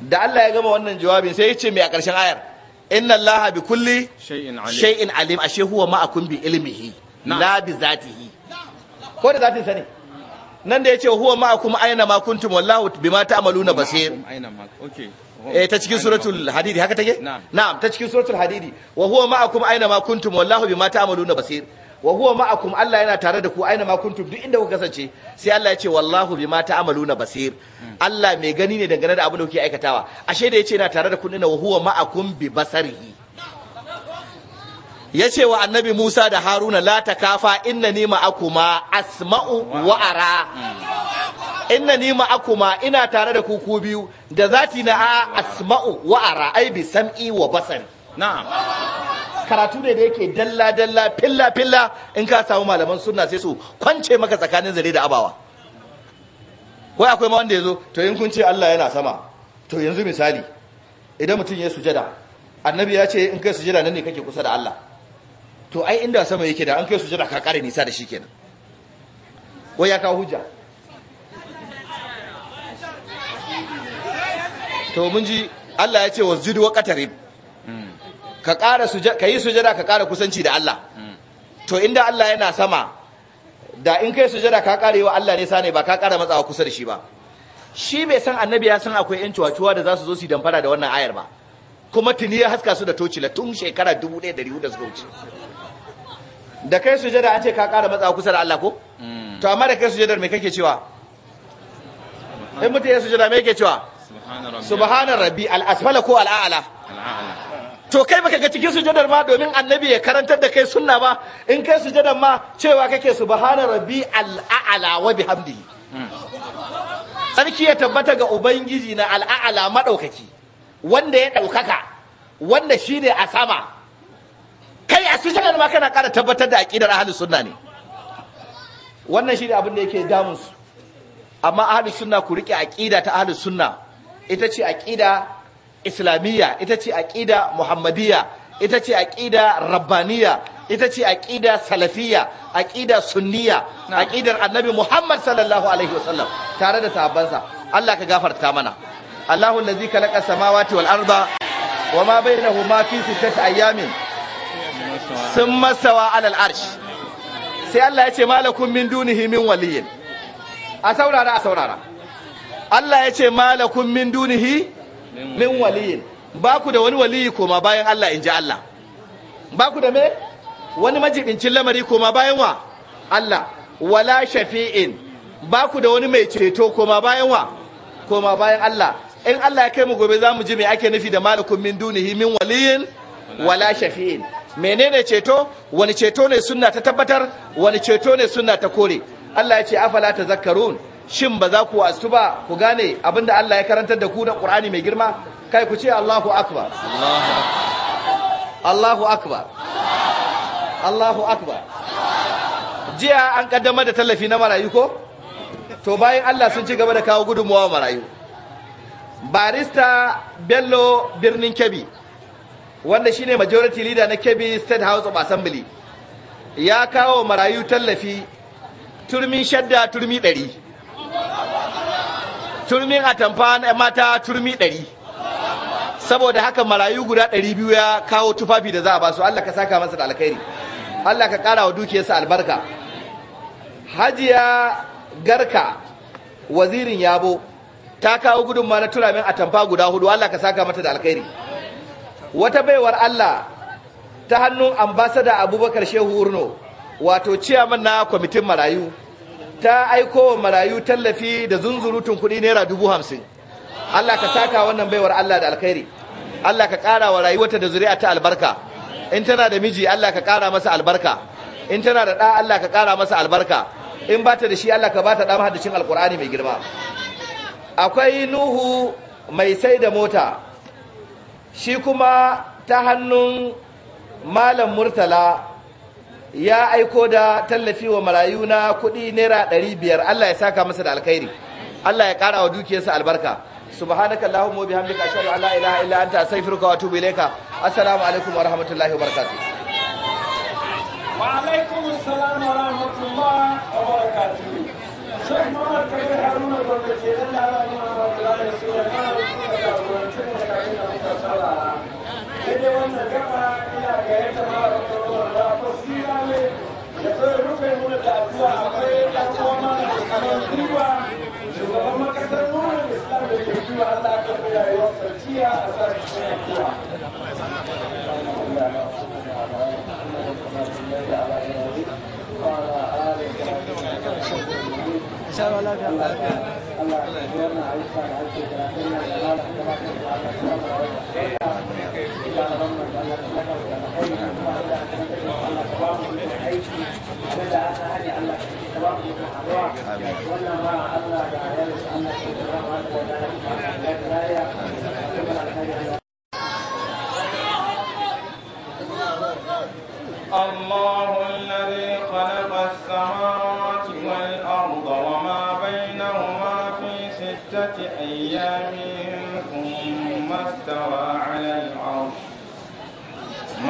da Allah ya gama wannan jawabin sai ya ce mai a karshen ayar inna Allah bi kulli shay'in alim ashe huwa ma'akum bi ilmihi la bi zatihi ko da zatin sa ne nan da yace huwa ma'akum aina ma kuntum wallahu bima ta'maluna basir aina ma okay eh ta cikin suratul hadidi haka take na'am ta cikin suratul hadidi wa huwa ma'akum aina ma kuntum wallahu bima ta'maluna basir wa huwa ma'akum Allah yana tare da ku aina ma kuntum duk inda kuka kasance sai Allah ya ce wallahu bima ta'maluna basir Allah mai gani ne dangane da abin da kuke aikatawa ashe da yace yana tare da ku dinna wa huwa ma'akum bi basarihi yace wa annabi Musa da Haruna la takafa innani ma'akuma asma'u wa ara innani ma'akuma ina tare da ku ku biyu da zati na asma'u wa ara ai bi sam'i wa basari na'am karatu ne da yake dalla dalla filla filla in ka samu malaman sunna sai su kwance maka tsakanin zare da abawa wai akwai ma wanda ya zo to in kun ce Allah yana sama to yanzu misali idan mutum ya sujada annabi ya ce in kai sujada nan ne kake kusa da Allah to ai inda sama yake da an kai sujada ka kare nisa da shi kenan wai ya kawo hujja to mun ji Allah ya ce wasjudu wa qatarib ka ƙara ka yi sujada ka ƙara kusanci da Allah to inda Allah yana sama da in kai sujada ka ƙara wa Allah nisa ne ba ka ƙara matsawa kusa da shi ba shi bai san annabi ya san akwai yan cuwacuwa da za su zo su damfara da wannan ayar ba kuma tuni ya haska su da tocila tun shekara 1400 da suka wuce da kai sujada an ce ka ƙara matsawa kusa da Allah ko mm. to amma da kai sujada me kake cewa in mutum ya sujada me yake cewa subhanar rabbi al-asfala ko al-a'la al-a'la to kai baka ga cikin sujadar ma domin annabi ya karantar da kai sunna ba in kai sujadar ma cewa kake subhana rabbi al'a'la wa bihamdi sarki ya tabbata ga ubangiji na al'a'la madaukaki wanda ya daukaka wanda shine a sama kai a sujadar ma kana kara tabbatar da aqidar ahli sunna ne wannan shine abin da yake damun su amma ahli sunna ku rike aqida ta ahli sunna ita ce aqida islamiyya ita ce aqida muhammadiyya ita ce aqida rabbaniya ita ce aqida salafiyya aqida sunniya aqidar annabi muhammad sallallahu alaihi wasallam tare da sahabbansa Allah ka gafarta mana Allahu allazi khalaqa samawati wal arda wama bainahuma fi sittati ayamin summa sawa ala al arsh sai Allah ya ce malakum min dunihi min waliyin a saurara a saurara Allah ya ce malakun min dunihi min waliyin ba ku da wani waliyi koma bayan Allah in ji Allah ba ku da me wani majibincin lamari koma bayan wa Allah wala shafi'in ba ku da wani mai ceto koma bayan wa koma bayan Allah in Allah ya kai mu gobe za mu ji me ake nufi da malakun min dunihi min waliyin wala shafi'in menene ceto wani ceto ne sunna ta tabbatar wani ceto ne sunna ta kore Allah ya ce afala tazakkarun shin ba za ku wasu ba ku gane abinda Allah ya karantar da ku da Ƙur'ani mai girma kai ku ce Allahu akbar Allahu akbar Allahu akbar jiya an kaddamar da tallafi na marayu ko to bayan Allah sun ci gaba da kawo gudunmuwa marayu barista Bello Birnin Kebbi wanda shine majority leader na Kebbi State House of Assembly ya kawo marayu tallafi turmi shadda turmi ɗari turmin atamfa na mata turmi ɗari saboda haka marayu guda ɗari biyu ya kawo tufafi da za a basu Allah ka saka masa da alkhairi Allah ka ƙara wa dukiyarsa albarka hajiya garka wazirin yabo ta kawo gudunma na turamin atamfa guda hudu Allah ka saka mata da alkhairi wata baiwar Allah ta hannun ambasada abubakar shehu urno wato ciyaman na kwamitin marayu ta aiko wa marayu tallafi da zunzurutun kuɗi naira dubu hamsin Allah ka saka wannan baiwar Allah da alkhairi Allah ka ƙara wa rayuwarta da zuri'a ta albarka in tana da miji Allah ka ƙara masa albarka in tana da ɗa Allah ka ƙara masa albarka in ba ta da shi Allah ka ba ta ɗa mahaddacin alkur'ani mai girma akwai nuhu mai sai da mota shi kuma ta hannun malam murtala ya aiko da tallafi wa marayu na kuɗi naira ɗari biyar Allah ya saka masa da alkhairi Allah ya ƙara wa dukiyarsa albarka subhanaka allahumma wa bihamdika ashhadu an la ilaha illa anta astaghfiruka wa atubu ilayka assalamu alaikum wa rahmatullahi wa barakatuh wa alaikum assalam wa rahmatullahi wa barakatuh shek muhammad kabir haruna gwamnati ke da lalani ma ba da ya so ya fara da jagorancin da kake da muka sala wannan gaba ina ga yadda da akwai ɗan koma da kamar duba a sarki na kuwa. الله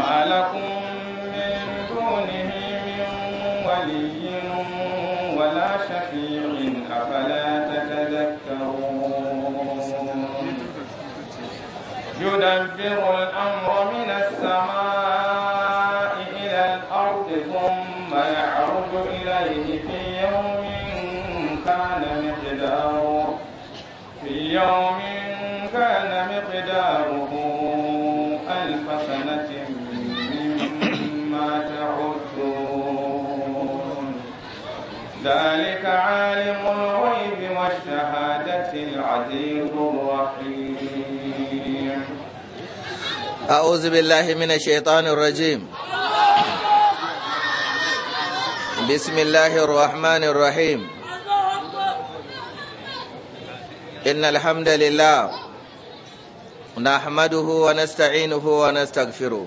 وما لكم من دونه من ولي ولا شفيع أفلا تتذكرون يدبر الأمر من السماء إلى الأرض ثم يعرج إليه في يوم كان مقداره في يوم كان مقداره ذلك عالم الغيب والشهادة العزيز الرحيم أعوذ بالله من الشيطان الرجيم بسم الله الرحمن الرحيم إن الحمد لله نحمده ونستعينه ونستغفره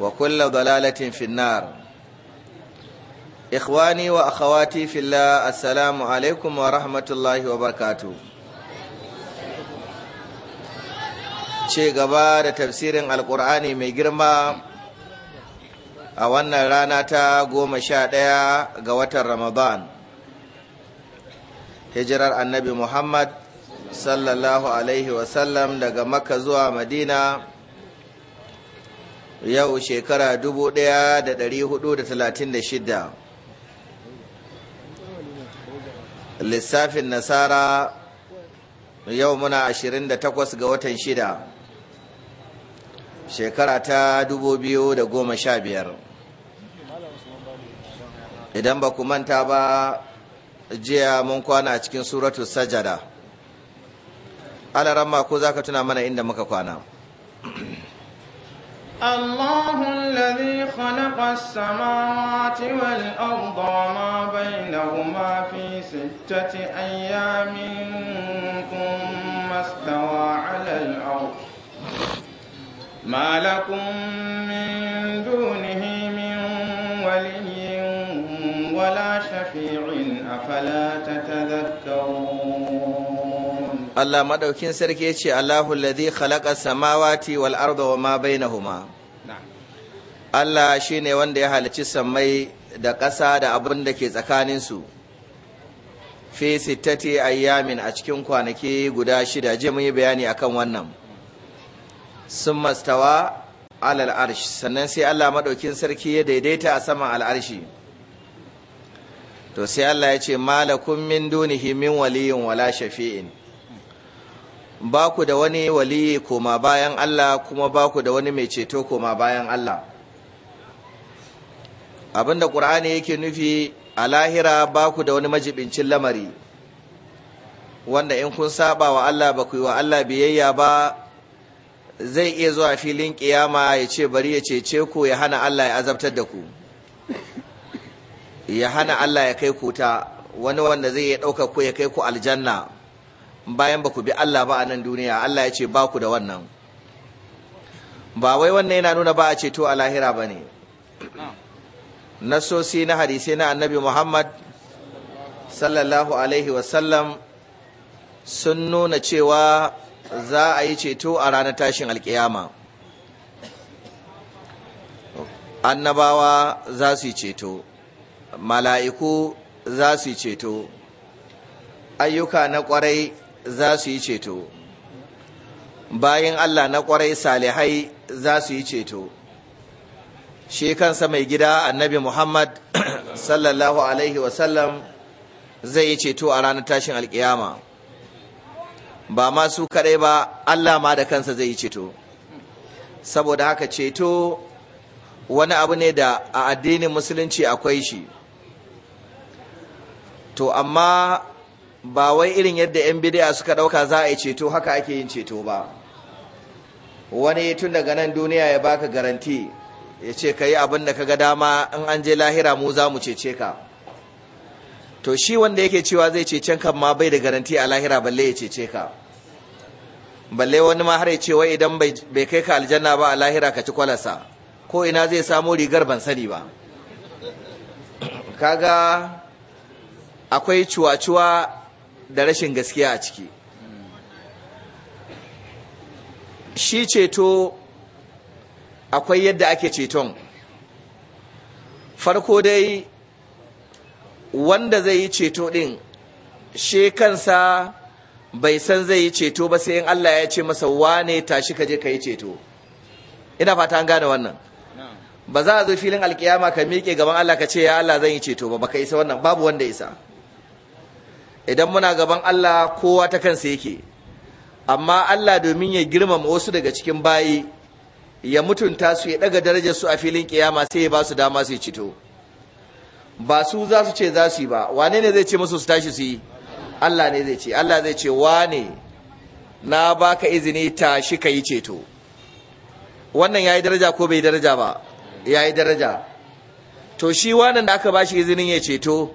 وكل ضلالة في النار إخواني وأخواتي في الله alaikum wa rahmatullahi wa وبركاته ce gaba da tafsirin alkur'ani mai girma a wannan rana ta goma sha ɗaya ga watan ramadan hijirar annabi muhammad sallallahu alaihi wasallam daga makka zuwa madina yau shekara 1436 lissafin nasara yau muna 28 ga watan shida shekara ta 2015 idan ba ku manta ba jiya mun kwana a cikin suratu sajada alaramma ko za ka tuna mana inda muka kwana الله الذي خلق السماوات والأرض وما بينهما في ستة أيام ثم استوى على الأرض ما لكم من دونه من ولي ولا شفيع أفلا تتذكرون Allah madaukin sarki ya ce Allahu ladhi khalaqa samawati wal arda wa ma bainahuma Allah shine wanda ya halici sammai da ƙasa da abin da ke tsakanin su fi sittati ayyamin a cikin kwanaki guda shida je mun yi bayani akan wannan sun mastawa alal arsh sannan sai Allah madaukin sarki ya daidaita a saman al'arshi to sai Allah ya ce malakum min dunihi min waliyin wala shafi'in ba ku da wani wali koma bayan Allah kuma ba ku da wani mai ceto koma bayan Allah abinda ƙur'ani yake nufi a lahira ba ku da wani majibincin lamari wanda in kun saba wa Allah ba ku yi wa Allah biyayya ba zai iya zuwa filin kiyama ya ce bari ya cece ku ya hana Allah ya azabtar da ku ya hana Allah ya kai ku ta wani wanda zai ya ɗauka ku ya kai ku aljanna bayan ba ku bi Allah ba a nan duniya Allah ya ce ba ku da wannan ba wai wannan yana nuna ba a ceto a lahira ba ne nasosi na hadisai na annabi muhammad sallallahu alaihi wasallam sun nuna cewa za a yi ceto a ranar tashin alkiyama annabawa za su yi ceto mala'iku za su yi ceto ayyuka na kwarai za su yi ceto bayan Allah na kwarai salihai za su yi ceto shi kansa mai gida annabi Muhammad sallallahu alaihi wasallam zai yi ceto a ranar tashin alkiyama ba ma su kaɗai ba Allah ma da kansa zai yi ceto saboda haka ceto wani abu ne da a addinin musulunci akwai shi to amma ba wai irin yadda 'yan bidiya suka ɗauka za a yi ceto haka ake yin ceto ba wani tun daga nan duniya ya baka garanti ya ce ka yi abin da ka ga dama in an je lahira mu za mu cece ka to shi wanda yake cewa zai cece kan ma bai da garanti a lahira balle ya cece ka balle wani ma har ya ce wai idan bai kai ka aljanna ba a lahira ka ci kwalasa ko ina zai samo rigar ban sani ba kaga akwai cuwa-cuwa da rashin gaskiya a ciki shi ceto akwai yadda ake ceton farko dai wanda zai yi ceto din shi kansa bai san zai yi ceto ba sai in Allah ya ce masa wane tashi ka je ka yi ceto ina fata an gane wannan ba za a zo filin alkiyama ka miƙe gaban Allah ka ce ya Allah zan yi ceto ba ba ka isa wannan babu wanda isa idan muna gaban Allah kowa ta kansa yake amma Allah domin ya girmama wasu daga cikin bayi ya mutunta su ya daga darajar su a filin kiyama sai ya ba su dama su cito ba su za su ce za su yi ba wane ne zai ce musu su tashi su yi Allah ne zai ce Allah zai ce wane na baka izini ta shi ka yi ceto wannan yayi daraja ko bai daraja ba yayi daraja to shi wannan da aka bashi izinin ya ceto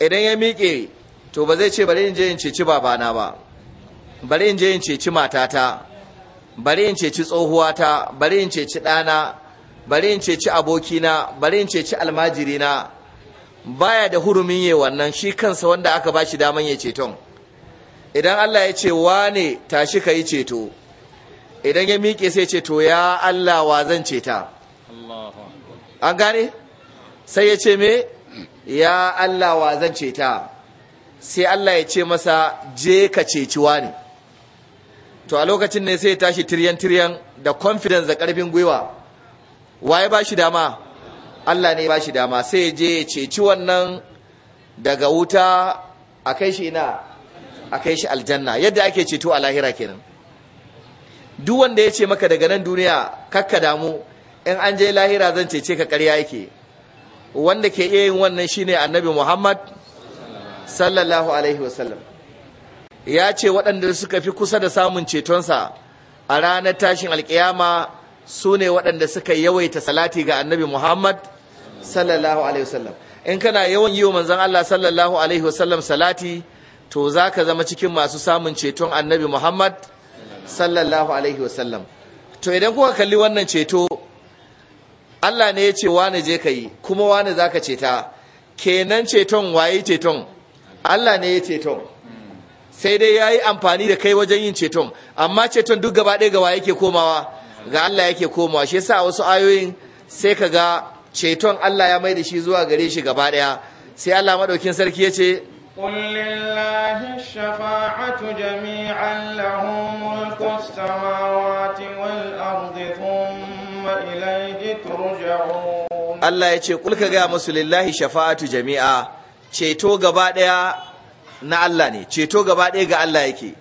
idan ya miƙe to ba zai ce bari in je in ceci babana ba bari in je in ceci matata bari in ceci tsohuwata bari in ceci ɗana bari in ceci abokina bari in ceci almajirina baya da hurumin yi wannan shi kansa wanda aka ba shi daman ya ceton idan Allah ya ce wane tashi ka yi ceto idan ya miƙe sai ceto ya Allah wa zan ceta an gane sai ya ce me ya Allah wa zan ceta sai Allah ya ce masa je ka ceci wani to a lokacin ne sai ya tashi tiryan tiryan da confidence da karfin gwiwa waye ba shi dama Allah ne ya shi dama sai ya je ya ceci wannan daga wuta a kai shi ina a kai shi aljanna yadda ake ceto a lahira kenan duk wanda ya ce maka daga nan duniya kakka damu in an je lahira zan cece ka ƙarya yake wanda ke iya yin wannan shi ne annabi Muhammad sallallahu alaihi wasallam ya ce waɗanda suka fi kusa da samun cetonsa a ranar tashin alkiyama su ne waɗanda suka yawaita salati ga annabi muhammad sallallahu alaihi wasallam in kana yawan yi wa manzan allah sallallahu alaihi wasallam salati to za ka zama cikin masu samun ceton annabi muhammad sallallahu alaihi wasallam to idan kuka kalli wannan ceto allah ne ya ce wane je ka yi kuma wane za ka ceta kenan ceton waye ceton Allah ne ya ceton sai dai ya yi amfani da kai wajen yin ceton amma ceton duk gaba ɗaya gawa yake komawa ga Allah yake komawa shi sa wasu ayoyin sai ka ga ceton Allah ya mai da shi zuwa gare shi gaba ɗaya sai Allah maɗaukin sarki ya ce قل لله الشفاعة جميعا له ملك السماوات والأرض ثم إليه ترجعون الله يقول مسل الله شفاعة جميعا ceto gaba ɗaya na Allah ne ceto gaba ɗaya ga Allah yake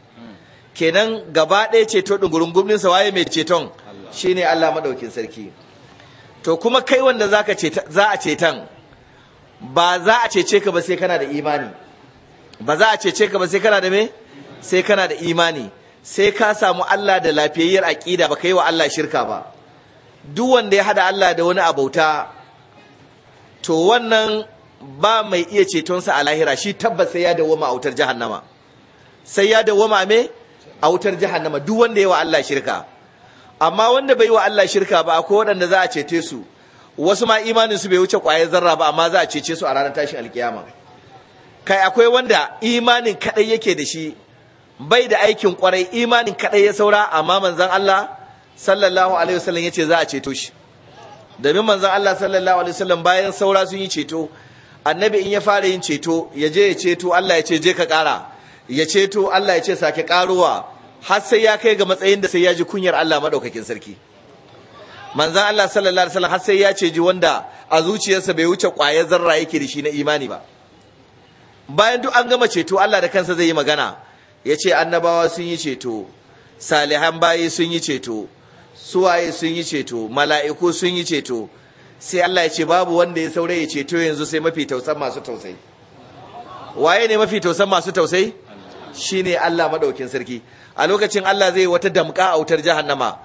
kenan gaba ɗaya ceto gurin gumin sa waye mai ceton shine Allah madaukin sarki to kuma kai wanda za a ceton ba za a cece ka ba sai kana da imani ba za a cece ka ba sai kana da me sai kana da imani sai ka samu Allah da lafiyayyar aƙida ba ka yi wa Allah shirka ba duk wanda ya hada Allah da wani abauta to wannan ba mai iya cetonsa a lahira shi tabbas sai ya dawwama a wutar jahannama sai ya wama me a wutar jahannama duk wanda ya wa Allah shirka amma wanda bai wa Allah shirka ba akwai waɗanda za a cece su wasu ma imanin su bai wuce ƙwayar zarra ba amma za a cece su a ranar tashin alkiyama kai akwai wanda imanin kadai yake da shi bai da aikin kwarai imanin kadai ya saura amma manzon Allah sallallahu alaihi wasallam yace za a ceto shi domin manzon Allah sallallahu alaihi wasallam bayan saura sun yi ceto annabi in ya fara yin ceto ya je ya ceto Allah ya ce je ka ƙara ya ceto Allah ya ce sake ƙaruwa har sai ya kai ga matsayin da sai ya ji kunyar Allah maɗaukakin sarki manzan Allah sallallahu alaihi wasallam har sai ya ce ji wanda a zuciyarsa bai wuce ƙwaye zarra yake da shi na imani ba bayan duk an gama ceto Allah da kansa zai yi magana ya ce annabawa sun yi ceto salihan bayi sun yi ceto suwaye sun yi ceto mala'iku sun yi ceto sai Allah ya ce babu wanda ya saurai ya ceto yanzu sai mafi tausan masu tausayi waye ne mafi tausan masu tausayi shine Allah madaukin sarki a lokacin Allah zai wata damka a wutar jahannama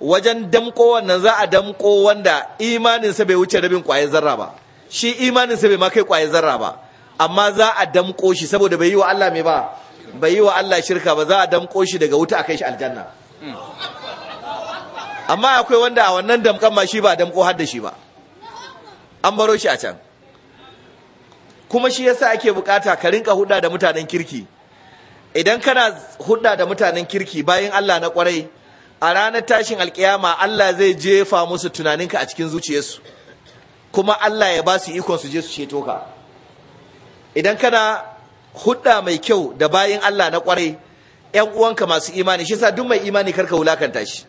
wajen damko wannan za a damko wanda imaninsa bai wuce rabin kwayan zarra ba shi imaninsa bai ma kai kwayan zarra ba amma za a damko shi saboda bai yi wa Allah mai ba bai yi wa Allah shirka ba za a damko shi daga wuta a kai shi aljanna hmm. amma akwai wanda a wannan damkan ma shi ba damko har da shi ba an baro shi a can kuma shi yasa ake bukata ka rinka hudda da mutanen kirki idan kana hudda da mutanen kirki bayan Allah na kwarai a ranar tashin alkiyama Allah zai jefa musu tunaninka a cikin zuciyarsu kuma Allah ya ba su ikon su je su ceto ka idan kana hudda mai kyau da bayan Allah na kwarai yan uwanka masu imani shi yasa duk mai imani karka wulakanta shi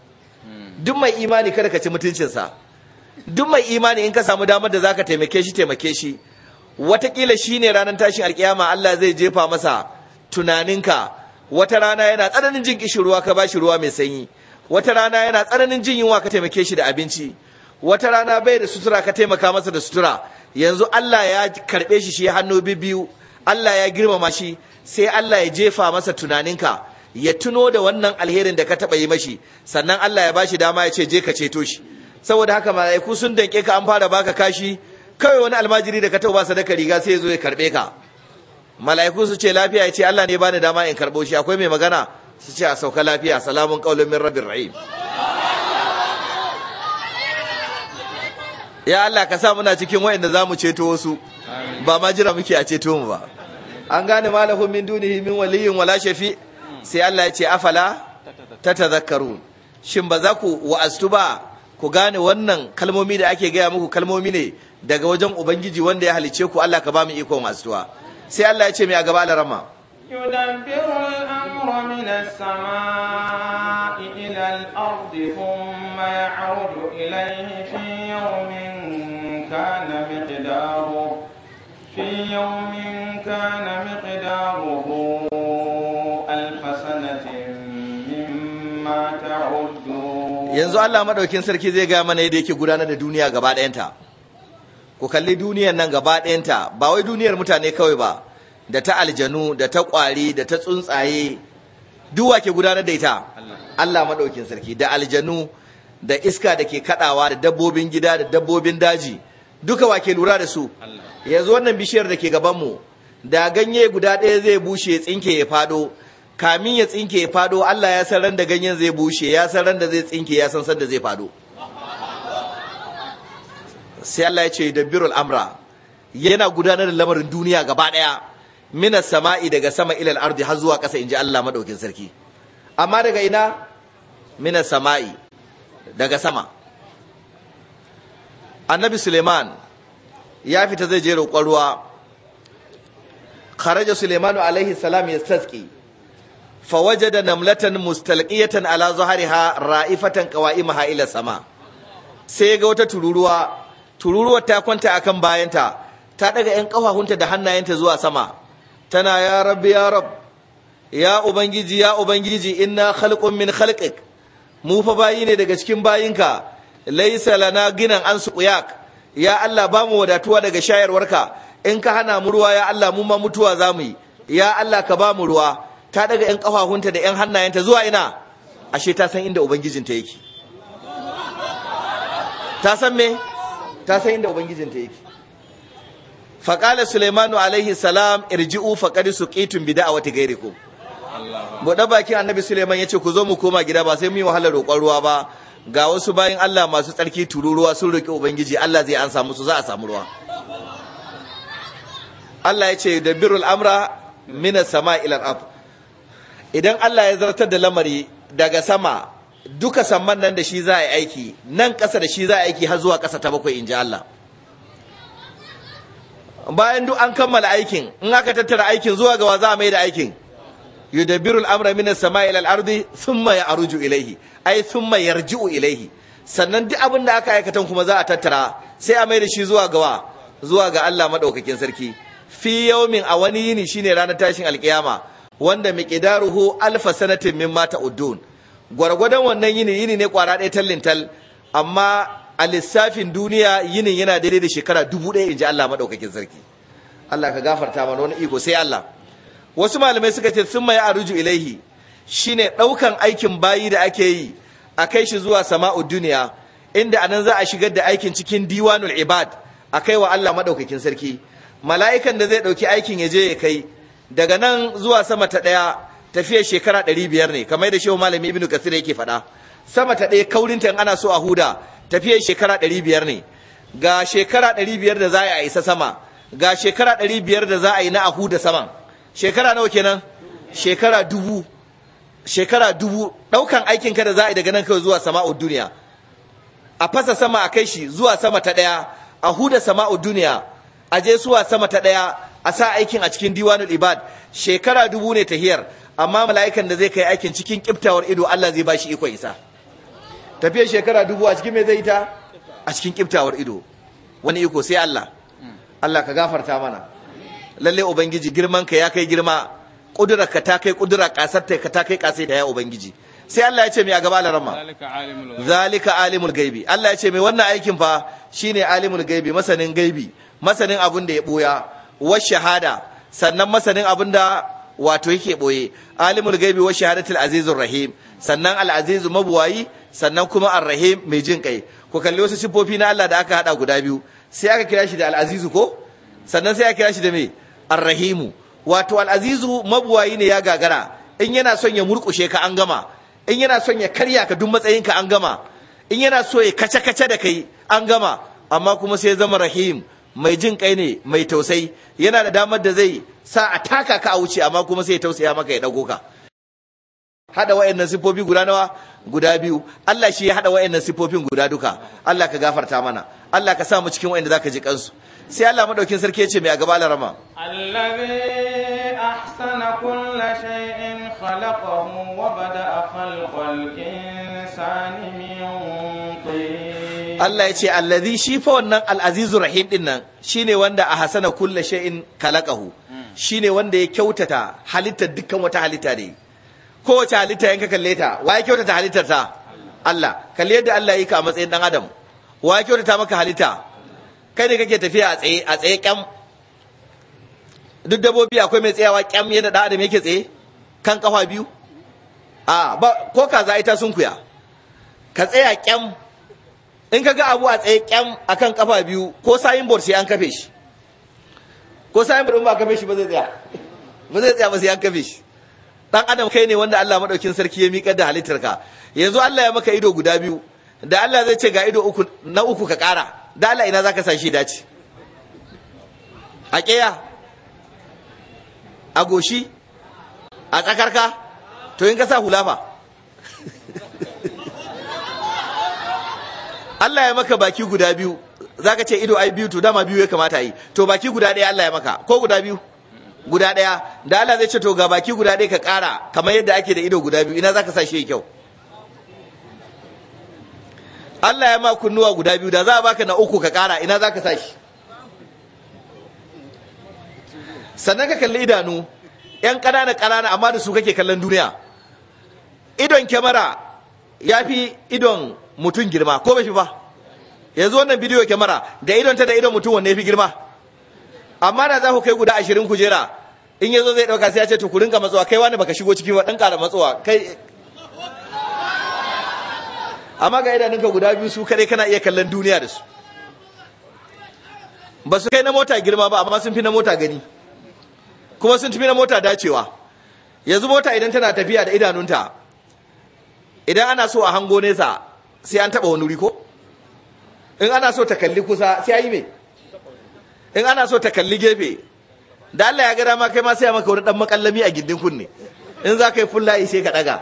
duk mai imani kada ka ci mutuncinsa duk mai imani in ka samu damar da zaka taimake shi taimake shi watakila shine ranar tashin alkiyama Allah zai jefa masa tunaninka wata rana yana tsananin jin kishin ruwa ka bashi ruwa mai sanyi wata rana yana tsananin jin yunwa ka taimake shi da abinci wata rana bai da sutura ka taimaka masa da sutura yanzu Allah ya karbe shi shi hannu biyu Allah ya girmama shi sai Allah ya jefa masa tunaninka ya tuno da wannan alherin da ka taɓa yi mashi sannan Allah ya bashi dama ya ce je ka ceto shi saboda haka mala'iku sun danke ka an fara baka kashi kawai wani almajiri da ka tauba sadaka riga sai ya zo ya karbe ka mala'iku su ce lafiya ya ce Allah ne bani dama in karbo shi akwai mai magana su ce a sauka lafiya salamun qaulun min rabbir rahim ya Allah ka sa muna cikin wayanda za mu ceto wasu ba ma jira muke a ceto mu ba an gane malahum min dunihi min waliyin wala shafi sai Allah ya ce afala tatazakkarun shin ba za ku wa'astu ba ku gane wannan kalmomi da ake gaya muku kalmomi ne daga wajen ubangiji wanda ya halice ku Allah ka bamu mu ikon asuwa sai Allah yace ce a gaba alarama yudabbiru al-amra min as-samai ila al-ardi thumma ya'rudu ilayhi fi yawmin kana miqdaruhu fi yawmin kana miqdaruhu alf sanatin yanzu Allah madaukin sarki zai ga mana yadda yake gudanar da duniya gaba ɗayanta ku kalli duniyar nan gaba ɗayanta ba wai duniyar mutane kawai ba da ta aljanu da ta ƙwari da ta tsuntsaye duwa ke gudanar da ita Allah madaukin sarki da aljanu da iska da ke kaɗawa, da dabbobin gida da dabbobin daji duka wa ke lura da su yanzu wannan bishiyar da ke gabanmu da ganye guda ɗaya zai bushe tsinke ya fado kamin ya tsinke ya fado Allah ya san ran da ganyen zai bushe ya san ran da zai tsinke ya san san da zai fado sai Allah ya ce birul amra yana gudanar da lamarin duniya gaba daya minas sama'i daga sama ilal ardi har zuwa ƙasa inji Allah madaukin sarki amma daga ina minas sama'i daga sama annabi suleiman ya fita zai je roƙon ruwa kharaja suleimanu alaihi salam ya fawajada namlatan mustalqiyatan ala zuhariha ra'ifatan qawa'imaha ila sama sai ga wata tururuwa tururuwar ta kwanta akan bayanta ta ɗaga yan kafafunta da hannayenta zuwa sama tana ya rabbi ya rab ya ubangiji ya ubangiji inna khalqun min khalqik mu fa bayi ne daga cikin bayinka laysa lana ginan an suqyak ya Allah ba mu wadatuwa daga shayarwarka in ka hana mu ruwa ya Allah mu ma mutuwa zamuyi, ya Allah ka ba mu ruwa ta daga yan kafafunta da yan hannayenta zuwa ina ashe ta san inda ubangijinta yake ta san me ta san inda ubangijinta yake faƙala sulaimanu alaihi salam irji'u faƙari su ƙitun bi da'awati gairikum buɗe bakin annabi suleiman ya ce ku zo mu koma gida ba sai mu yi wahalar roƙon ruwa ba ga wasu bayan allah masu tsarki tururuwa sun roƙi ubangiji allah zai an samu su za a samu ruwa allah yace ce da birul amra mina sama ilan ab idan Allah ya zartar da lamari daga sama duka samman nan da shi za a yi aiki nan ƙasa da shi za a aiki har zuwa ƙasa ta bakwai in ji Allah bayan duk an kammala aikin in aka tattara aikin zuwa gawa za a mai da aikin yudabbirul amra min as-sama'i ila al-ardi thumma ya'ruju ilayhi ay thumma yarji'u ilayhi sannan duk abin da aka aikatan kuma za a tattara sai a mai da shi zuwa gawa zuwa ga Allah madaukakin sarki fi yawmin a wani yini shine ranar tashin alkiyama wanda miƙidaruhu alfa sanatin ta udun gwargwadon wannan yini yini ne kwara ɗaya tallintal amma a lissafin duniya yinin yana daidai da shekara dubu ɗaya in ji Allah maɗaukakin sarki Allah ka gafarta mana wani iko sai Allah wasu malamai suka ce sun mai aruju ilaihi shine ɗaukan aikin bayi da ake yi a kai shi zuwa sama'u duniya inda anan za a shigar da aikin cikin diwanul ibad a kai wa Allah maɗaukakin sarki mala'ikan da zai ɗauki aikin ya je ya kai daga nan zuwa sama ta ɗaya tafiyar shekara ɗari biyar ne kamar da shehu malami ibnu kasir yake faɗa sama ta ɗaya kaurinta ana so a huda tafiyar shekara ɗari biyar ne ga shekara ɗari biyar da za a isa sama ga shekara ɗari biyar da za a yi na a huda saman shekara nawa kenan shekara dubu shekara dubu ɗaukan aikin ka da za a yi daga nan kawai zuwa sama duniya a fasa sama a kai shi zuwa sama ta ɗaya a huda sama duniya a je zuwa sama ta ɗaya a sa aikin a cikin diwanul ibad shekara dubu ne tahiyar amma mala'ikan da zai kai aikin cikin kiftawar ido Allah zai bashi iko isa tafiye shekara dubu a cikin me zai ta a cikin kiftawar ido wani iko sai Allah Allah ka gafarta mana lalle ubangiji girman ka ya kai girma kudurar ka ta kai kudura kasar ta ka ta kai kasai da ya ubangiji sai Allah ya ce mai a gaba larama zalika alimul gaibi Allah ya ce mai wannan aikin fa shine alimul gaibi masanin gaibi masanin abun da ya boya wa shahada sannan masanin abin da wato yake boye alimul gaibi wa shahadatul azizur rahim sannan al azizu mabuwayi sannan kuma ar rahim mai jin kai ku kalli wasu sifofi na Allah da aka hada guda biyu sai aka kira shi da al azizu ko sannan sai aka kira shi da me ar rahimu wato al azizu mabuwayi ne ya gagara in yana son ya murkushe ka an gama in yana son ya karya ka duk matsayin ka an gama in yana so ya kace kace da kai an gama amma kuma sai zama rahim mai jin kai ne mai tausayi yana da damar da zai sa a taka ka a wuce amma kuma sai ya tausaya maka ya dauko ka hada wayannan sifofi guda nawa guda biyu Allah shi ya hada wayannan sifofin guda duka Allah ka gafarta mana Allah ka sa mu cikin wayanda zaka ji kansu sai Allah madaukin sarki ya ce mai a gaba larama allazi ahsana kull shay'in khalaqahu wa bada'a khalqal insani min tin Allah ya ce allazi shi fa wannan al'azizu rahim din nan shine wanda a hasana kulla shay'in kalaqahu shine wanda ya kyautata halittar dukkan wata halitta ne kowace halitta yanka kalle ta wa ya kyautata halittar ta Allah kalle yadda Allah ya yi ka a matsayin dan adam wa ya kyautata maka halitta kai ne kake tafiya a tsaye a tsaye kyam duk dabobi akwai mai tsayawa kyam yadda dan adam yake tsaye kan kafa biyu a ba ko kaza ita sun kuya ka tsaya kyam in ka ga abu a tsaye kyam kan kafa biyu ko sayin board sai an kafe shi ko sayin board ba kafe shi ba zai tsaya ba zai tsaya ba sai an kafe shi dan adam kai ne wanda Allah madaukin sarki ya miƙar da halittarka yanzu Allah ya maka ido guda biyu da Allah zai ce ga ido uku na uku ka ƙara da Allah ina zaka sa shi dace a ƙeya a goshi a tsakarka to in ka sa hulafa Allah ya maka baki guda biyu zaka ce ido ai biyu to dama biyu ya kamata yi to baki guda ɗaya Allah ya maka ko guda biyu guda ɗaya da Allah zai ce to ga baki guda ɗaya ka ƙara kamar yadda ake da ido guda biyu ina zaka sa shi kyau Allah ya ma kunnuwa guda biyu da za a baka na uku ka ƙara ina zaka sa shi sannan ka kalli idanu yan ƙanana ƙanana amma da su kake kallon duniya idon kyamara ya fi idon mutum girma ko bai fi ba yanzu wannan bidiyo kyamara da idon ta da idon mutum wanne fi girma amma da za ku kai guda ashirin kujera in yazo zai dauka sai ya ce to ku rinka matsuwa kai wani baka shigo ciki ba dan ƙara matsuwa kai amma ga idanunka guda biyu su kare kana iya kallon duniya da su ba su kai na mota girma ba amma sun fi na mota gani kuma sun fi na mota dacewa yanzu mota idan tana tafiya da idanunta idan ana so a hango nesa sai an taba wani wuri ko in ana so ta kalli kusa sai yi me in ana so ta kalli gefe da Allah ya gara ma kai ma sai maka wani dan makallami a gindin kunne in za ka yi fullahi sai ka daga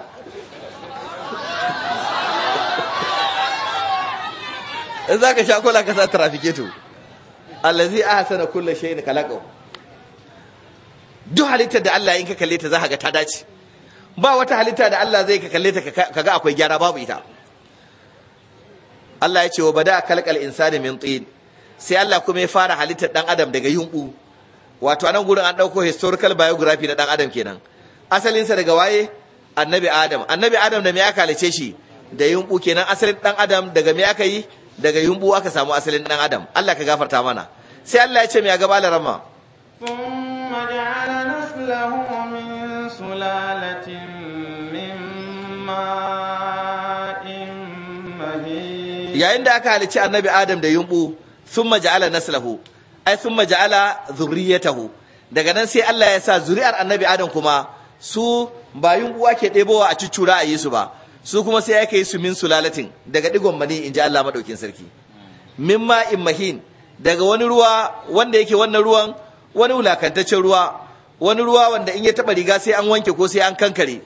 in za ka sha kola ka sa trafike to allazi ahsana kullu shay'in khalaqahu duk halittar da Allah in ka kalle ta za ka ga ta dace ba wata halitta da Allah zai ka kalle ta kaga akwai gyara babu ita Allah ya ce wa bada kalkal insani min tin sai Allah kuma ya fara halittar dan adam daga yunku wato anan gurin an dauko historical biography na dan adam kenan asalinsa daga waye annabi adam annabi adam da me aka halice shi da yunku kenan asalin dan adam daga me aka yi daga yunku aka samu asalin dan adam Allah ka gafarta mana sai Allah ya ce me ya gaba larama ثم جعل نسله من سلالة من ماء مهين يا عند أكا لتي النبي آدم دا يمبو ثم جعل نسله أي ثم جعل ذريته daga nan sai Allah ya sa zuri'ar annabi Adam kuma su ba uwa ke ɗebowa a cuccura a yi su ba su kuma sai aka yi su min sulalatin daga digon mani in ji Allah maɗaukin sarki min ma'in mahin daga wani ruwa wanda yake wannan ruwan wani wulakantaccen ruwa wani ruwa wanda in ya taba riga sai an wanke ko sai an kankare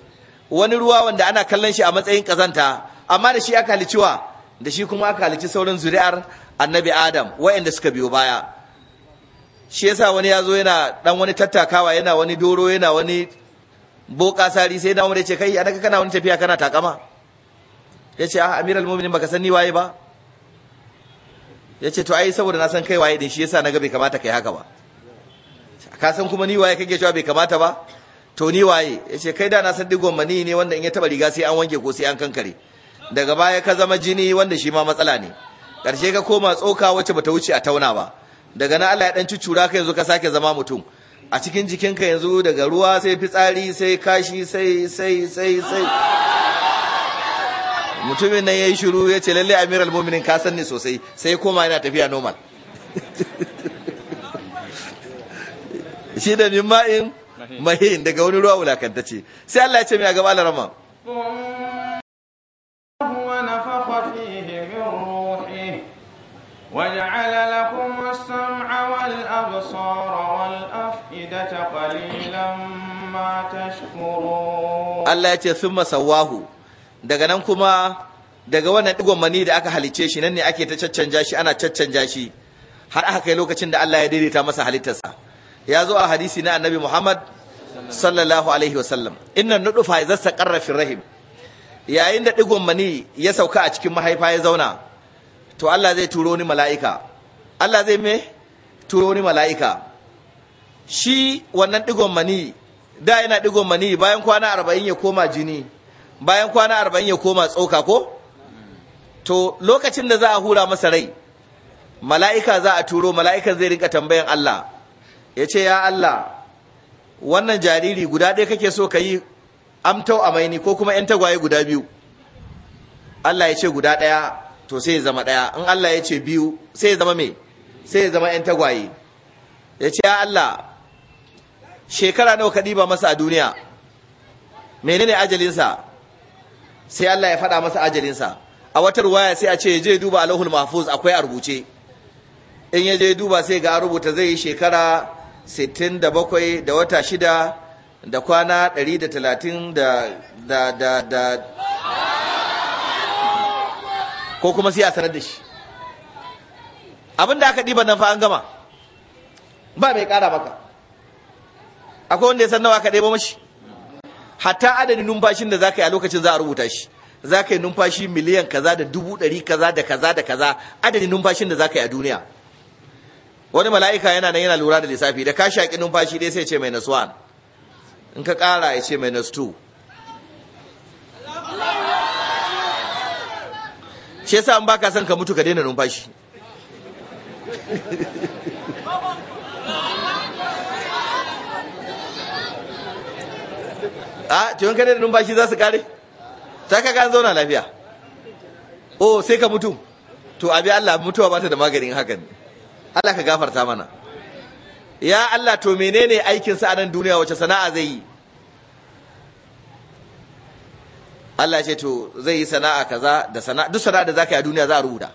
wani ruwa wanda ana kallon shi a matsayin kazanta amma da shi aka halici wa da shi kuma aka halici sauran zuri'ar annabi adam wa'inda suka biyo baya shi yasa wani ya zo yana dan wani tattakawa yana wani doro yana wani boka sari sai na umar ya ce kai anaka kana wani tafiya kana takama ya ce ah amiral muminin baka san ni waye ba ya ce to ai saboda na san kai waye din shi yasa na gabe kamata kai haka ba ka san kuma ni waye kake cewa bai kamata ba to ni waye yace kai da na san digon mani ne wanda in ya taba riga sai an wanke ko sai an kankare daga baya ka zama jini wanda shi ma matsala ne karshe ka koma tsoka wacce bata wuce a tauna ba daga na Allah ya dan cucura ka yanzu ka sake zama mutum a cikin jikinka yanzu daga ruwa sai fitsari sai kashi sai sai sai sai mutumin nan yayi shiru yace lalle Amiral muminin ka san ni sosai sai koma yana tafiya normal shi da min ma'in mahin daga wani ruwa ce sai Allah ya ce mai a gaba larama Allah ya ce sun والأفئدة قليلا daga nan kuma daga wannan digon mani da aka halice shi nan ne ake ta caccanja shi ana caccanja shi har aka kai lokacin da Allah ya daidaita masa halittarsa ya zo a hadisi na annabi Muhammad sallallahu alaihi wasallam innan nudufa idza saqarra fi rahim yayin da digon mani ya sauka a cikin mahaifa ya zauna to Allah zai turo ni mala'ika Allah zai me turo ni mala'ika shi wannan digon mani da yana digon mani bayan kwana 40 ya koma jini bayan kwana 40 ya koma tsoka ko to lokacin da za a hura masa rai mala'ika za a turo mala'ikan zai rinka tambayan Allah ya ce ya Allah wannan jariri guda ɗaya kake so ka yi amtau a maini ko kuma 'yan tagwaye guda biyu Allah ya ce guda ɗaya to sai ya zama ɗaya in Allah ya ce biyu sai ya zama me sai ya zama 'yan tagwaye ya ce ya Allah shekara nawa ka ɗiba masa a duniya menene ajalinsa sai Allah ya faɗa masa ajalinsa a watar waya sai a ce je duba alahul mahfuz akwai a rubuce in ya je duba sai ga rubuta zai yi shekara 67 da wata shida da kwana 130 da da da da ko kuma sai a sanar da shi abinda aka ɗiba nan fa an gama ba mai ƙara maka akwai wanda ya san nawa aka ɗeba mashi hatta adadin numfashin da za ka yi a lokacin za a rubuta shi za ka yi numfashi miliyan kaza da dubu ɗari kaza da kaza da kaza adadin numfashin da za ka yi a duniya wani mala'ika yana nan yana lura da lissafi da ka shaƙi numfashi dai sai ce minus 1 in ka ƙara ya ce minus 2 shi yasa an baka son ka mutu ka daina numfashi a ah, tiwon ka daina numfashi za su kare ta ka kan zauna lafiya oh sai ka mutu to abi Allah mutuwa ba ta da maganin hakan Allah ka gafarta mana ya Allah to menene aikinsa a nan duniya wace sana'a zai yi Allah ce to zai yi sana'a kaza da sana'a duk sana'a da zaka yi a duniya za a rubuta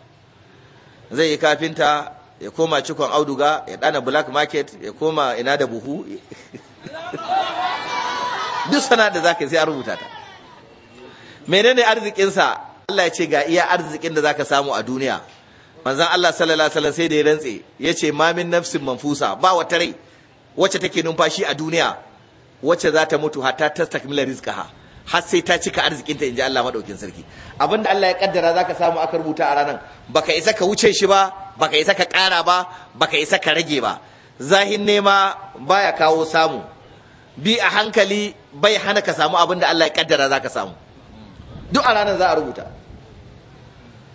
zai yi kafinta ya koma cikon auduga ya dana black market ya koma ina da buhu duk sana'a da zaka yi sai a rubuta ta menene arzikinsa Allah ya ce ga iya arzikin da zaka samu a duniya manzan Allah sallallahu alaihi wasallam sai da ya rantse yace ma min nafsin manfusa ba wata rai wacce take numfashi a duniya wacce za ta mutu hatta ta takmila rizqaha har sai ta cika arzikinta inji Allah madaukin sarki abinda Allah ya kaddara zaka samu aka rubuta a ranan baka isa ka wuce shi ba baka isa ka kara ba baka isa ka rage ba zahin nema baya kawo samu bi a hankali bai hana ka samu abinda Allah ya kaddara zaka samu duk a ranan za a rubuta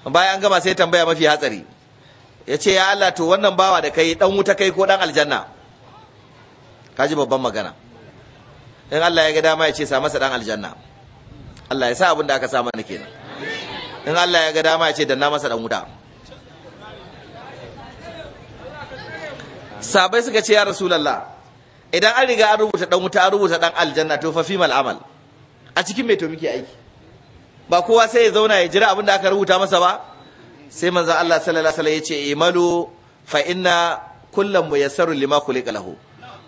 bayan an gama sai tambaya mafi hatsari ya ce ya Allah to wannan bawa da kai dan wuta kai ko dan aljanna kaji babban magana in Allah ya ga dama ya ce sa masa dan aljanna Allah ya sa abin da aka sa mana kenan in Allah ya ga dama ya ce danna masa dan wuta sabai suka ce ya rasulullah idan an riga an rubuta dan wuta an rubuta dan aljanna to fa fimal amal a cikin me to muke aiki ba kowa sai ya zauna ya jira abin da aka rubuta masa ba sai manzon Allah sallallahu alaihi wasallam ya ce imalu fa inna kullam muyassaru lima khuliqa lahu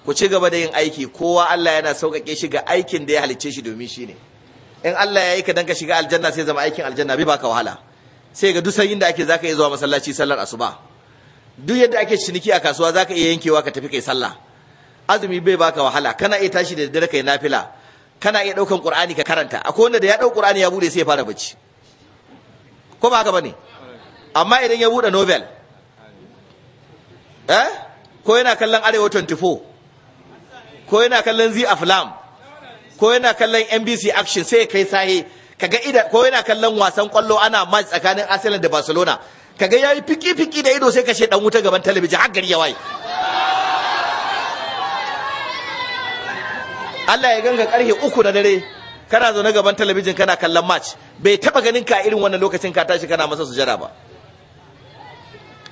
ku ci gaba da yin aiki kowa Allah yana saukake shi ga aikin da ya halicce shi domin shi ne in Allah ya yi ka danka shiga aljanna sai zama aikin aljanna bai baka wahala sai ga duk sanyin da ake zaka yi zuwa masallaci sallar asuba duk yadda ake ciniki a kasuwa zaka iya yankewa ka tafi kai sallah azumi bai baka wahala kana iya tashi da daddare kai nafila kana iya ɗaukan ƙur'ani ka karanta akwai wanda da ya ɗau ƙur'ani ya bude sai ya fara bacci ko ba haka bane amma idan ya buɗe novel eh ko yana kallon arewa 24 ko yana kallon zi aflam ko yana kallon nbc action sai kai Sahi, kaga ida ko yana kallon wasan ƙwallo ana match tsakanin arsenal da barcelona ka kaga yayi fiki fiki da ido sai ka kashe dan wuta gaban talabijin har gari ya waye Allah ya ganka karfe uku na dare kana na gaban talabijin kana kallon match bai taba ganin ka irin wannan lokacin ka tashi kana masa sujada ba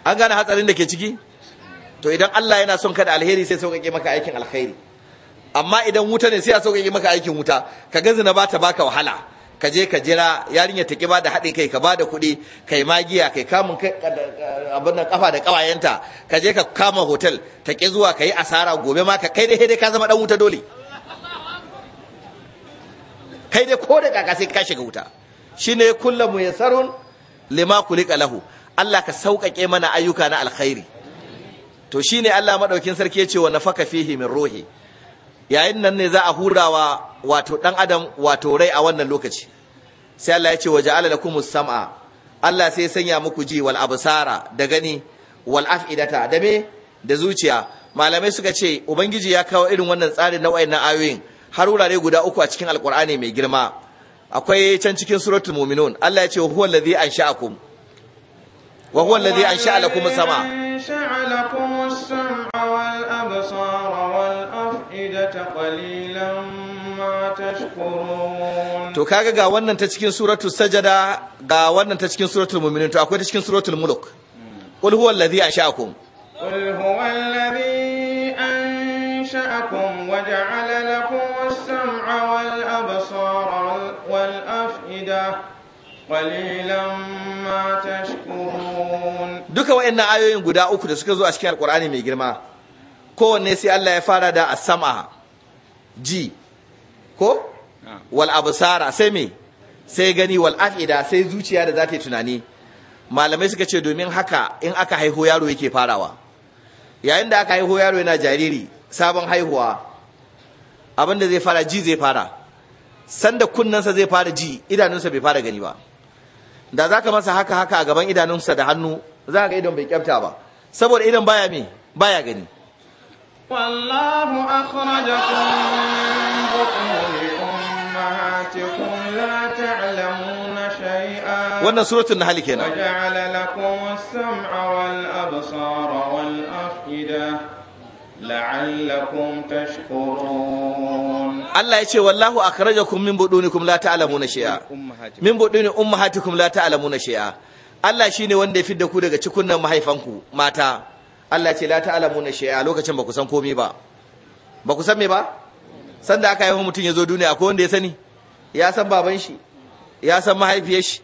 an gane hatsarin da ke ciki to idan Allah yana son ka da alheri sai sauƙaƙe maka aikin alheri amma idan wuta ne sai a sauƙaƙe maka aikin wuta ka ga na bata baka wahala ka je ka jira yarinya ta ba da haɗe kai ka ba kuɗi kai magiya kai kamun abin nan kafa da ƙawayenta ka je ka kama hotel ta zuwa ka yi asara gobe ma ka kai dai ka zama ɗan wuta dole kai dai ko da kaka sai ka shiga wuta shine kullu muyassarun lima kulika lahu Allah ka sauƙaƙe mana ayyuka na alkhairi to shine Allah madaukin sarki ya ce wa nafaka fihi min ruhi yayin nan ne za a hurawa wato dan adam wato rai a wannan lokaci sai Allah yace wa ja'ala lakumus sam'a Allah sai ya sanya muku ji wal absara da gani wal af'idata da me da zuciya malamai suka ce ubangiji ya kawo irin wannan tsarin na wayannan ayoyin har wurare guda uku a cikin alkur'ani mai girma akwai can cikin suratul mu'minun Allah ya ce huwa allazi ansha'akum wa huwa allazi ansha'alakum as-sama ansha'alakum as-sam'a wal absara wal af'idata qalilan ma tashkurun to kaga ga wannan ta cikin suratul sajada ga wannan ta cikin suratul mu'minun to akwai ta cikin suratul muluk qul huwa allazi ansha'akum qul huwa allazi ansha'akum wa ja'a duka waɗannan ayoyin guda uku da suka zo a cikin alkur'ani mai girma kowanne sai Allah ya fara da sama, ji ko ah. wal absara sai me sai gani wal afida sai zuciya da za ta yi tunani malamai suka ce domin haka in aka haihu yaro yake farawa yayin da aka haihu yaro yana jariri sabon haihuwa abinda zai fara ji zai fara sanda kunnensa zai fara ji idanunsa bai fara gani ba da za ka masa haka haka a gaban idanunsa da hannu za ka idon bai kyafta ba saboda idon baya me baya gani wannan na kenan Allah ya ce wallahu akhrajakum min budunikum la ta'lamuna shay'a min buduni ummahatikum la ta'lamuna shay'a Allah shine wanda ya fidda ku daga nan mahaifanku mata Allah ce la ta'lamuna shay'a lokacin ba ku san komai ba ba ku san me ba sanda aka mutum mutun yazo duniya akwai wanda ya sani ya san baban shi ya san mahaifiyar shi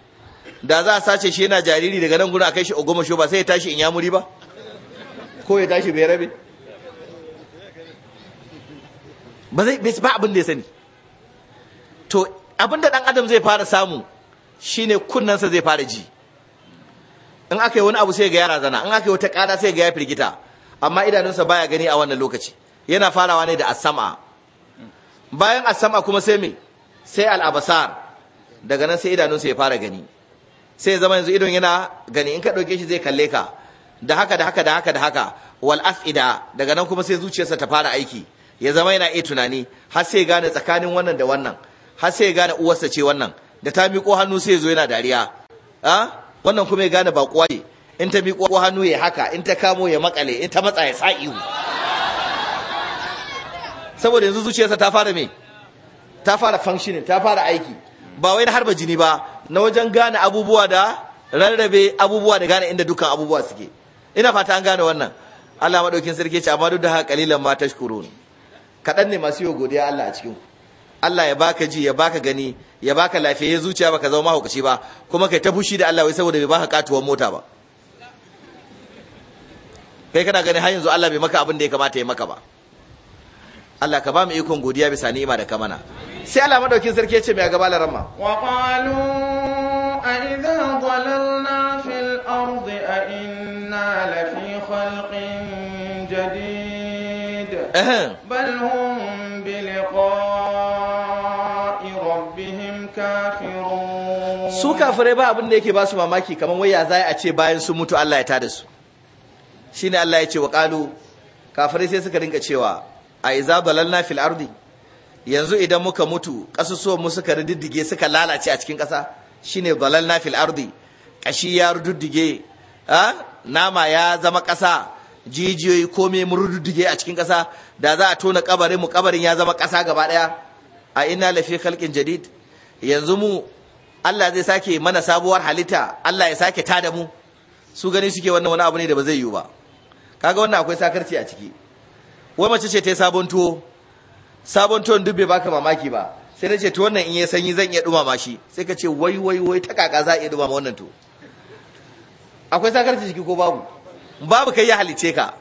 da za a sace shi yana jariri daga nan gurin akai shi sho ba sai ya tashi in ya muri ba ko ya tashi bai rabe ba zai ba abin da ya sani to abin da dan adam zai fara samu shine kunnansa zai fara ji in aka yi wani abu sai ga yara zana in aka yi wata kada sai ga ya firgita amma idanunsa baya gani a wannan lokaci yana farawa ne da asama bayan asama kuma sai me sai al'abasar daga nan sai idanunsa ya fara gani sai zama yanzu idon yana gani in ka ɗauke shi zai kalle ka da haka da haka da haka da haka wal afida daga nan kuma sai zuciyarsa ta fara aiki ya zama yana iya tunani har sai gane tsakanin wannan da wannan har sai gane uwarsa ce wannan da ta miƙo hannu sai zo yana dariya a wannan kuma ya gane ba kuwa ce in ta miƙo hannu ya haka in ta kamo ya makale in ta matsa ya sa ihu saboda yanzu zuciyarsa ta fara me ta fara functioning ta fara aiki ba wai na harba jini ba na wajen gane abubuwa da rarrabe abubuwa da gane inda dukkan abubuwa suke ina fata an gane wannan Allah madaukin sarki ce amma duk da haka kalilan ma tashkurun kaɗan ne masu yi godiya Allah a cikin Allah ya baka ji ya baka gani ya baka lafiya ya zuciya baka zama mahaukaci ba kuma kai ta fushi da Allah wai saboda bai baka katuwar mota ba kai kana gani har yanzu Allah bai maka abin da ya kamata ya maka ba Allah ka ba mu ikon godiya bisa ni'ima da kamana sai Allah madaukin sarki ya ce mai gaba larama wa qalu a idza dhalalna fil ardi a inna fi khalqin jadid بل هم بلقاء ربهم كافرون su kafirai ba abin da yake ba su mamaki kamar waya za a ce bayan sun mutu Allah ya tada su shine Allah ya ce wa qalu kafirai sai suka rinka cewa a iza dalalna fil ardi yanzu idan muka mutu kasusuwan mu suka riddige suka lalace a cikin kasa shine dalalna fil ardi kashi ya rududdige nama ya zama kasa jijiyoyi kome mun rududdige a cikin ƙasa. da za a tona kabarin mu kabarin ya zama ƙasa gaba daya a inna lafi khalqin jadid yanzu mu Allah zai sake mana sabuwar halitta Allah ya sake tada mu su gani suke wannan wani abu ne da ba zai yiwu ba kaga wannan akwai sakarci a ciki wai mace ce ta yi sabon tuwo sabon tuwon duk bai baka mamaki ba sai na ce to wannan in ya sanyi zan iya dumama shi sai ka ce wai wai wai ta kaka za a iya dumama wannan tuwo akwai sakarci ciki ko babu babu kai ya halice ka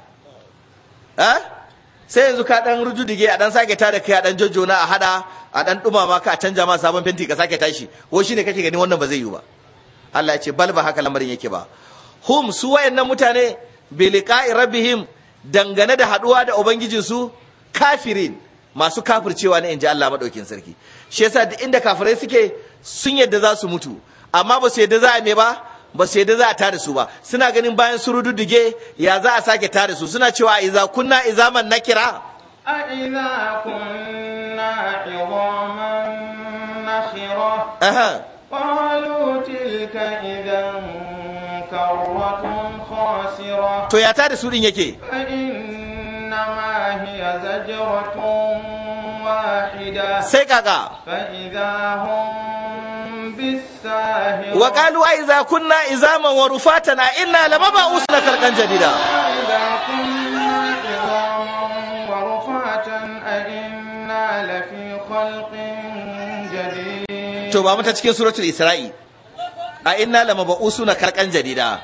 eh sai yanzu ka dan rujudige a dan sake tada kai a dan jojjona a hada a dan dumama ka a canja ma sabon fenti ka sake tashi ko shine kake gani wannan ba zai yi ba Allah ya ce bal ba haka lamarin yake ba hum su wayannan mutane bi liqa'i rabbihim dangane da haduwa da ubangijin su kafirin masu kafircewa ne inji Allah madaukin sarki shi yasa duk inda kafirai suke sun yadda za su mutu amma ba su yadda za a me ba ba su yadda za a tare su ba suna ganin bayan su rududdige ya za a sake tare su suna cewa iza kunna izaman nakira a kunna izaman nakira qalu tilka idan khasira to ya tare su din yake fa inna ma hiya zajratun واحدة سيكاكا فإذا هم بالساهرة وقالوا أئذا كنا إزاما ورفاتا أئنا لمبعوثنا خلقا جديدا إذا كنا عظاما ورفاتا أئنا لفي خلق جديد توبا متى تشكي سورة الإسرائيل أئنا لمبعوثنا خلقا جديدا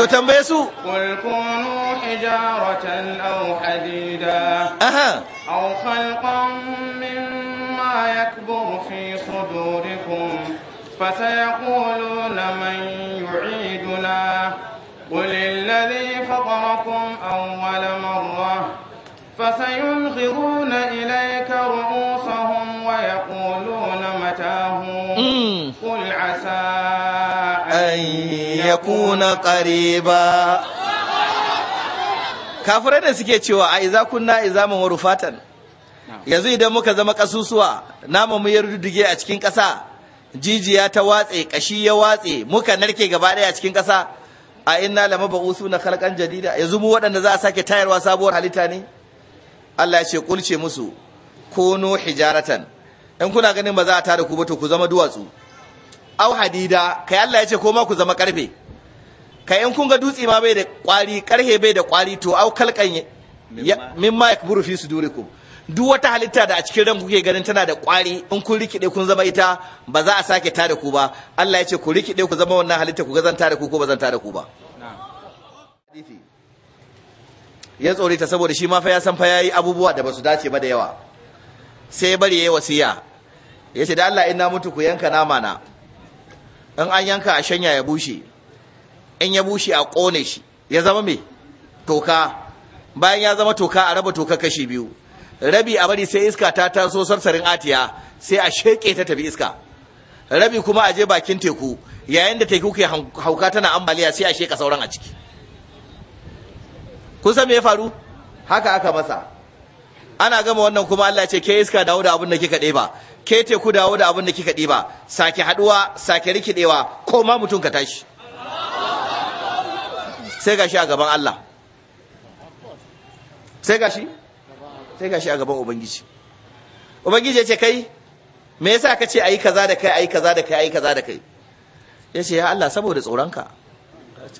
to tambaye su qul hijaratan aw hadida aha aw khalqan mimma yakbur fi sudurikum فسيقولون من يعيدنا قل الذي فطركم أول مرة an yakuna qariba kafirai da suke cewa a iza kunna izaman wa rufatan yanzu idan muka zama kasusuwa namu mu ya a cikin ƙasa jijiya ta watse ƙashi ya watse muka narke gaba ɗaya a cikin ƙasa a inna lama ba'usu na kalkan jadida yanzu mu waɗanda za a sake tayarwa sabuwar halitta ne Allah ya ce kulce musu kunu hijaratan in kuna ganin ba za a tada ku ba to ku zama duwatsu au hadida kai Allah ya ce ko ku zama karfe kai in kun ga dutse ma bai da kwari karhe bai da kwari to au kalkan ma yakburu fi sudurikum duk wata halitta da a cikin ran kuke ganin tana da kwari in kun rikide kun zama ita ba za a sake tada ku ba Allah ya ce ku rikide ku zama wannan halitta ku ga zan tada ku ko ba zan tada ku ba ya tsore ta saboda shi ma fa ya san fa yayi abubuwa da basu dace ba da yawa sai bari yayi wasiya ya ce da Allah in na mutu ku yanka nama na in an yanka a shanya ya bushe in ya bushe a ƙone shi ya zama mai toka bayan ya zama toka a raba toka kashi biyu rabi a bari sai iska ta taso sarsarin atiya sai a sheƙe ta tafi iska rabi kuma a je bakin teku yayin da teku ke hauka tana ambaliya sai a sheƙa sauran a ciki kun san me ya faru haka aka masa ana gama wannan kuma Allah ce ke iska dawo da abin da kika ɗeba ke te ku dawo da abin da kika ɗiba sake haɗuwa sake rikidewa ko ma mutum ka tashi sai gashi a gaban Allah sai gashi sai gashi a gaban ubangiji ubangiji ya ce kai me yasa ka ce ayi kaza da kai ayi kaza da kai ayi kaza da kai ya ce ya Allah saboda tsoronka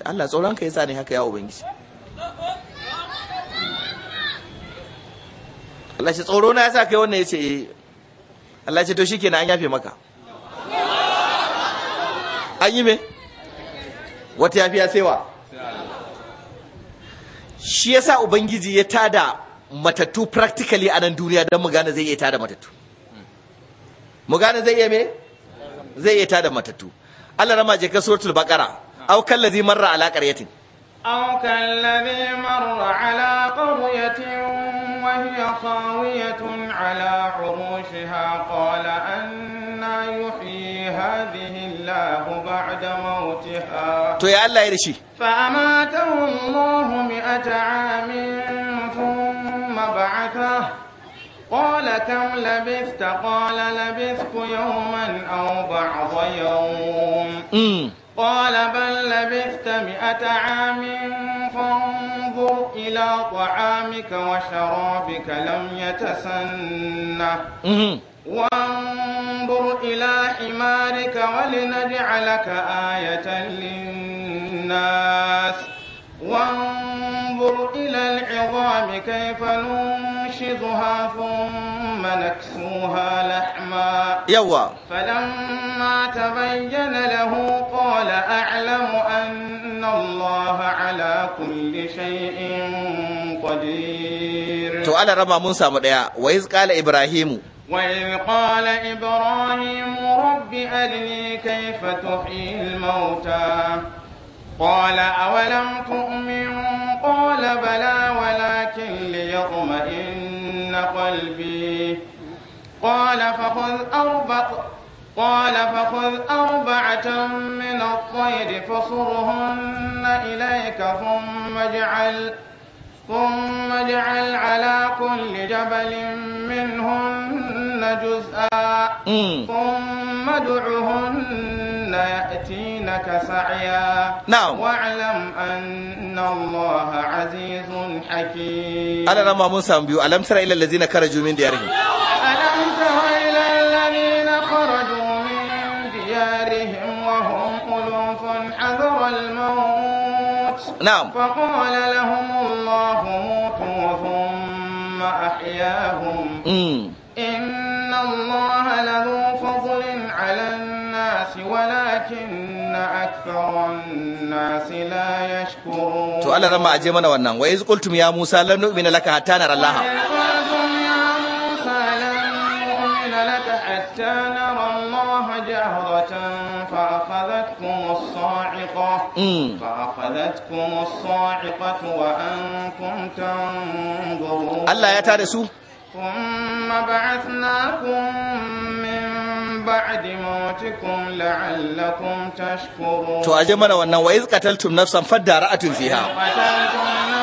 Allah tsoronka yasa ne haka ya ubangiji Allah shi tsoro na yasa kai wannan ya ce eh. Allah ce to shi kenan an yafe maka an yi me wata yafi ya wa shi sa ubangiji ya tada matattu practically a nan duniya don mu gane zai iya tada matattu mu gane zai iya me zai iya tada matattu Allah rama je ka suratul baqara aw kallazi marra ala qaryatin أو كالذي مر على قرية وهي خاوية على عروشها قال أنا يحيي هذه الله بعد موتها تو يا الله يرشي فأماته الله مئة عام ثم بعثه قال كم لبثت قال لبثت يوما أو بعض يوم قال بل لبثت مئة عام فانظر إلى طعامك وشرابك لم يتسنه وانظر إلى حمارك ولنجعلك آية للناس وانظر انظر إلى العظام كيف ننشدها ثم نكسوها لحما يوا فلما تبين له قال أعلم أن الله على كل شيء قدير تؤال على رما موسى مدعي وإذ قال إبراهيم وإذ قال إبراهيم رب أرني كيف تحيي الموتى قال أولم تؤمن قال بلى ولكن ليطمئن قلبي قال فخذ أربع قال فخذ أربعة من الطير فصرهن إليك ثم اجعل ثم اجعل على كل جبل منهن جزءا ثم ادعهن يأتينك سعيا نعم واعلم أن الله عزيز حكيم أنا لما موسى أنبيو ألم ترى إلى الذين خرجوا من ديارهم ألم ترى إلى الذين خرجوا من ديارهم وهم ألوف حذر الموت نعم فقال لهم الله موتوا ثم أحياهم إن الله لذو فضل على الناس الناس ولكن أكثر الناس لا يشكرون تو الله رما أجمنا ونن وإذ قلتم يا موسى لن نؤمن لك حتى نرى الله قلتم يا موسى لن نؤمن لك حتى نرى الله جهرة فأخذتكم الصاعقة فأخذتكم الصاعقة وأنتم تنظرون الله يا تارسو ثم بعثناكم To a je mana wannan wa iz qataltum nafsan fadda ra'atun fiha.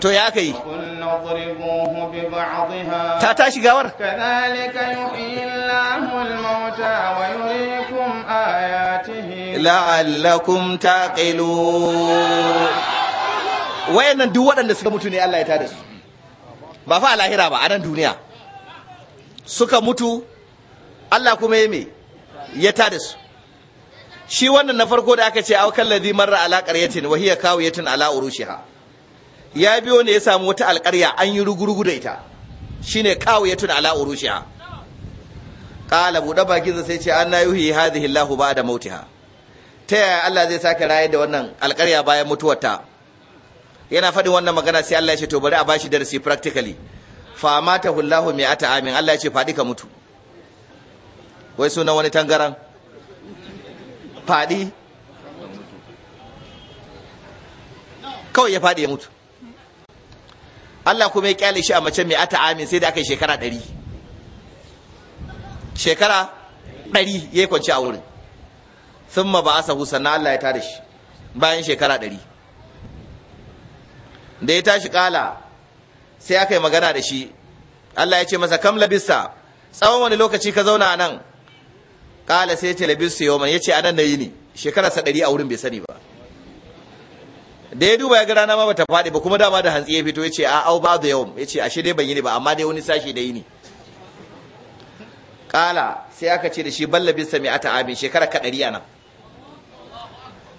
to ya kai ta tashi gawar la'allakum taqilu wayannan duk waɗanda suka mutu ne Allah ya tada su ba fa lahira ba a nan duniya suka mutu Allah kuma ya me ya tada su shi wannan na farko da aka ce aw kallazi marra ala qaryatin wa hiya kawiyatin ala urushiha ya biyo ne ya samu wata alƙarya an yi rugurugu da ita shine kawo ya tuna ala urushiya Ƙala buɗe bakin sai ce an na yuhi hadhihi Allahu ba'da mautiha ta yaya Allah zai sake rayar da wannan alƙarya bayan mutuwarta yana faɗin wannan magana sai Allah ya ce to bari a bashi darasi practically fa hullahu mai ata amin Allah ya ce faɗi ka mutu wai sunan wani tangaran faɗi kawai ya faɗi ya mutu Allah kuma ya kyale shi a mace mai ata amin sai da aka yi shekara ɗari shekara ɗari ya yi kwanci a wurin sun ma ba a sahu sannan Allah ya tare shi bayan shekara ɗari da ya tashi ƙala sai aka yi magana da shi Allah ya ce masa kam labista tsawon wani lokaci ka zauna a nan ƙala sai ya ce labista yau ya ce a nan na yi ne shekara sa ɗari a wurin bai sani ba da ya duba ya ga rana ma bata faɗi ba kuma dama da hantsi ya fito ya ce a au ba da yawan. ya ce ashe dai ban yi ne ba amma dai wani sashi da yi ne kala sai aka ce da shi ballabin sami ata abin shekara ka ɗari anan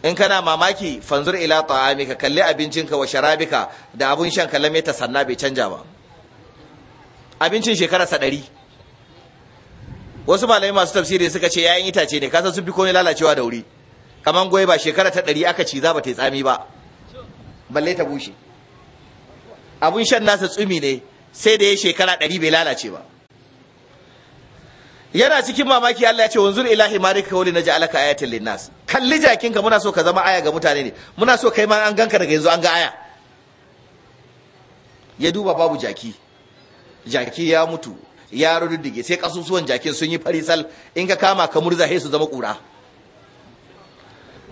in kana mamaki fanzur ila ka kalli abincinka wa sharabika da abun shan kalame ta sanna bai canja ba abincin shekara sa ɗari wasu malamai masu tafsiri suka ce yayin itace ne kasan sun fi kone lalacewa da wuri kamar goyi ba shekara ta ɗari aka ci za ba ta yi tsami ba balle ta bushe abun shan nasa tsumi ne sai da ya shekara ɗari bai lalace ba yana cikin mamaki Allah ya ce wanzur ilahi marika na naji alaka ayatin linnas kalli jakinka muna so ka zama aya ga mutane ne muna so kai ma an ganka daga yanzu an ga aya ya duba babu jaki jaki ya mutu ya rududdige sai kasusuwan jakin sun yi farisal in ka kama ka murza sai su zama kura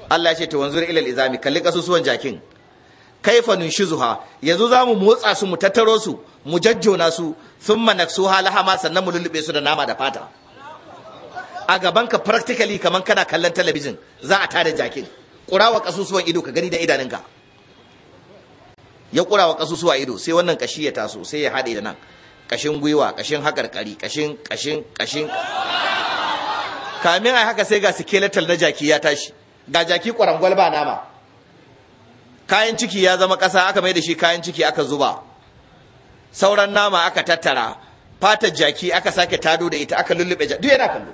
Allah ya ce ta wanzur ilal izami kalli kasusuwan jakin kaifa nunshizuha yanzu za mu motsa su mu tattaro su mu jajjona su sun manaksu hama, sannan mu lullube su da nama da fata a gaban ka practically kamar kana kallon talabijin za a tada jakin kurawa kasusuwan ido ka gani da idanunka ya kurawa kasusuwa ido sai wannan kashi ya taso sai ya haɗe da nan kashin gwiwa kashin haƙarƙari, kashin kashin kashin kamin a haka sai ga skeletal na jaki ya tashi ga jaki ƙwarangwal ba nama kayan ciki ya zama ƙasa aka mai da shi kayan ciki aka zuba sauran nama aka tattara fatar jaki aka sake tado da ita aka lullube duk yana kallo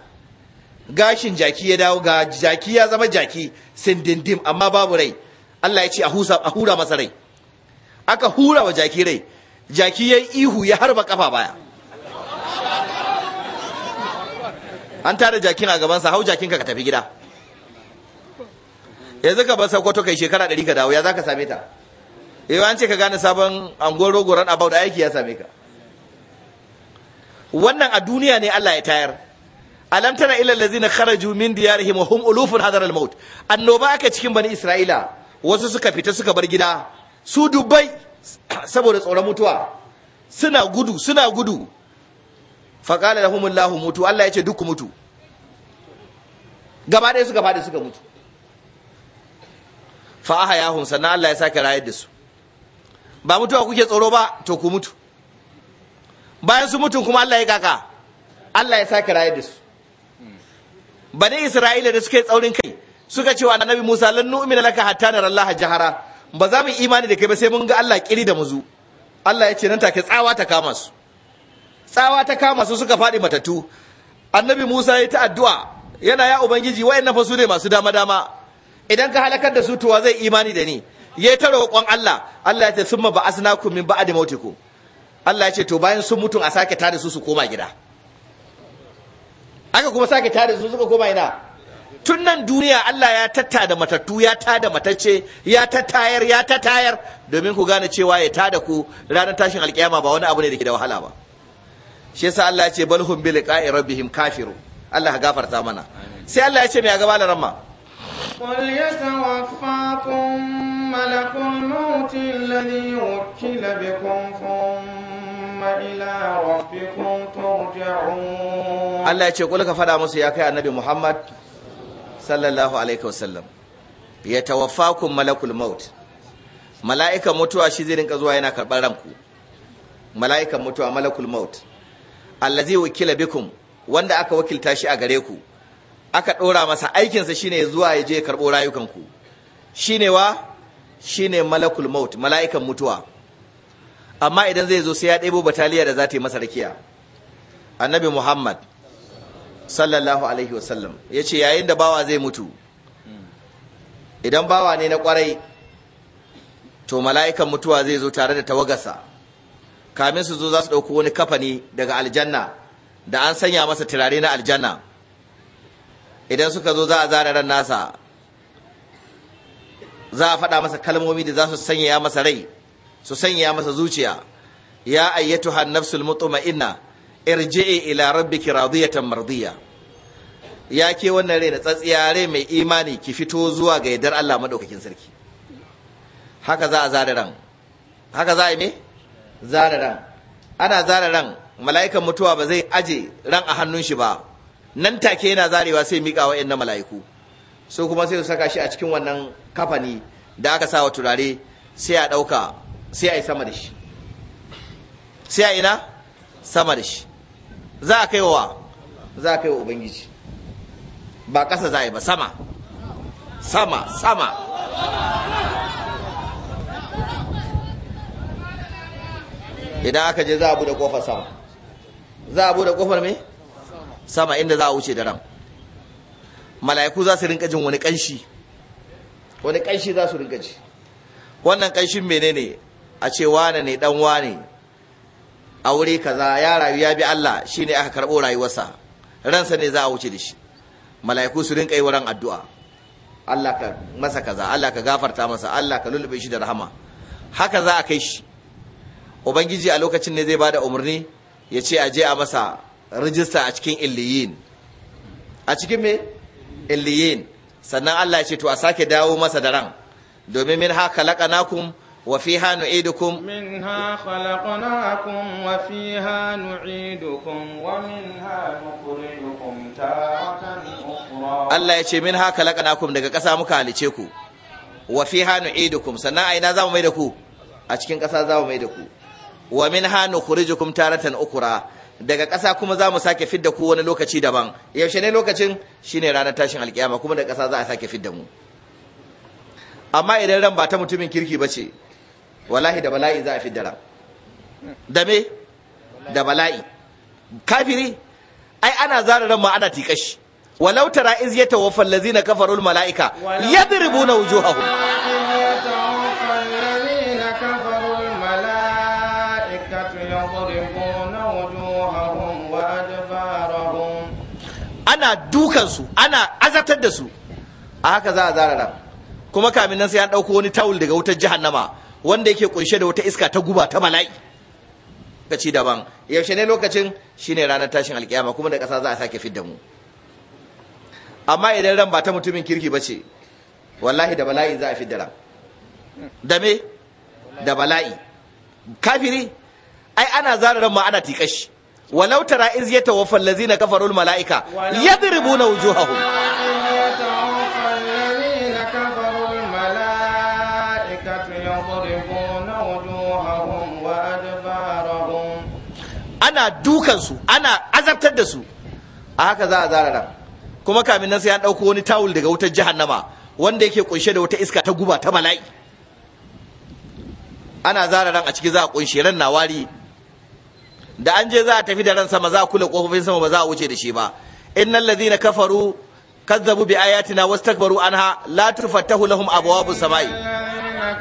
gashin jaki ya dawo ga jaki ya zama jaki sindindim amma babu rai Allah ya ce a hura masa rai aka hura wa jaki rai jaki ya ihu ya harba kafa baya an tara jakin a gabansa hau jakinka ka tafi gida yanzu ka bar sakwato kai shekara ɗari ka dawo ya za ka same ta eh an ce ka gane sabon angoro rogoran abau da aiki ya same ka wannan a duniya ne Allah ya tayar alam tana ila allazina kharaju min diyarihim wa hum ulufun hadar al annoba aka cikin bani isra'ila wasu suka fita suka bar gida su dubbai saboda tsoron mutuwa suna gudu suna gudu da lahumullahu mutu Allah ya ce duk mutu gaba ɗaya suka faɗi suka mutu fa hunsa, sannan Allah ya sake rayar da su ba mutuwa kuke tsoro ba to ku mutu bayan su mutu kuma Allah ya kaka Allah ya sake rayar da su bani Isra'ila da suka yi tsaurin kai suka ce wa annabi Musa lan nu'mina laka hatta nara Allah jahara ba za mu imani da kai ba sai mun ga Allah kiri da muzu Allah ya ce nan take tsawa ta kama su tsawa ta kama su suka faɗi matatu annabi Musa ya ta addu'a yana ya ubangiji wayannan fa su ne masu dama dama idan ka halakar da su tuwa zai imani da ni ya ta roƙon Allah Allah ya ce summa ba asnakum min ba'di mautiku Allah ya ce to bayan sun mutu a sake tare su su koma gida aka kuma sake tare su suka koma ina tun nan duniya Allah ya tatta da matattu ya tada matacce ya tayar ya tayar domin ku gane cewa ya ta da ku ranar tashin alkiyama ba wani abu ne da ke da wahala ba shi yasa Allah ya ce balhum bil qa'i rabbihim kafiru Allah ya gafarta mana sai Allah ya ce me ya gaba da ramma فليتوفاكم ملك الموت الذي وكل بكم ثم إلى ربكم ترجعون الله يقول kulka faɗa musu ya kai annabi Muhammad sallallahu alaihi wasallam ya tawaffakum malakul maut mala'ikan mutuwa shi zai rinka zuwa yana karɓar ranku mala'ikan mutuwa malakul maut allazi wakila bikun wanda aka wakilta shi a gare ku aka ɗora masa aikinsa shine zuwa ya je karɓo rayukanku shine wa shine malakul maut mala'ikan mutuwa amma idan zai zo sai ya ɗebo bataliya da za ta yi masa rakiya annabi muhammad sallallahu alaihi wasallam ya ce yayin da bawa zai mutu idan bawa ne na kwarai to mala'ikan mutuwa zai zo tare da tawagarsa kamin su zo za su ɗauko wani kafani daga aljanna da an sanya masa turare na aljanna idan suka zo za a zara ran nasa za a faɗa masa kalmomi da za su sanya masa rai su sanya masa zuciya ya ayyatu hannafsul mutma'inna irji'i ila rabbiki radiyatan mardiya ya ke wannan rai da tsatsiya rai mai imani ki fito zuwa ga yadar Allah madaukakin sarki haka za a zara ran haka za a yi me zara ran ana zara ran mala'ikan mutuwa ba zai aje ran a hannun shi ba nan take yana zarewa sai miƙa wa na mala'iku so kuma sai su saka shi a cikin wannan kafani da aka sa wa turare sai a ɗauka sai a yi sama da shi sai a ina sama da shi za a kai wa za a kai wa ubangiji ba ƙasa za a yi ba sama sama sama idan aka je za a buɗe ƙofar sama za a buɗe ƙofar me? sama inda za a wuce da ran mala'iku za su rinka jin wani kanshi wani kanshi za su rinka ji wannan kanshin menene a ce wane ne dan wane a wuri kaza ya rayu ya bi Allah shine aka karbo rayuwarsa ransa ne za a wuce da shi mala'iku su rinka yi wurin addu'a Allah ka masa kaza Allah ka gafarta masa Allah ka lulube shi da rahama haka za a kai shi ubangiji a lokacin ne zai bada umarni ya ce a je a masa rijista a cikin illiyin a cikin me illiyin sannan Allah ya ce to a sake dawo masa da ran domin min haka kun wa fiha nu'idukum minha khalaqnakum wa fiha nu'idukum wa min minha nukhrijukum taratan ukhra Allah ya ce min haka kun daga ƙasa muka halice ku wa fiha nu'idukum sannan a ina za mu mai da ku a cikin ƙasa za mu mai da ku wa min minha nukhrijukum taratan ukhra daga ƙasa kuma za mu sake fidda ku wani lokaci daban yaushe ne lokacin shine ranar tashin alkiyama kuma da ƙasa za a sake fidda mu amma idan ran ba ta mutumin kirki ba ce wallahi da bala'i za a fidda ran da me da bala'i kafiri ai ana zara ran ma ana tikashi walau tara iz yatawaffa allazina kafarul mala'ika yadribuna wujuhahum ana dukansu ana azatar da su a haka za a zara ran kuma kamin nan sai an ɗauko wani tawul daga wutar jahannama wanda yake kunshe da wata iska ta guba ta bala'i lokaci daban yaushe ne lokacin shine ranar tashin alkiyama kuma da ƙasa za a sake fidda mu amma idan ran ba ta mutumin kirki ba ce wallahi da bala'i za a fidda ran da me da bala'i kafiri ai ana zara ran ma ana tikashi walau tara iz yatawaffa allazina kafaru na yadribuna wujuhahum ana dukansu ana azabtar da su a haka za a zara kuma kamin nan sai an ɗauko wani tawul daga wutar jahannama wanda yake kunshe da wata iska ta guba ta bala'i ana zara a ciki za a kunshe ran na wari da an je za a tafi da ran sama za a kula kofofin sama ba za a wuce da shi ba innal ladhina kafaru kazzabu bi ayatina wastakbaru anha la tufattahu lahum abwabus samai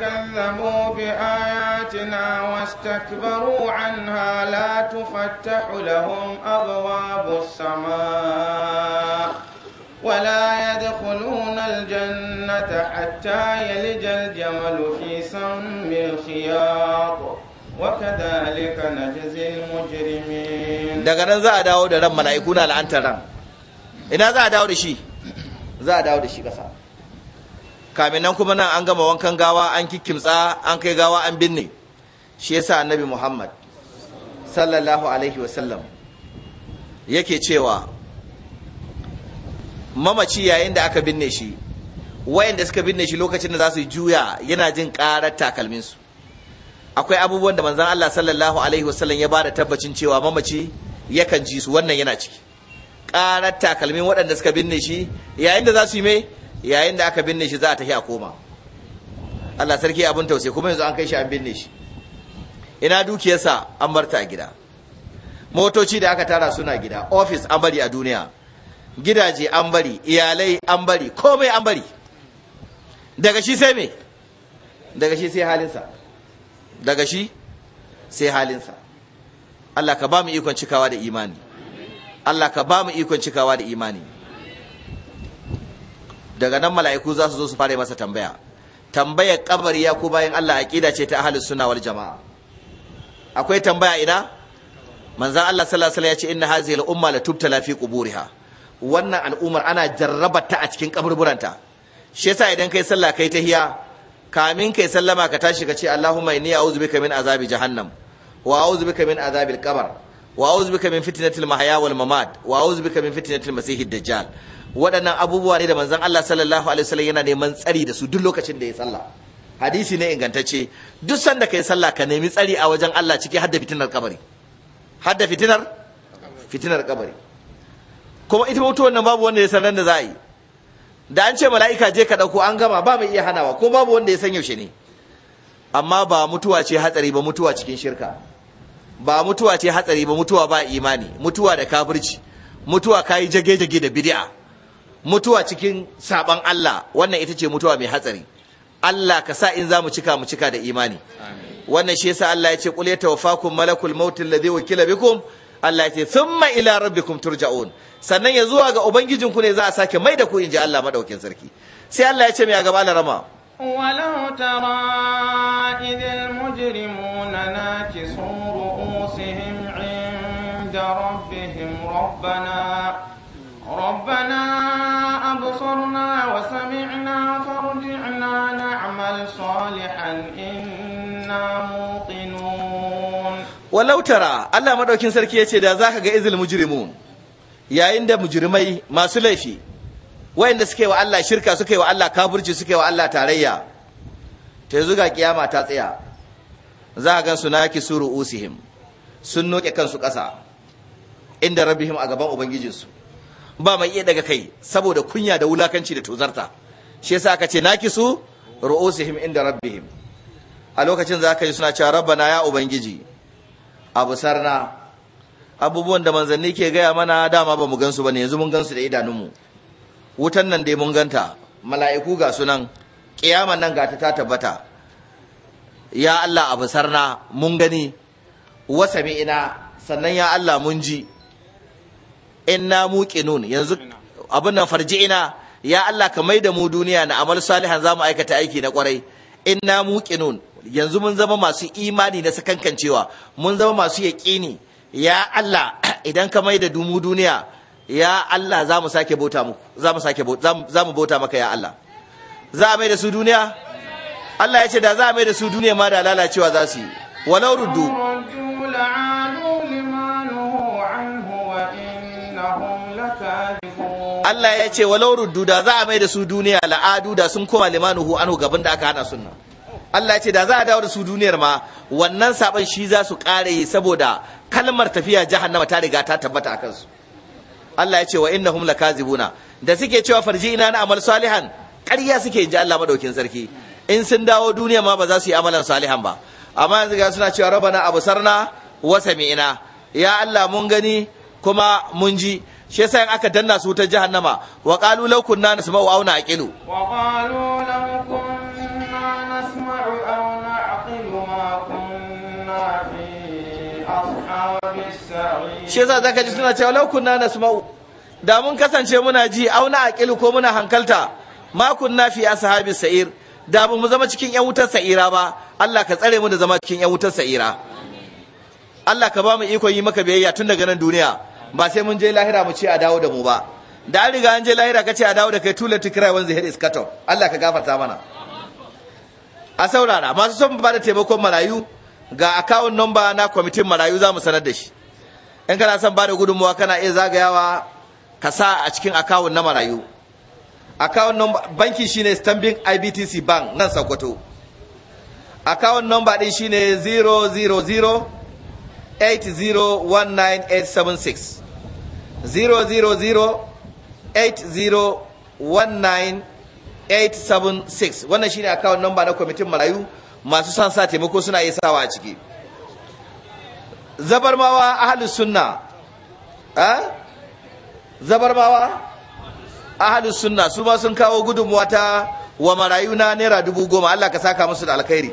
كذبوا بآياتنا واستكبروا عنها لا تفتح لهم أبواب السماء ولا يدخلون الجنة حتى يلج الجمل في سم الخياط وكذلك نجزي المجرمين daga nan za a dawo da ran mala'iku na la'antar ran ina za a dawo da shi za a dawo da shi kasa kamin nan kuma nan an gama wankan gawa an kikkimtsa an kai gawa an binne shi yasa annabi Muhammad sallallahu alaihi wasallam yake cewa mamaci yayin da aka binne shi wayanda suka binne shi lokacin da za su juya yana jin karar takalminsu akwai abubuwan da manzan Allah sallallahu alaihi wasallam ya da tabbacin cewa mamaci yakan ji su wannan yana ciki Ƙarar takalmin waɗanda suka binne shi yayin da za su yi mai yayin da aka binne shi za a tafi a koma Allah sarki abin tausayi kuma yanzu an kai shi an binne shi ina dukiyarsa an barta a gida motoci da aka tara suna gida ofis an bari a duniya gidaje an bari iyalai an bari komai an bari daga shi sai me daga shi sai halinsa daga shi sai halinsa Allah ka ba mu ikon cikawa da imani Allah ka ba mu ikon cikawa da imani daga nan mala'iku za su zo su fara masa tambaya tambayar kabari ya ku bayan Allah aqida ce ta ahlus sunna wal jamaa akwai tambaya ina manzon Allah sallallahu alaihi wasallam ya ce inna hazihi al umma la tubtala fi quburiha wannan al'ummar ana jarrabata a cikin kaburburanta shi yasa idan kai sallah kai tahiya kamin kai sallama ka tashi ka ce Allahumma inni a'udhu bika min azabi jahannam wa a'udhu bika min azabil qabr wa a'udhu bika min fitnatil mahya wal mamat wa a'udhu bika min fitnatil masihid dajjal waɗannan abubuwa ne da manzon Allah sallallahu alaihi wasallam yana neman tsari da su duk lokacin da ya salla hadisi ne ingantacce duk sanda kai sallah ka nemi tsari a wajen Allah ciki hadda fitinar kabari hadda fitinar fitinar kabari kuma ita mutuwar nan babu wanda ya san da za a yi da an ce mala'ika je ka ɗauko an gama ba mai iya hanawa ko babu wanda ya san yaushe ne amma ba mutuwa ce hatsari ba mutuwa cikin shirka ba mutuwa ce hatsari ba mutuwa ba imani mutuwa da kafirci mutuwa kayi jage-jage da bid'a mutuwa cikin saban Allah wannan ita ce mutuwa mai hatsari Allah ka sa in za mu cika mu cika da imani wannan shi yasa Allah ya ce qul yatawaffakum malakul mautil ladhi wakila bikum Allah ya ce thumma ila rabbikum turja'un sannan ya zuwa ga ku ne za a sake mai da ku inji Allah madaukin sarki sai Allah ya ce mai a gaba larama ولو ترى إذ المجرمون ناكسوا رؤوسهم عند ربهم ربنا ربنا أبصرنا وسمعنا فارجعنا نعمل صالحا إنا موقنون walau tara Allah madaukin sarki yace da zaka ga izil mujrimun yayin da mujrimai masu laifi wayanda suke wa Allah shirka suke wa Allah kafirci suke wa Allah tarayya ta yanzu ga kiyama ta tsaya za ka gan su naki suru usihim sun noke kansu ƙasa inda rabbihim a gaban ubangijinsu ba mai iya daga kai saboda kunya da wulakanci da tozarta shi yasa aka ce naki su ru'usihim inda rabbihim a lokacin za ka ji suna cewa rabbana ya ubangiji sarna abubuwan da manzanni ke gaya mana dama ba mu gansu ba ne yanzu mun gansu da idanunmu wutan nan dai mun ganta mala'iku ga sunan kiyaman nan ga ta tabbata ya Allah sarna mun gani wa ina sannan ya Allah mun ji In inna muqinun yanzu abin nan ina ya Allah ka maida mu duniya na amal salihan mu aikata aiki na kwarai In inna muqinun yanzu mun zama masu imani na sakankancewa mun zama masu yaƙini ya Allah idan ka mai da dumu duniya ya Allah za mu sake bauta muku za mu sake za mu bauta maka ya Allah za a mai da su duniya Allah ya ce da za a mai da su duniya ma da lalacewa za su yi walau ruddu Allah ya ce walau ruddu da za a mai da su duniya la'adu da sun koma limanuhu anhu gaban da aka hana sunna Allah ya ce da za a dawo da su duniyar ma wannan saban shi za su kare saboda kalmar tafiya jahannama ta riga ta tabbata a kansu Allah ya ce wa innahum lakazibuna da suke cewa farji ina na amal salihan ƙarya suke ji Allah madaukin sarki in sun dawo duniya ma ba za su yi amalan salihan ba amma yanzu ga suna cewa rabana abusarna wa sami'ina ya Allah mun gani kuma mun ji shi yasa in aka danna su ta jahannama wa qalu law kunna nasma'u aw na'qilu wa qalu law kunna shi yasa zaka ji suna cewa law na nasma'u da mun kasance muna ji auna aqilu ko muna hankalta ma kunna fi ashabi sa'ir da ba mu zama cikin yan wutar sa'ira ba Allah ka tsare mu da zama cikin yan wutar sa'ira Allah ka ba mu ikon yi maka biyayya tun daga nan duniya ba sai mun je lahira mu ce a dawo da mu ba da an riga an je lahira ka ce a dawo da kai tula to cry when the head is cut off Allah ka gafarta mana a saurara masu son ba da taimakon marayu ga akawun number na kwamitin marayu za mu sanar da shi in kana son ba da gudunmuwa kana iya zagayawa ka sa a cikin akawun na marayu akawun banki shine stambin IBTC Bank nan Sokoto Akawun number din shine 000 8019876 wannan shine account number na kwamitin marayu masu son sa taimako suna iya sawa a ciki zabarmawa ahalus sunna a zabarmawa ahalus sunna su ma sun kawo gudunmuwa ta wa marayu na naira dubu goma Allah ka saka musu da alkhairi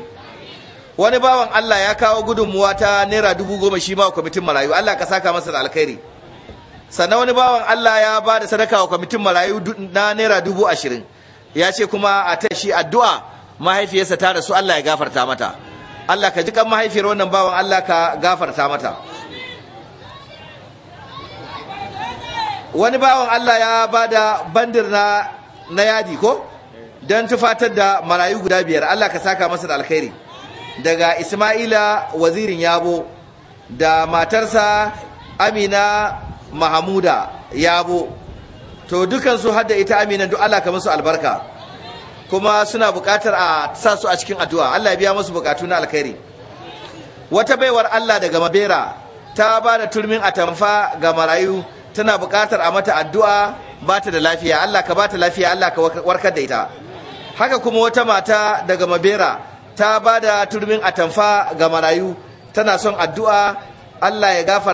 wani bawan Allah ya kawo gudunmuwa ta naira dubu goma shi ma kwamitin marayu Allah ka saka masa da alkhairi sannan wani bawan Allah ya ba da sadaka wa kwamitin marayu na naira dubu ashirin ya ce kuma a tashi addu'a mahaifiyarsa ta rasu Allah ya gafarta mata Allah ka ji kan mahaifiyar wannan bawan Allah ka gafarta mata wani bawan Allah ya bada bandir na na yadi ko don tufatar da marayu guda biyar Allah ka saka masa da alkhairi daga Ismaila wazirin yabo da matarsa Amina Mahamuda yabo to dukansu hadda ita Amina duk Allah ka musu albarka kuma suna bukatar a sa su a cikin addu'a Allah ya biya musu bukatu na alkhairi wata baiwar Allah daga Mabera ta ba da turmin atamfa ga marayu tana bukatar a mata addu'a ba ta da lafiya Allah ka ba ta lafiya Allah ka warkar da ita haka kuma wata mata daga Mabera ta ba da turmin atamfa ga marayu tana son addu'a Allah ya gafara